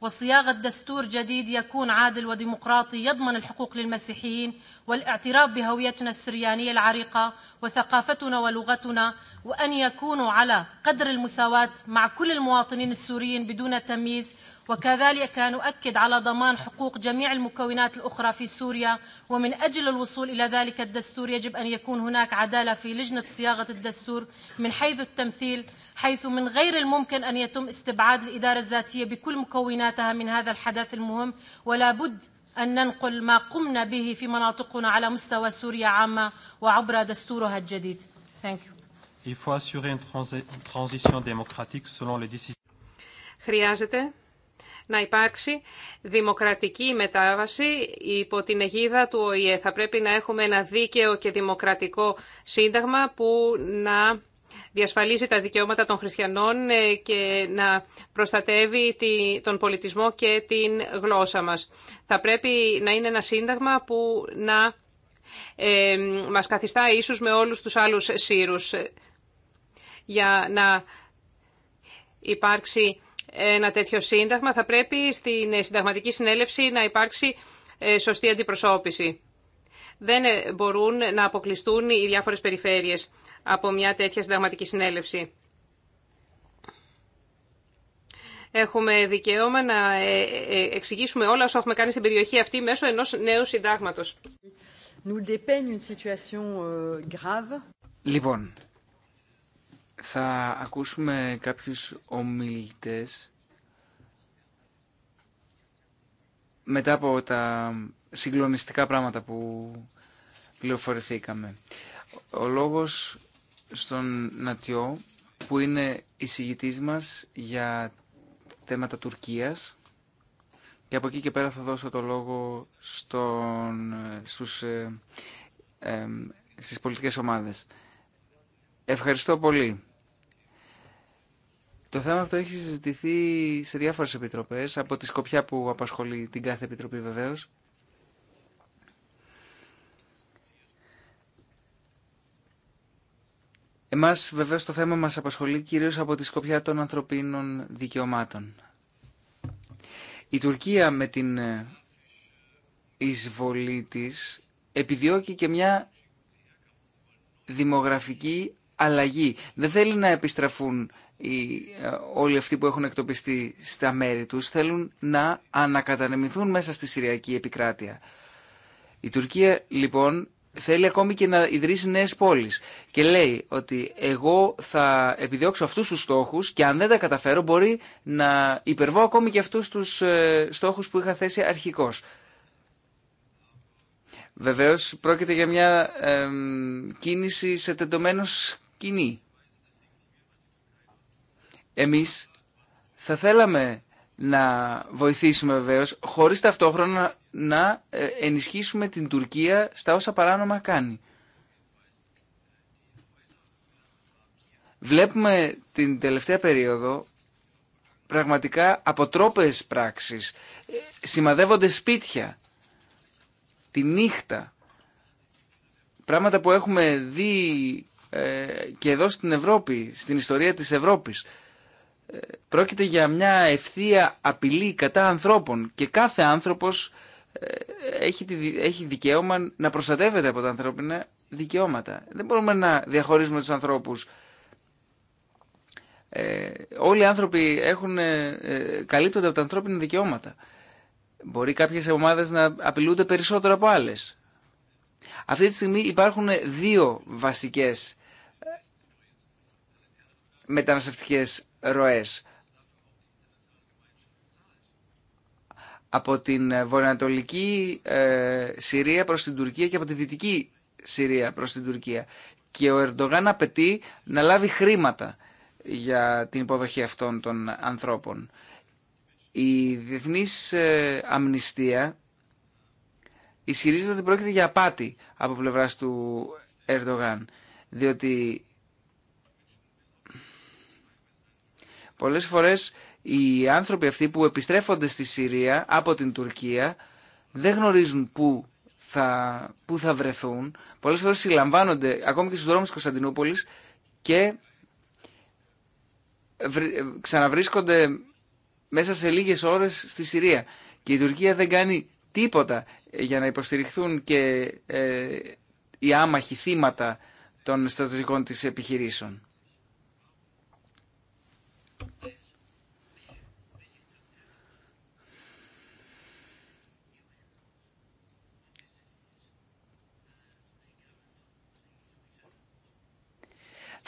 وصياغة دستور جديد يكون عادل وديمقراطي يضمن الحقوق للمسيحيين والاعتراف بهويتنا السريانية العريقة وثقافتنا ولغتنا وأن يكونوا على قدر المساواة مع كل المواطنين السوريين بدون تمييز وكذلك كان نؤكد على ضمان حقوق جميع المكونات الأخرى في سوريا ومن أجل الوصول إلى ذلك الدستور يجب أن يكون هناك عدالة في لجنة صياغة الدستور من حيث التمثيل حيث من غير الممكن أن يتم استبعاد الإدارة الذاتية بكل مكوناتها من هذا الحدث المهم ولا بد أن ننقل ما قمنا به في مناطقنا على مستوى سوريا عامة وعبر دستورها الجديد Thank you. Il faut assurer une transi transition démocratique selon les décisions. Χρειάζεται να υπάρξει δημοκρατική μετάβαση υπό την αιγίδα του ΟΗΕ. Θα πρέπει να έχουμε ένα δίκαιο και δημοκρατικό σύνταγμα που να διασφαλίζει τα δικαιώματα των χριστιανών ε, και να προστατεύει τον πολιτισμό και την γλώσσα μας. Θα πρέπει να είναι ένα σύνταγμα που να ε, μας καθιστά ίσους με όλους τους άλλους σύρους ε, για να υπάρξει ένα τέτοιο σύνταγμα θα πρέπει στην συνταγματική συνέλευση να υπάρξει ε, σωστή αντιπροσώπηση δεν ε, μπορούν να αποκλειστούν οι διάφορες περιφέρειες από μια τέτοια συνταγματική συνέλευση. Έχουμε δικαίωμα να ε, ε, εξηγήσουμε όλα όσα έχουμε κάνει στην περιοχή αυτή μέσω ενός νέου συντάγματος. Euh, λοιπόν, θα ακούσουμε κάποιους ομιλητές μετά από τα συγκλονιστικά πράγματα που πληροφορηθήκαμε. Ο λόγος στον Νατιό που είναι εισηγητής μας για θέματα Τουρκίας και από εκεί και πέρα θα δώσω το λόγο στον, στους, ε, ε στις πολιτικές ομάδες. Ευχαριστώ πολύ. Το θέμα αυτό έχει συζητηθεί σε διάφορες επιτροπές, από τη σκοπιά που απασχολεί την κάθε επιτροπή βεβαίως Εμάς βεβαίως το θέμα μας απασχολεί κυρίως από τη σκοπιά των ανθρωπίνων δικαιωμάτων. Η Τουρκία με την ε, εισβολή της επιδιώκει και μια δημογραφική αλλαγή. Δεν θέλει να επιστραφούν οι, ε, όλοι αυτοί που έχουν εκτοπιστεί στα μέρη τους, θέλουν να ανακατανεμηθούν μέσα στη Συριακή επικράτεια. Η Τουρκία λοιπόν θέλει ακόμη και να ιδρύσει νέες πόλεις και λέει ότι εγώ θα επιδιώξω αυτούς τους στόχους και αν δεν τα καταφέρω μπορεί να υπερβώ ακόμη και αυτούς τους ε, στόχους που είχα θέσει αρχικώς. Βεβαίως πρόκειται για μια κίνηση σε τεντωμένο σκηνή. Εμείς θα θέλαμε να βοηθήσουμε βεβαίως χωρίς ταυτόχρονα να ε, ενισχύσουμε την Τουρκία στα όσα παράνομα κάνει. Βλέπουμε την τελευταία περίοδο πραγματικά αποτρόπες πράξεις. Ε, σημαδεύονται σπίτια τη νύχτα. Πράγματα που έχουμε δει ε, και εδώ στην Ευρώπη, στην ιστορία της Ευρώπης. Πρόκειται για μια ευθεία απειλή κατά ανθρώπων και κάθε άνθρωπος έχει, έχει δικαίωμα να προστατεύεται από τα ανθρώπινα δικαιώματα. Δεν μπορούμε να διαχωρίζουμε τους ανθρώπους. Ε, όλοι οι άνθρωποι έχουν, ε, ε, καλύπτονται από τα ανθρώπινα δικαιώματα. Μπορεί κάποιες ομάδες να απειλούνται περισσότερο από άλλες. Αυτή τη στιγμή υπάρχουν δύο βασικές μεταναστευτικές ροές. από την ε, βορειοανατολική ε, Συρία προς την Τουρκία και από τη δυτική Συρία προς την Τουρκία. Και ο Ερντογάν απαιτεί να λάβει χρήματα για την υποδοχή αυτών των ανθρώπων. Η διεθνής ε, αμνηστία ισχυρίζεται ότι πρόκειται για απάτη από πλευράς του Ερντογάν, διότι πολλές φορές οι άνθρωποι αυτοί που επιστρέφονται στη Συρία από την Τουρκία δεν γνωρίζουν πού θα, πού θα βρεθούν. Πολλές φορές συλλαμβάνονται ακόμη και στους δρόμους της Κωνσταντινούπολης και ε, ξαναβρίσκονται μέσα σε λίγες ώρες στη Συρία. Και η Τουρκία δεν κάνει τίποτα για να υποστηριχθούν και ε, οι άμαχοι θύματα των στρατιωτικών της επιχειρήσεων.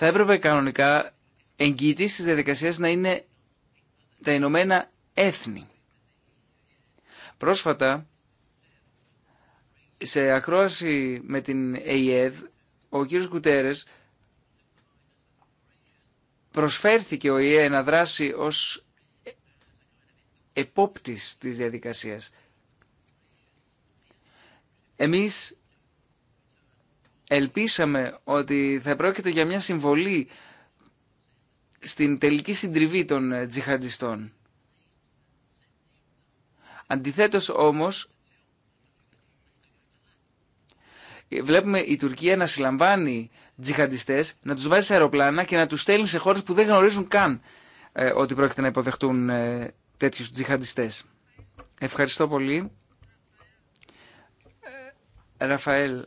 θα έπρεπε κανονικά εγγύητη της διαδικασίας να είναι τα Ηνωμένα Έθνη. Πρόσφατα, σε ακρόαση με την ΕΙΕΔ, ο κύριος Κουτέρες προσφέρθηκε ο ΙΕ να δράσει ως επόπτης της διαδικασίας. Εμείς ελπίσαμε ότι θα πρόκειται για μια συμβολή στην τελική συντριβή των ε, τζιχαντιστών. Αντιθέτως όμως, βλέπουμε η Τουρκία να συλλαμβάνει τζιχαντιστές, να τους βάζει σε αεροπλάνα και να τους στέλνει σε χώρες που δεν γνωρίζουν καν ε, ότι πρόκειται να υποδεχτούν ε, τέτοιους τζιχαντιστές. Ευχαριστώ πολύ. Ραφαέλ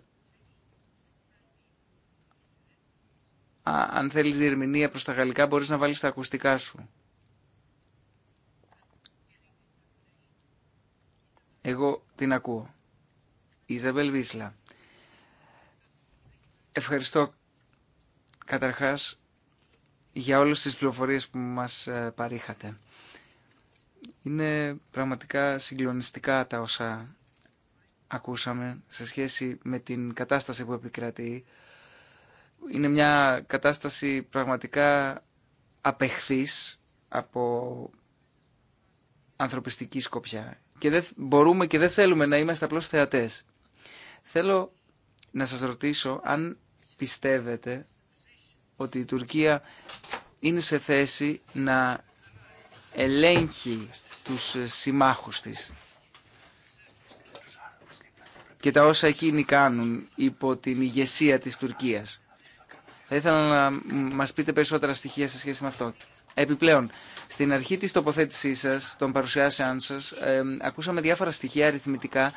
αν θέλεις διερμηνία προς τα γαλλικά μπορείς να βάλεις τα ακουστικά σου. Εγώ την ακούω. Ιζαμπέλ Βίσλα. Ευχαριστώ καταρχάς για όλες τις πληροφορίες που μας ε, παρήχατε. Είναι πραγματικά συγκλονιστικά τα όσα ακούσαμε σε σχέση με την κατάσταση που επικρατεί είναι μια κατάσταση πραγματικά απεχθής από ανθρωπιστική σκοπιά. Και δεν μπορούμε και δεν θέλουμε να είμαστε απλώς θεατές. Θέλω να σας ρωτήσω αν πιστεύετε ότι η Τουρκία είναι σε θέση να ελέγχει τους συμμάχους της και τα όσα εκείνοι κάνουν υπό την ηγεσία της Τουρκίας. Θα ήθελα να μα πείτε περισσότερα στοιχεία σε σχέση με αυτό. Επιπλέον, στην αρχή της τοποθέτησή σα, των παρουσιάσεων σα, ακούσαμε διάφορα στοιχεία αριθμητικά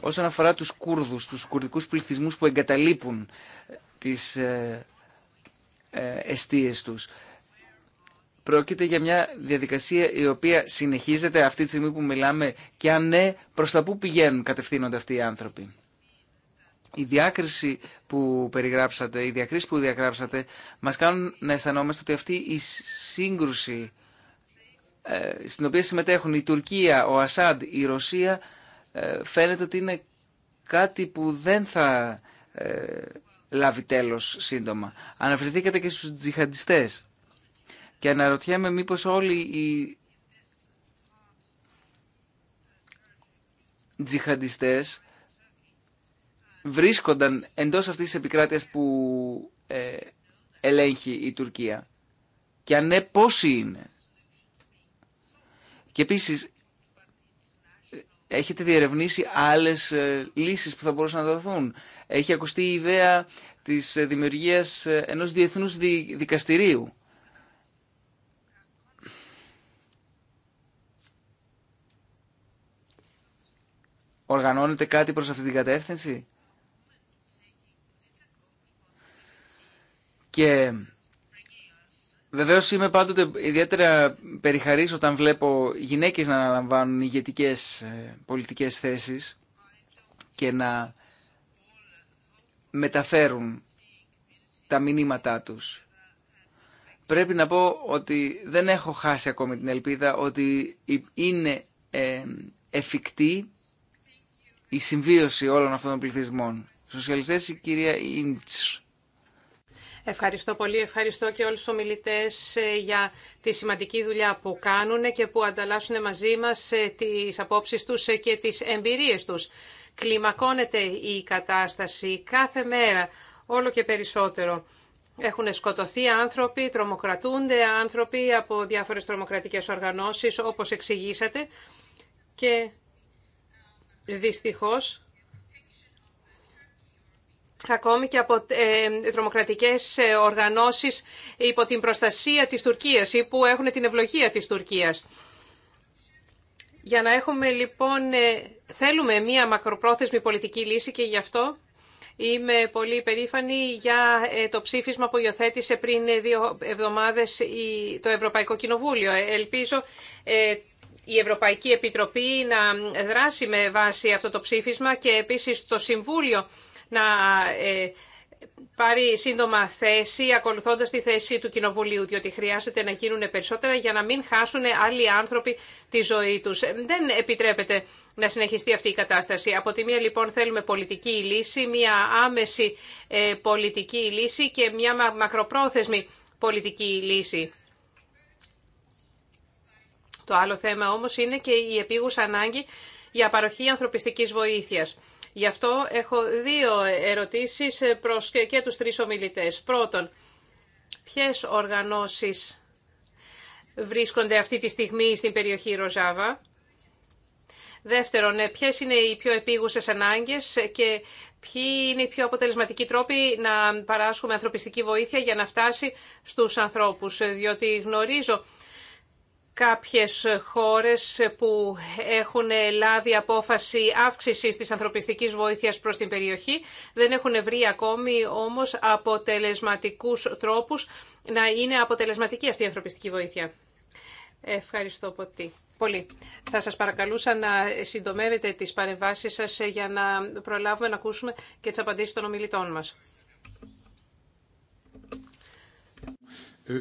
όσον αφορά τους Κούρδους, τους κουρδικούς πληθυσμού που εγκαταλείπουν τις ε, ε, εστίες τους. Πρόκειται για μια διαδικασία η οποία συνεχίζεται αυτή τη στιγμή που μιλάμε και αν ναι, προς τα πού πηγαίνουν κατευθύνονται αυτοί οι άνθρωποι η διάκριση που περιγράψατε, οι διακρίση που διαγράψατε μας κάνουν να αισθανόμαστε ότι αυτή η σύγκρουση ε, στην οποία συμμετέχουν η Τουρκία, ο Ασάντ, η Ρωσία ε, φαίνεται ότι είναι κάτι που δεν θα ε, λάβει τέλος σύντομα. Αναφερθήκατε και στους τζιχαντιστές και αναρωτιέμαι μήπως όλοι οι τζιχαντιστές βρίσκονταν εντός αυτής της επικράτειας που ε, ελέγχει η Τουρκία. Και αν ναι, πόσοι είναι. Και επίσης, έχετε διερευνήσει άλλες ε, λύσεις που θα μπορούσαν να δοθούν. Έχει ακουστεί η ιδέα της ε, δημιουργίας ε, ενός διεθνούς δικαστηρίου. Οργανώνεται κάτι προς αυτή την κατεύθυνση. Και Βεβαίω είμαι πάντοτε ιδιαίτερα περιχαρής όταν βλέπω γυναίκες να αναλαμβάνουν ηγετικέ ε, πολιτικές θέσεις και να μεταφέρουν τα μηνύματά τους. Πρέπει να πω ότι δεν έχω χάσει ακόμη την ελπίδα ότι είναι ε, εφικτή η συμβίωση όλων αυτών των πληθυσμών. Σοσιαλιστές η κυρία Ίντς. Ευχαριστώ πολύ. Ευχαριστώ και όλους τους ομιλητές ε, για τη σημαντική δουλειά που κάνουν και που ανταλλάσσουν μαζί μας ε, τις απόψεις τους ε, και τις εμπειρίες τους. Κλιμακώνεται η κατάσταση κάθε μέρα, όλο και περισσότερο. Έχουν σκοτωθεί άνθρωποι, τρομοκρατούνται άνθρωποι από διάφορες τρομοκρατικές οργανώσεις, όπως εξηγήσατε. Και δυστυχώς ακόμη και από ε, τρομοκρατικές ε, οργανώσεις υπό την προστασία της Τουρκίας ή που έχουν την ευλογία της Τουρκίας. Για να έχουμε λοιπόν, ε, θέλουμε μία μακροπρόθεσμη πολιτική λύση και γι' αυτό είμαι πολύ περήφανη για ε, το ψήφισμα που υιοθέτησε πριν δύο εβδομάδες το Ευρωπαϊκό Κοινοβούλιο. Ελπίζω η Ευρωπαϊκή Επιτροπή να δράσει με βάση αυτό το ψήφισμα και επίσης το Συμβούλιο να ε, πάρει σύντομα θέση ακολουθώντας τη θέση του Κοινοβουλίου, διότι χρειάζεται να γίνουν περισσότερα για να μην χάσουν άλλοι άνθρωποι τη ζωή τους. Δεν επιτρέπεται να συνεχιστεί αυτή η κατάσταση. Από τη μία λοιπόν θέλουμε πολιτική λύση, μία άμεση ε, πολιτική λύση και μία μακροπρόθεσμη πολιτική λύση. Το άλλο θέμα όμως είναι και η επίγουσα ανάγκη για παροχή ανθρωπιστικής βοήθειας. Γι' αυτό έχω δύο ερωτήσεις προς και τους τρεις ομιλητές. Πρώτον, ποιες οργανώσεις βρίσκονται αυτή τη στιγμή στην περιοχή Ροζάβα. Δεύτερον, ποιες είναι οι πιο επίγουσες ανάγκες και ποιοι είναι οι πιο αποτελεσματικοί τρόποι να παράσχουμε ανθρωπιστική βοήθεια για να φτάσει στους ανθρώπους. Διότι γνωρίζω κάποιες χώρες που έχουν λάβει απόφαση αύξησης της ανθρωπιστικής βοήθειας προς την περιοχή δεν έχουν βρει ακόμη όμως αποτελεσματικούς τρόπους να είναι αποτελεσματική αυτή η ανθρωπιστική βοήθεια. Ευχαριστώ πολύ. Θα σας παρακαλούσα να συντομεύετε τις παρεμβάσεις σας για να προλάβουμε να ακούσουμε και τις απαντήσεις των ομιλητών μας. Ε,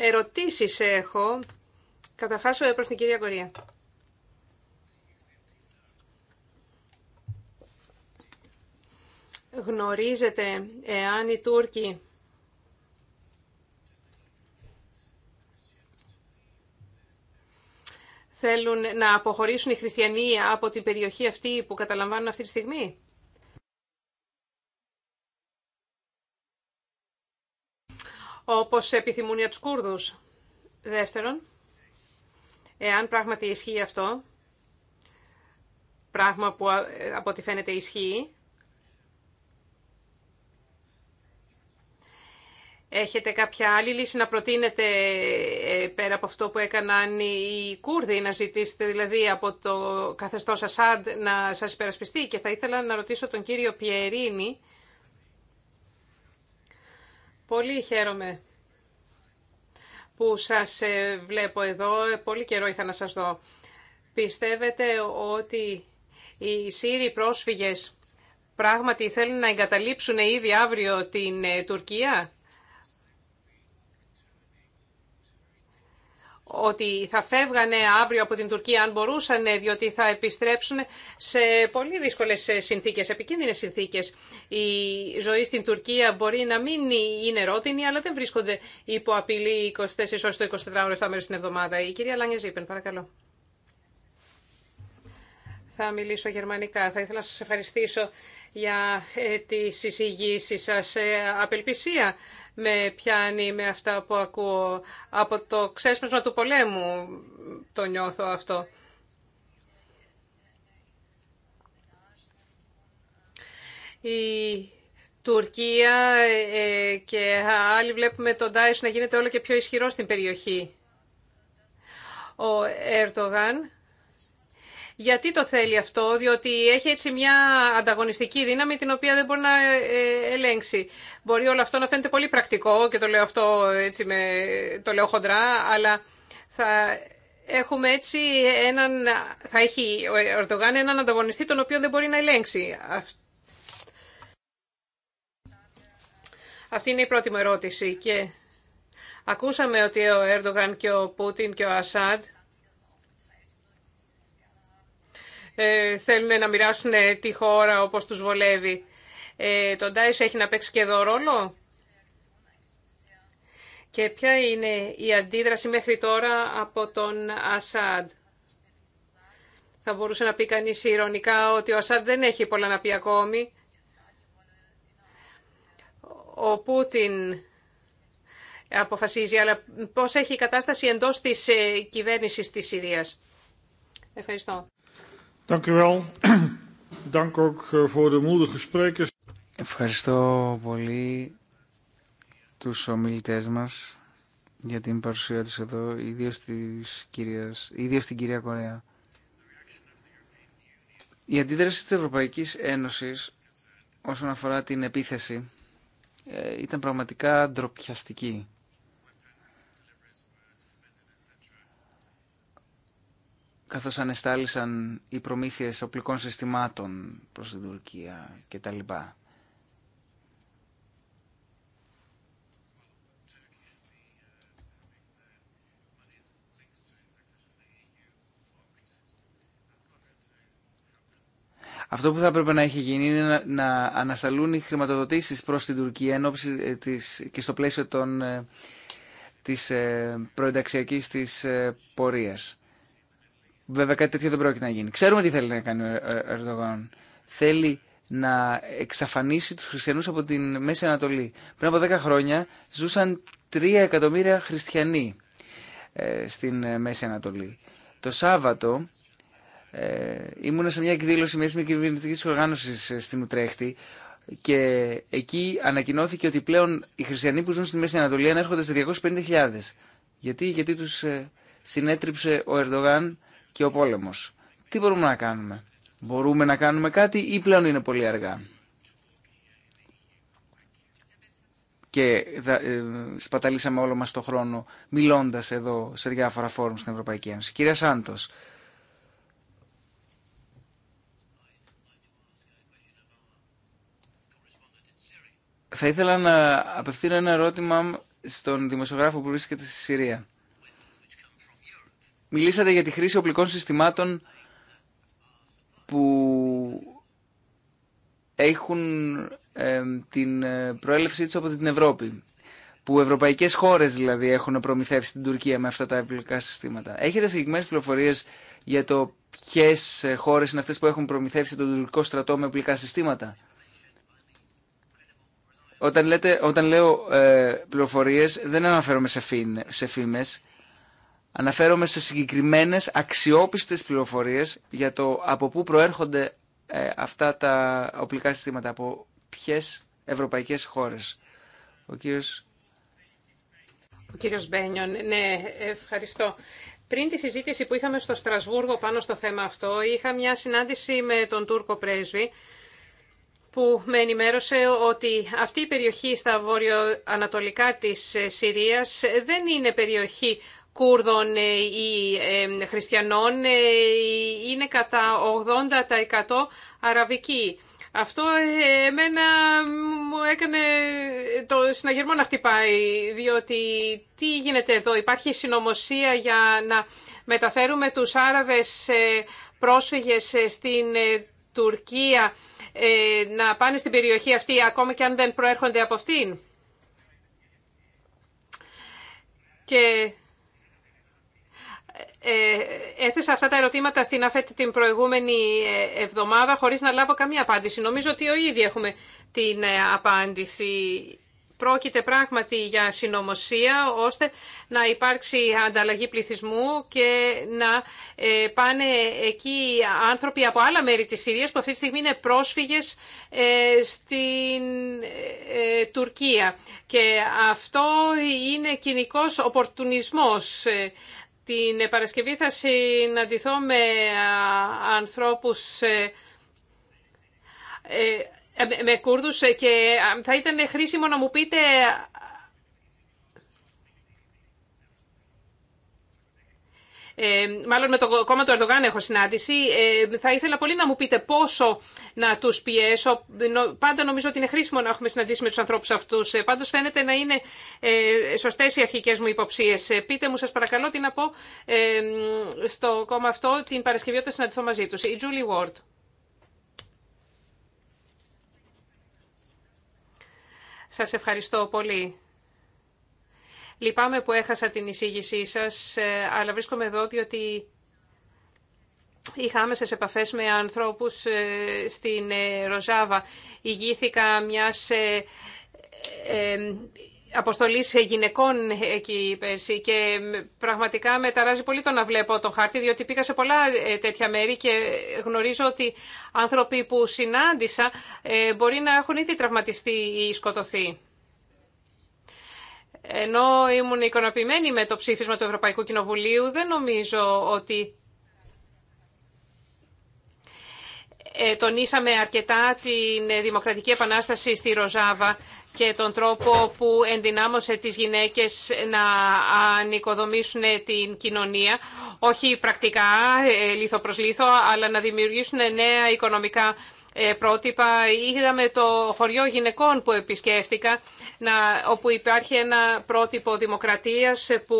Ερωτήσεις έχω. Καταρχάς προς την κυρία Κορία. Γνωρίζετε εάν οι Τούρκοι θέλουν να αποχωρήσουν οι χριστιανοί από την περιοχή αυτή που καταλαμβάνουν αυτή τη στιγμή. όπως επιθυμούν για τους Κούρδους. Δεύτερον, εάν πράγματι ισχύει αυτό, πράγμα που από ό,τι φαίνεται ισχύει, Έχετε κάποια άλλη λύση να προτείνετε ε, πέρα από αυτό που έκαναν οι Κούρδοι, να ζητήσετε δηλαδή από το καθεστώς Ασάντ να σας υπερασπιστεί. Και θα ήθελα να ρωτήσω τον κύριο Πιερίνη Πολύ χαίρομαι που σας ε, βλέπω εδώ. Πολύ καιρό είχα να σας δω. Πιστεύετε ότι οι Σύριοι πρόσφυγες πράγματι θέλουν να εγκαταλείψουν ήδη αύριο την ε, Τουρκία. ότι θα φεύγανε αύριο από την Τουρκία αν μπορούσαν, ε, διότι θα επιστρέψουν σε πολύ δύσκολες ε, συνθήκες, επικίνδυνες συνθήκες. Η ζωή στην Τουρκία μπορεί να μην είναι ρότινη, αλλά δεν βρίσκονται υπό απειλή 24 ώρες το 24 ώρες τα μέρες την εβδομάδα. Η κυρία Λάνια Ζήπεν, παρακαλώ. Θα μιλήσω γερμανικά. Θα ήθελα να σας ευχαριστήσω για ε, τη συζήγηση σας. Ε, απελπισία με πιάνει με αυτά που ακούω. Από το ξέσπασμα του πολέμου το νιώθω αυτό. Η Τουρκία ε, και άλλοι βλέπουμε τον Τάις να γίνεται όλο και πιο ισχυρό στην περιοχή. Ο Ερτογάν γιατί το θέλει αυτό, διότι έχει έτσι μια ανταγωνιστική δύναμη την οποία δεν μπορεί να ε, ε, ελέγξει. Μπορεί όλο αυτό να φαίνεται πολύ πρακτικό και το λέω αυτό έτσι με, το λέω χοντρά, αλλά θα έχουμε έτσι έναν, θα έχει ο Ερντογάν έναν ανταγωνιστή τον οποίο δεν μπορεί να ελέγξει. Αυτή είναι η πρώτη μου ερώτηση και ακούσαμε ότι ο Ερντογάν και ο Πούτιν και ο Ασάντ Ε, θέλουν να μοιράσουν τη χώρα όπως τους βολεύει. Ε, το Ντάις έχει να παίξει και εδώ ρόλο. Και ποια είναι η αντίδραση μέχρι τώρα από τον Ασάντ. Θα μπορούσε να πει κανείς ηρωνικά ότι ο Ασάντ δεν έχει πολλά να πει ακόμη. Ο Πούτιν αποφασίζει, αλλά πώς έχει η κατάσταση εντός της ε, κυβέρνησης της Συρίας. Ευχαριστώ. Ευχαριστώ πολύ τους ομιλητές μας για την παρουσία τους εδώ, ιδίως, της κυρίας, ιδίως την κυρία Κορέα. Η αντίδραση της Ευρωπαϊκής Ένωσης όσον αφορά την επίθεση ε, ήταν πραγματικά ντροπιαστική. καθώς ανεστάλησαν οι προμήθειες οπλικών συστημάτων προς την Τουρκία και λοιπά. Αυτό που θα έπρεπε να έχει γίνει είναι να ανασταλούν οι χρηματοδοτήσεις προς την Τουρκία ε, της, και στο πλαίσιο των, ε, της ε, προενταξιακής της πορείας. Βέβαια κάτι τέτοιο δεν πρόκειται να γίνει. Ξέρουμε τι θέλει να κάνει ο ε, Ερντογάν. Θέλει να εξαφανίσει τους χριστιανούς από τη Μέση Ανατολή. Πριν από 10 χρόνια ζούσαν 3 εκατομμύρια χριστιανοί ε, στην ε, Μέση Ανατολή. Το Σάββατο ε, ήμουν σε μια εκδήλωση μιας μη κυβερνητική οργάνωση στην Ουτρέχτη και εκεί ανακοινώθηκε ότι πλέον οι χριστιανοί που ζουν στη Μέση Ανατολή ανέρχονται σε 250.000. Γιατί, γιατί τους συνέτριψε ο Ερντογάν και ο πόλεμος. Τι μπορούμε να κάνουμε. Μπορούμε να κάνουμε κάτι ή πλέον είναι πολύ αργά. Και ε, σπαταλήσαμε όλο μας το χρόνο μιλώντας εδώ σε διάφορα φόρουμ στην Ευρωπαϊκή Ένωση. Κυρία Σάντος, θα ήθελα να απευθύνω ένα ερώτημα στον δημοσιογράφο που βρίσκεται στη Συρία. Μιλήσατε για τη χρήση οπλικών συστημάτων που έχουν την ε, προέλευσή τους από την Ευρώπη. Που ευρωπαϊκές χώρες δηλαδή έχουν προμηθεύσει την Τουρκία με αυτά τα οπλικά συστήματα. Έχετε συγκεκριμένες πληροφορίες για το ποιε ε, χώρες είναι αυτές που έχουν προμηθεύσει τον τουρκικό στρατό με οπλικά συστήματα. Όταν, όταν λέω ε, πληροφορίες δεν αναφέρομαι σε, φήμες. Αναφέρομαι σε συγκεκριμένες αξιόπιστες πληροφορίες για το από πού προέρχονται ε, αυτά τα οπλικά συστήματα, από ποιες ευρωπαϊκές χώρες. Ο κύριος... Ο κύριος Μπένιον, ναι, ευχαριστώ. Πριν τη συζήτηση που είχαμε στο Στρασβούργο πάνω στο θέμα αυτό, είχα μια συνάντηση με τον Τούρκο πρέσβη, που με ενημέρωσε ότι αυτή η περιοχή στα βόρειο-ανατολικά της ε, Συρίας ε, δεν είναι περιοχή Κούρδων ή ε, χριστιανών ε, είναι κατά 80% Αραβικοί. Αυτό ε, εμένα μου έκανε το συναγερμό να χτυπάει, διότι τι γίνεται εδώ. Υπάρχει συνωμοσία για να μεταφέρουμε τους Άραβες πρόσφυγες στην Τουρκία να πάνε στην περιοχή αυτή, ακόμα και αν δεν προέρχονται από αυτήν. Και ε, έθεσα αυτά τα ερωτήματα στην ΑΦΕΤ την προηγούμενη ε, εβδομάδα χωρίς να λάβω καμία απάντηση. Νομίζω ότι ήδη έχουμε την ε, απάντηση. Πρόκειται πράγματι για συνωμοσία ώστε να υπάρξει ανταλλαγή πληθυσμού και να πάνε εκεί άνθρωποι από άλλα μέρη της Συρίας που αυτή τη στιγμή είναι πρόσφυγες στην Τουρκία. Και αυτό είναι κοινικός οπορτουνισμός την Παρασκευή θα συναντηθώ με ανθρώπους, ε, ε, ε, με Κούρδους και θα ήταν χρήσιμο να μου πείτε Ε, μάλλον με το κόμμα του Ερντογάν έχω συνάντηση. Ε, θα ήθελα πολύ να μου πείτε πόσο να του πιέσω. Πάντα νομίζω ότι είναι χρήσιμο να έχουμε συναντήσει με τους ανθρώπους αυτούς. Ε, Πάντω φαίνεται να είναι σωστέ οι αρχικέ μου υποψίες. Πείτε μου σας παρακαλώ τι να πω στο κόμμα αυτό την Παρασκευή όταν συναντηθώ μαζί του. Η Julie Ward. Σας ευχαριστώ πολύ. Λυπάμαι που έχασα την εισήγησή σας, ε, αλλά βρίσκομαι εδώ διότι είχα σε επαφές με ανθρώπους ε, στην ε, Ροζάβα. Υγήθηκα μιας αποστολή γυναικών εκεί πέρσι και πραγματικά με ταράζει πολύ το να βλέπω τον χάρτη διότι πήγα σε πολλά τέτοια μέρη και γνωρίζω ότι άνθρωποι που συνάντησα μπορεί να έχουν ήδη τραυματιστεί ή σκοτωθεί. Ενώ ήμουν ικανοποιημένη με το ψήφισμα του Ευρωπαϊκού Κοινοβουλίου, δεν νομίζω ότι ε, τονίσαμε αρκετά την δημοκρατική επανάσταση στη Ροζάβα και τον τρόπο που ενδυνάμωσε τις γυναίκες να ανοικοδομήσουν την κοινωνία, όχι πρακτικά, ε, λίθο προς λίθο, αλλά να δημιουργήσουν νέα οικονομικά ε, πρότυπα. Είδαμε το χωριό γυναικών που επισκέφτηκα, να, όπου υπάρχει ένα πρότυπο δημοκρατίας που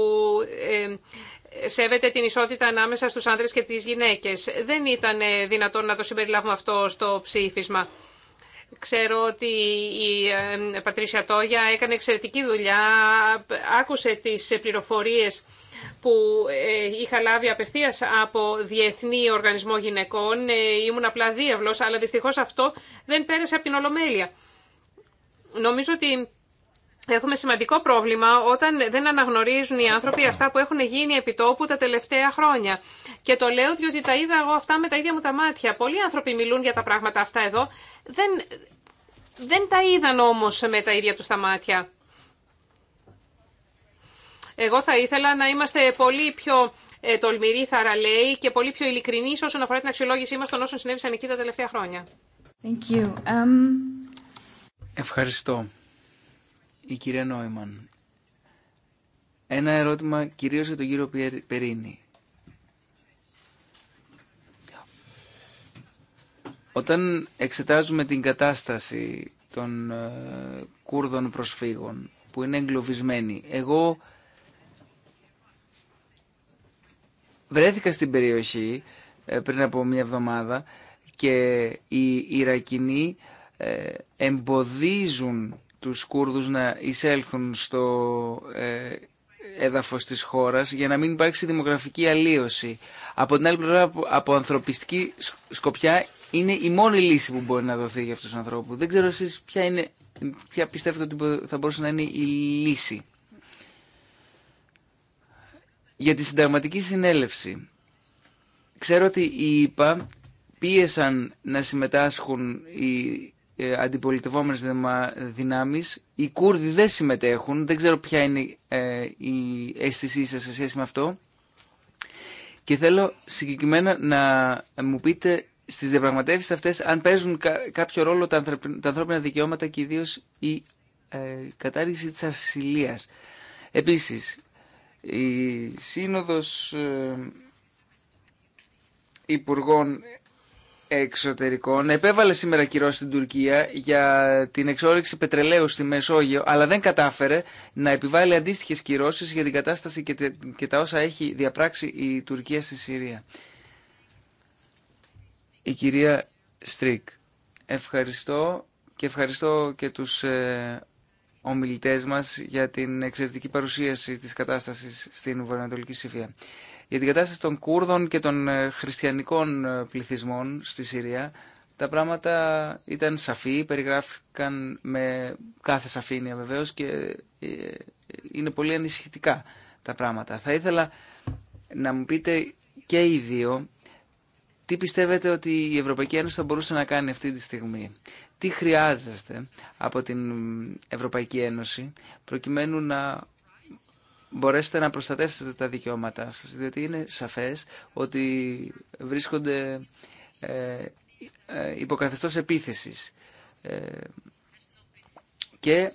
ε, σέβεται την ισότητα ανάμεσα στους άνδρες και τις γυναίκες. Δεν ήταν ε, δυνατόν να το συμπεριλάβουμε αυτό στο ψήφισμα. Ξέρω ότι η Πατρίσια Τόγια έκανε εξαιρετική δουλειά, άκουσε τις πληροφορίες που ε, είχα λάβει απευθεία από Διεθνή Οργανισμό Γυναικών. Ε, ήμουν απλά διεύλο, αλλά δυστυχώς αυτό δεν πέρασε από την Ολομέλεια. Νομίζω ότι Έχουμε σημαντικό πρόβλημα όταν δεν αναγνωρίζουν οι άνθρωποι αυτά που έχουν γίνει επί τόπου τα τελευταία χρόνια. Και το λέω διότι τα είδα εγώ αυτά με τα ίδια μου τα μάτια. Πολλοί άνθρωποι μιλούν για τα πράγματα αυτά εδώ. Δεν, δεν τα είδαν όμως με τα ίδια του τα μάτια. Εγώ θα ήθελα να είμαστε πολύ πιο ε, τολμηροί, θαραλέοι και πολύ πιο ειλικρινεί όσον αφορά την αξιολόγησή μα των όσων συνέβησαν εκεί τα τελευταία χρόνια. Thank you. Um, Ευχαριστώ. Η κυρία Νόημαν. Ένα ερώτημα κυρίω για τον κύριο Περίνη. Όταν εξετάζουμε την κατάσταση των ε, Κούρδων προσφύγων που είναι εγκλωβισμένοι, εγώ βρέθηκα στην περιοχή ε, πριν από μια εβδομάδα και οι Ιρακινοί ε, εμποδίζουν τους Κούρδους να εισέλθουν στο ε, έδαφος της χώρας για να μην υπάρξει δημογραφική αλλίωση. Από την άλλη πλευρά, από ανθρωπιστική σκοπιά, είναι η μόνη λύση που μπορεί να δοθεί για αυτούς τους ανθρώπους. Δεν ξέρω εσείς ποια, είναι, ποια πιστεύετε ότι θα μπορούσε να είναι η λύση. Για τη συνταγματική συνέλευση. Ξέρω ότι οι ΙΠΑ πίεσαν να συμμετάσχουν οι ε, αντιπολιτευόμενες δυνάμεις. Οι Κούρδοι δεν συμμετέχουν. Δεν ξέρω ποια είναι ε, η αίσθησή σας σε σχέση με αυτό. Και θέλω συγκεκριμένα να μου πείτε στις διαπραγματεύσεις αυτές αν παίζουν κάποιο ρόλο τα ανθρώπινα δικαιώματα και ιδίως η ε, κατάργηση της ασυλίας. Επίσης, η Σύνοδος ε, Υπουργών Εξωτερικών επέβαλε σήμερα κυρώσει στην Τουρκία για την εξόρυξη πετρελαίου στη Μεσόγειο, αλλά δεν κατάφερε να επιβάλλει αντίστοιχε κυρώσει για την κατάσταση και τα όσα έχει διαπράξει η Τουρκία στη Συρία. Η κυρία Στρίκ. Ευχαριστώ και ευχαριστώ και τους ε, ομιλητέ μα για την εξαιρετική παρουσίαση της κατάσταση στην Βορειοανατολική Συρία. Για την κατάσταση των Κούρδων και των ε, χριστιανικών ε, πληθυσμών στη Συρία, τα πράγματα ήταν σαφή, περιγράφηκαν με κάθε σαφήνεια βεβαίως και ε, είναι πολύ ανησυχητικά τα πράγματα. Θα ήθελα να μου πείτε και οι δύο τι πιστεύετε ότι η Ευρωπαϊκή Ένωση θα μπορούσε να κάνει αυτή τη στιγμή τι χρειάζεστε από την Ευρωπαϊκή Ένωση προκειμένου να μπορέσετε να προστατεύσετε τα δικαιώματά σας, διότι είναι σαφές ότι βρίσκονται ε, ε υποκαθεστώς επίθεσης. Ε, και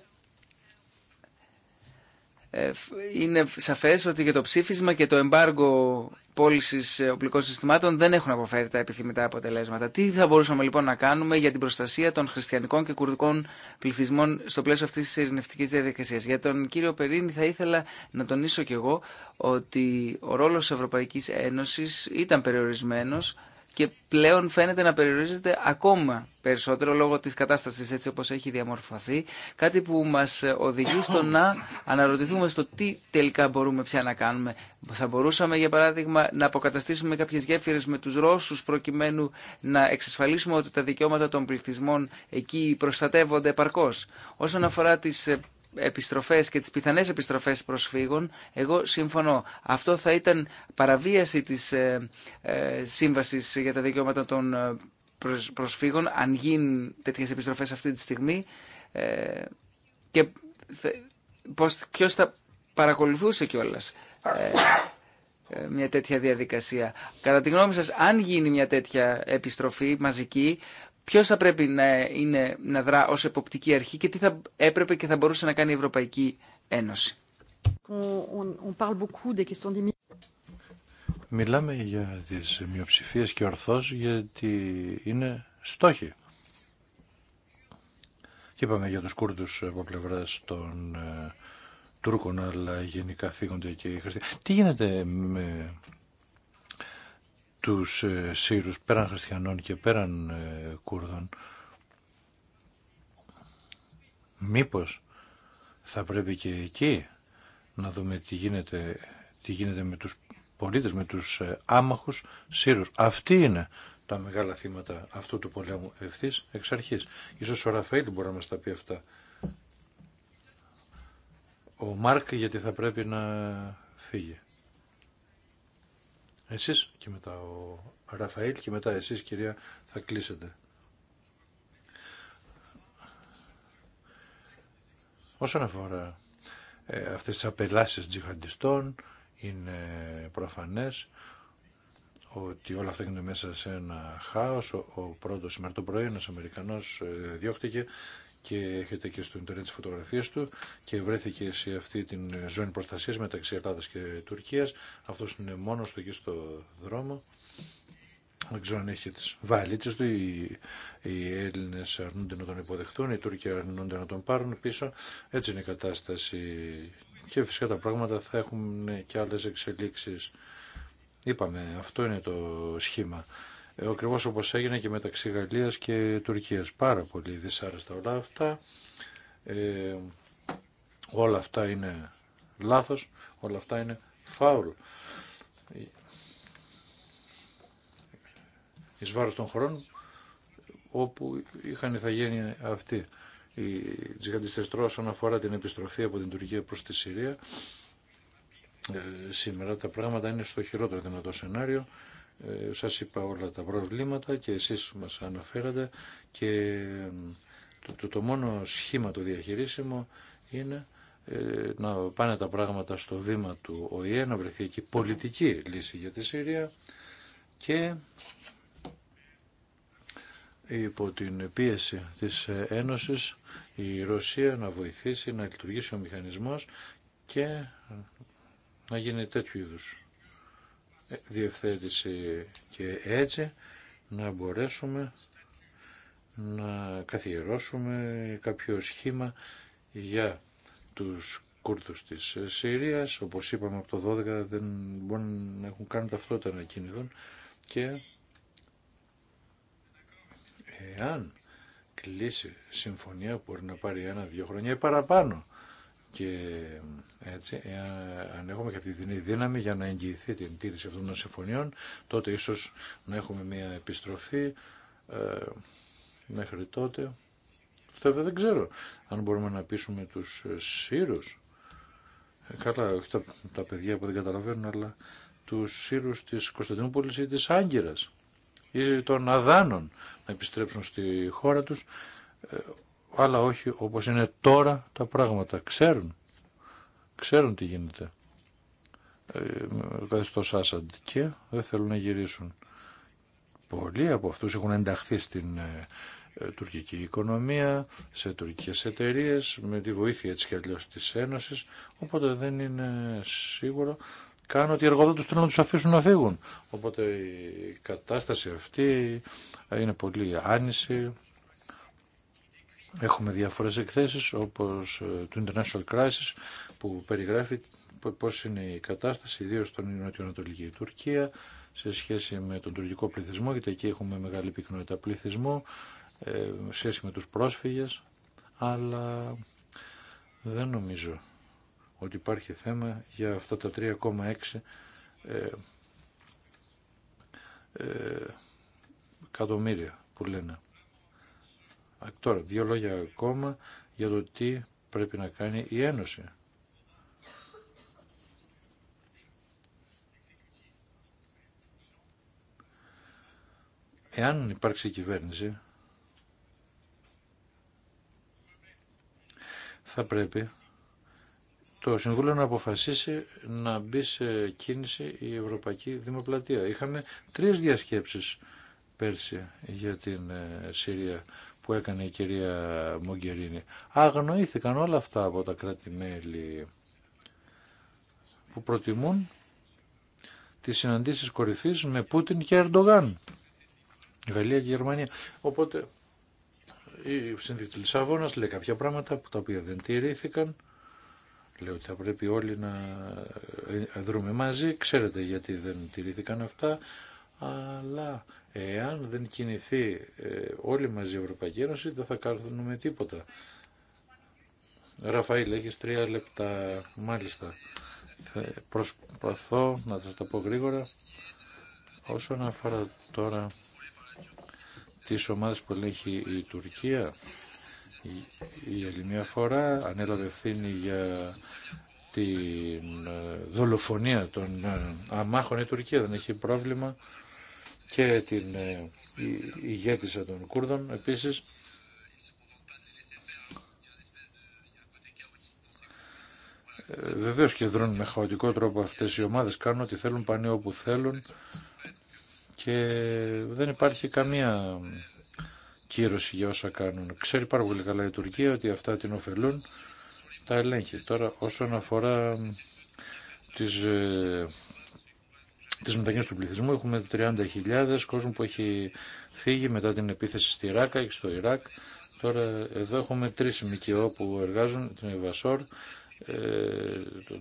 ε, είναι σαφές ότι για το ψήφισμα και το εμπάργκο πώληση ε, οπλικών συστημάτων δεν έχουν αποφέρει τα επιθυμητά αποτελέσματα. Τι θα μπορούσαμε λοιπόν να κάνουμε για την προστασία των χριστιανικών και κουρδικών πληθυσμών στο πλαίσιο αυτή τη ειρηνευτική διαδικασία. Για τον κύριο Περίνη, θα ήθελα να τονίσω κι εγώ ότι ο ρόλο Ευρωπαϊκή Ένωση ήταν περιορισμένο και πλέον φαίνεται να περιορίζεται ακόμα περισσότερο λόγω της κατάστασης έτσι όπως έχει διαμορφωθεί, κάτι που μας οδηγεί στο να αναρωτηθούμε στο τι τελικά μπορούμε πια να κάνουμε. Θα μπορούσαμε για παράδειγμα να αποκαταστήσουμε κάποιες γέφυρες με τους Ρώσους προκειμένου να εξασφαλίσουμε ότι τα δικαιώματα των πληθυσμών εκεί προστατεύονται επαρκώς. Όσον αφορά τις επιστροφές και τις πιθανές επιστροφές προσφύγων, εγώ συμφωνώ. Αυτό θα ήταν παραβίαση της ε, ε σύμβασης για τα δικαιώματα των ε, προσφύγων, αν γίνουν τέτοιες επιστροφές αυτή τη στιγμή ε, και πώς, ποιος θα παρακολουθούσε κιόλας μια τέτοια διαδικασία. Κατά τη γνώμη σας, αν γίνει μια τέτοια επιστροφή μαζική, Ποιο θα πρέπει να, είναι, να δρά ω εποπτική αρχή και τι θα έπρεπε και θα μπορούσε να κάνει η Ευρωπαϊκή Ένωση. Μιλάμε για τι μειοψηφίε και ορθώ γιατί είναι στόχοι. Και είπαμε για του Κούρδου από πλευρά των ε, Τούρκων αλλά γενικά θίγονται και οι Χριστιανοί. Τι γίνεται με τους ε, Σύρους πέραν χριστιανών και πέραν ε, Κούρδων μήπως θα πρέπει και εκεί να δούμε τι γίνεται, τι γίνεται με τους πολίτες, με τους ε, άμαχους Σύρους. Αυτοί είναι τα μεγάλα θύματα αυτού του πολέμου ευθύ εξ αρχή. Ίσως ο Ραφαήλ μπορεί να μας τα πει αυτά. Ο Μάρκ γιατί θα πρέπει να φύγει. Εσείς και μετά ο Ραφαήλ και μετά εσείς κυρία θα κλείσετε. Όσον αφορά ε, αυτές τις απελάσεις τζιχαντιστών είναι προφανές ότι όλα αυτά γίνονται μέσα σε ένα χάος. Ο, ο πρώτος σήμερα το πρωί ένας Αμερικανός ε, διώχτηκε και έχετε και στο ίντερνετ τι φωτογραφίες του και βρέθηκε σε αυτή τη ζώνη προστασία μεταξύ Ελλάδα και Τουρκία, αυτό είναι μόνο του εκεί στο δρόμο. Δεν ξέρω αν έχει τι βαλίτσε του, οι, οι Έλληνες αρνούνται να τον υποδεχτούν, οι Τούρκοι αρνούνται να τον πάρουν πίσω. Έτσι είναι η κατάσταση και φυσικά τα πράγματα θα έχουν και άλλε εξελίξει. Είπαμε, αυτό είναι το σχήμα. Ε, ακριβώ όπω έγινε και μεταξύ Γαλλία και Τουρκία. Πάρα πολύ δυσάρεστα όλα αυτά. Ε, όλα αυτά είναι λάθο, όλα αυτά είναι φάουλ. Ει βάρο των χρόνων όπου είχαν ηθαγένεια αυτή. οι τζιγαντιστέ όσον αφορά την επιστροφή από την Τουρκία προ τη Συρία. Ε, σήμερα τα πράγματα είναι στο χειρότερο δυνατό σενάριο ε, σας είπα όλα τα προβλήματα και εσείς μας αναφέρατε και το, το, μόνο σχήμα το διαχειρίσιμο είναι ε, να πάνε τα πράγματα στο βήμα του ΟΗΕ, να βρεθεί εκεί πολιτική λύση για τη Συρία και υπό την πίεση της Ένωσης η Ρωσία να βοηθήσει να λειτουργήσει ο μηχανισμός και να γίνει τέτοιου είδους διευθέτηση και έτσι να μπορέσουμε να καθιερώσουμε κάποιο σχήμα για τους Κούρδους της Συρίας. Όπως είπαμε από το 12 δεν μπορούν να έχουν κάνει ταυτότητα να και εάν κλείσει συμφωνία μπορεί να πάρει ένα-δύο χρόνια ή παραπάνω και έτσι, αν έχουμε και αυτή τη δύναμη για να εγγυηθεί την τήρηση αυτών των συμφωνιών, τότε ίσως να έχουμε μια επιστροφή ε, μέχρι τότε. Αυτά δεν ξέρω αν μπορούμε να πείσουμε τους Σύρους. Ε, καλά, όχι τα, τα παιδιά που δεν καταλαβαίνουν, αλλά τους Σύρους της Κωνσταντινούπολης ή της Άγκυρας ή των Αδάνων να επιστρέψουν στη χώρα τους ε, αλλά όχι όπως είναι τώρα τα πράγματα. Ξέρουν, ξέρουν τι γίνεται καθεστώς Σάσαντ και δεν θέλουν να γυρίσουν. Πολλοί από αυτούς έχουν ενταχθεί στην ε, ε, τουρκική οικονομία, σε τουρκικές εταιρείε, με τη βοήθεια της και αλλιώς της Ένωσης, οπότε δεν είναι σίγουρο κάνω ότι οι εργοδότες θέλουν να τους αφήσουν να φύγουν. Οπότε η κατάσταση αυτή είναι πολύ άνηση Έχουμε διάφορες εκθέσεις όπως ε, το International Crisis που περιγράφει πώς είναι η κατάσταση ιδίως στον Νοτιοανατολική Τουρκία σε σχέση με τον τουρκικό πληθυσμό γιατί εκεί έχουμε μεγάλη πυκνότητα πληθυσμό, ε, σε σχέση με τους πρόσφυγες αλλά δεν νομίζω ότι υπάρχει θέμα για αυτά τα 3,6 ε, ε, εκατομμύρια που λένε Τώρα, δύο λόγια ακόμα για το τι πρέπει να κάνει η Ένωση. Εάν υπάρξει κυβέρνηση, θα πρέπει το Συμβούλιο να αποφασίσει να μπει σε κίνηση η Ευρωπαϊκή Δημοπλατεία. Είχαμε τρεις διασκέψεις πέρσι για την ε, Συρία που έκανε η κυρία Μογκερίνη. Αγνοήθηκαν όλα αυτά από τα κράτη-μέλη που προτιμούν τις συναντήσεις κορυφής με Πούτιν και Ερντογάν. Γαλλία και Γερμανία. Οπότε η συνθήκη της Λισαβόνας λέει κάποια πράγματα που τα οποία δεν τηρήθηκαν. Λέει ότι θα πρέπει όλοι να ε, δρούμε μαζί. Ξέρετε γιατί δεν τηρήθηκαν αυτά. Αλλά Εάν δεν κινηθεί ε, όλη μαζί η Ευρωπαϊκή Ένωση, δεν θα κάνουμε τίποτα. Ραφαήλ, έχει τρία λεπτά, μάλιστα. προσπαθώ να σα τα πω γρήγορα. Όσον αφορά τώρα τι ομάδε που ελέγχει η Τουρκία, η άλλη μια φορά ανέλαβε ευθύνη για την ε, δολοφονία των ε, αμάχων η Τουρκία. Δεν έχει πρόβλημα και την ε, ηγέτησα των Κούρδων επίσης. Ε, βεβαίως και δρούν με χαοτικό τρόπο αυτές οι ομάδες, κάνουν ό,τι θέλουν, πάνε όπου θέλουν και δεν υπάρχει καμία κύρωση για όσα κάνουν. Ξέρει πάρα πολύ καλά η Τουρκία ότι αυτά την ωφελούν, τα ελέγχει. Τώρα όσον αφορά τις ε, τη μετακίνηση του πληθυσμού. Έχουμε 30.000 κόσμο που έχει φύγει μετά την επίθεση στη Ράκα και στο Ιράκ. Τώρα εδώ έχουμε τρει ΜΚΟ που εργάζουν, την Βασόρ, ε,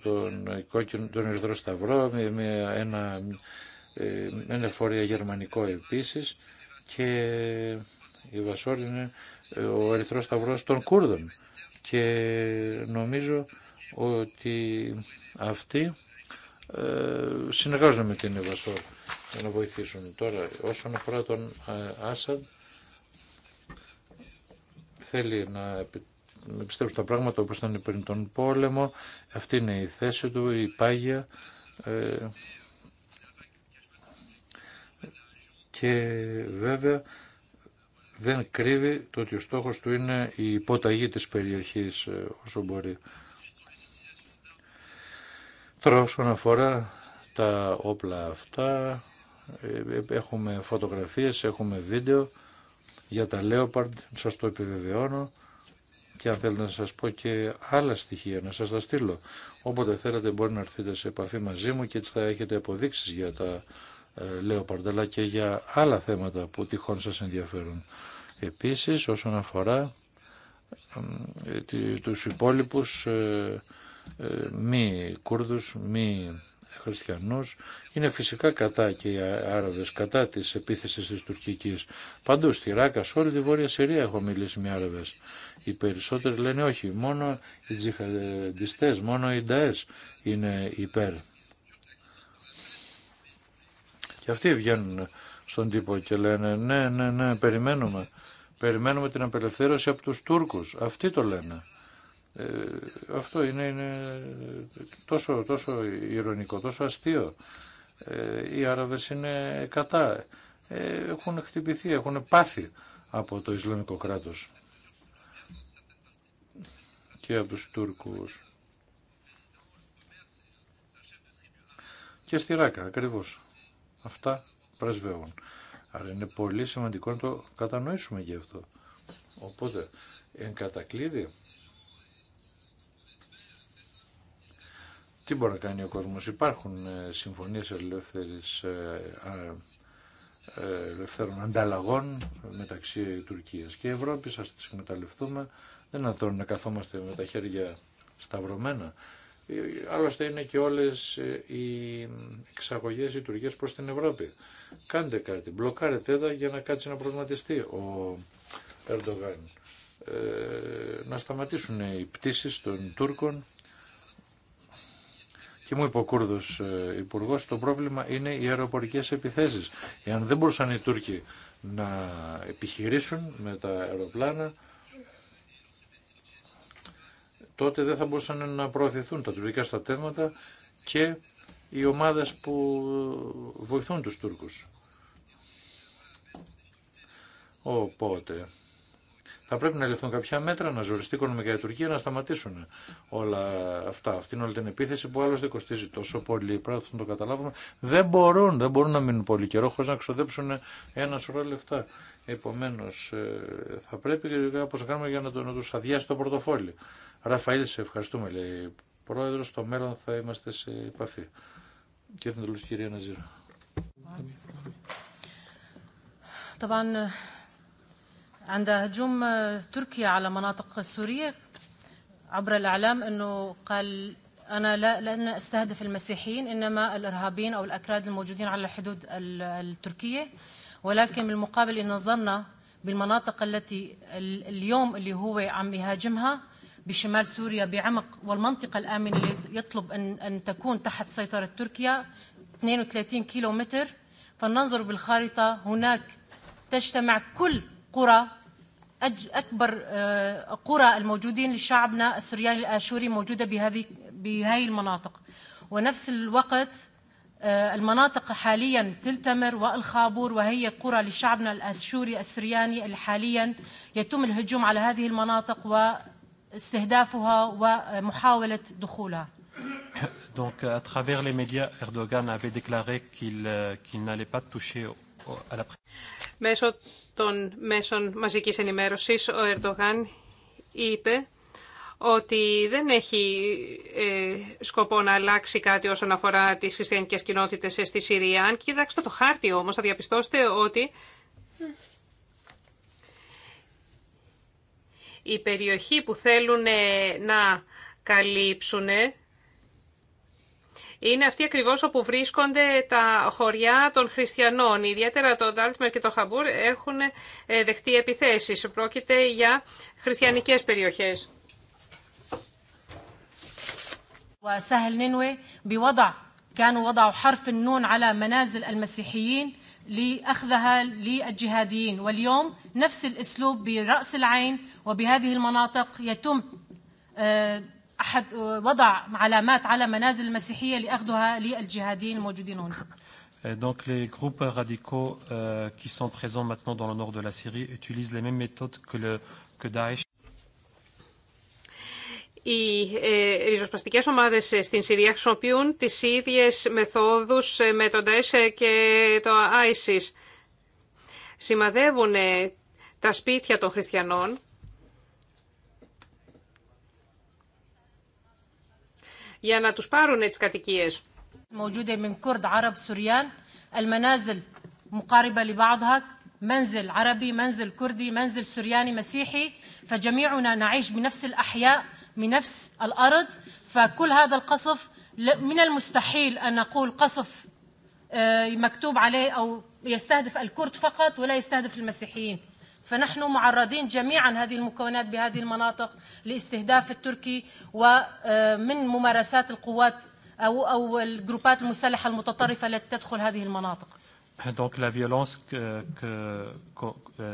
τον, κόκκινο, τον Ερυθρό Σταυρό, ένα, ε, ένα γερμανικό επίσης και η Βασόρ είναι ε, ο Ερυθρό Σταυρός των Κούρδων και νομίζω ότι αυτοί ε, συνεργάζονται με την Ευασόρ για να βοηθήσουν. Τώρα, όσον αφορά τον ε, Άσαντ, θέλει να επιστρέψει τα πράγματα όπως ήταν πριν τον πόλεμο. Αυτή είναι η θέση του, η πάγια. Ε, και βέβαια δεν κρύβει το ότι ο στόχος του είναι η υποταγή της περιοχής όσο μπορεί. Τώρα όσον αφορά τα όπλα αυτά, ε, ε, έχουμε φωτογραφίες, έχουμε βίντεο για τα Leopard, σας το επιβεβαιώνω και αν θέλετε να σας πω και άλλα στοιχεία να σας τα στείλω. Όποτε θέλετε μπορεί να έρθετε σε επαφή μαζί μου και έτσι θα έχετε αποδείξεις για τα ε, Leopard αλλά και για άλλα θέματα που τυχόν σας ενδιαφέρουν. Επίσης όσον αφορά τους υπόλοιπους ε, μη Κούρδους, μη χριστιανούς. Είναι φυσικά κατά και οι Άραβες, κατά της επίθεσης της τουρκικής. Παντού, στη Ράκα, σε όλη τη Βόρεια Συρία έχω μιλήσει με Άραβες. Οι περισσότεροι λένε όχι, μόνο οι τζιχαντιστές, μόνο οι Νταές είναι υπέρ. Και αυτοί βγαίνουν στον τύπο και λένε ναι, ναι, ναι, περιμένουμε. Περιμένουμε την απελευθέρωση από τους Τούρκους. Αυτοί το λένε. Ε, αυτό είναι, είναι τόσο, τόσο ηρωνικό, τόσο αστείο. Ε, οι Άραβες είναι κατά. Ε, έχουν χτυπηθεί, έχουν πάθει από το Ισλαμικό κράτος και από τους Τούρκους. Και στη Ράκα, ακριβώς. Αυτά πρεσβεύουν. Άρα είναι πολύ σημαντικό να το κατανοήσουμε γι' αυτό. Οπότε, εν κατακλείδη, Τι μπορεί να κάνει ο κόσμος. Υπάρχουν ε, συμφωνίες ελεύθερης, ε, ε, ελευθέρων ανταλλαγών μεταξύ Τουρκίας και Ευρώπης. Ας τις εκμεταλλευτούμε. Δεν είναι να, καθόμαστε με τα χέρια σταυρωμένα. Άλλωστε είναι και όλες οι εξαγωγές οι Τουρκίες προς την Ευρώπη. Κάντε κάτι, μπλοκάρετε εδώ για να κάτσει να προβληματιστεί ο Ερντογάν. να σταματήσουν οι πτήσεις των Τούρκων και μου είπε ο Κούρδο ε, Υπουργό, το πρόβλημα είναι οι αεροπορικέ επιθέσει. Εάν δεν μπορούσαν οι Τούρκοι να επιχειρήσουν με τα αεροπλάνα, τότε δεν θα μπορούσαν να προωθηθούν τα τουρκικά στατεύματα και οι ομάδες που βοηθούν τους Τούρκους. Οπότε, θα πρέπει να ληφθούν κάποια μέτρα, να ζοριστεί οικονομικά η Τουρκία, να σταματήσουν όλα αυτά. Αυτή είναι όλη την επίθεση που άλλωστε κοστίζει τόσο πολύ. Πρέπει να το καταλάβουμε. Δεν μπορούν, δεν μπορούν να μείνουν πολύ καιρό χωρί να ξοδέψουν ένα σωρό λεφτά. Επομένω, ε, θα πρέπει κάπω να κάνουμε για να, το, να του αδειάσει το πορτοφόλι. Ραφαήλ, σε ευχαριστούμε, λέει πρόεδρο. Στο μέλλον θα είμαστε σε επαφή. Και την τελευταία κυρία Ναζίρα. عند هجوم تركيا على مناطق سورية عبر الإعلام أنه قال أنا لا لن أستهدف المسيحيين إنما الإرهابيين أو الأكراد الموجودين على الحدود التركية ولكن بالمقابل إن نظرنا بالمناطق التي اليوم اللي هو عم يهاجمها بشمال سوريا بعمق والمنطقة الآمنة اللي يطلب أن, أن تكون تحت سيطرة تركيا 32 كيلو متر فلننظر بالخارطة هناك تجتمع كل قرى أكبر قرى الموجودين لشعبنا السرياني الآشوري موجودة بهذه بهاي المناطق ونفس الوقت المناطق حاليا تلتمر والخابور وهي قرى لشعبنا الآشوري السرياني اللي حاليا يتم الهجوم على هذه المناطق واستهدافها ومحاولة دخولها Donc, à travers les médias, Erdogan avait déclaré qu'il qu n'allait pas toucher à la. Μέσω των μέσων μαζικής ενημέρωσης, ο Ερντογάν είπε ότι δεν έχει ε, σκοπό να αλλάξει κάτι όσον αφορά τις χριστιανικές κοινότητες στη Συρία. Αν κοιτάξτε το χάρτη όμως θα διαπιστώσετε ότι η περιοχή που θέλουν να καλύψουν είναι αυτή ακριβώς όπου βρίσκονται τα χωριά των χριστιανών. Ιδιαίτερα το Ντάλτμερ και το Χαμπούρ έχουν ε, δεχτεί επιθέσεις. Πρόκειται για χριστιανικές περιοχές. وسهل نينوي بوضع كانوا وضعوا حرف النون على منازل المسيحيين لأخذها للجهاديين واليوم نفس الأسلوب برأس العين وبهذه المناطق يتم أحد وضع علامات على منازل المسيحية لأخذها للجهادين الموجودين هنا. Donc les groupes radicaux euh, qui sont présents maintenant dans le nord de la Syrie utilisent les mêmes méthodes que, le, que Daesh. Οι ε, ριζοσπαστικέ ομάδε στην Συρία χρησιμοποιούν τι ίδιε μεθόδου με τον Daesh και το ISIS. Σημαδεύουν τα σπίτια των χριστιανών για να τους πάρουν τις κατοικίες. منزل عربي منزل كردي منزل سرياني مسيحي فجميعنا نعيش بنفس الأحياء بنفس الأرض فكل هذا القصف من المستحيل أن نقول قصف مكتوب عليه أو يستهدف الكرد فقط ولا يستهدف المسيحيين فنحن معرضين جميعا هذه المكونات بهذه المناطق لاستهداف التركي ومن ممارسات القوات أو, أو الجروبات المسلحه المتطرفه التي تدخل هذه المناطق Donc la violence que, que, que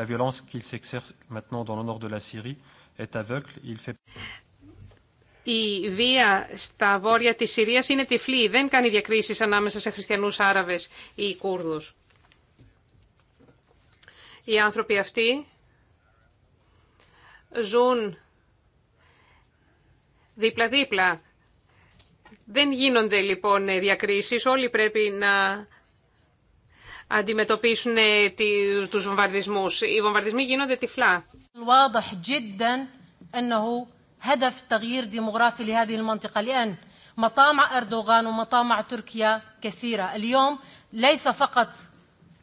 la violence qu'il s'exerce maintenant dans le nord de la Syrie est aveugle. Il fait... Η βία στα βόρεια της Συρίας είναι τυφλή, δεν κάνει διακρίσεις ανάμεσα σε χριστιανούς Άραβες ή Κούρδους. Οι άνθρωποι αυτοί ζουν δίπλα-δίπλα. Δεν γίνονται λοιπόν διακρίσεις, όλοι πρέπει να αντιμετωπίσουν ε, τους βομβαρδισμούς. Οι βομβαρδισμοί γίνονται τυφλά. هدف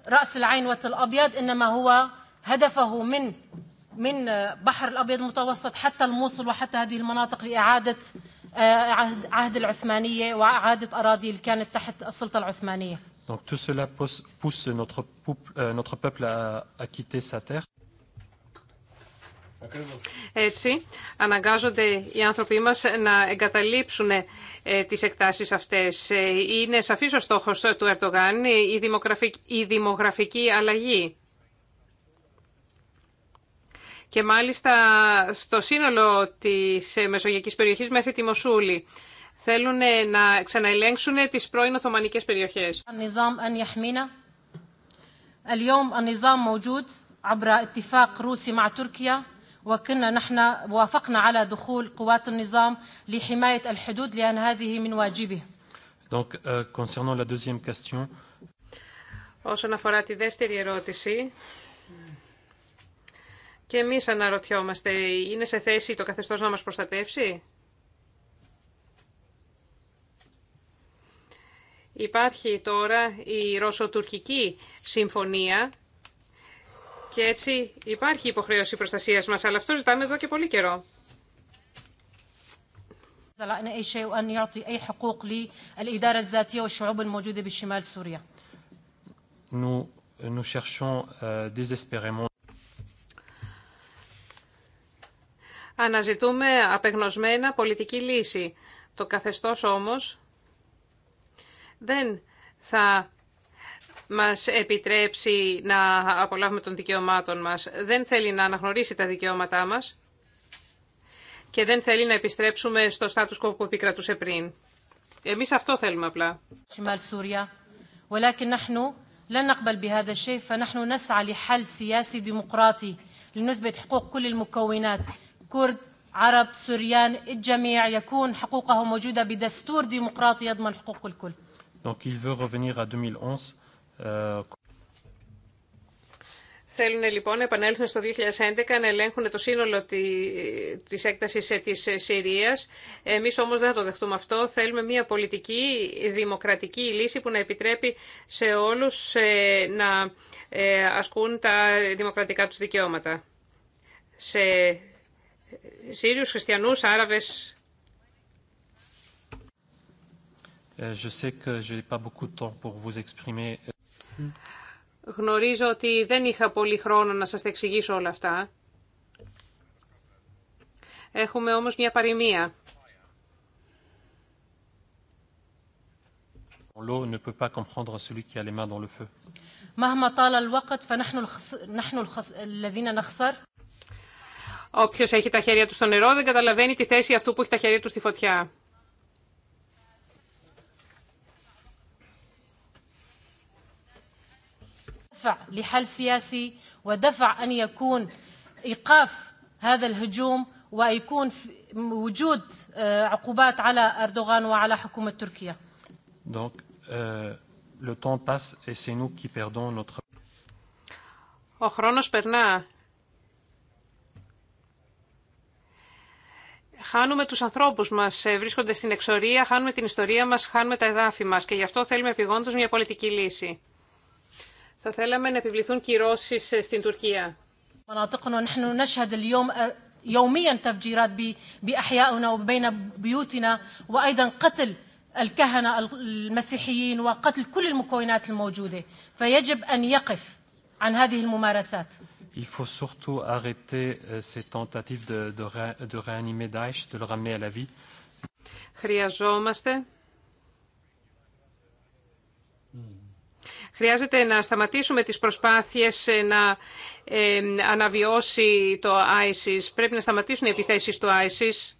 رأس العين والأبيض إنما هو هدفه من من بحر الأبيض المتوسط حتى الموصل وحتى هذه المناطق لإعادة عهد العثمانية وإعادة أراضي اللي كانت تحت السلطة العثمانية. Donc tout cela pousse notre peuple à quitter sa terre. Έτσι, αναγκάζονται οι άνθρωποι μας να εγκαταλείψουν ε, τις εκτάσεις αυτές. Ε, είναι σαφής ο στόχος του Ερτογάν η δημογραφική, η δημογραφική αλλαγή. Και μάλιστα στο σύνολο της ε, μεσογειακής περιοχής μέχρι τη Μοσούλη θέλουν να ξαναελέγξουν τις πρώην Οθωμανικές περιοχές. اليوم وكنا نحن وافقنا على دخول قوات النظام لحماية الحدود لأن هذه من واجبه. Donc, euh, concernant la deuxième question. Όσον αφορά τη δεύτερη ερώτηση, και εμείς αναρωτιόμαστε, είναι σε θέση το καθεστώς να μας προστατεύσει? Υπάρχει τώρα η Ρωσοτουρκική συμφωνία και έτσι υπάρχει υποχρέωση προστασία μα, αλλά αυτό ζητάμε εδώ και πολύ καιρό. Euh, Αναζητούμε απεγνωσμένα πολιτική λύση. Το καθεστώς όμως δεν θα μας επιτρέψει να απολαύουμε των δικαιωμάτων μας. Δεν θέλει να αναγνωρίσει τα δικαιώματά μας και δεν θέλει να επιστρέψουμε στο στάτους quo που επικρατούσε πριν. Εμείς αυτό θέλουμε απλά. ولكن نحن لن نقبل بهذا الشيء فنحن نسعى لحل سياسي ديمقراطي لنثبت حقوق كل المكونات كرد عرب سوريان الجميع يكون حقوقهم موجودة بدستور ديمقراطي يضمن حقوق الكل Donc il veut revenir à 2011 Θέλουν λοιπόν να επανέλθουν στο 2011 να ελέγχουν το σύνολο της έκτασης ε, της ε, Συρίας. Εμείς όμως δεν θα το δεχτούμε αυτό. Θέλουμε μια πολιτική, δημοκρατική λύση που να επιτρέπει σε όλους ε, να ασκούν τα δημοκρατικά τους δικαιώματα. Σε Σύριους, Χριστιανούς, Άραβες... Je sais que pas Γνωρίζω ότι δεν είχα πολύ χρόνο να σας τα εξηγήσω όλα αυτά. Έχουμε όμως μια παροιμία. L'eau Όποιος έχει τα χέρια του στο νερό δεν καταλαβαίνει τη θέση αυτού που έχει τα χέρια του στη φωτιά. لحل سياسي ودفع أن يكون إيقاف هذا الهجوم ويكون وجود عقوبات على أردوغان وعلى حكومة تركيا. Donc, euh, le temps passe et c'est nous qui perdons notre... Ο χρόνος περνά. Χάνουμε τους ανθρώπους μας, ε, βρίσκονται στην εξορία, χάνουμε την ιστορία μας, χάνουμε τα εδάφη μας και γι' αυτό θέλουμε επιγόντως μια πολιτική λύση. Θα θέλαμε να επιβληθούν κυρώσεις στην Τουρκία. يوميا تفجيرات بأحيائنا وبين بيوتنا وأيضا قتل الكهنة المسيحيين وقتل كل المكونات الموجودة فيجب أن يقف عن هذه الممارسات Il faut surtout arrêter ces tentatives de, de, de réanimer Daesh, de le ramener à la vie. Χρειαζόμαστε Χρειάζεται να σταματήσουμε τις προσπάθειες ε, να ε, αναβιώσει το ISIS. Πρέπει να σταματήσουν οι επιθέσεις του ISIS,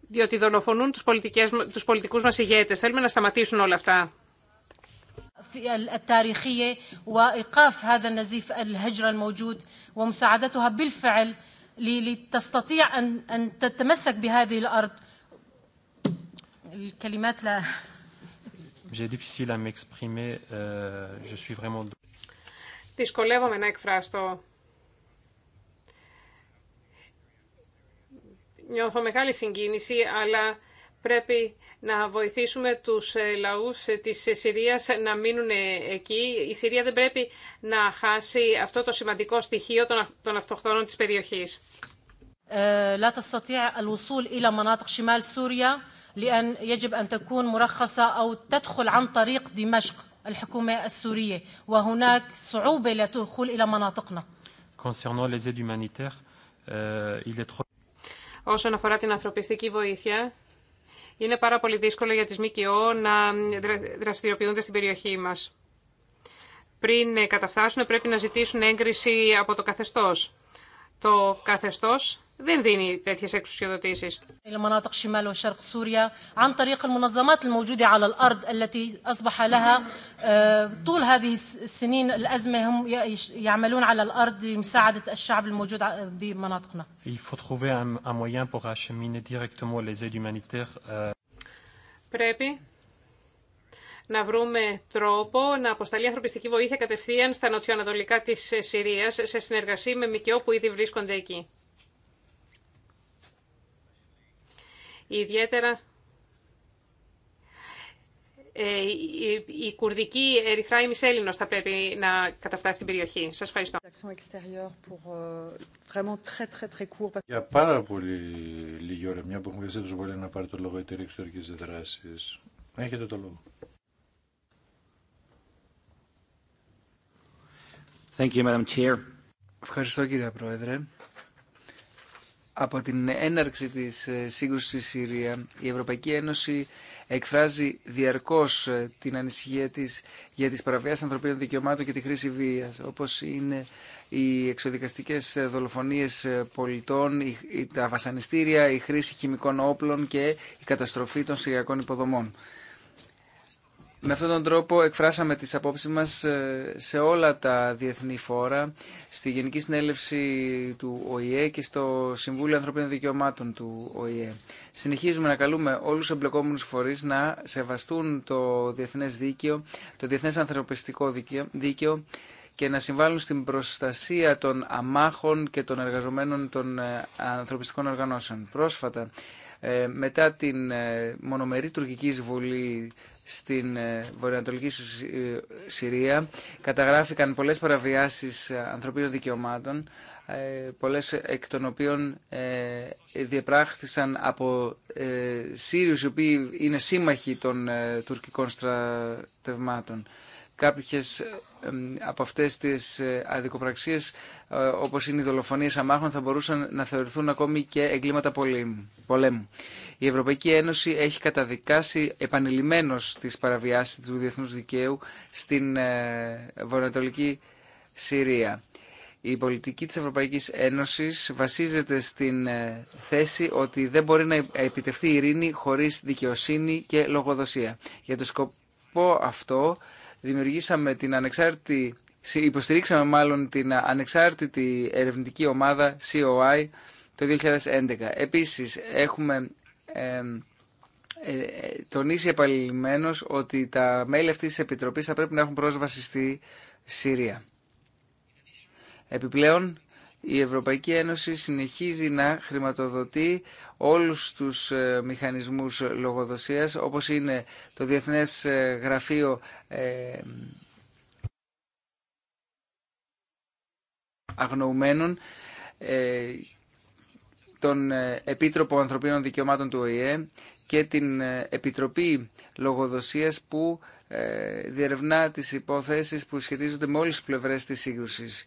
διότι δολοφονούν τους, πολιτικές, τους πολιτικούς μας ηγέτες. Θέλουμε να σταματήσουν όλα αυτά. J'ai difficile à euh, Δυσκολεύομαι να εκφράσω. Νιώθω μεγάλη συγκίνηση, αλλά πρέπει να βοηθήσουμε τους ε, λαούς ε, της ε, Συρίας να μείνουν εκεί. Η Συρία δεν πρέπει να χάσει αυτό το σημαντικό στοιχείο των αυτοχθόνων της περιοχής. Σούρια. لأن يجب أن تكون مرخصة أو تدخل عن طريق دمشق الحكومة السورية وهناك صعوبة إلى مناطقنا euh, Όσον αφορά την ανθρωπιστική βοήθεια, είναι πάρα πολύ δύσκολο για τις ΜΚΟ να δραστηριοποιούνται στην περιοχή μας. Πριν ε, καταφτάσουν πρέπει να ζητήσουν έγκριση από το καθεστώς το καθεστώ δεν δίνει τέτοιες εξουσιοδοτήσει. Euh. Πρέπει να βρούμε τρόπο να αποσταλεί ανθρωπιστική βοήθεια κατευθείαν στα νοτιοανατολικά τη Συρίας σε συνεργασία με ΜΚΟ που ήδη βρίσκονται εκεί. Ιδιαίτερα ε, η κουρδική ερυθρά Έλληνο θα πρέπει να καταφτάσει στην περιοχή. Σας ευχαριστώ. Euh, Για πάρα πολύ λίγη ώρα, μια που έχουμε καθίσει τους πολύ να πάρει το λόγο εταιρεία Έχετε το λόγο. Ευχαριστώ κύριε Πρόεδρε. Από την έναρξη της ε, σύγκρουσης στη Συρία, η Ευρωπαϊκή Ένωση εκφράζει διαρκώς ε, την ανησυχία της για τις παραβιάσεις ανθρωπίνων δικαιωμάτων και τη χρήση βίας, όπως είναι οι εξοδικαστικές ε, δολοφονίες πολιτών, τα βασανιστήρια, η χρήση χημικών όπλων και η καταστροφή των συριακών υποδομών. Με αυτόν τον τρόπο εκφράσαμε τις απόψεις μας ε, σε όλα τα διεθνή φόρα, στη Γενική Συνέλευση του ΟΗΕ και στο Συμβούλιο Ανθρωπίνων Δικαιωμάτων του ΟΗΕ. Συνεχίζουμε να καλούμε όλους τους εμπλεκόμενους φορείς να σεβαστούν το διεθνές δίκαιο, το διεθνές ανθρωπιστικό δίκαιο και να συμβάλλουν στην προστασία των αμάχων και των εργαζομένων των ε, ανθρωπιστικών οργανώσεων. Πρόσφατα, ε, μετά την μονομερή τουρκική εισβολή στην ε, βορειοανατολική ε, Συρία. Καταγράφηκαν πολλές παραβιάσεις ε, ανθρωπίνων δικαιωμάτων, πολλές εκ των οποίων διεπράχθησαν από Σύριους οι οποίοι είναι σύμμαχοι των τουρκικών στρατευμάτων. Κάποιες από αυτές τις αδικοπραξίες, όπως είναι οι δολοφονίες αμάχων, θα μπορούσαν να θεωρηθούν ακόμη και εγκλήματα πολέμου. Η Ευρωπαϊκή Ένωση έχει καταδικάσει επανειλημμένω τις παραβιάσεις του διεθνούς δικαίου στην ε, βορειοανατολική Συρία. Η πολιτική της Ευρωπαϊκής Ένωσης βασίζεται στην ε, θέση ότι δεν μπορεί να επιτευχθεί ειρήνη χωρίς δικαιοσύνη και λογοδοσία. Για το σκοπό αυτό δημιουργήσαμε την ανεξάρτητη, υποστηρίξαμε μάλλον την ανεξάρτητη ερευνητική ομάδα COI το 2011. Επίσης έχουμε ε, ε, τονίσει επαλληλειμμένως ότι τα μέλη αυτή τη Επιτροπής θα πρέπει να έχουν πρόσβαση στη Συρία. Επιπλέον, η Ευρωπαϊκή Ένωση συνεχίζει να χρηματοδοτεί όλους τους ε, μηχανισμούς λογοδοσίας, όπως είναι το Διεθνές Γραφείο Αγνοουμένων τον ε, Επίτροπο Ανθρωπίνων Δικαιωμάτων του ΟΗΕ και την ε, Επιτροπή Λογοδοσίας που ε, διερευνά τις υποθέσεις που σχετίζονται με όλες τις πλευρές της σύγκρουσης.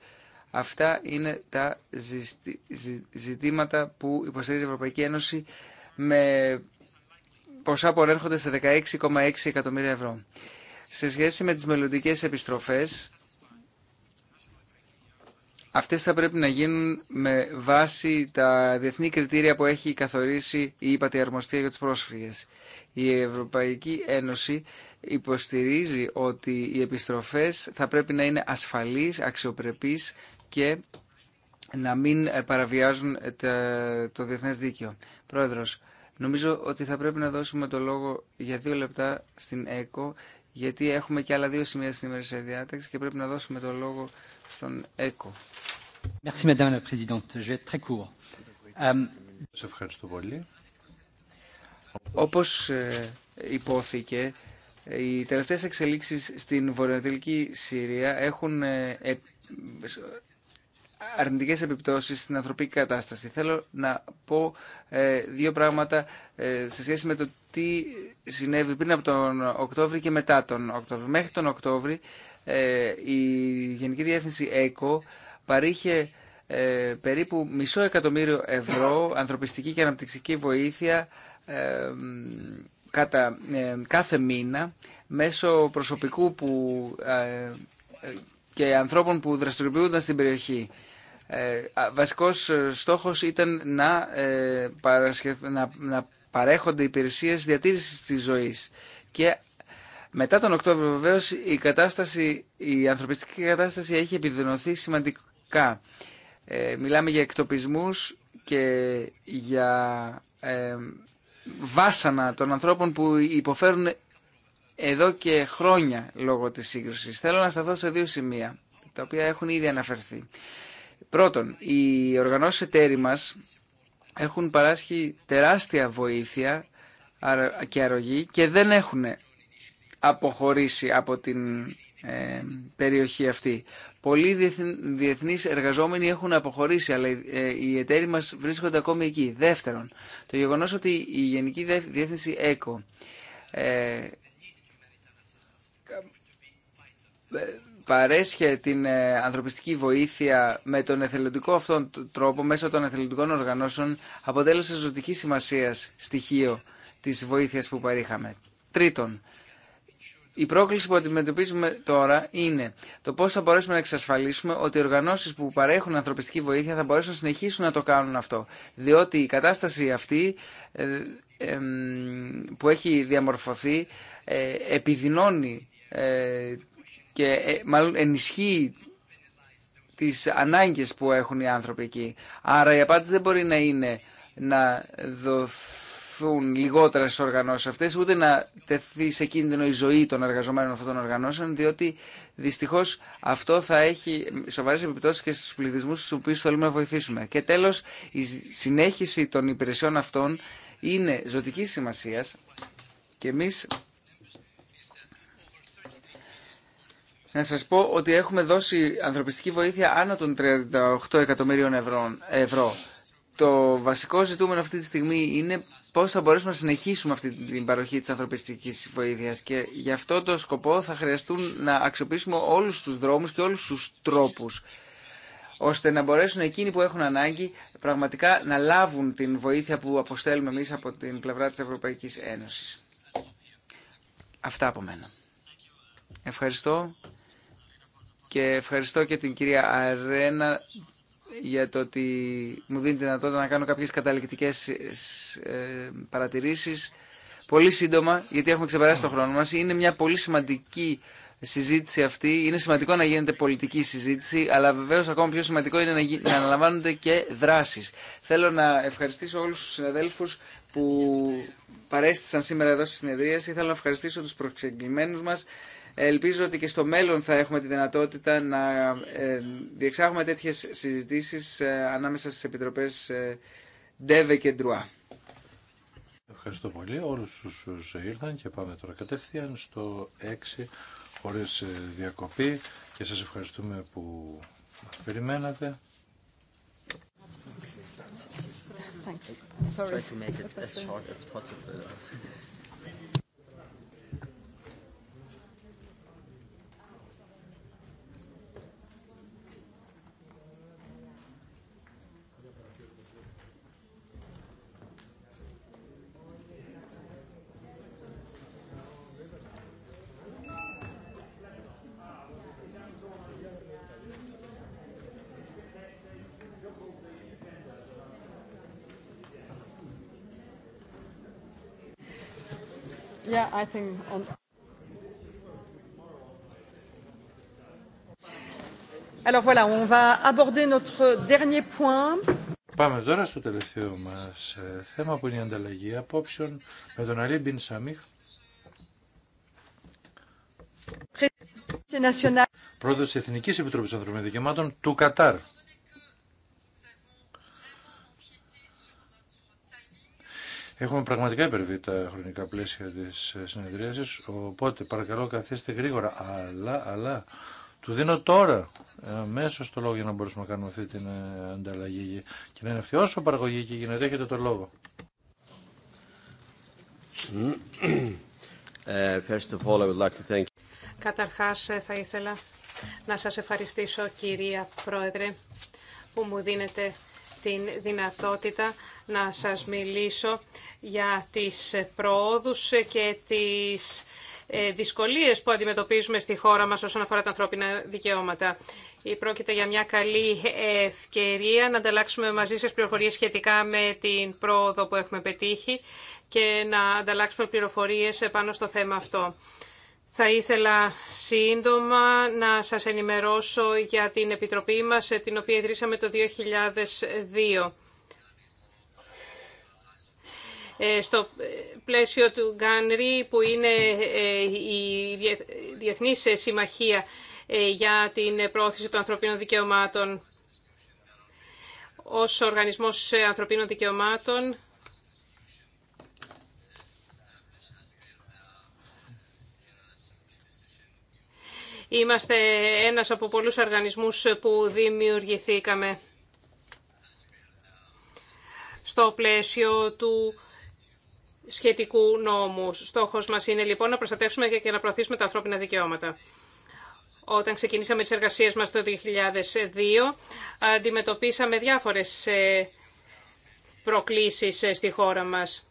Αυτά είναι τα ζητήματα που υποστηρίζει η Ευρωπαϊκή Ένωση με ποσά που ανέρχονται σε 16,6 εκατομμύρια ευρώ. Σε σχέση με τις μελλοντικέ επιστροφές, Αυτέ θα πρέπει να γίνουν με βάση τα διεθνή κριτήρια που έχει καθορίσει η αρμοστία για του πρόσφυγες. Η Ευρωπαϊκή Ένωση υποστηρίζει ότι οι επιστροφές θα πρέπει να είναι ασφαλείς, αξιοπρεπείς και να μην παραβιάζουν το διεθνές δίκαιο. Πρόεδρος, νομίζω ότι θα πρέπει να δώσουμε το λόγο για δύο λεπτά στην ΕΚΟ, γιατί έχουμε και άλλα δύο σημεία στην ημερήσια διάταξη και πρέπει να δώσουμε το λόγο στον ΕΚΟ. ευχαριστώ πολύ. Όπως ε, υπόθηκε, οι τελευταίες εξελίξεις στην βορειοανατολική Συρία έχουν ε, αρνητικές επιπτώσεις στην ανθρωπική κατάσταση. Θέλω να πω ε, δύο πράγματα σε σχέση με το τι συνέβη πριν από τον Οκτώβρη και μετά τον Οκτώβρη. Μέχρι τον Οκτώβρη ε, η Γενική Διεύθυνση ΕΚΟ παρήχε ε, περίπου μισό εκατομμύριο ευρώ ανθρωπιστική και αναπτυξική βοήθεια ε, κατά, κάθε μήνα μέσω προσωπικού που, και ανθρώπων που δραστηριοποιούνταν στην περιοχή. βασικός στόχος ήταν να, να, να παρέχονται υπηρεσίες διατήρησης της ζωής και μετά τον Οκτώβριο βεβαίω η, κατάσταση, η ανθρωπιστική κατάσταση έχει επιδεινωθεί σημαντικά. Ε, μιλάμε για εκτοπισμούς και για ε, βάσανα των ανθρώπων που υποφέρουν εδώ και χρόνια λόγω της σύγκρουσης. Θέλω να σταθώ σε δύο σημεία, τα οποία έχουν ήδη αναφερθεί. Πρώτον, οι οργανώσεις εταίροι μας έχουν παράσχει τεράστια βοήθεια και αρρωγή και δεν έχουν αποχωρήσει από την ε, περιοχή αυτή. Πολλοί διεθνείς εργαζόμενοι έχουν αποχωρήσει, αλλά ε, οι εταίροι μας βρίσκονται ακόμη εκεί. Δεύτερον, το γεγονός ότι η Γενική Διεύθυνση ΕΚΟ ε, παρέσχε την ε, ανθρωπιστική βοήθεια με τον εθελοντικό αυτόν τρόπο, μέσω των εθελοντικών οργανώσεων, αποτέλεσε ζωτική σημασία στοιχείο της βοήθειας που παρήχαμε. Τρίτον, η πρόκληση που αντιμετωπίζουμε τώρα είναι το πώ θα μπορέσουμε να εξασφαλίσουμε ότι οι οργανώσει που παρέχουν ανθρωπιστική βοήθεια θα μπορέσουν να συνεχίσουν να το κάνουν αυτό. Διότι η κατάσταση αυτή ε, που έχει διαμορφωθεί ε, επιδεινώνει ε, και μάλλον ενισχύει τις ανάγκες που έχουν οι άνθρωποι εκεί. Άρα η απάντηση δεν μπορεί να είναι να δοθεί τεθούν λιγότερα στι οργανώσει αυτέ, ούτε να τεθεί σε κίνδυνο η ζωή των εργαζομένων αυτών των οργανώσεων, διότι δυστυχώ αυτό θα έχει σοβαρέ επιπτώσει και στου πληθυσμού του οποίου θέλουμε να βοηθήσουμε. Και τέλο, η συνέχιση των υπηρεσιών αυτών είναι ζωτική σημασία και εμεί. Να σας πω ότι έχουμε δώσει ανθρωπιστική βοήθεια άνω των 38 εκατομμύριων ευρώ. Το βασικό ζητούμενο αυτή τη στιγμή είναι πώς θα μπορέσουμε να συνεχίσουμε αυτή την παροχή της ανθρωπιστικής βοήθειας και γι' αυτό το σκοπό θα χρειαστούν να αξιοποιήσουμε όλους τους δρόμους και όλους τους τρόπους ώστε να μπορέσουν εκείνοι που έχουν ανάγκη πραγματικά να λάβουν την βοήθεια που αποστέλουμε εμείς από την πλευρά της Ευρωπαϊκής Ένωσης. Αυτά από μένα. Ευχαριστώ και ευχαριστώ και την κυρία Αρένα για το ότι μου δίνει δυνατότητα να κάνω κάποιες καταληκτικές ε, ε, παρατηρήσεις πολύ σύντομα, γιατί έχουμε ξεπεράσει το χρόνο μας. Είναι μια πολύ σημαντική συζήτηση αυτή. Είναι σημαντικό να γίνεται πολιτική συζήτηση, αλλά βεβαίως ακόμα πιο σημαντικό είναι να, να αναλαμβάνονται και δράσεις. Θέλω να ευχαριστήσω όλους τους συναδέλφους που παρέστησαν σήμερα εδώ στη συνεδρίαση. Θέλω να ευχαριστήσω τους προξεγγλημένους μας Ελπίζω ότι και στο μέλλον θα έχουμε τη δυνατότητα να ε, διεξάγουμε τέτοιες συζητήσεις ε, ανάμεσα στις επιτροπές ΔΕΒΕ και ΝΤΡΟΑ. Ευχαριστώ πολύ όλους όσους ήρθαν και πάμε τώρα κατευθείαν στο 6 χωρίς ε, διακοπή και σας ευχαριστούμε που περιμένατε. Sorry. Try to make it as short as possible. Alors voilà, on va aborder notre dernier point. Πάμε τώρα στο τελευταίο μας ε, θέμα που είναι η ανταλλαγή απόψεων με τον Αλή Μπιν Σαμίχ. Πρόεδρος της Εθνικής Επιτροπής Ανθρωπίνων Δικαιωμάτων του Κατάρ. Έχουμε πραγματικά υπερβεί τα χρονικά πλαίσια τη ε, συνεδρίαση. οπότε παρακαλώ καθίστε γρήγορα. Αλλά, αλλά, του δίνω τώρα ε, αμέσω το λόγο για να μπορούμε να κάνουμε αυτή την ε, ανταλλαγή και να είναι αυτή όσο παραγωγική γίνεται. Έχετε το λόγο. First Καταρχάς θα ήθελα να σας ευχαριστήσω κυρία Πρόεδρε που μου δίνετε την δυνατότητα να σας μιλήσω για τις προόδους και τις ε, δυσκολίες που αντιμετωπίζουμε στη χώρα μας όσον αφορά τα ανθρώπινα δικαιώματα. Ε, πρόκειται για μια καλή ευκαιρία να ανταλλάξουμε μαζί σας πληροφορίες σχετικά με την πρόοδο που έχουμε πετύχει και να ανταλλάξουμε πληροφορίες πάνω στο θέμα αυτό. Θα ήθελα σύντομα να σας ενημερώσω για την Επιτροπή μας, ε, την οποία ιδρύσαμε το 2002. Ε, στο πλαίσιο του Γκάνρι, που είναι ε, η Διεθνής Συμμαχία για την Πρόθεση των Ανθρωπίνων Δικαιωμάτων, ως Οργανισμός Ανθρωπίνων Δικαιωμάτων, Είμαστε ένας από πολλούς οργανισμούς που δημιουργηθήκαμε στο πλαίσιο του σχετικού νόμου. Στόχος μας είναι λοιπόν να προστατεύσουμε και να προωθήσουμε τα ανθρώπινα δικαιώματα. Όταν ξεκινήσαμε τις εργασίες μας το 2002, αντιμετωπίσαμε διάφορες ε, προκλήσεις ε, στη χώρα μας.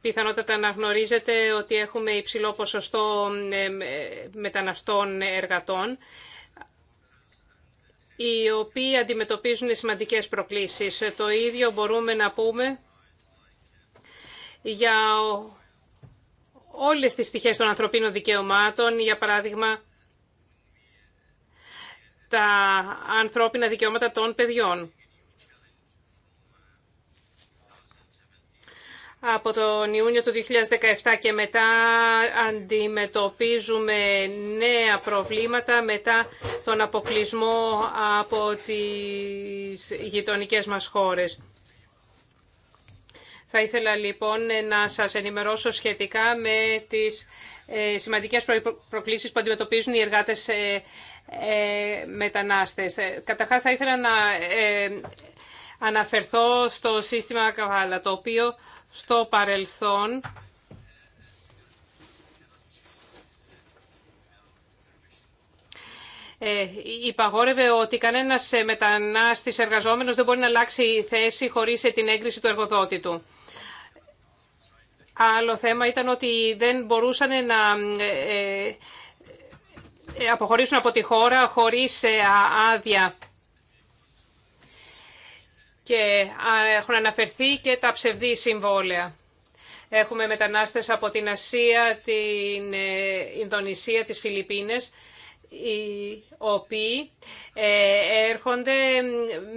Πιθανότατα να γνωρίζετε ότι έχουμε υψηλό ποσοστό ε, ε, μεταναστών εργατών οι οποίοι αντιμετωπίζουν σημαντικές προκλήσεις. Το ίδιο μπορούμε να πούμε για όλες τις στοιχείες των ανθρωπίνων δικαιωμάτων, για παράδειγμα τα ανθρώπινα δικαιώματα των παιδιών. Από τον Ιούνιο του 2017 και μετά αντιμετωπίζουμε νέα προβλήματα μετά τον αποκλεισμό από τις γειτονικές μας χώρες. Θα ήθελα λοιπόν να σας ενημερώσω σχετικά με τις ε, σημαντικές προκλήσεις που αντιμετωπίζουν οι εργάτες ε, ε, μετανάστες. Καταρχάς θα ήθελα να αναφερθώ στο σύστημα Καβάλα, το οποίο στο παρελθόν Ε, υπαγόρευε ότι κανένας ε, μετανάστης εργαζόμενος δεν μπορεί να αλλάξει θέση χωρίς ε, την έγκριση του εργοδότη του. Άλλο θέμα ήταν ότι δεν μπορούσαν να ε, αποχωρήσουν από τη χώρα χωρίς άδεια και έχουν αναφερθεί και τα ψευδή συμβόλαια. Έχουμε μετανάστες από την Ασία, την ε, Ινδονησία, τις Φιλιππίνες, οι οποίοι ε, έρχονται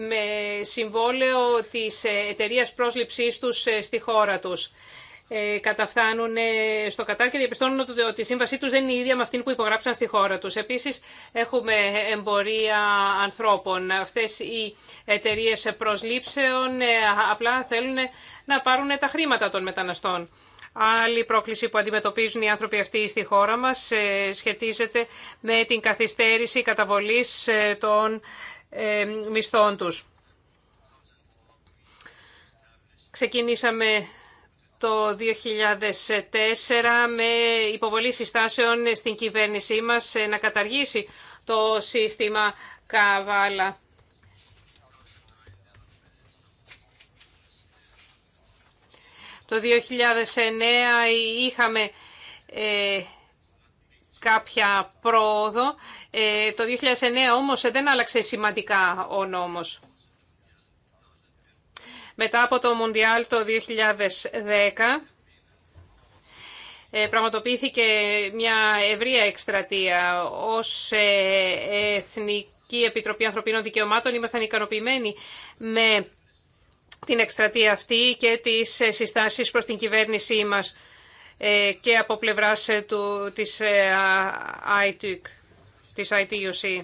με συμβόλαιο της ε, εταιρείας πρόσληψής τους στη χώρα τους. Ε, καταφθάνουν στο Κατάρ και διαπιστώνουν ότι η σύμβασή τους δεν είναι η ίδια με αυτήν που υπογράψαν στη χώρα τους. Επίσης, έχουμε εμπορία ανθρώπων. Αυτές οι εταιρείε προσλήψεων ε, απλά θέλουν να πάρουν τα χρήματα των μεταναστών. Άλλη πρόκληση που αντιμετωπίζουν οι άνθρωποι αυτοί στη χώρα μας ε, σχετίζεται με την καθυστέρηση καταβολής των μισθών τους. Ξεκινήσαμε το 2004 με υποβολή συστάσεων στην κυβέρνησή μας ε, να καταργήσει το σύστημα Καβάλα. Το 2009 είχαμε ε, κάποια πρόοδο. Ε, το 2009 όμως δεν άλλαξε σημαντικά ο νόμος μετά από το Μοντιάλ το 2010 ε, πραγματοποιήθηκε μια ευρεία εκστρατεία. Ως ε, Εθνική Επιτροπή Ανθρωπίνων Δικαιωμάτων ήμασταν ικανοποιημένοι με την εκστρατεία αυτή και τις ε, συστάσεις προς την κυβέρνησή μας και από πλευράς του, της, της ITUC.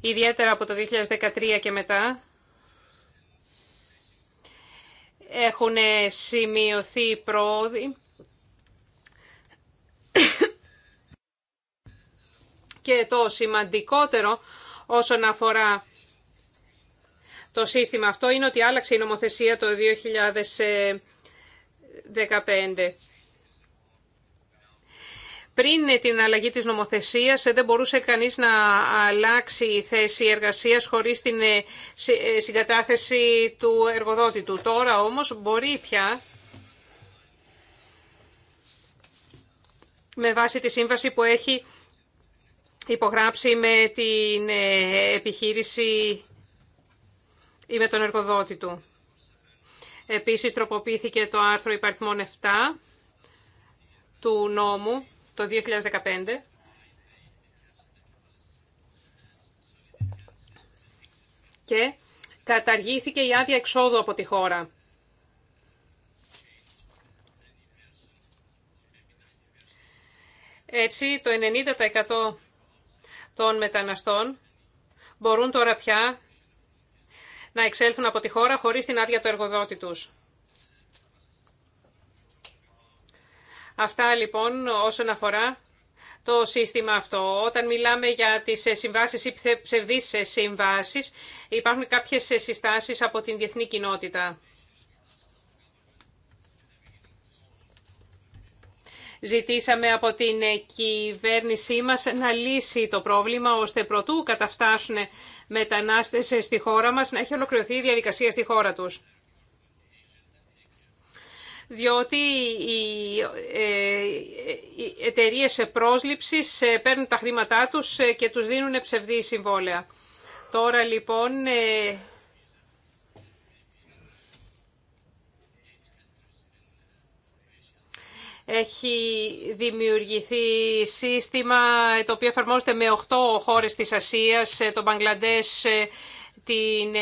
Ιδιαίτερα από το 2013 και μετά, έχουν σημειωθεί πρόοδοι και το σημαντικότερο όσον αφορά το σύστημα αυτό είναι ότι άλλαξε η νομοθεσία το 2015. Πριν την αλλαγή της νομοθεσίας δεν μπορούσε κανείς να αλλάξει η θέση εργασίας χωρίς την ε, ε, συγκατάθεση του εργοδότη του. Τώρα όμως μπορεί πια με βάση τη σύμβαση που έχει υπογράψει με την ε, επιχείρηση ή με τον εργοδότη του. Επίσης τροποποιήθηκε το άρθρο υπαριθμών 7 του νόμου το 2015. Και καταργήθηκε η άδεια εξόδου από τη χώρα. Έτσι, το 90% των μεταναστών μπορούν τώρα πια να εξέλθουν από τη χώρα χωρίς την άδεια του εργοδότη τους. Αυτά λοιπόν όσον αφορά το σύστημα αυτό. Όταν μιλάμε για τις ε, συμβάσεις ή ψευδείς ε, συμβάσεις, υπάρχουν κάποιες ε, συστάσεις από την διεθνή κοινότητα. Ζητήσαμε από την κυβέρνησή μας να λύσει το πρόβλημα, ώστε προτού καταφτάσουν μετανάστες στη χώρα μας, να έχει ολοκληρωθεί η διαδικασία στη χώρα τους διότι οι ε, εταιρείε πρόσληψης ε, παίρνουν τα χρήματά τους ε, και τους δίνουν ψευδή συμβόλαια. Τώρα λοιπόν έχει δημιουργηθεί σύστημα το οποίο εφαρμόζεται με 8 χώρες της Ασίας, το Μπαγκλαντές, την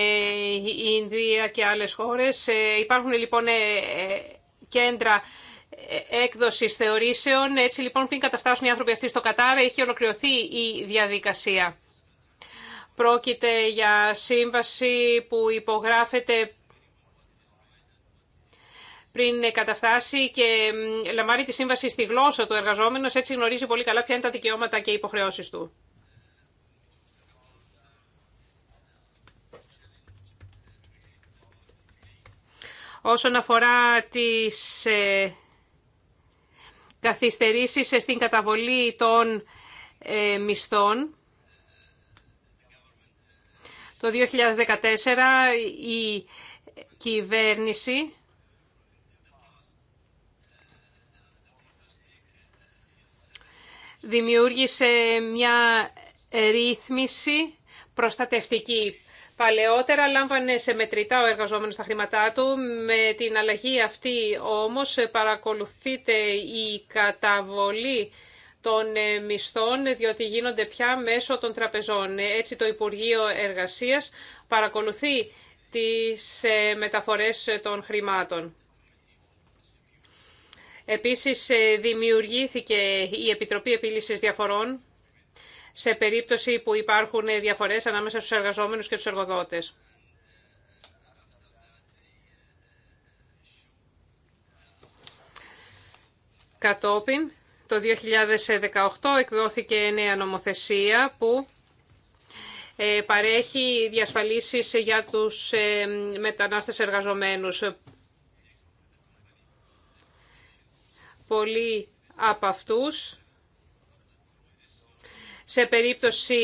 Ινδία και άλλες χώρες. Υπάρχουν λοιπόν κέντρα έκδοση θεωρήσεων. Έτσι λοιπόν πριν καταφτάσουν οι άνθρωποι αυτοί στο Κατάρ έχει ολοκληρωθεί η διαδικασία. Πρόκειται για σύμβαση που υπογράφεται πριν καταφτάσει και λαμβάνει τη σύμβαση στη γλώσσα του εργαζόμενος, έτσι γνωρίζει πολύ καλά ποια είναι τα δικαιώματα και οι υποχρεώσεις του. όσον αφορά τις ε, καθυστερήσεις στην καταβολή των ε, μισθών. Το 2014 η κυβέρνηση δημιούργησε μια ρύθμιση προστατευτική Παλαιότερα λάμβανε σε μετρητά ο εργαζόμενος τα χρήματά του. Με την αλλαγή αυτή όμως παρακολουθείται η καταβολή των ε, μισθών, διότι γίνονται πια μέσω των τραπεζών. Έτσι το Υπουργείο Εργασίας παρακολουθεί τις ε, μεταφορές των χρημάτων. Επίσης ε, δημιουργήθηκε η Επιτροπή Επίλυσης Διαφορών σε περίπτωση που υπάρχουν διαφορές ανάμεσα στους εργαζόμενους και τους εργοδότες. Κατόπιν, το 2018 εκδόθηκε νέα νομοθεσία που ε, παρέχει διασφαλίσεις για τους ε, μετανάστες εργαζομένους. Πολλοί από αυτούς σε περίπτωση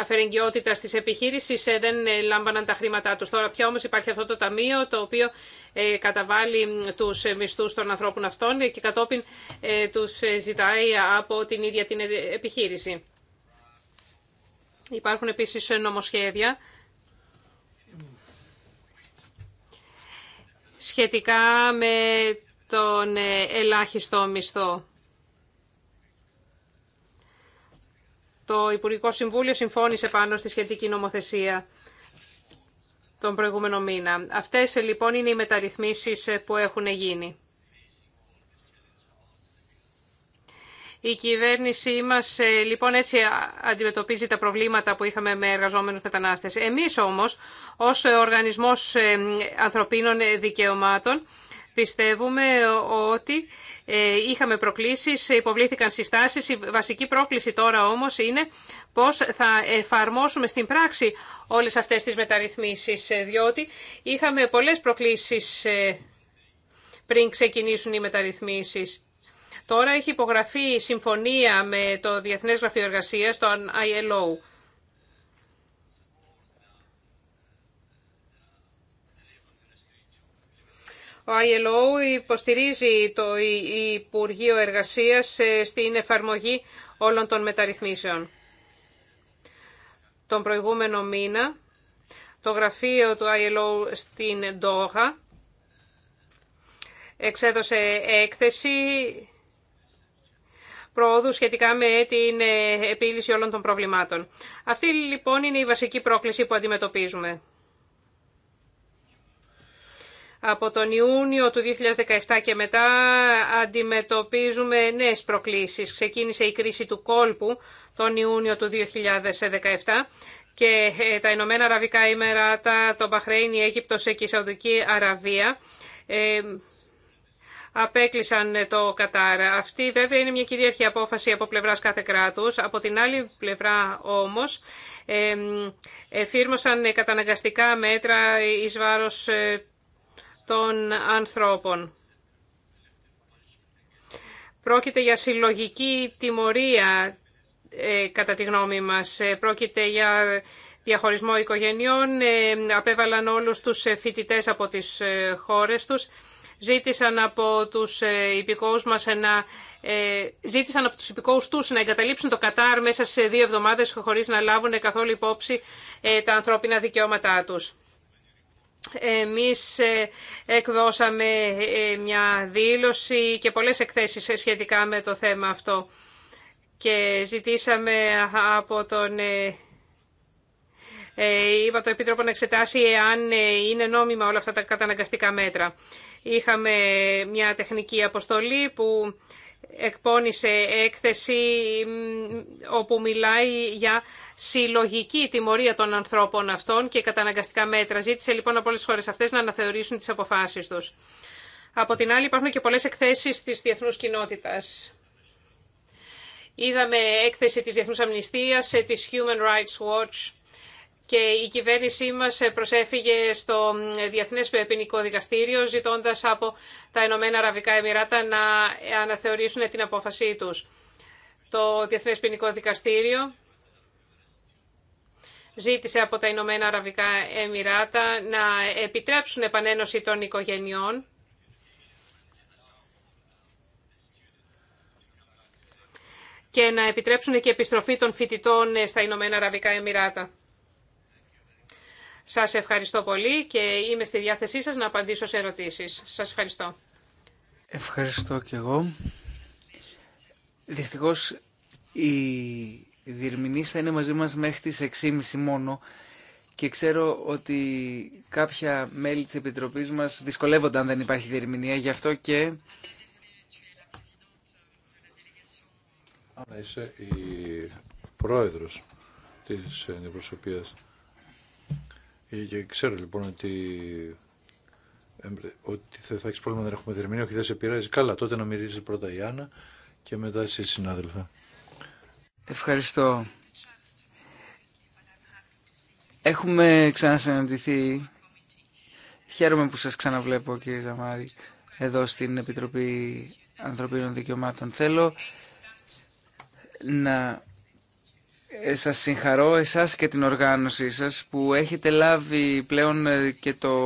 αφαιρεγγιότητας τη επιχείρηση ε, δεν ε, λάμβαναν τα χρήματά τους. Τώρα πια όμως υπάρχει αυτό το ταμείο το οποίο ε, καταβάλει τους μισθού των ανθρώπων αυτών και κατόπιν τους ζητάει από την ίδια την επιχείρηση. Υπάρχουν επίσης νομοσχέδια σχετικά με τον ελάχιστο μισθό. Το Υπουργικό Συμβούλιο συμφώνησε πάνω στη σχετική νομοθεσία τον προηγούμενο μήνα. Αυτές λοιπόν είναι οι μεταρρυθμίσεις που έχουν γίνει. Η κυβέρνησή μας ε, λοιπόν έτσι αντιμετωπίζει τα προβλήματα που είχαμε με εργαζόμενους μετανάστες. Εμείς όμως ως Οργανισμός ε, Ανθρωπίνων Δικαιωμάτων Πιστεύουμε ότι ε, είχαμε προκλήσεις, υποβλήθηκαν συστάσεις. Η βασική πρόκληση τώρα όμως είναι πώς θα εφαρμόσουμε στην πράξη όλες αυτές τις μεταρρυθμίσεις, ε, διότι είχαμε πολλές προκλήσεις ε, πριν ξεκινήσουν οι μεταρρυθμίσεις. Τώρα έχει υπογραφεί συμφωνία με το Διεθνές Γραφείο Εργασίας, το ILO. Ο ILO υποστηρίζει το Υπουργείο Εργασίας ε, στην εφαρμογή όλων των μεταρρυθμίσεων. Τον προηγούμενο μήνα, το γραφείο του ILO στην Ντόχα εξέδωσε έκθεση προόδου σχετικά με την ε, επίλυση όλων των προβλημάτων. Αυτή λοιπόν είναι η βασική πρόκληση που αντιμετωπίζουμε. Από τον Ιούνιο του 2017 και μετά αντιμετωπίζουμε νέες προκλήσεις. Ξεκίνησε η κρίση του κόλπου τον Ιούνιο του 2017 και ε, τα Ηνωμένα Αραβικά ημεράτα το Μπαχρέιν, η Αίγυπτος και η Σαουδική Αραβία ε, απέκλεισαν το Κατάρ. Αυτή βέβαια είναι μια κυρίαρχη απόφαση από πλευράς κάθε κράτους. Από την άλλη πλευρά όμως ε, εφήρμοσαν καταναγκαστικά μέτρα εις βάρος των ανθρώπων. Πρόκειται για συλλογική τιμωρία, ε, κατά τη γνώμη μας. Ε, πρόκειται για διαχωρισμό οικογενειών. Ε, απέβαλαν όλους τους φοιτητέ από τις χώρες τους. Ζήτησαν από τους υπηκόους μας να... ζήτησαν από τους υπηκόους τους να εγκαταλείψουν το Κατάρ μέσα σε δύο εβδομάδες χωρίς να λάβουν καθόλου υπόψη τα ανθρώπινα δικαιώματά τους. Εμείς ε, εκδώσαμε ε, μια δήλωση και πολλές εκθέσεις ε, σχετικά με το θέμα αυτό και ζητήσαμε από τον είπα το Επίτροπο να εξετάσει εάν είναι νόμιμα όλα αυτά τα καταναγκαστικά μέτρα. Είχαμε μια τεχνική αποστολή που εκπώνησε έκθεση όπου μιλάει για συλλογική τιμωρία των ανθρώπων αυτών και καταναγκαστικά μέτρα. Ζήτησε λοιπόν από όλες τις χώρες αυτές να αναθεωρήσουν τις αποφάσεις τους. Από την άλλη υπάρχουν και πολλές εκθέσεις της διεθνούς κοινότητας. Είδαμε έκθεση της Διεθνούς Αμνηστίας, ε, της Human Rights Watch και η κυβέρνησή μας προσέφυγε στο Διεθνές Ποινικό Δικαστήριο ζητώντας από τα Ηνωμένα Αραβικά Εμμυράτα να αναθεωρήσουν την απόφασή τους. Το Διεθνές Ποινικό Δικαστήριο ζήτησε από τα Ηνωμένα Αραβικά Εμμυράτα να επιτρέψουν επανένωση των οικογενειών και να επιτρέψουν και επιστροφή των φοιτητών στα Ηνωμένα Αραβικά Εμμυράτα. Σας ευχαριστώ πολύ και είμαι στη διάθεσή σας να απαντήσω σε ερωτήσεις. Σας ευχαριστώ. Ευχαριστώ και εγώ. Δυστυχώς η διερμηνής θα είναι μαζί μας μέχρι τις 6.30 μόνο και ξέρω ότι κάποια μέλη της Επιτροπής μας δυσκολεύονται αν δεν υπάρχει διερμηνία, γι' αυτό και... Άρα είσαι η πρόεδρος της αντιπροσωπείας ε, και ξέρω λοιπόν ότι, ότι θα έχει πρόβλημα να έχουμε δερμηνία, όχι δεν σε πειράζει. Καλά, τότε να μυρίζει πρώτα η Άννα και μετά εσύ συνάδελφα. Ευχαριστώ. Έχουμε ξανασυναντηθεί. Χαίρομαι που σας ξαναβλέπω κύριε Ζαμάρη εδώ στην Επιτροπή Ανθρωπίνων Δικαιωμάτων. Θέλω να ε, σα συγχαρώ εσά και την οργάνωσή σα που έχετε λάβει πλέον ε, και το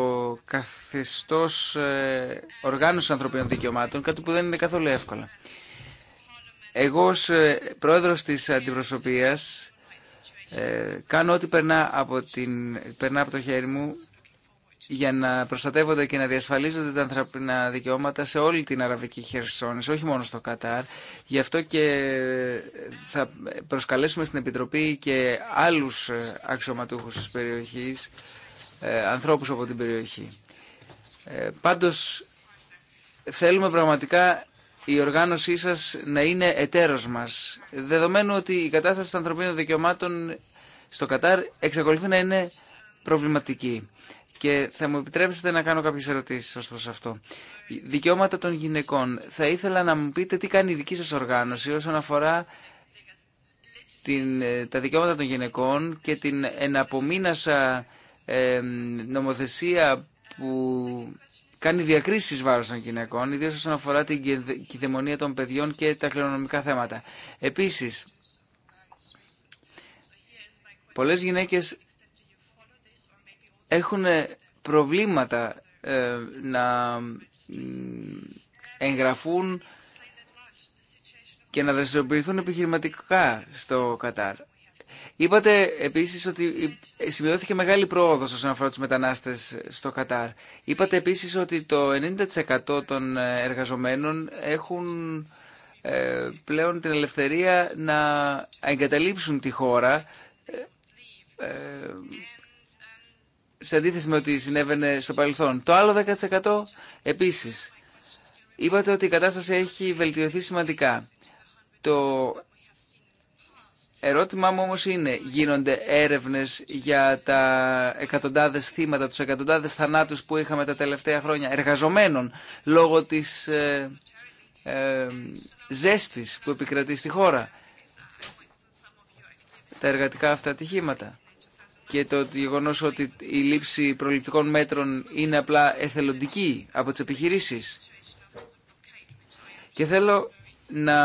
καθεστώς ε, οργάνωση ανθρωπίνων δικαιωμάτων, κάτι που δεν είναι καθόλου εύκολα. Εγώ ως πρόεδρος της αντιπροσωπείας κάνω ό,τι περνά από το χέρι μου για να προστατεύονται και να διασφαλίζονται τα ανθρώπινα δικαιώματα σε όλη την Αραβική Χερσόνησο, όχι μόνο στο Κατάρ. Γι' αυτό και θα προσκαλέσουμε στην Επιτροπή και άλλους ε, αξιωματούχους της περιοχής, ε, ανθρώπους από την περιοχή. Ε, πάντως, θέλουμε πραγματικά η οργάνωσή σας να είναι εταίρος μας, δεδομένου ότι η κατάσταση των ανθρωπίνων δικαιωμάτων στο Κατάρ εξακολουθεί να είναι προβληματική και θα μου επιτρέψετε να κάνω κάποιες ερωτήσεις ως προς αυτό. Δικαιώματα των γυναικών. Θα ήθελα να μου πείτε τι κάνει η δική σας οργάνωση όσον αφορά την, ε, τα δικαιώματα των γυναικών και την εναπομείνασα ε, νομοθεσία που κάνει διακρίσεις βάρος των γυναικών, ιδίως όσον αφορά την κυδαιμονία των παιδιών και τα κληρονομικά θέματα. Επίσης, πολλές γυναίκες έχουν προβλήματα ε, να εγγραφούν και να δραστηριοποιηθούν επιχειρηματικά στο Κατάρ. Είπατε επίσης ότι σημειώθηκε μεγάλη πρόοδο όσον αφορά του μετανάστε στο Κατάρ. Είπατε επίσης ότι το 90% των εργαζομένων έχουν ε, πλέον την ελευθερία να εγκαταλείψουν τη χώρα ε, σε αντίθεση με ό,τι συνέβαινε στο παρελθόν. Το άλλο 10% επίσης. Είπατε ότι η κατάσταση έχει βελτιωθεί σημαντικά. Το ερώτημά μου όμως είναι, γίνονται έρευνες για τα εκατοντάδες θύματα, τους εκατοντάδες θανάτους που είχαμε τα τελευταία χρόνια, εργαζομένων, λόγω της ε, ε ζέστης που επικρατεί στη χώρα. Τα εργατικά αυτά ατυχήματα και το γεγονό ότι η λήψη προληπτικών μέτρων είναι απλά εθελοντική από τις επιχειρήσεις. Και θέλω να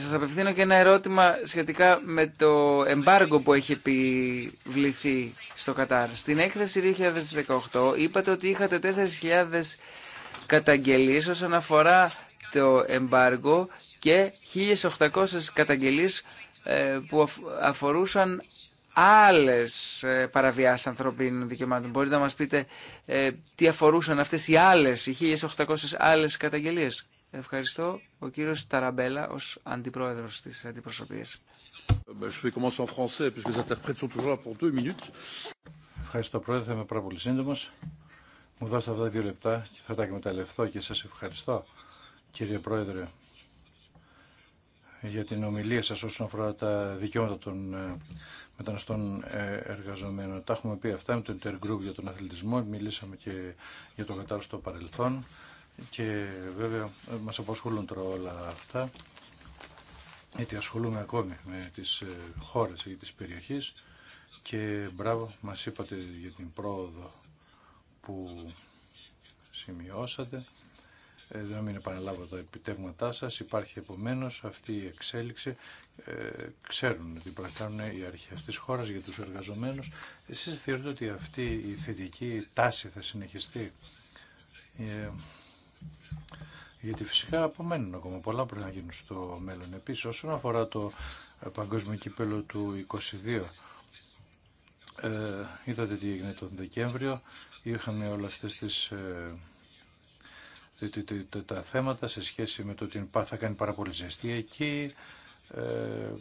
σας απευθύνω και ένα ερώτημα σχετικά με το εμπάργο που έχει επιβληθεί στο Κατάρ. Στην έκθεση 2018 είπατε ότι είχατε 4.000 καταγγελίες όσον αφορά το εμπάργο και 1.800 καταγγελίες ε, που αφορούσαν Άλλε παραβιάσει ανθρωπίνων δικαιωμάτων. Μπορείτε να μα πείτε ε, τι αφορούσαν αυτέ οι άλλε οι 1800 άλλε καταγγελίε. Ευχαριστώ ο κύριο Ταραμπέλα ω αντιπρόεδρο τη αντιπροσωπεία. Ευχαριστώ πρόεδρε, θα είμαι πάρα πολύ σύντομο. Μου δώσετε αυτά δύο λεπτά και θα τα εκμεταλλευτώ και σα ευχαριστώ κύριε πρόεδρε για την ομιλία σας όσον αφορά τα δικαιώματα των ε, μεταναστών ε, εργαζομένων. Τα έχουμε πει αυτά με το Intergroup για τον αθλητισμό, μιλήσαμε και για το κατάλληλο στο παρελθόν και βέβαια μας απασχολούν τώρα όλα αυτά γιατί ασχολούμαι ακόμη με τις ε, χώρες και τις περιοχές και μπράβο μας είπατε για την πρόοδο που σημειώσατε ε, να μην επαναλάβω τα επιτεύγματά σας. Υπάρχει επομένως αυτή η εξέλιξη. Ε, ξέρουν τι πρέπει οι αρχές της χώρας για τους εργαζομένους. Εσείς θεωρείτε ότι αυτή η θετική τάση θα συνεχιστεί. Ε, γιατί φυσικά απομένουν ακόμα πολλά πρέπει να γίνουν στο μέλλον. Επίσης όσον αφορά το παγκόσμιο κύπελο του 22, ε, είδατε τι έγινε τον Δεκέμβριο, είχαμε όλες αυτές τις ε, τα θέματα σε σχέση με το ότι θα κάνει πάρα πολύ ζεστή εκεί. Ε, ε,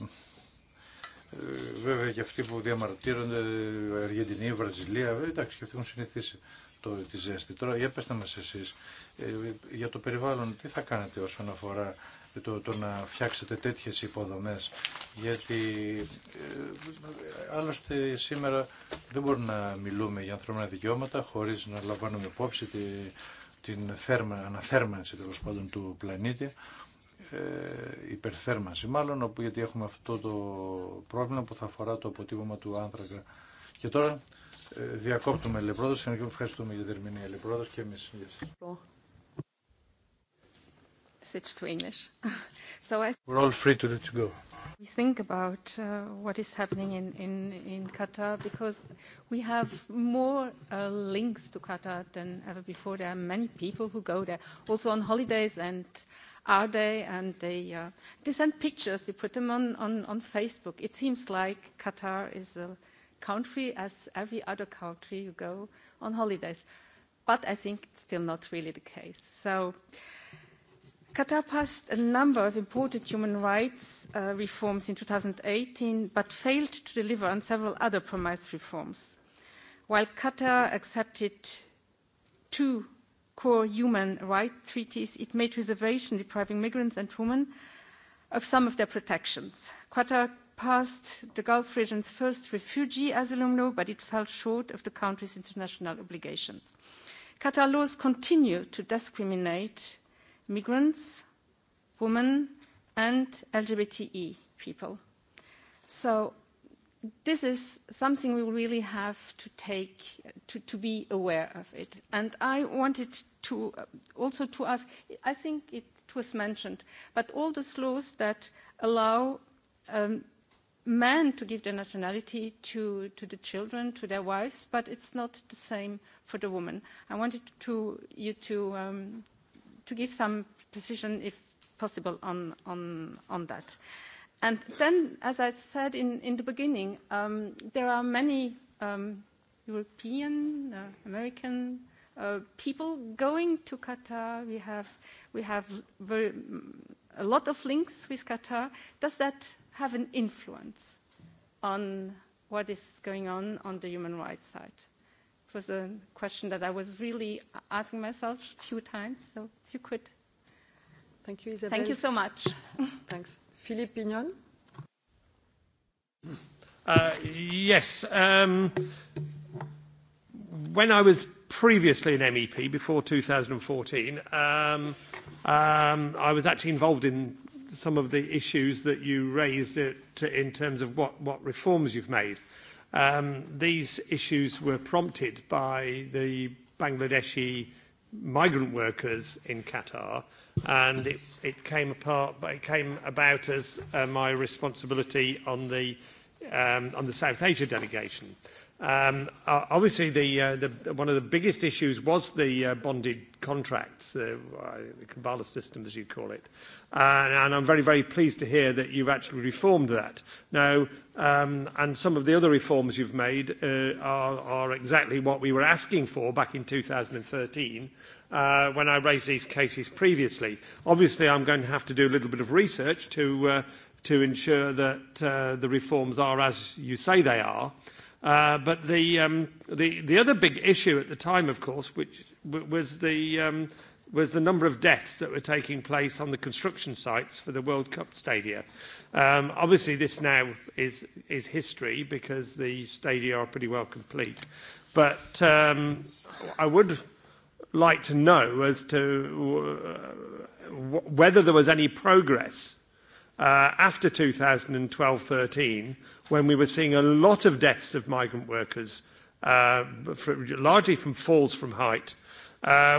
βέβαια και αυτοί που διαμαρτύρονται, Αργεντινή, Βραζιλία, ε, εντάξει και αυτοί έχουν συνηθίσει το, τη ζέστη. Τώρα για πέστε μας εσείς, για το περιβάλλον τι θα κάνετε όσον αφορά το, το να φτιάξετε τέτοιες υποδομές γιατί ε, άλλωστε σήμερα δεν μπορούμε να μιλούμε για ανθρώπινα δικαιώματα χωρίς να λαμβάνουμε υπόψη τη, την θέρμα, αναθέρμανση πάντων του πλανήτη, ε, υπερθέρμανση μάλλον, γιατί έχουμε αυτό το πρόβλημα που θα αφορά το αποτύπωμα του άνθρακα. Και τώρα ε, διακόπτουμε λεπρόδος και ευχαριστούμε για την ερμηνεία λεπρόδος και εμείς. We're all free to let We think about uh, what is happening in, in, in Qatar because we have more uh, links to Qatar than ever before. There are many people who go there, also on holidays and are they and they uh, they send pictures they put them on, on on facebook it seems like qatar is a country as every other country you go on holidays but i think it's still not really the case so Qatar passed a number of important human rights reforms in 2018, but failed to deliver on several other promised reforms. While Qatar accepted two core human rights treaties, it made reservations depriving migrants and women of some of their protections. Qatar passed the Gulf region's first refugee asylum law, but it fell short of the country's international obligations. Qatar laws continue to discriminate migrants, women, and LGBTE people. So this is something we really have to take, to be aware of it. And I wanted to also to ask, I think it was mentioned, but all those laws that allow um men to give their nationality to to the children, to their wives, but it's not the same for the woman. I wanted to you to um to give some precision, if possible, on on that. And then, as I said in the beginning, there are many European, American people going to Qatar. We have we have a lot of links with Qatar. Does that have an influence on what is going on on the human rights side? It was a question that I was really asking myself a few times, so if you could. Thank you, Isabel. Thank you so much. Thanks. Philippe Pignon? Yes. When I was previously an MEP, before 2014, I was actually involved in some of the issues that you raised in terms of what reforms you've made. These issues were prompted by the Bangladeshi migrant workers in Qatar, and it, it came apart, it came about as my responsibility on the um, on the South Asia delegation. Obviously, one of the biggest issues was the bonded contracts, the Kabbalah system, as you call it. And I'm very, very pleased to hear that you've actually reformed that. Now, and some of the other reforms you've made are exactly what we were asking for back in 2013 when I raised these cases previously. Obviously, I'm going to have to do a little bit of research to ensure that the reforms are as you say they are. But the um the the other big issue at the time, of course, which was the um was the number of deaths that were taking place on the construction sites for the World Cup stadia. Obviously, this now is is history because the stadia are pretty well complete. But um I would like to know as to whether there was any progress after 2012-13 when we were seeing a lot of deaths of migrant workers, largely from falls from height,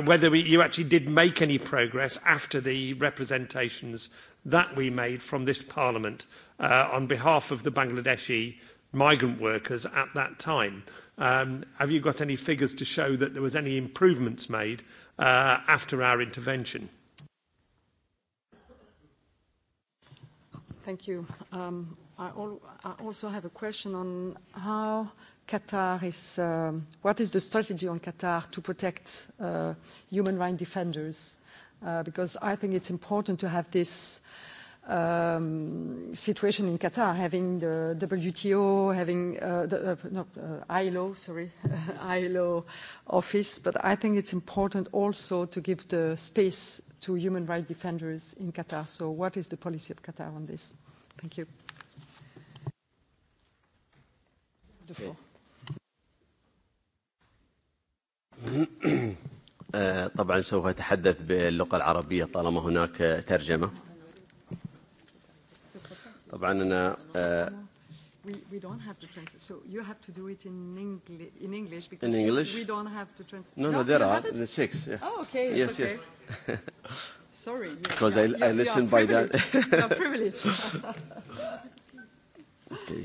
whether you actually did make any progress after the representations that we made from this Parliament on behalf of the Bangladeshi migrant workers at that time. Have you got any figures to show that there was any improvements made after our intervention? Thank you. I also have a question on how Qatar is, what is the strategy on Qatar to protect human rights defenders? Because I think it's important to have this situation in Qatar, having the WTO, having the ILO, sorry, ILO office, but I think it's important also to give the space to human rights defenders in Qatar. So what is the policy of Qatar on this? Thank you. The floor. طبعا سوف أتحدث باللغة العربية طالما هناك ترجمة طبعا أنا We we don't have to translate. So you have to do it in English in English because we don't have to translate. No, no, there are the six. Yeah. Oh, okay. Yes, yes. Sorry. Because I I listen by that. privilege. okay.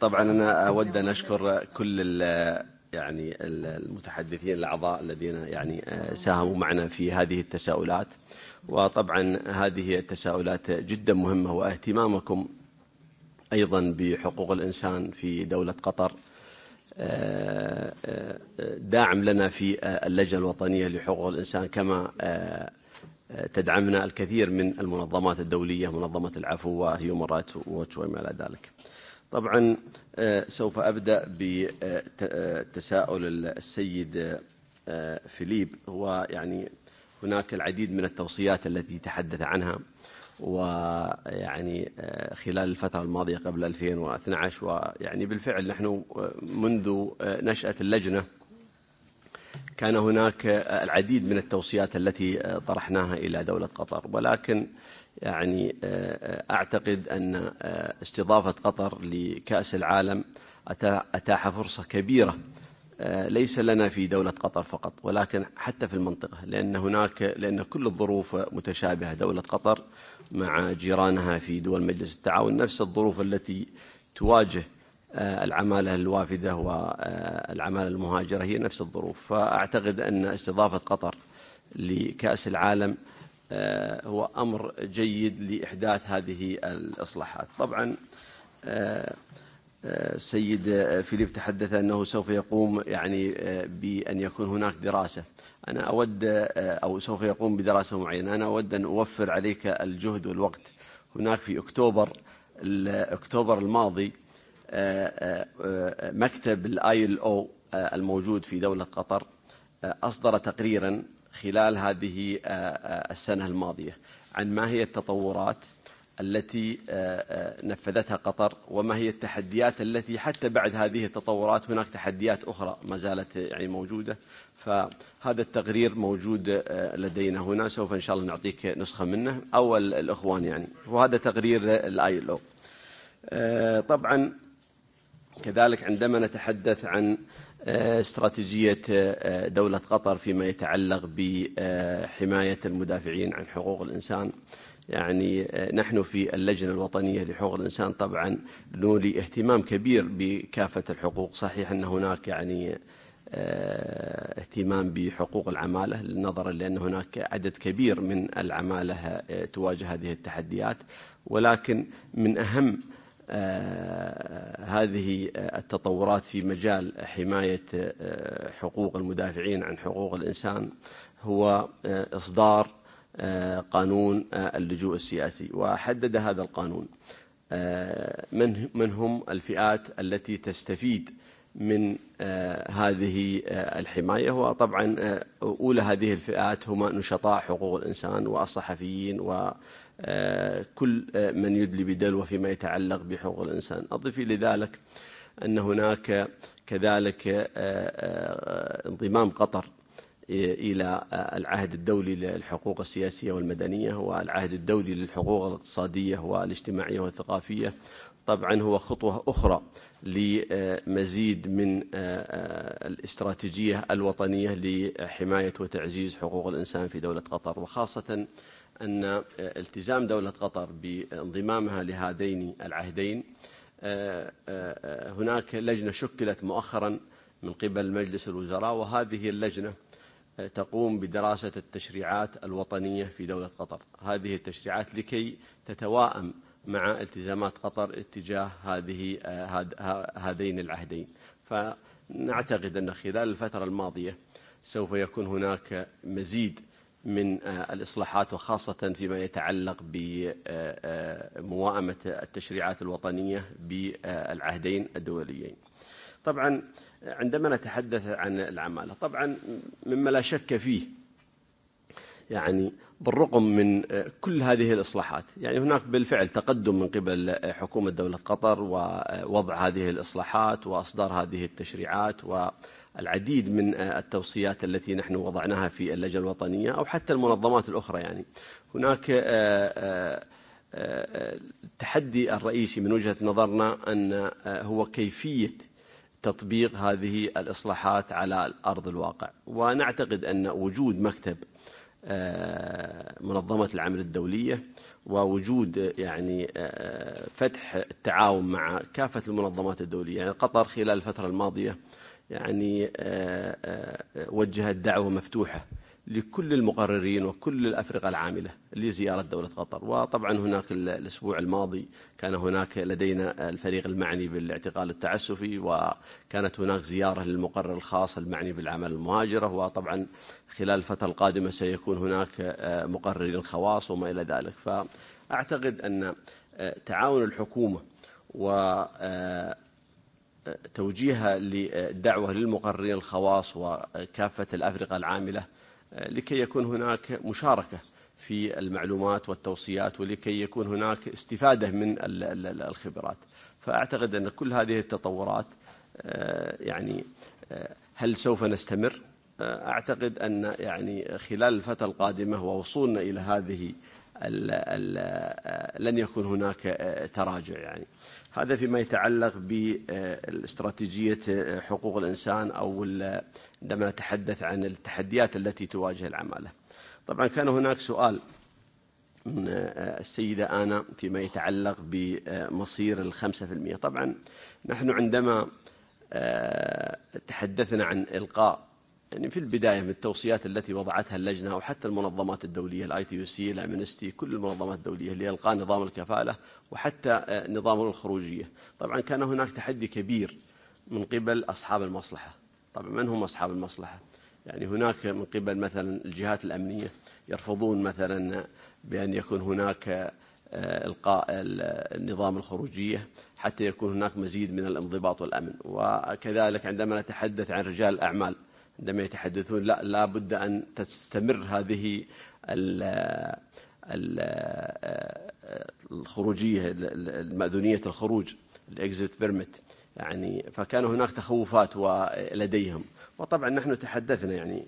طبعا انا اود ان اشكر كل يعني المتحدثين الاعضاء الذين يعني ساهموا معنا في هذه التساؤلات وطبعا هذه التساؤلات جدا مهمه واهتمامكم أيضا بحقوق الإنسان في دولة قطر داعم لنا في اللجنة الوطنية لحقوق الإنسان كما تدعمنا الكثير من المنظمات الدولية منظمة العفو وهيومن رايتس ووتش وما إلى ذلك طبعا سوف أبدأ بتساؤل السيد فيليب هو يعني هناك العديد من التوصيات التي تحدث عنها ويعني خلال الفترة الماضية قبل 2012 ويعني بالفعل نحن منذ نشأة اللجنة كان هناك العديد من التوصيات التي طرحناها إلى دولة قطر ولكن يعني أعتقد أن استضافة قطر لكأس العالم أتاح فرصة كبيرة ليس لنا في دولة قطر فقط ولكن حتى في المنطقة لأن هناك لأن كل الظروف متشابهة دولة قطر مع جيرانها في دول مجلس التعاون نفس الظروف التي تواجه العمالة الوافدة والعمالة المهاجرة هي نفس الظروف فأعتقد أن استضافة قطر لكأس العالم هو أمر جيد لإحداث هذه الإصلاحات طبعا سيد فيليب تحدث أنه سوف يقوم يعني بأن يكون هناك دراسة أنا أود أو سوف يقوم بدراسة معينة أنا أود أن أوفر عليك الجهد والوقت هناك في أكتوبر أكتوبر الماضي مكتب الاي او الموجود في دولة قطر أصدر تقريرا خلال هذه السنة الماضية عن ما هي التطورات التي نفذتها قطر وما هي التحديات التي حتى بعد هذه التطورات هناك تحديات أخرى ما زالت يعني موجودة فهذا التقرير موجود لدينا هنا سوف إن شاء الله نعطيك نسخة منه أول الإخوان يعني وهذا تقرير الاي طبعا كذلك عندما نتحدث عن استراتيجية دولة قطر فيما يتعلق بحماية المدافعين عن حقوق الإنسان يعني نحن في اللجنة الوطنية لحقوق الإنسان طبعا نولي اهتمام كبير بكافة الحقوق صحيح أن هناك يعني اهتمام بحقوق العمالة نظرا لأن هناك عدد كبير من العمالة تواجه هذه التحديات ولكن من أهم هذه التطورات في مجال حماية حقوق المدافعين عن حقوق الإنسان هو إصدار قانون اللجوء السياسي وحدد هذا القانون من هم الفئات التي تستفيد من هذه الحماية وطبعا أولى هذه الفئات هما نشطاء حقوق الإنسان والصحفيين وكل من يدلي بدلو فيما يتعلق بحقوق الإنسان أضف لذلك أن هناك كذلك انضمام قطر إلى العهد الدولي للحقوق السياسية والمدنية والعهد الدولي للحقوق الاقتصادية والاجتماعية والثقافية طبعا هو خطوة أخرى لمزيد من الاستراتيجية الوطنية لحماية وتعزيز حقوق الإنسان في دولة قطر وخاصة أن التزام دولة قطر بانضمامها لهذين العهدين هناك لجنة شكلت مؤخرا من قبل مجلس الوزراء وهذه اللجنة تقوم بدراسة التشريعات الوطنية في دولة قطر هذه التشريعات لكي تتواءم مع التزامات قطر اتجاه هذه هذين العهدين فنعتقد أن خلال الفترة الماضية سوف يكون هناك مزيد من الإصلاحات وخاصة فيما يتعلق بمواءمة التشريعات الوطنية بالعهدين الدوليين طبعا عندما نتحدث عن العمالة طبعا مما لا شك فيه يعني بالرقم من كل هذه الإصلاحات يعني هناك بالفعل تقدم من قبل حكومة دولة قطر ووضع هذه الإصلاحات وإصدار هذه التشريعات والعديد من التوصيات التي نحن وضعناها في اللجنة الوطنية أو حتى المنظمات الأخرى يعني هناك التحدي الرئيسي من وجهة نظرنا أن هو كيفية تطبيق هذه الإصلاحات على الأرض الواقع ونعتقد أن وجود مكتب منظمة العمل الدولية ووجود يعني فتح التعاون مع كافة المنظمات الدولية يعني قطر خلال الفترة الماضية يعني وجهت دعوة مفتوحة لكل المقررين وكل الأفرقة العاملة لزيارة دولة قطر وطبعا هناك الأسبوع الماضي كان هناك لدينا الفريق المعني بالاعتقال التعسفي وكانت هناك زياره للمقرر الخاص المعني بالعمل المهاجرة وطبعا خلال الفترة القادمة سيكون هناك مقررين الخواص وما إلى ذلك فأعتقد أن تعاون الحكومة و توجيهها للدعوة للمقررين الخواص وكافة الأفرقة العاملة لكي يكون هناك مشاركة في المعلومات والتوصيات ولكي يكون هناك استفادة من الخبرات فأعتقد أن كل هذه التطورات يعني هل سوف نستمر؟ أعتقد أن يعني خلال الفترة القادمة ووصولنا إلى هذه الـ لن يكون هناك تراجع يعني هذا فيما يتعلق باستراتيجية حقوق الإنسان أو عندما نتحدث عن التحديات التي تواجه العمالة طبعا كان هناك سؤال من السيدة آنا فيما يتعلق بمصير الخمسة في المئة طبعا نحن عندما تحدثنا عن إلقاء يعني في البداية من التوصيات التي وضعتها اللجنة أو حتى المنظمات الدولية الاي تي سي الامنستي كل المنظمات الدولية اللي ألقى نظام الكفالة وحتى نظام الخروجية طبعا كان هناك تحدي كبير من قبل أصحاب المصلحة طبعا من هم أصحاب المصلحة يعني هناك من قبل مثلا الجهات الأمنية يرفضون مثلا بأن يكون هناك إلقاء النظام الخروجية حتى يكون هناك مزيد من الانضباط والأمن وكذلك عندما نتحدث عن رجال الأعمال عندما يتحدثون لا لا بد أن تستمر هذه الخروجية المأذونية الخروج الإكزيت بيرميت يعني فكان هناك تخوفات لديهم وطبعا نحن تحدثنا يعني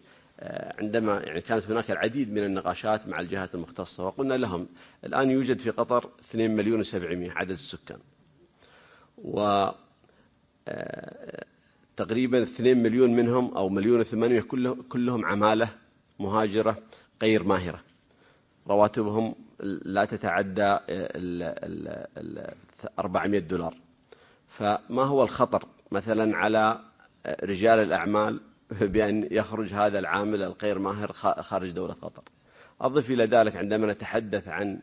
عندما يعني كانت هناك العديد من النقاشات مع الجهات المختصة وقلنا لهم الآن يوجد في قطر 2 مليون و700 عدد السكان و تقريبا 2 مليون منهم أو مليون وثمانية كلهم عمالة مهاجرة غير ماهرة رواتبهم لا تتعدى ال 400 دولار فما هو الخطر مثلا على رجال الأعمال بأن يخرج هذا العامل الغير ماهر خارج دولة قطر أضف إلى ذلك عندما نتحدث عن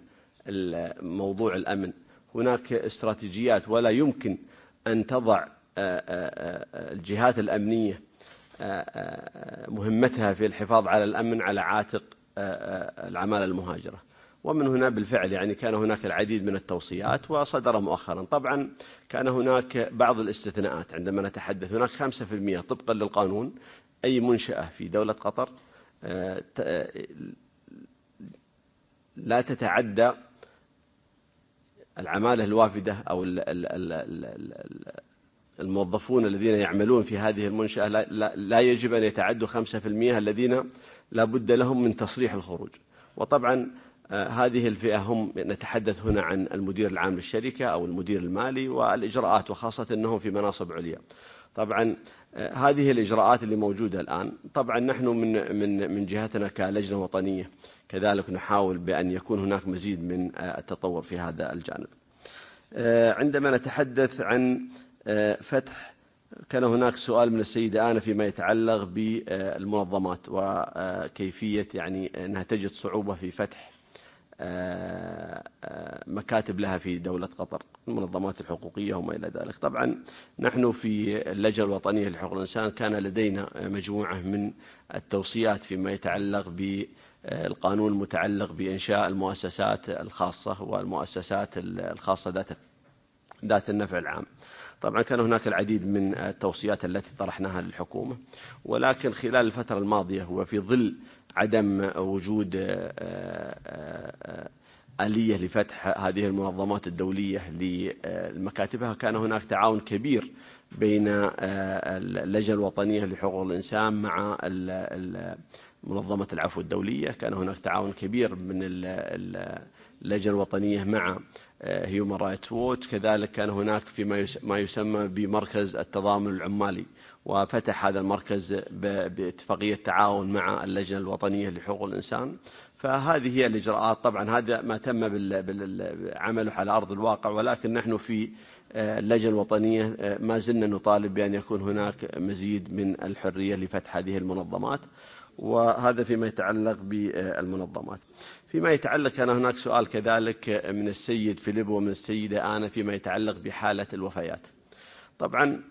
موضوع الأمن هناك استراتيجيات ولا يمكن أن تضع الجهات الأمنية مهمتها في الحفاظ على الأمن على عاتق العمالة المهاجرة ومن هنا بالفعل يعني كان هناك العديد من التوصيات وصدر مؤخرا طبعا كان هناك بعض الاستثناءات عندما نتحدث هناك 5% طبقا للقانون أي منشأة في دولة قطر لا تتعدى العمالة الوافدة أو الموظفون الذين يعملون في هذه المنشأة لا يجب أن يتعدوا 5% الذين لا بد لهم من تصريح الخروج وطبعا هذه الفئة هم نتحدث هنا عن المدير العام للشركة أو المدير المالي والإجراءات وخاصة أنهم في مناصب عليا طبعا هذه الإجراءات اللي موجودة الآن طبعا نحن من من من جهتنا كلجنة وطنية كذلك نحاول بأن يكون هناك مزيد من التطور في هذا الجانب عندما نتحدث عن فتح كان هناك سؤال من السيدة آنا فيما يتعلق بالمنظمات وكيفية يعني أنها تجد صعوبة في فتح مكاتب لها في دولة قطر المنظمات الحقوقية وما إلى ذلك طبعا نحن في اللجنة الوطنية لحقوق الإنسان كان لدينا مجموعة من التوصيات فيما يتعلق بالقانون المتعلق بإنشاء المؤسسات الخاصة والمؤسسات الخاصة ذات ذات النفع العام طبعا كان هناك العديد من التوصيات التي طرحناها للحكومة ولكن خلال الفترة الماضية وفي ظل عدم وجود آلية لفتح هذه المنظمات الدولية لمكاتبها كان هناك تعاون كبير بين اللجنة الوطنية لحقوق الإنسان مع منظمة العفو الدولية كان هناك تعاون كبير من اللجنة الوطنية مع هيومن رايت ووت كذلك كان هناك فيما ما يسمى بمركز التضامن العمالي وفتح هذا المركز باتفاقية تعاون مع اللجنة الوطنية لحقوق الإنسان فهذه هي الإجراءات طبعا هذا ما تم بالعمل على أرض الواقع ولكن نحن في اللجنة الوطنية ما زلنا نطالب بأن يكون هناك مزيد من الحرية لفتح هذه المنظمات وهذا فيما يتعلق بالمنظمات فيما يتعلق كان هناك سؤال كذلك من السيد فيليب ومن السيدة آنا فيما يتعلق بحالة الوفيات طبعا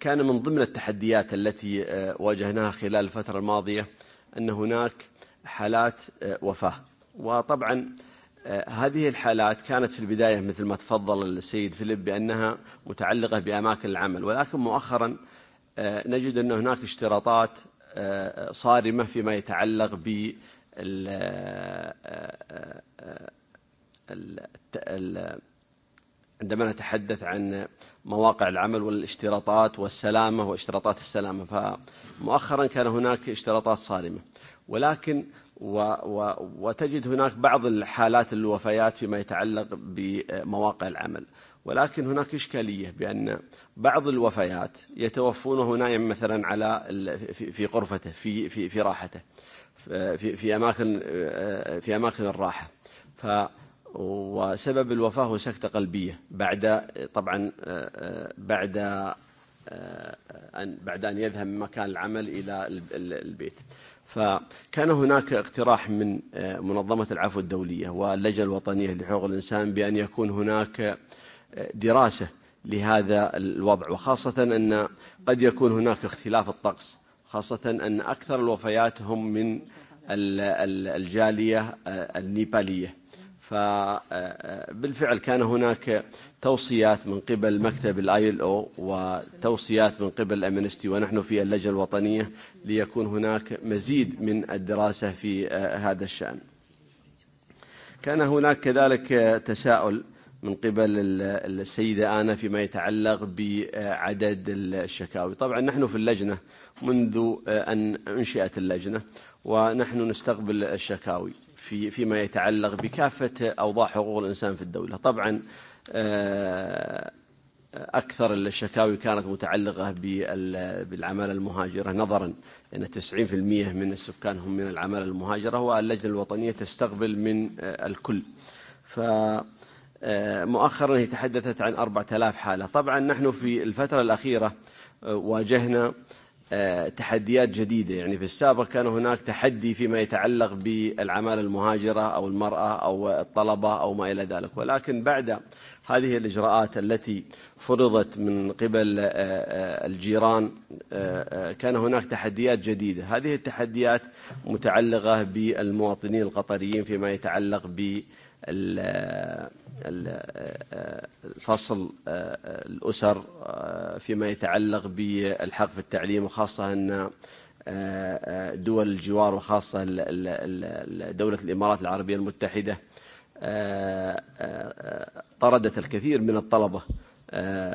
كان من ضمن التحديات التي واجهناها خلال الفترة الماضية أن هناك حالات وفاة وطبعا هذه الحالات كانت في البداية مثل ما تفضل السيد فيليب بأنها متعلقة بأماكن العمل ولكن مؤخرا نجد أن هناك اشتراطات صارمة فيما يتعلق ب عندما نتحدث عن مواقع العمل والاشتراطات والسلامة واشتراطات السلامة فمؤخرا كان هناك اشتراطات صارمة ولكن و و وتجد هناك بعض الحالات الوفيات فيما يتعلق بمواقع العمل ولكن هناك إشكالية بأن بعض الوفيات يتوفون هنا مثلا على في غرفته في في في راحته في في اماكن في اماكن الراحه ف وسبب الوفاه هو سكته قلبيه بعد طبعا بعد ان بعد ان يذهب من مكان العمل الى البيت فكان هناك اقتراح من منظمه العفو الدوليه واللجنه الوطنيه لحقوق الانسان بان يكون هناك دراسه لهذا الوضع وخاصه ان قد يكون هناك اختلاف الطقس خاصة أن أكثر الوفيات هم من الجالية النيبالية فبالفعل كان هناك توصيات من قبل مكتب الاي ال او وتوصيات من قبل الامنستي ونحن في اللجنه الوطنيه ليكون هناك مزيد من الدراسه في هذا الشان. كان هناك كذلك تساؤل من قبل السيدة آنا فيما يتعلق بعدد الشكاوي طبعا نحن في اللجنة منذ أن أنشئت اللجنة ونحن نستقبل الشكاوي في فيما يتعلق بكافة أوضاع حقوق الإنسان في الدولة طبعا أكثر الشكاوي كانت متعلقة بالعمالة المهاجرة نظرا أن 90% من السكان هم من العمالة المهاجرة واللجنة الوطنية تستقبل من الكل ف... مؤخرا هي تحدثت عن 4000 حالة طبعا نحن في الفترة الأخيرة واجهنا تحديات جديدة يعني في السابق كان هناك تحدي فيما يتعلق بالعمال المهاجرة أو المرأة أو الطلبة أو ما إلى ذلك ولكن بعد هذه الإجراءات التي فرضت من قبل الجيران كان هناك تحديات جديدة هذه التحديات متعلقة بالمواطنين القطريين فيما يتعلق بالمواطنين الفصل الأسر فيما يتعلق بالحق في التعليم وخاصة أن دول الجوار وخاصة دولة الإمارات العربية المتحدة طردت الكثير من الطلبة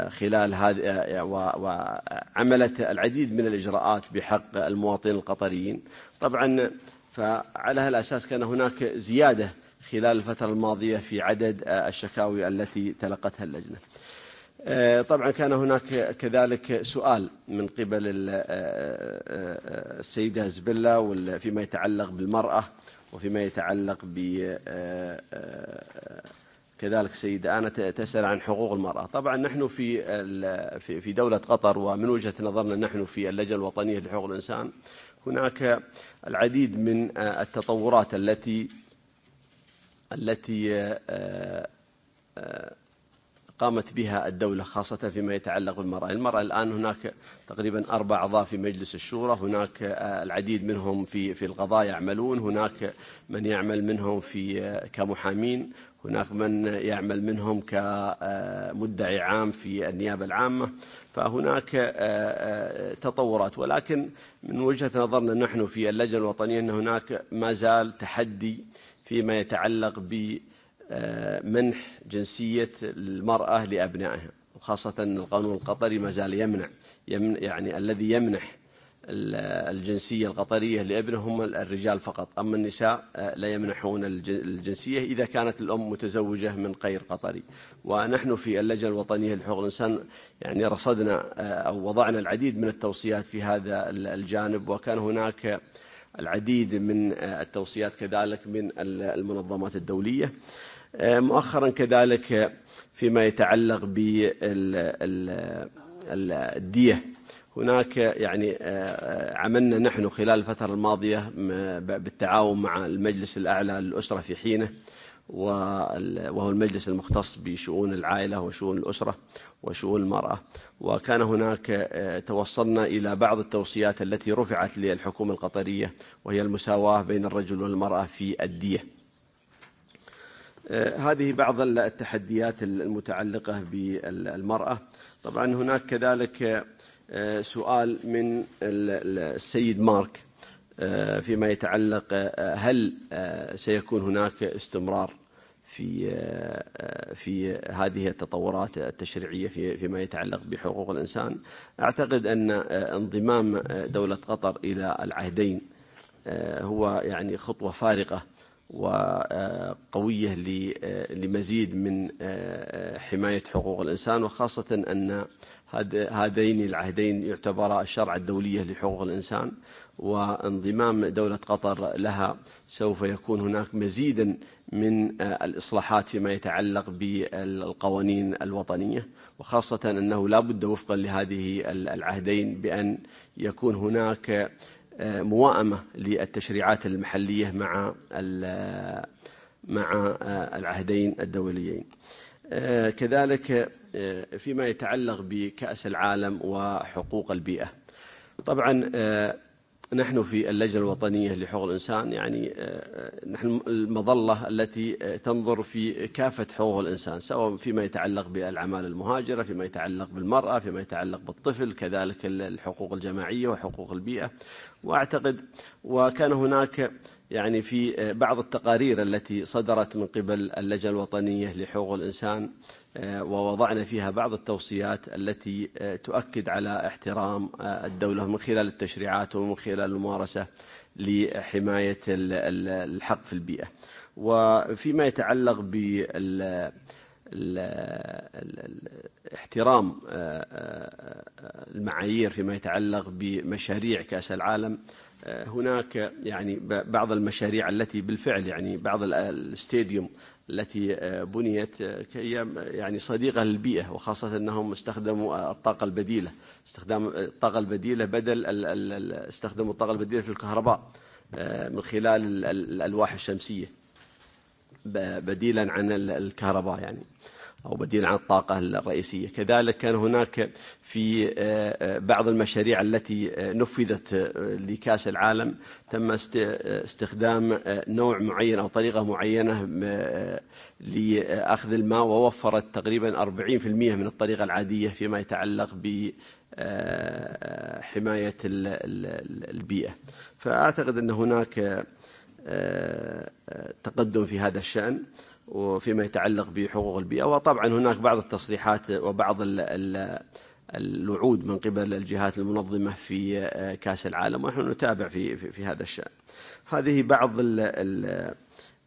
خلال هذه وعملت العديد من الإجراءات بحق المواطنين القطريين طبعا فعلى هالأساس كان هناك زيادة خلال الفترة الماضية في عدد الشكاوي التي تلقتها اللجنة طبعا كان هناك كذلك سؤال من قبل السيدة زبلة فيما يتعلق بالمرأة وفيما يتعلق ب كذلك سيدة أنا تسأل عن حقوق المرأة طبعا نحن في في دولة قطر ومن وجهة نظرنا نحن في اللجنة الوطنية لحقوق الإنسان هناك العديد من التطورات التي التي قامت بها الدولة خاصة فيما يتعلق بالمرأة المرأة الآن هناك تقريبا أربع أعضاء في مجلس الشورى هناك العديد منهم في في القضاء يعملون هناك من يعمل منهم في كمحامين هناك من يعمل منهم كمدعي عام في النيابة العامة فهناك تطورات ولكن من وجهة نظرنا نحن في اللجنة الوطنية أن هناك ما زال تحدي فيما يتعلق بمنح جنسية المرأة لأبنائها وخاصة القانون القطري ما زال يمنع يعني الذي يمنح الجنسية القطرية لابنه الرجال فقط أما النساء لا يمنحون الجنسية إذا كانت الأم متزوجة من غير قطري ونحن في اللجنة الوطنية لحقوق الإنسان يعني رصدنا أو وضعنا العديد من التوصيات في هذا الجانب وكان هناك العديد من التوصيات كذلك من المنظمات الدولية مؤخرا كذلك فيما يتعلق بالدية هناك يعني عملنا نحن خلال الفتره الماضية بالتعاون مع المجلس الأعلى للأسرة في حينه وهو المجلس المختص بشؤون العائلة وشؤون الأسرة وشؤون المرأة وكان هناك توصلنا إلى بعض التوصيات التي رفعت للحكومة القطرية وهي المساواة بين الرجل والمرأة في الدية هذه بعض التحديات المتعلقة بالمرأة طبعا هناك كذلك سؤال من السيد مارك فيما يتعلق هل سيكون هناك استمرار في في هذه التطورات التشريعيه في فيما يتعلق بحقوق الإنسان أعتقد أن انضمام دوله قطر إلى العهدين هو يعني خطوه فارقه وقويه لمزيد من حمايه حقوق الإنسان وخاصه أن هذين العهدين يعتبرا الشرع الدوليه لحقوق الإنسان وانضمام دولة قطر لها سوف يكون هناك مزيدا من الإصلاحات فيما يتعلق بالقوانين الوطنية وخاصة أنه لا بد وفقا لهذه العهدين بأن يكون هناك موائمة للتشريعات المحلية مع مع العهدين الدوليين كذلك فيما يتعلق بكأس العالم وحقوق البيئة طبعا نحن في اللجنه الوطنية لحقوق الإنسان يعني نحن المظلة التي تنظر في كافة حقوق الإنسان سواء فيما يتعلق بالعمال المهاجره فيما يتعلق بالمراه فيما يتعلق بالطفل كذلك الحقوق الجماعية وحقوق البيئه وأعتقد وكان هناك يعني في بعض التقارير التي صدرت من قبل اللجنه الوطنية لحقوق الإنسان ووضعنا فيها بعض التوصيات التي تؤكد على احترام الدولة من خلال التشريعات ومن خلال الممارسة لحماية الحق في البيئة وفيما يتعلق بال احترام المعايير فيما يتعلق بمشاريع كأس العالم هناك يعني بعض المشاريع التي بالفعل يعني بعض الاستاديوم التي بنيت هي يعني صديقة للبيئة وخاصة أنهم استخدموا الطاقة البديلة استخدام الطاقة البديلة بدل استخدموا الطاقة البديلة في الكهرباء من خلال الألواح الشمسية بديلا عن الكهرباء يعني أو بديل عن الطاقة الرئيسية كذلك كان هناك في بعض المشاريع التي نفذت لكاس العالم تم استخدام نوع معين أو طريقة معينة لأخذ الماء ووفرت تقريبا 40% من الطريقة العادية فيما يتعلق ب حماية البيئة فأعتقد أن هناك تقدم في هذا الشأن وفيما يتعلق بحقوق البيئة وطبعا هناك بعض التصريحات وبعض الوعود من قبل الجهات المنظمة في كأس العالم ونحن نتابع في, في هذا الشأن هذه بعض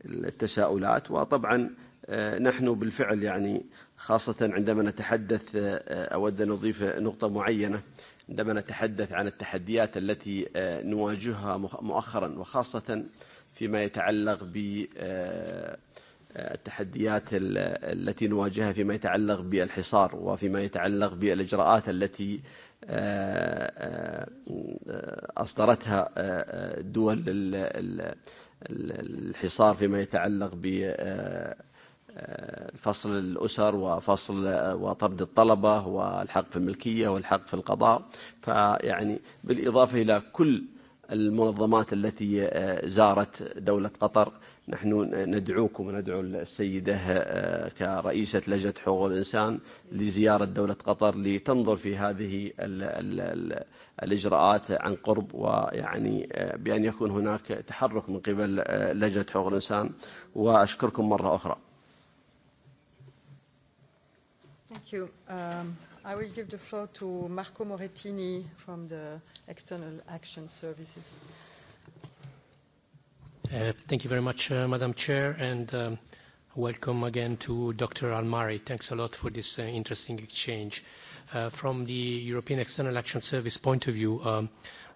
التساؤلات وطبعا نحن بالفعل يعني خاصة عندما نتحدث أود أن أضيف نقطة معينة عندما نتحدث عن التحديات التي نواجهها مؤخرا وخاصة فيما يتعلق ب التحديات التي نواجهها فيما يتعلق بالحصار وفيما يتعلق بالإجراءات التي أصدرتها دول الحصار فيما يتعلق بفصل الأسر وفصل وطرد الطلبة والحق في الملكية والحق في القضاء فيعني بالإضافة إلى كل المنظمات التي زارت دولة قطر نحن ندعوكم وندعو السيدة كرئيسة لجنة حقوق الإنسان لزيارة دولة قطر لتنظر في هذه الـ الـ الـ الإجراءات عن قرب ويعني بأن يكون هناك تحرك من قبل لجنة حقوق الإنسان وأشكركم مرة أخرى Thank you. Um, I will give the floor to Marco Morettini from the External Action Services. Thank you very much, Madam Chair, and welcome again to Dr. Almari. Thanks a lot for this interesting exchange. From the European External Action Service point of view, I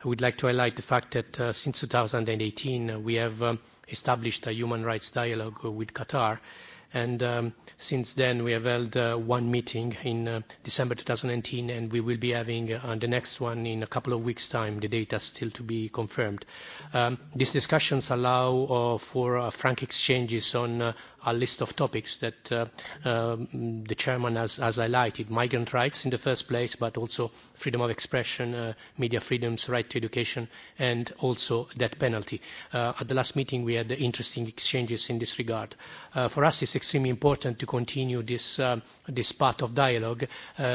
would like to highlight the fact that since 2018, we have established a human rights dialogue with Qatar, And since then, we have held one meeting in December 2019, and we will be having the next one in a couple of weeks' time. The data is still to be confirmed. These discussions allow for frank exchanges on a list of topics that the chairman has highlighted. Migrant rights in the first place, but also freedom of expression, media freedoms, right to education, and also death penalty. At the last meeting, we had interesting exchanges in this regard. For us, it's extremely important to continue this part of dialogue,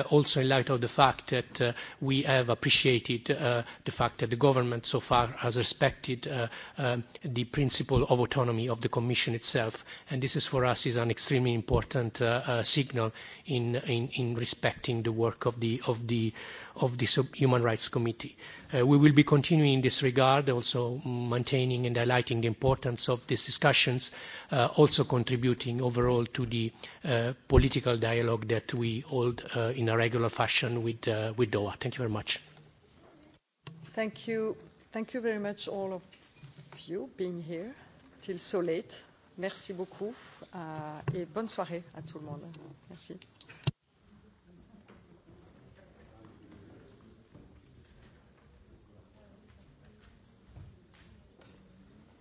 also in light of the fact that we have appreciated the fact that the government so far has respected the principle of autonomy of the Commission itself. And for us is an extremely important signal in respecting the work of the of the of the Human Rights Committee. We will be continuing in this regard, also maintaining and highlighting the importance of these discussions, also contributing overall to the political dialogue that we hold in a regular fashion with with Doha. Thank you very much. Thank you. Thank you very much all of you being here till so late. Merci beaucoup et bonne soirée à tout le monde. Merci.